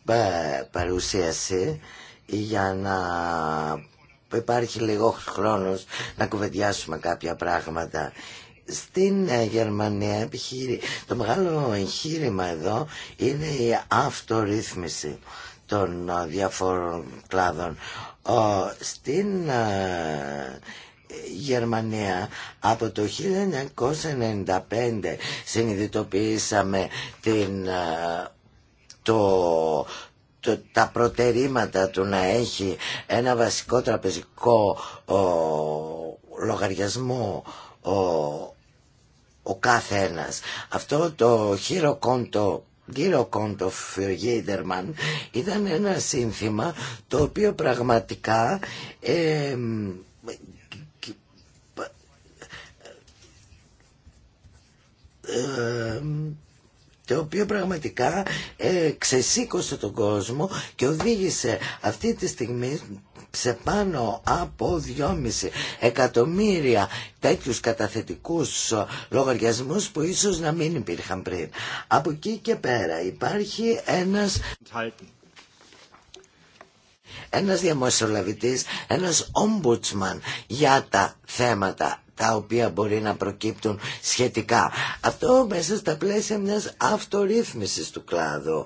ε, παρουσίαση για να υπάρχει λίγο χρόνος να κουβεντιάσουμε κάποια πράγματα στην ε, Γερμανία το μεγάλο εγχείρημα εδώ είναι η αυτορύθμιση των ε, διαφόρων κλάδων. Στην ε, Γερμανία από το 1995 συνειδητοποιήσαμε την, το, τα προτερήματα του να έχει ένα βασικό τραπεζικό ο, λογαριασμό ο, ο κάθε ένας. Αυτό το χειροκόντο γύρω κόντο Φιωγίδερμαν, ήταν ένα σύνθημα το οποίο πραγματικά ε, το οποίο πραγματικά ε, ξεσήκωσε τον κόσμο και οδήγησε αυτή τη στιγμή σε πάνω από 2,5 εκατομμύρια τέτοιους καταθετικούς ε, λογαριασμούς που ίσως να μην υπήρχαν πριν. Από εκεί και πέρα υπάρχει ένας ένας διαμοσολαβητής, ένας ombudsman για τα θέματα τα οποία μπορεί να προκύπτουν σχετικά. Αυτό μέσα στα πλαίσια μιας αυτορύθμισης του κλάδου.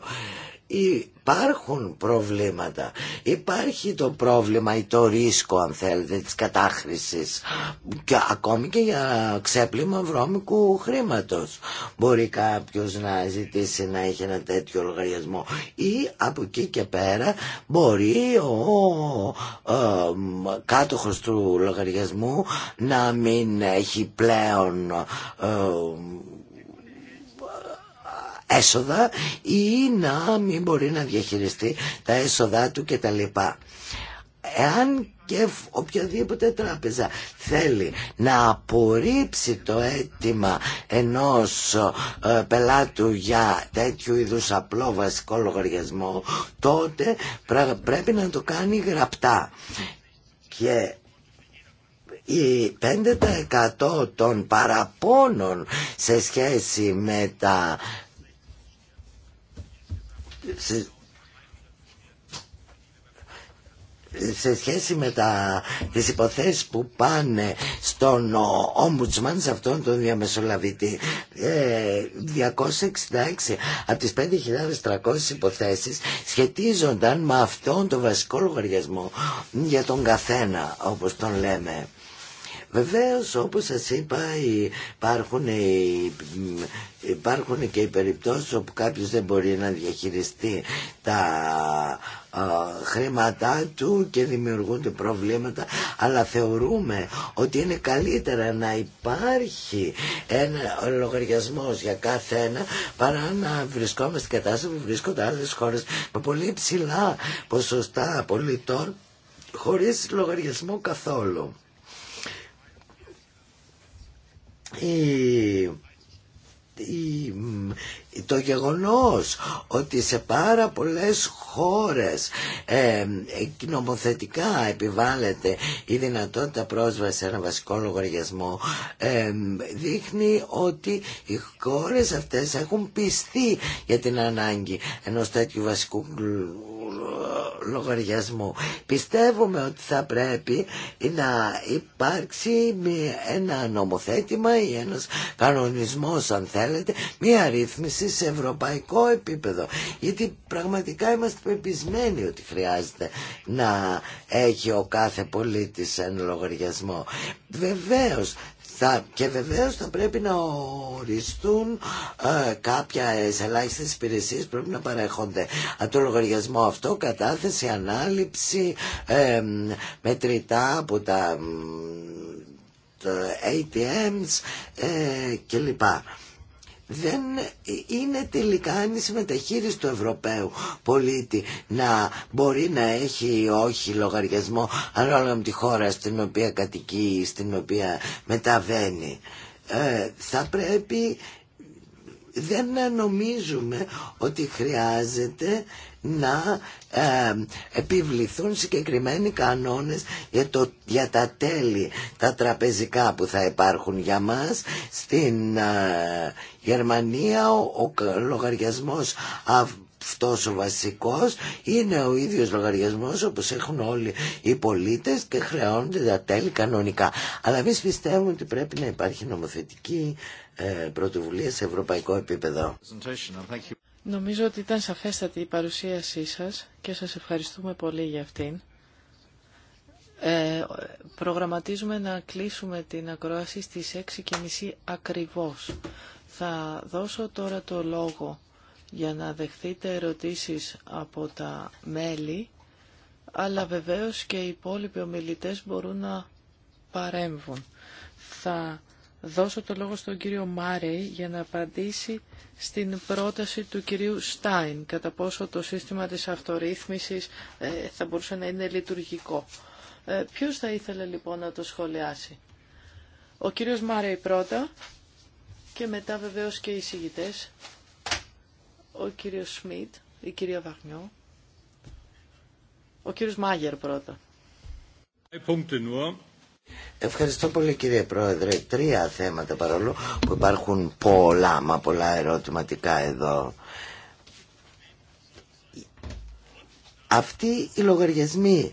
Η υπάρχουν προβλήματα. Υπάρχει το πρόβλημα ή το ρίσκο αν θέλετε της κατάχρησης και ακόμη και για ξέπλυμα βρώμικου χρήματος. Μπορεί κάποιος να ζητήσει να έχει ένα τέτοιο λογαριασμό ή από εκεί και πέρα μπορεί ο κάτοχος του λογαριασμού να μην έχει πλέον ε, έσοδα ή να μην μπορεί να διαχειριστεί τα έσοδά του κτλ. Εάν και οποιαδήποτε τράπεζα θέλει να απορρίψει το αίτημα ενός ε, πελάτου για τέτοιου είδους απλό βασικό λογαριασμό τότε πρέπει να το κάνει γραπτά και οι 5% των παραπώνων σε σχέση με τα σε, σε σχέση με τα, τις υποθέσεις που πάνε στον Ombudsman, σε αυτόν τον διαμεσολαβητή, 266 ε, από τις 5.300 υποθέσεις σχετίζονταν με αυτόν τον βασικό λογαριασμό για τον καθένα, όπως τον λέμε. Βεβαίω, όπω σα είπα υπάρχουν, υπάρχουν και οι περιπτώσει όπου κάποιο δεν μπορεί να διαχειριστεί τα χρήματά του και δημιουργούνται προβλήματα αλλά θεωρούμε ότι είναι καλύτερα να υπάρχει ένα λογαριασμό για κάθε ένα παρά να βρισκόμαστε στην κατάσταση που βρίσκονται άλλε χώρε με πολύ ψηλά ποσοστά πολιτών χωρίς λογαριασμό καθόλου. το γεγονός ότι σε πάρα πολλές χώρες ε, νομοθετικά επιβάλλεται η δυνατότητα πρόσβαση σε ένα βασικό λογαριασμό ε, δείχνει ότι οι χώρες αυτές έχουν πιστεί για την ανάγκη ενός τέτοιου βασικού ε, λογαριασμού. Πιστεύουμε ότι θα πρέπει να υπάρξει ένα νομοθέτημα ή ένας κανονισμός αν θέλετε, μια ρύθμιση σε ευρωπαϊκό επίπεδο. Γιατί πραγματικά είμαστε πεπισμένοι ότι χρειάζεται να έχει ο κάθε πολίτης ένα λογαριασμό. Βεβαίως θα, και βεβαίως θα πρέπει να οριστούν ε, κάποια ελάχιστε υπηρεσίες πρέπει να παρέχονται από το λογαριασμό αυτό κατάθεση, ανάληψη μετρητά από τα, ATMs ε, κλπ δεν είναι τελικά ανησυμεταχείριση του Ευρωπαίου πολίτη να μπορεί να έχει όχι λογαριασμό ανάλογα με τη χώρα στην οποία κατοικεί ή στην οποία μεταβαίνει. Ε, θα πρέπει δεν νομίζουμε ότι χρειάζεται να ε, επιβληθούν συγκεκριμένοι κανόνες για, το, για τα τέλη, τα τραπεζικά που θα υπάρχουν για μας. Στην ε, Γερμανία ο, ο λογαριασμός αυτός ο βασικός είναι ο ίδιος λογαριασμός όπως έχουν όλοι οι πολίτες και χρεώνονται τα τέλη κανονικά. Αλλά εμεί πιστεύουμε ότι πρέπει να υπάρχει νομοθετική ε, πρωτοβουλία σε ευρωπαϊκό επίπεδο. Νομίζω ότι ήταν σαφέστατη η παρουσίασή σας και σας ευχαριστούμε πολύ για αυτήν. Ε, προγραμματίζουμε να κλείσουμε την ακρόαση στις 6.30 ακριβώς. Θα δώσω τώρα το λόγο για να δεχθείτε ερωτήσεις από τα μέλη, αλλά βεβαίως και οι υπόλοιποι ομιλητές μπορούν να παρέμβουν. Θα δώσω το λόγο στον κύριο Μάρεϊ για να απαντήσει στην πρόταση του κυρίου Στάιν κατά πόσο το σύστημα της αυτορύθμισης ε, θα μπορούσε να είναι λειτουργικό. Ε, ποιος θα ήθελε λοιπόν να το σχολιάσει. Ο κύριος Μάρεϊ πρώτα και μετά βεβαίως και οι συγητές. Ο κύριος Σμιτ, η κυρία Βαγνιό. Ο κύριος Μάγερ πρώτα. Ευχαριστώ πολύ κύριε Πρόεδρε. Τρία θέματα παρόλο που υπάρχουν πολλά μα πολλά ερωτηματικά εδώ. Αυτοί οι λογαριασμοί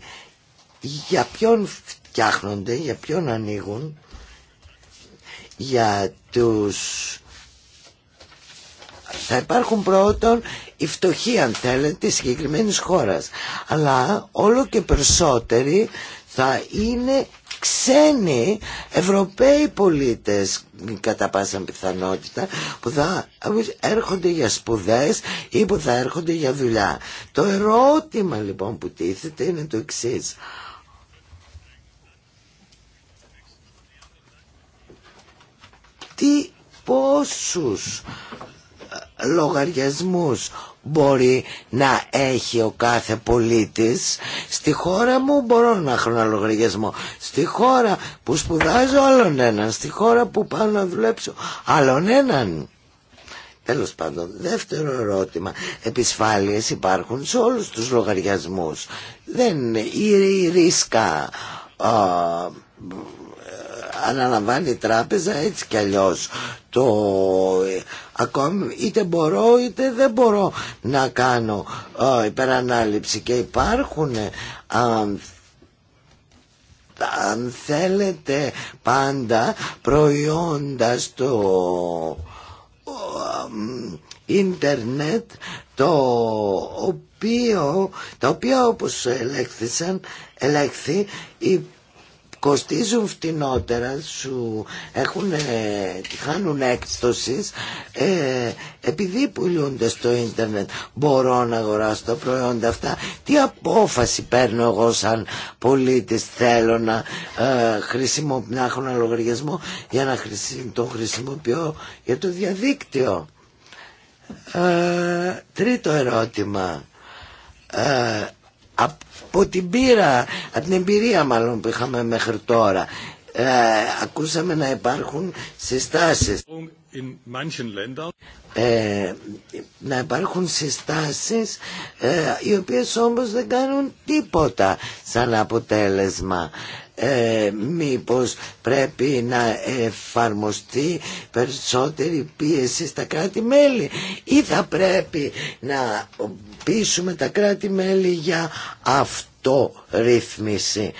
για ποιον φτιάχνονται, για ποιον ανοίγουν, για τους... Θα υπάρχουν πρώτον οι φτωχοί αν θέλετε της συγκεκριμένης χώρας, αλλά όλο και περισσότεροι θα είναι ξένοι Ευρωπαίοι πολίτες κατά πάσα πιθανότητα που θα έρχονται για σπουδές ή που θα έρχονται για δουλειά. Το ερώτημα λοιπόν που τίθεται είναι το εξής. Τι πόσους λογαριασμούς μπορεί να έχει ο κάθε πολίτης στη χώρα μου μπορώ να έχω ένα στη χώρα που σπουδάζω άλλον έναν στη χώρα που πάω να δουλέψω άλλον έναν Τέλος πάντων, δεύτερο ερώτημα. Επισφάλειες υπάρχουν σε όλους τους λογαριασμούς. Δεν είναι η ρίσκα αναλαμβάνει η τράπεζα έτσι κι αλλιώς το ε, ακόμη είτε μπορώ είτε δεν μπορώ να κάνω ε, υπερανάληψη και υπάρχουν ε, αν, θέλετε πάντα προϊόντα στο ίντερνετ το οποίο, τα οποία όπως ελέγχθησαν ελέγχθη κοστίζουν φτηνότερα, σου έχουν, ε, χάνουν έκπτωση. ε, επειδή πουλούνται στο ίντερνετ μπορώ να αγοράσω τα προϊόντα αυτά τι απόφαση παίρνω εγώ σαν πολίτη θέλω να, ε, να έχω ένα λογαριασμό για να χρησι, τον χρησιμοποιώ για το διαδίκτυο ε, τρίτο ερώτημα ε, από την πείρα, από την εμπειρία μάλλον που είχαμε μέχρι τώρα. Ε, ακούσαμε να υπάρχουν συστάσεις ε, να υπάρχουν συστάσεις ε, οι οποίες όμως δεν κάνουν τίποτα σαν αποτέλεσμα ε, μήπως πρέπει να εφαρμοστεί περισσότερη πίεση στα κράτη-μέλη ή θα πρέπει να χτυπήσουμε τα κράτη-μέλη για αυτό ρύθμιση.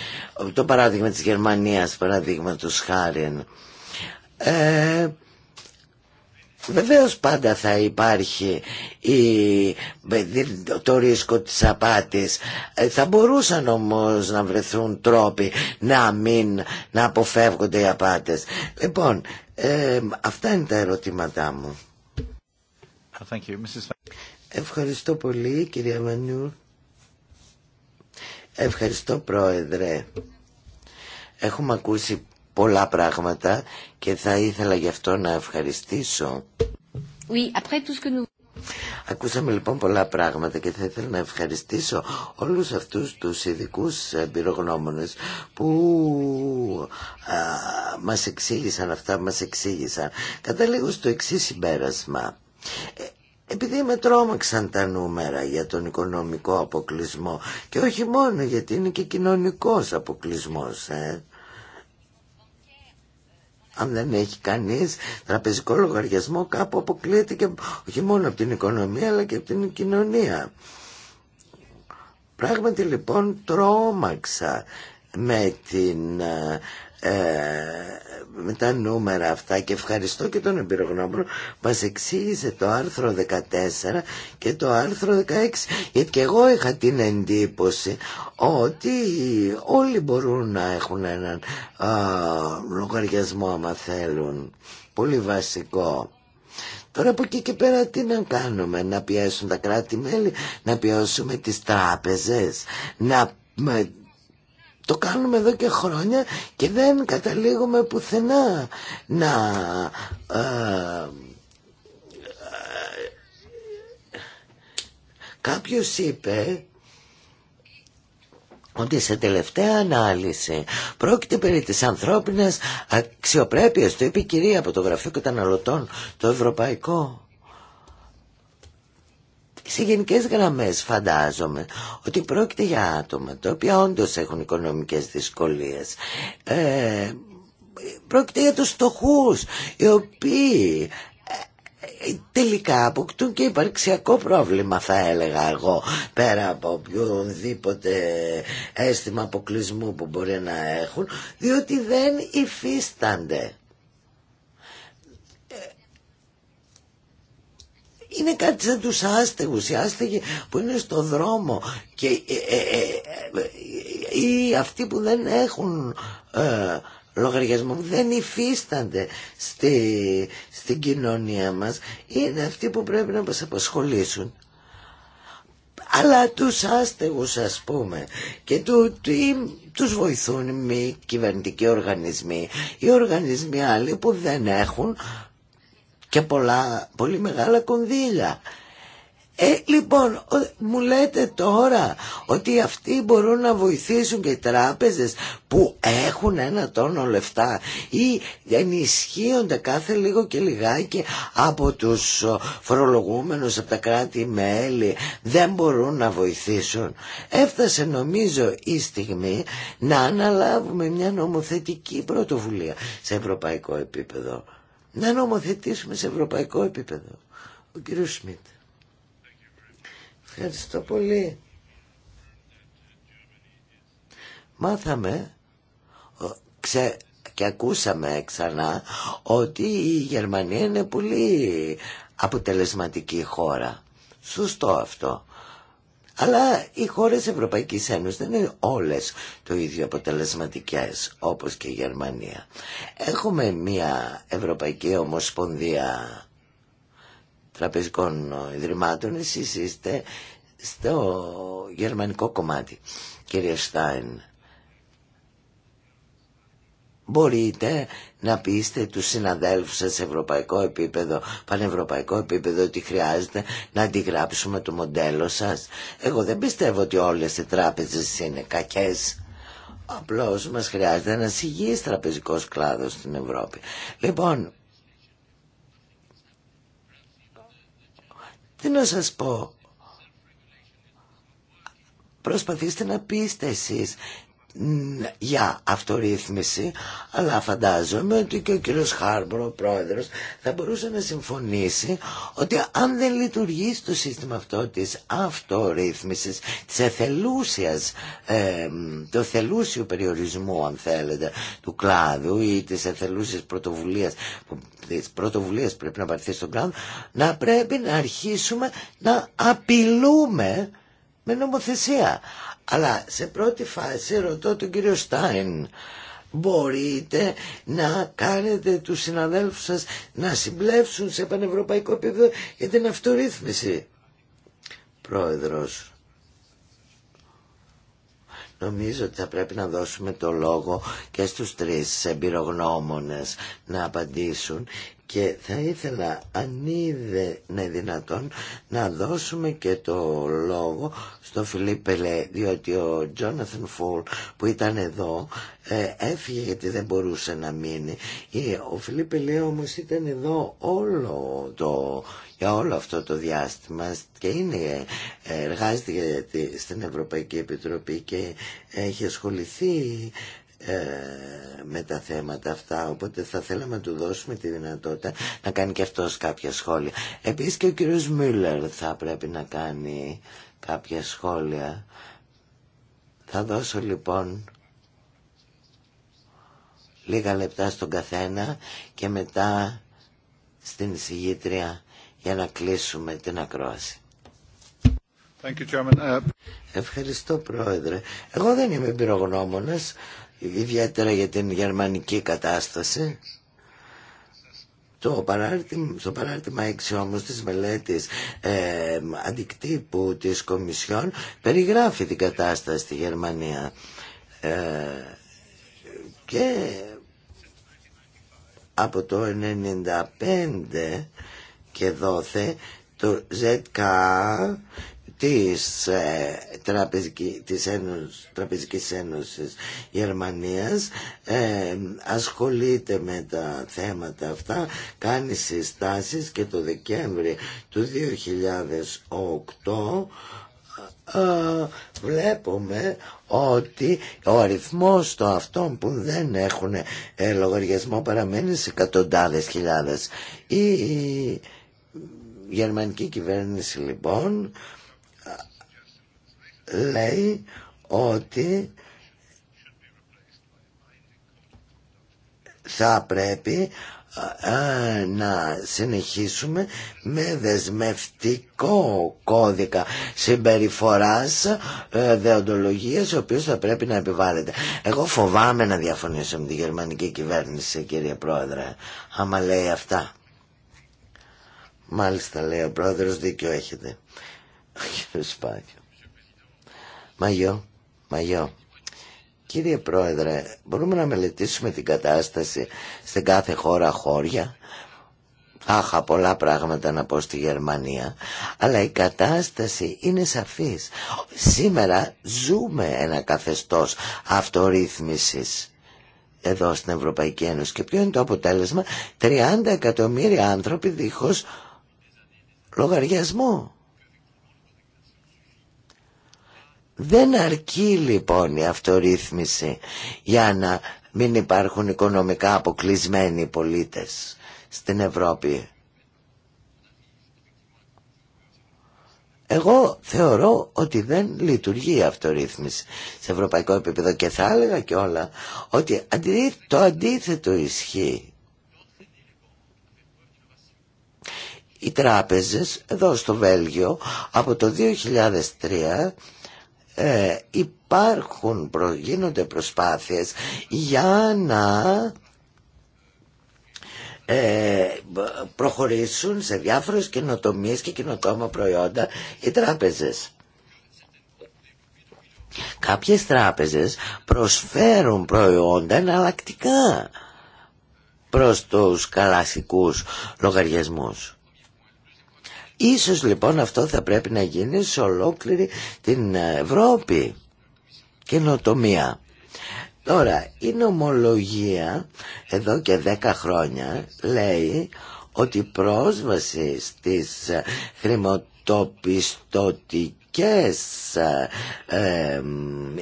Το παράδειγμα της Γερμανίας, παραδείγματος χάριν. Ε, Βεβαίως πάντα θα υπάρχει η, το ρίσκο της απάτης. Ε, θα μπορούσαν όμως να βρεθούν τρόποι να μην, να αποφεύγονται οι απάτες. Λοιπόν, ε, αυτά είναι τα ερωτήματά μου. Ευχαριστώ πολύ κυρία Μανιού. Ευχαριστώ πρόεδρε. Έχουμε ακούσει πολλά πράγματα και θα ήθελα γι' αυτό να ευχαριστήσω. Oui, après tout ce que nous... Ακούσαμε λοιπόν πολλά πράγματα και θα ήθελα να ευχαριστήσω όλους αυτούς τους ειδικού πυρογνώμονες που α, μας εξήγησαν αυτά μας εξήγησαν. λίγο στο εξή συμπέρασμα. Ε, επειδή με τρόμαξαν τα νούμερα για τον οικονομικό αποκλεισμό και όχι μόνο γιατί είναι και κοινωνικός αποκλεισμός ε. αν δεν έχει κανείς τραπεζικό λογαριασμό κάπου αποκλείεται και όχι μόνο από την οικονομία αλλά και από την κοινωνία πράγματι λοιπόν τρόμαξα με την ε, ε, με τα νούμερα αυτά και ευχαριστώ και τον εμπειρογνώμονο μα εξήγησε το άρθρο 14 και το άρθρο 16 γιατί και εγώ είχα την εντύπωση ότι όλοι μπορούν να έχουν έναν α, λογαριασμό άμα θέλουν πολύ βασικό Τώρα από εκεί και πέρα τι να κάνουμε, να πιέσουν τα κράτη-μέλη, να πιέσουμε τις τράπεζες, να το κάνουμε εδώ και χρόνια και δεν καταλήγουμε πουθενά να... Ε, ε κάποιος είπε ότι σε τελευταία ανάλυση πρόκειται περί της ανθρώπινας αξιοπρέπειας, το είπε η κυρία από το Γραφείο Καταναλωτών, το Ευρωπαϊκό σε γενικέ γραμμέ φαντάζομαι ότι πρόκειται για άτομα τα οποία όντω έχουν οικονομικέ δυσκολίε. Ε, πρόκειται για τους φτωχού, οι οποίοι ε, τελικά αποκτούν και υπαρξιακό πρόβλημα θα έλεγα εγώ πέρα από οποιοδήποτε αίσθημα αποκλεισμού που μπορεί να έχουν διότι δεν υφίστανται είναι κάτι σαν τους άστεγους, οι άστεγοι που είναι στο δρόμο και, ε, ε, ε, ε ή αυτοί που δεν έχουν λογαριασμό που δεν υφίστανται στη, στην κοινωνία μας είναι αυτοί που πρέπει να μας απασχολήσουν αλλά τους άστεγους ας πούμε και του, τους βοηθούν μη κυβερνητικοί οργανισμοί οι οργανισμοί άλλοι που δεν έχουν και πολλά, πολύ μεγάλα κονδύλια. Ε, λοιπόν, μου λέτε τώρα ότι αυτοί μπορούν να βοηθήσουν και οι τράπεζες που έχουν ένα τόνο λεφτά ή ενισχύονται κάθε λίγο και λιγάκι από τους φορολογούμενους από τα κράτη-μέλη, δεν μπορούν να βοηθήσουν. Έφτασε νομίζω η στιγμή να αναλάβουμε μια νομοθετική πρωτοβουλία σε ευρωπαϊκό επίπεδο να νομοθετήσουμε σε ευρωπαϊκό επίπεδο. Ο κύριος Σμιτ. Ευχαριστώ πολύ. Μάθαμε ξε, και ακούσαμε ξανά ότι η Γερμανία είναι πολύ αποτελεσματική χώρα. Σωστό αυτό. Αλλά οι χώρες Ευρωπαϊκής Ένωσης δεν είναι όλες το ίδιο αποτελεσματικές όπως και η Γερμανία. Έχουμε μια Ευρωπαϊκή Ομοσπονδία Τραπεζικών Ιδρυμάτων, εσείς είστε στο γερμανικό κομμάτι, κύριε Στάιν. Μπορείτε να πείστε τους συναδέλφους σας σε ευρωπαϊκό επίπεδο, πανευρωπαϊκό επίπεδο ότι χρειάζεται να αντιγράψουμε το μοντέλο σας. Εγώ δεν πιστεύω ότι όλες οι τράπεζες είναι κακές. Απλώς μας χρειάζεται να υγιής τραπεζικός κλάδος στην Ευρώπη. Λοιπόν, τι να σας πω. Προσπαθήστε να πείστε εσείς για αυτορύθμιση αλλά φαντάζομαι ότι και ο κύριος Χάρμπρο ο πρόεδρος θα μπορούσε να συμφωνήσει ότι αν δεν λειτουργεί το σύστημα αυτό της αυτορύθμισης της εθελούσιας το εθελούσιου περιορισμού αν θέλετε του κλάδου ή της εθελούσιας πρωτοβουλίας της πρωτοβουλίας πρέπει να πάρθει στον κλάδο να πρέπει να αρχίσουμε να απειλούμε με νομοθεσία αλλά σε πρώτη φάση ρωτώ τον κύριο Στάιν μπορείτε να κάνετε τους συναδέλφους σας να συμπλέψουν σε πανευρωπαϊκό επίπεδο για την αυτορύθμιση. Πρόεδρος. Νομίζω ότι θα πρέπει να δώσουμε το λόγο και στους τρεις εμπειρογνώμονες να απαντήσουν και θα ήθελα αν είδε ναι, δυνατόν να δώσουμε και το λόγο στο Λέ διότι ο Τζόναθεν Φουλ που ήταν εδώ ε, έφυγε γιατί δεν μπορούσε να μείνει ε, ο Λέ όμως ήταν εδώ όλο το, για όλο αυτό το διάστημα και είναι, ε, εργάζεται στην Ευρωπαϊκή Επιτροπή και έχει ασχοληθεί ε, με τα θέματα αυτά οπότε θα θέλαμε να του δώσουμε τη δυνατότητα να κάνει και αυτός κάποια σχόλια επίσης και ο κύριος Μίλλερ θα πρέπει να κάνει κάποια σχόλια θα δώσω λοιπόν λίγα λεπτά στον καθένα και μετά στην εισηγήτρια για να κλείσουμε την ακρόαση Thank you, ε, Ευχαριστώ πρόεδρε εγώ δεν είμαι πυρογνώμονας ιδιαίτερα για την γερμανική κατάσταση. Το παράρτημα, στο παράρτημα 6 όμως της μελέτης ε, αντικτύπου της Κομισιόν περιγράφει την κατάσταση στη Γερμανία ε, και από το 1995 και δόθε το ZK της, ε, τραπεζική, της Ένωσης, Τραπεζικής Ένωσης Γερμανίας ε, ασχολείται με τα θέματα αυτά, κάνει συστάσεις και το Δεκέμβρη του 2008 ε, βλέπουμε ότι ο αριθμός των αυτών που δεν έχουν ε, λογαριασμό παραμένει σε εκατοντάδες χιλιάδες. Η, η γερμανική κυβέρνηση λοιπόν λέει ότι θα πρέπει ε, να συνεχίσουμε με δεσμευτικό κώδικα συμπεριφοράς ε, δεοντολογίας ο οποίος θα πρέπει να επιβάλλεται. Εγώ φοβάμαι να διαφωνήσω με τη γερμανική κυβέρνηση κύριε Πρόεδρε άμα λέει αυτά. Μάλιστα λέει ο Πρόεδρος δίκιο έχετε. κύριος Μαγιό, Μαγιό. Κύριε Πρόεδρε, μπορούμε να μελετήσουμε την κατάσταση στην κάθε χώρα χώρια. Άχα πολλά πράγματα να πω στη Γερμανία, αλλά η κατάσταση είναι σαφής. Σήμερα ζούμε ένα καθεστώς αυτορύθμισης εδώ στην Ευρωπαϊκή Ένωση και ποιο είναι το αποτέλεσμα 30 εκατομμύρια άνθρωποι δίχως λογαριασμό Δεν αρκεί λοιπόν η αυτορύθμιση για να μην υπάρχουν οικονομικά αποκλεισμένοι πολίτες στην Ευρώπη. Εγώ θεωρώ ότι δεν λειτουργεί η αυτορύθμιση σε ευρωπαϊκό επίπεδο και θα έλεγα και όλα ότι το αντίθετο ισχύει. Οι τράπεζες εδώ στο Βέλγιο από το 2003 ε, υπάρχουν, προ, γίνονται προσπάθειες για να ε, προχωρήσουν σε διάφορες κοινοτομίες και καινοτόμα προϊόντα οι τράπεζες. Κάποιες τράπεζες προσφέρουν προϊόντα εναλλακτικά προς τους καλασικούς λογαριασμούς. Ίσως λοιπόν αυτό θα πρέπει να γίνει σε ολόκληρη την Ευρώπη. Καινοτομία. Τώρα, η νομολογία εδώ και 10 χρόνια λέει ότι η πρόσβαση στις χρηματοπιστωτικές ε,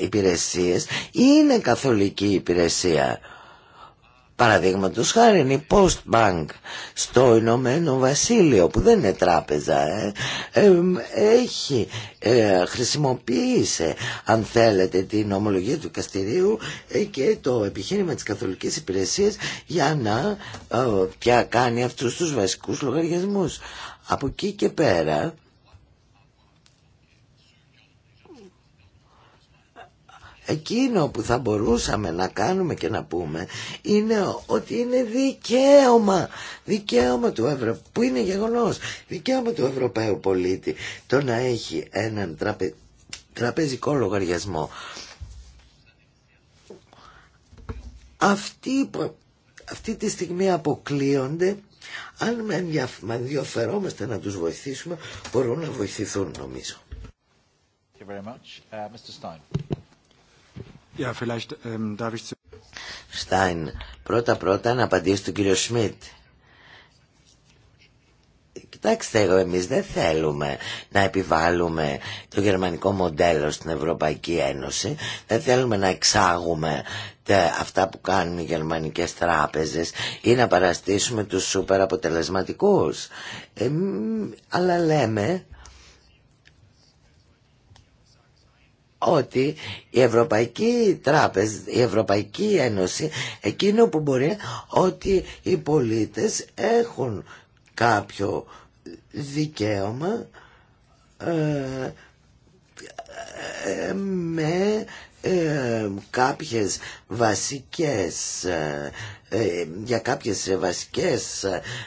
υπηρεσίες είναι καθολική υπηρεσία. Παραδείγματο χάρη είναι η Postbank στο Ηνωμένο Βασίλειο που δεν είναι τράπεζα. Ε, έχει, ε, χρησιμοποίησε αν θέλετε την ομολογία του Καστηρίου ε, και το επιχείρημα της καθολικής υπηρεσίας για να ε, πια κάνει αυτούς τους βασικούς λογαριασμούς. Από εκεί και πέρα Εκείνο που θα μπορούσαμε να κάνουμε και να πούμε είναι ότι είναι δικαίωμα, δικαίωμα του Ευρω... που είναι γεγονός, δικαίωμα του Ευρωπαίου πολίτη το να έχει έναν τραπεζικό λογαριασμό. αυτή τη στιγμή αποκλείονται αν με ενδιαφερόμαστε να τους βοηθήσουμε μπορούν να βοηθηθούν νομίζω. very much. Uh, Ja, vielleicht, ähm, Stein, πρώτα-πρώτα να απαντήσει τον κύριο Σμιτ. Κοιτάξτε εγώ, εμείς δεν θέλουμε να επιβάλλουμε το γερμανικό μοντέλο στην Ευρωπαϊκή Ένωση. Δεν θέλουμε να εξάγουμε τα, αυτά που κάνουν οι γερμανικές τράπεζες ή να παραστήσουμε τους σούπερ αποτελεσματικούς. Ε, αλλά λέμε ότι η Ευρωπαϊκή Τράπεζα, η Ευρωπαϊκή Ένωση, εκείνο που μπορεί, ότι οι πολίτες έχουν κάποιο δικαίωμα ε, ε, με ε, κάποιες βασικές ε, για κάποιες βασικές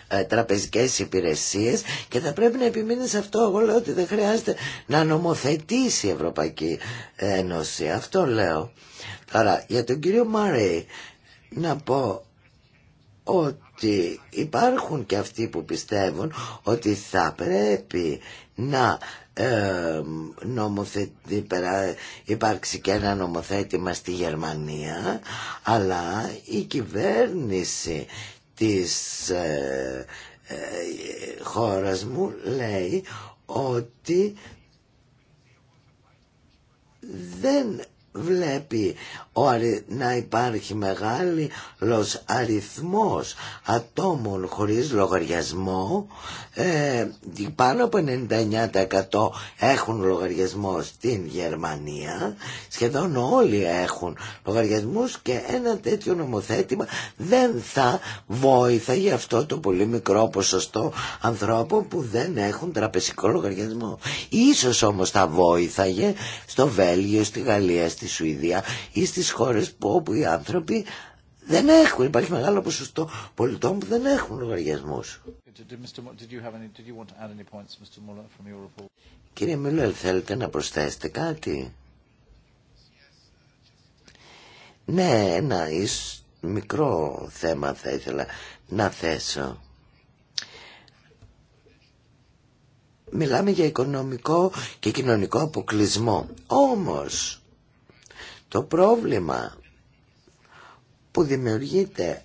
ε, τραπεζικές υπηρεσίες και θα πρέπει να επιμείνει σε αυτό εγώ λέω ότι δεν χρειάζεται να νομοθετήσει η Ευρωπαϊκή Ένωση αυτό λέω τώρα για τον κύριο Μάρε να πω ότι υπάρχουν και αυτοί που πιστεύουν ότι θα πρέπει να ε, νομοθετη, υπάρξει και ένα νομοθέτημα στη Γερμανία αλλά η κυβέρνηση της ε, ε χώρας μου λέει ότι δεν βλέπει αρι... να υπάρχει μεγάλος αριθμός ατόμων χωρίς λογαριασμό ε, πάνω από 99% έχουν λογαριασμό στην Γερμανία σχεδόν όλοι έχουν λογαριασμούς και ένα τέτοιο νομοθέτημα δεν θα βοηθάει αυτό το πολύ μικρό ποσοστό ανθρώπων που δεν έχουν τραπεζικό λογαριασμό ίσως όμως θα βοηθάγε στο Βέλγιο, στη Γαλλία, στη Σουηδία ή στις Χώρε χώρες που όπου οι άνθρωποι δεν έχουν, υπάρχει μεγάλο ποσοστό πολιτών που δεν έχουν λογαριασμούς. Κύριε Μιλουέλ, θέλετε να προσθέσετε κάτι. Ναι, ένα μικρό θέμα θα ήθελα να θέσω. Μιλάμε για οικονομικό και κοινωνικό αποκλεισμό. Όμως, το πρόβλημα που δημιουργείται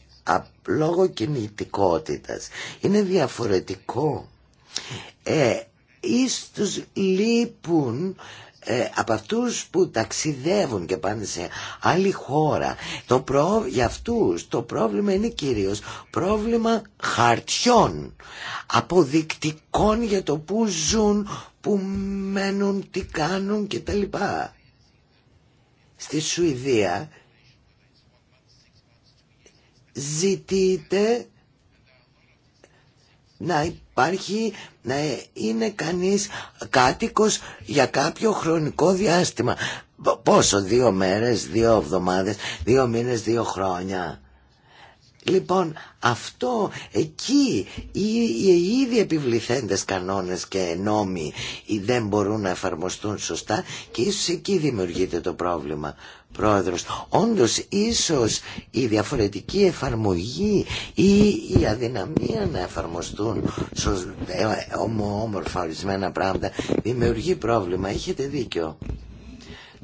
λόγω κινητικότητας είναι διαφορετικό. Ε, ίστους λείπουν ε, από αυτούς που ταξιδεύουν και πάνε σε άλλη χώρα το προ... για αυτούς το πρόβλημα είναι κυρίως πρόβλημα χαρτιών αποδεικτικών για το που ζουν που μένουν, τι κάνουν και τα λοιπά στη Σουηδία ζητείται να υπάρχει, να είναι κανείς κάτοικος για κάποιο χρονικό διάστημα. Πόσο, δύο μέρες, δύο εβδομάδες, δύο μήνες, δύο χρόνια. Λοιπόν, αυτό εκεί οι, οι ήδη επιβληθέντες κανόνες και νόμοι δεν μπορούν να εφαρμοστούν σωστά και ίσως εκεί δημιουργείται το πρόβλημα. Πρόεδρος, όντως ίσως η διαφορετική εφαρμογή ή η αδυναμία να εφαρμοστούν ε, όμορφα ορισμένα πράγματα δημιουργεί πρόβλημα. Έχετε δίκιο.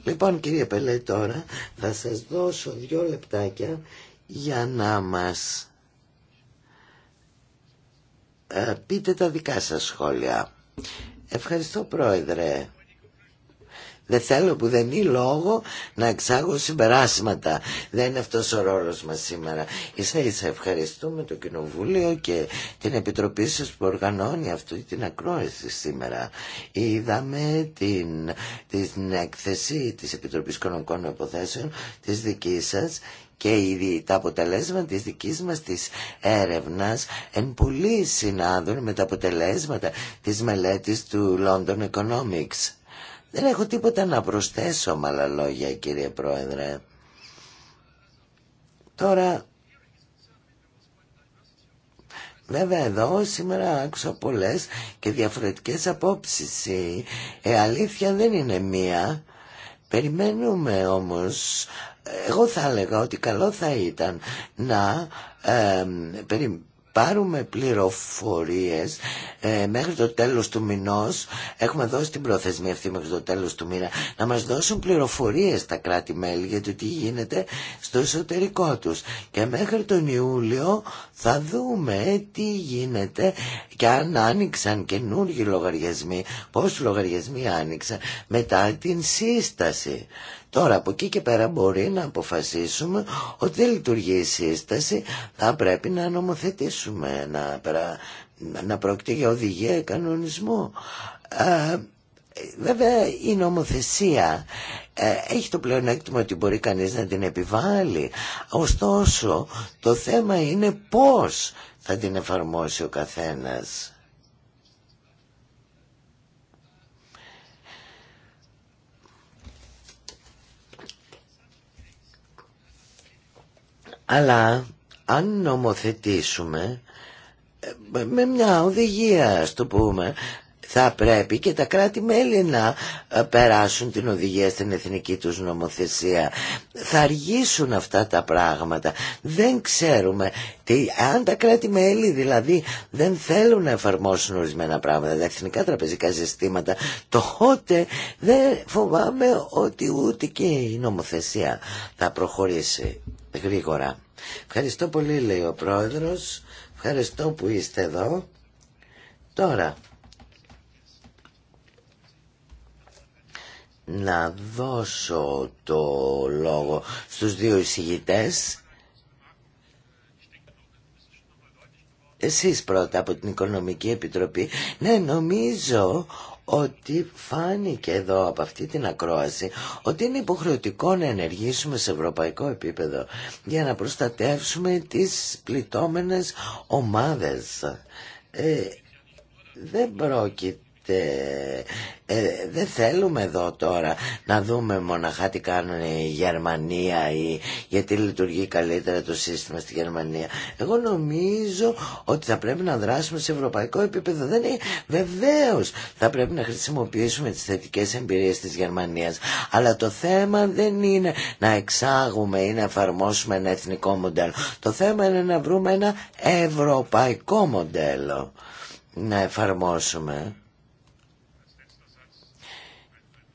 Λοιπόν κύριε Πελέ τώρα θα σας δώσω δύο λεπτάκια για να μας ε, πείτε τα δικά σας σχόλια. Ευχαριστώ πρόεδρε. Δεν θέλω που δεν είναι λόγο να εξάγω συμπεράσματα. Δεν είναι αυτός ο ρόλος μας σήμερα. Ίσα ευχαριστούμε το Κοινοβούλιο και την Επιτροπή σας που οργανώνει αυτή την ακρόαση σήμερα. Είδαμε την, την έκθεση της Επιτροπής Οικονομικών Υποθέσεων της δικής σας και ήδη τα αποτελέσματα της δικής μας της έρευνας εν πολύ συνάδουν με τα αποτελέσματα της μελέτης του London Economics. Δεν έχω τίποτα να προσθέσω με άλλα λόγια κύριε Πρόεδρε. Τώρα, βέβαια εδώ σήμερα άκουσα πολλές και διαφορετικές απόψεις. Η ε, αλήθεια δεν είναι μία. Περιμένουμε όμως εγώ θα έλεγα ότι καλό θα ήταν να ε, περι, πάρουμε πληροφορίες ε, μέχρι το τέλος του μηνός έχουμε δώσει την προθεσμία αυτή μέχρι το τέλος του μήνα να μας δώσουν πληροφορίες τα κράτη-μέλη για το τι γίνεται στο εσωτερικό τους και μέχρι τον Ιούλιο θα δούμε τι γίνεται και αν άνοιξαν καινούργιοι λογαριασμοί πόσοι λογαριασμοί άνοιξαν μετά την σύσταση Τώρα από εκεί και πέρα μπορεί να αποφασίσουμε ότι δεν λειτουργεί η σύσταση, θα πρέπει να νομοθετήσουμε, να, πρα να πρόκειται για οδηγία κανονισμό. Ε, βέβαια η νομοθεσία ε, έχει το πλεονέκτημα ότι μπορεί κανείς να την επιβάλλει. Ωστόσο το θέμα είναι πώς θα την εφαρμόσει ο καθένας. Αλλά αν νομοθετήσουμε ε, με μια οδηγία, το πούμε, θα πρέπει και τα κράτη-μέλη να ε, περάσουν την οδηγία στην εθνική τους νομοθεσία. Θα αργήσουν αυτά τα πράγματα. Δεν ξέρουμε τι, αν τα κράτη-μέλη δηλαδή δεν θέλουν να εφαρμόσουν ορισμένα πράγματα, τα εθνικά τραπεζικά συστήματα, τότε δεν φοβάμαι ότι ούτε και η νομοθεσία θα προχωρήσει γρήγορα. Ευχαριστώ πολύ λέει ο πρόεδρος, ευχαριστώ που είστε εδώ. Τώρα... να δώσω το λόγο στους δύο εισηγητές. Εσείς πρώτα από την Οικονομική Επιτροπή. Ναι, νομίζω ότι φάνηκε εδώ από αυτή την ακρόαση ότι είναι υποχρεωτικό να ενεργήσουμε σε ευρωπαϊκό επίπεδο για να προστατεύσουμε τις πληττόμενες ομάδες. Ε, δεν πρόκειται ε, δεν θέλουμε εδώ τώρα να δούμε μοναχά τι κάνουν Γερμανία ή γιατί λειτουργεί καλύτερα το σύστημα στη Γερμανία. Εγώ νομίζω ότι θα πρέπει να δράσουμε σε ευρωπαϊκό επίπεδο. Δεν είναι βεβαίως θα πρέπει να χρησιμοποιήσουμε τι θετικές εμπειρίες της Γερμανίας. Αλλά το θέμα δεν είναι να εξάγουμε ή να εφαρμόσουμε ένα εθνικό μοντέλο. Το θέμα είναι να βρούμε ένα ευρωπαϊκό μοντέλο να εφαρμόσουμε.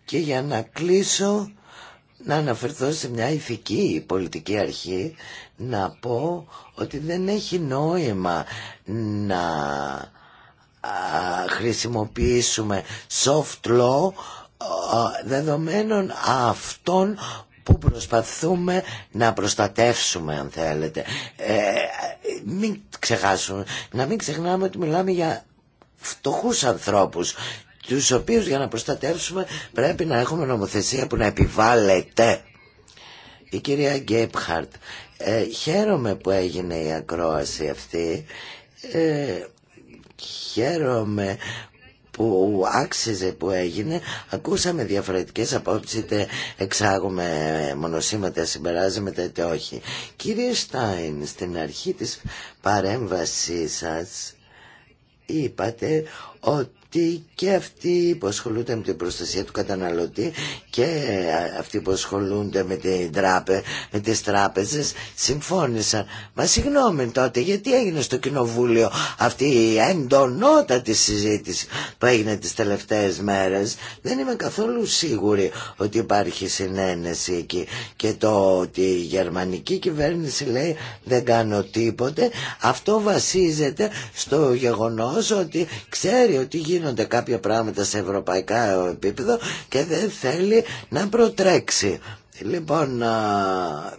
Και για να κλείσω, να αναφερθώ σε μια ηθική πολιτική αρχή, να πω ότι δεν έχει νόημα να χρησιμοποιήσουμε soft law δεδομένων αυτών που προσπαθούμε να προστατεύσουμε αν θέλετε ε, μην ξεχάσουμε να μην ξεχνάμε ότι μιλάμε για φτωχούς ανθρώπους τους οποίους για να προστατεύσουμε πρέπει να έχουμε νομοθεσία που να επιβάλλεται. Η κυρία Γκέιπχαρτ, ε, χαίρομαι που έγινε η ακρόαση αυτή, ε, χαίρομαι που άξιζε που έγινε ακούσαμε διαφορετικές απόψεις είτε εξάγουμε μονοσήματα συμπεράζουμε είτε όχι κύριε Στάιν στην αρχή της παρέμβασής σας είπατε ότι και αυτοί που ασχολούνται με την προστασία του καταναλωτή και αυτοί που ασχολούνται με, την τράπε, με τις τράπεζες συμφώνησαν. Μα συγγνώμη τότε γιατί έγινε στο Κοινοβούλιο αυτή η εντονότατη συζήτηση που έγινε τις τελευταίες μέρες. Δεν είμαι καθόλου σίγουρη ότι υπάρχει συνένεση εκεί και το ότι η γερμανική κυβέρνηση λέει δεν κάνω τίποτε αυτό βασίζεται στο γεγονός ότι ξέρει ότι γίνεται γίνονται κάποια πράγματα σε ευρωπαϊκά επίπεδο και δεν θέλει να προτρέξει. Λοιπόν,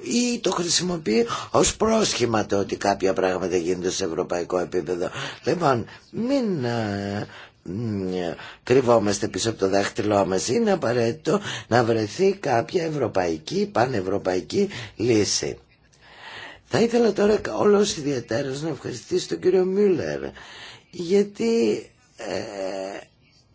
ή το χρησιμοποιεί ως πρόσχημα το ότι κάποια πράγματα γίνονται σε ευρωπαϊκό επίπεδο. Λοιπόν, μην κρυβόμαστε πίσω από το δάχτυλό μας είναι απαραίτητο να βρεθεί κάποια ευρωπαϊκή, πανευρωπαϊκή λύση. Θα ήθελα τώρα όλος ιδιαίτερος να ευχαριστήσω τον κύριο Μιούλερ γιατί ε,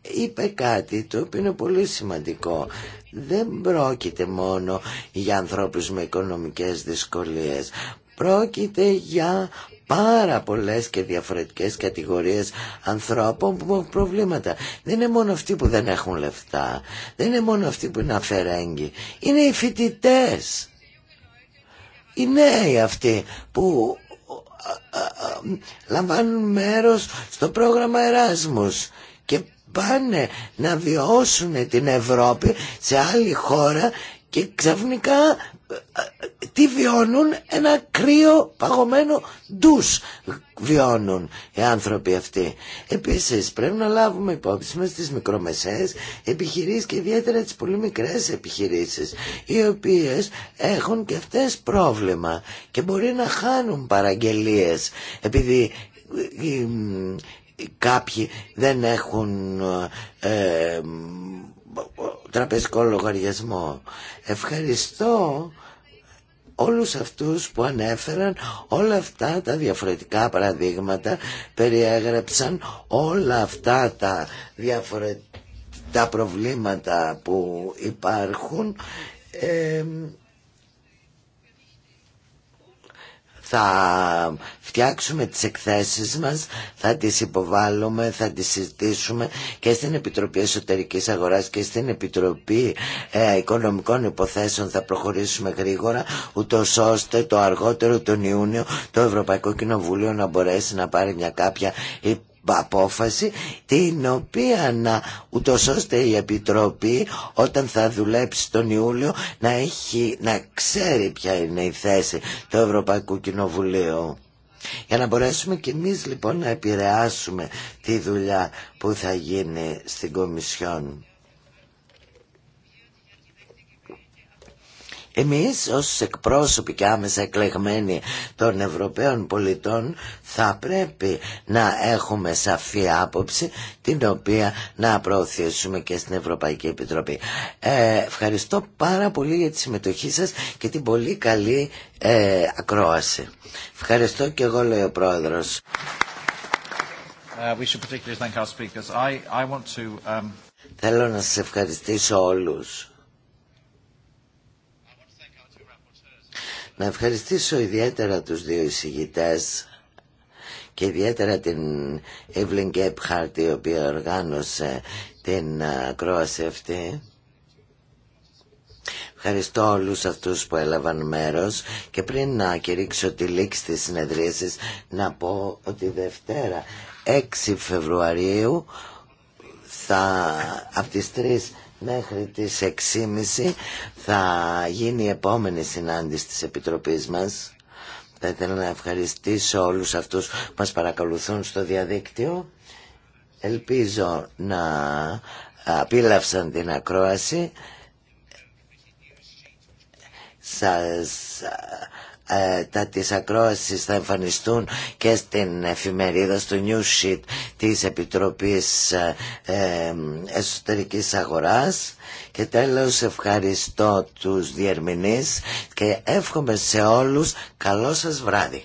είπε κάτι το οποίο είναι πολύ σημαντικό. Δεν πρόκειται μόνο για ανθρώπους με οικονομικές δυσκολίες. Πρόκειται για πάρα πολλές και διαφορετικές κατηγορίες ανθρώπων που έχουν προβλήματα. Δεν είναι μόνο αυτοί που δεν έχουν λεφτά. Δεν είναι μόνο αυτοί που είναι αφαιρέγγοι. Είναι οι φοιτητέ. Οι νέοι αυτοί που λαμβάνουν μέρος στο πρόγραμμα Εράσμους και πάνε να βιώσουν την Ευρώπη σε άλλη χώρα και ξαφνικά τι βιώνουν, ένα κρύο παγωμένο ντους βιώνουν οι άνθρωποι αυτοί. Επίσης πρέπει να λάβουμε υπόψη μας τις μικρομεσαίες επιχειρήσεις και ιδιαίτερα τις πολύ μικρές επιχειρήσεις οι οποίες έχουν και αυτές πρόβλημα και μπορεί να χάνουν παραγγελίες επειδή ε, ε, κάποιοι δεν έχουν ε, ε τραπεζικό λογαριασμό. Ευχαριστώ όλους αυτούς που ανέφεραν όλα αυτά τα διαφορετικά παραδείγματα περιέγραψαν όλα αυτά τα προβλήματα που υπάρχουν ε, θα φτιάξουμε τις εκθέσεις μας, θα τις υποβάλλουμε, θα τις συζητήσουμε και στην Επιτροπή Εσωτερικής Αγοράς και στην Επιτροπή ε, Οικονομικών Υποθέσεων θα προχωρήσουμε γρήγορα, ούτω ώστε το αργότερο τον Ιούνιο το Ευρωπαϊκό Κοινοβούλιο να μπορέσει να πάρει μια κάποια απόφαση την οποία να ούτως ώστε η Επιτροπή όταν θα δουλέψει τον Ιούλιο να, έχει, να ξέρει ποια είναι η θέση του Ευρωπαϊκού Κοινοβουλίου. Για να μπορέσουμε και εμείς λοιπόν να επηρεάσουμε τη δουλειά που θα γίνει στην Κομισιόν. Εμείς ως εκπρόσωποι και άμεσα εκλεγμένοι των Ευρωπαίων πολιτών θα πρέπει να έχουμε σαφή άποψη την οποία να προωθήσουμε και στην Ευρωπαϊκή Επιτροπή. Ε, ευχαριστώ πάρα πολύ για τη συμμετοχή σας και την πολύ καλή ε, ακρόαση. Ευχαριστώ και εγώ λέει ο Πρόεδρος. Uh, we um, Θέλω να σας ευχαριστήσω όλους. Να ευχαριστήσω ιδιαίτερα τους δύο εισηγητές και ιδιαίτερα την Evelyn Gebhardt η οποία οργάνωσε την ακρόαση αυτή. Ευχαριστώ όλους αυτούς που έλαβαν μέρος και πριν να κηρύξω τη λήξη της συνεδρίασης να πω ότι Δευτέρα 6 Φεβρουαρίου θα από τις 3 μέχρι τις 6.30 θα γίνει η επόμενη συνάντηση της Επιτροπής μας. Θα ήθελα να ευχαριστήσω όλους αυτούς που μας παρακολουθούν στο διαδίκτυο. Ελπίζω να απίλαυσαν την ακρόαση. Σας ε, τα της ακρόασης θα εμφανιστούν και στην εφημερίδα στο New Sheet της Επιτροπής ε, Εσωτερικής Αγοράς και τέλος ευχαριστώ τους διερμηνείς και εύχομαι σε όλους καλό σας βράδυ.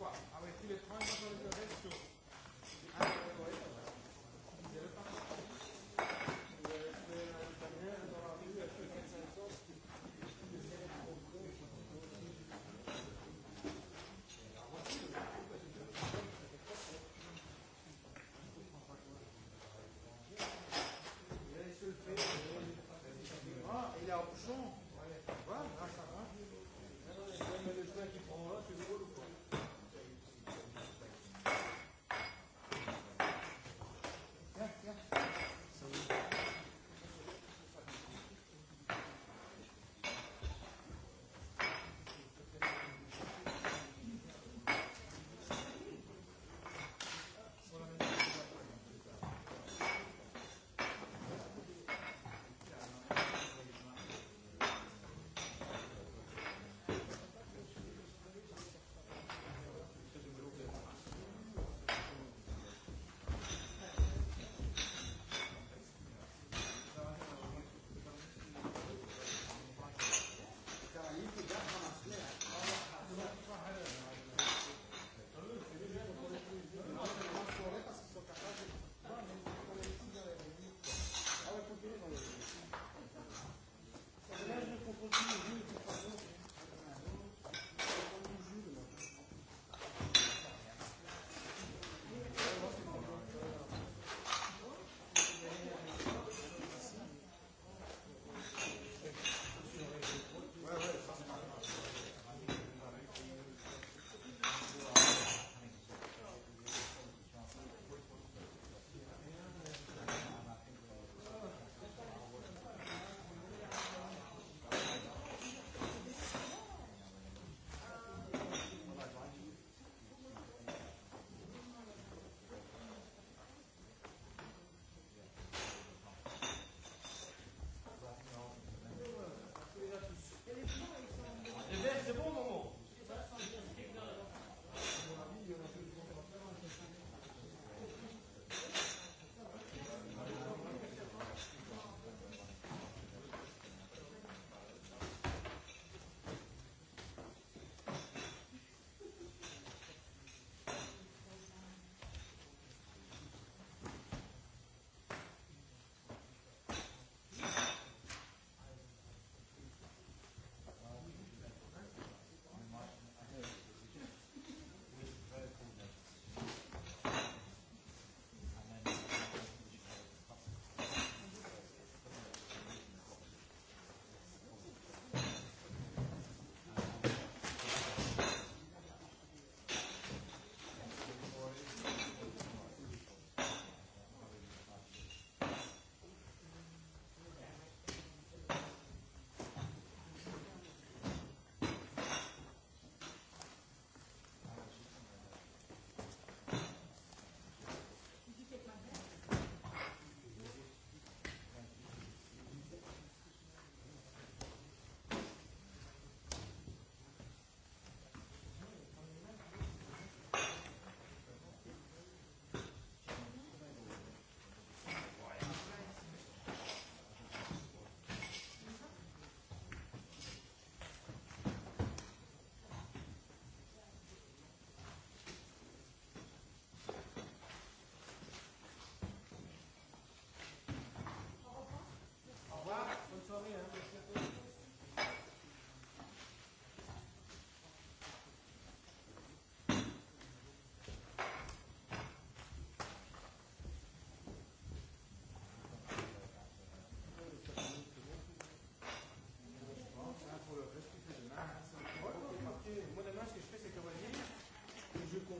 qua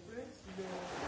plaît, si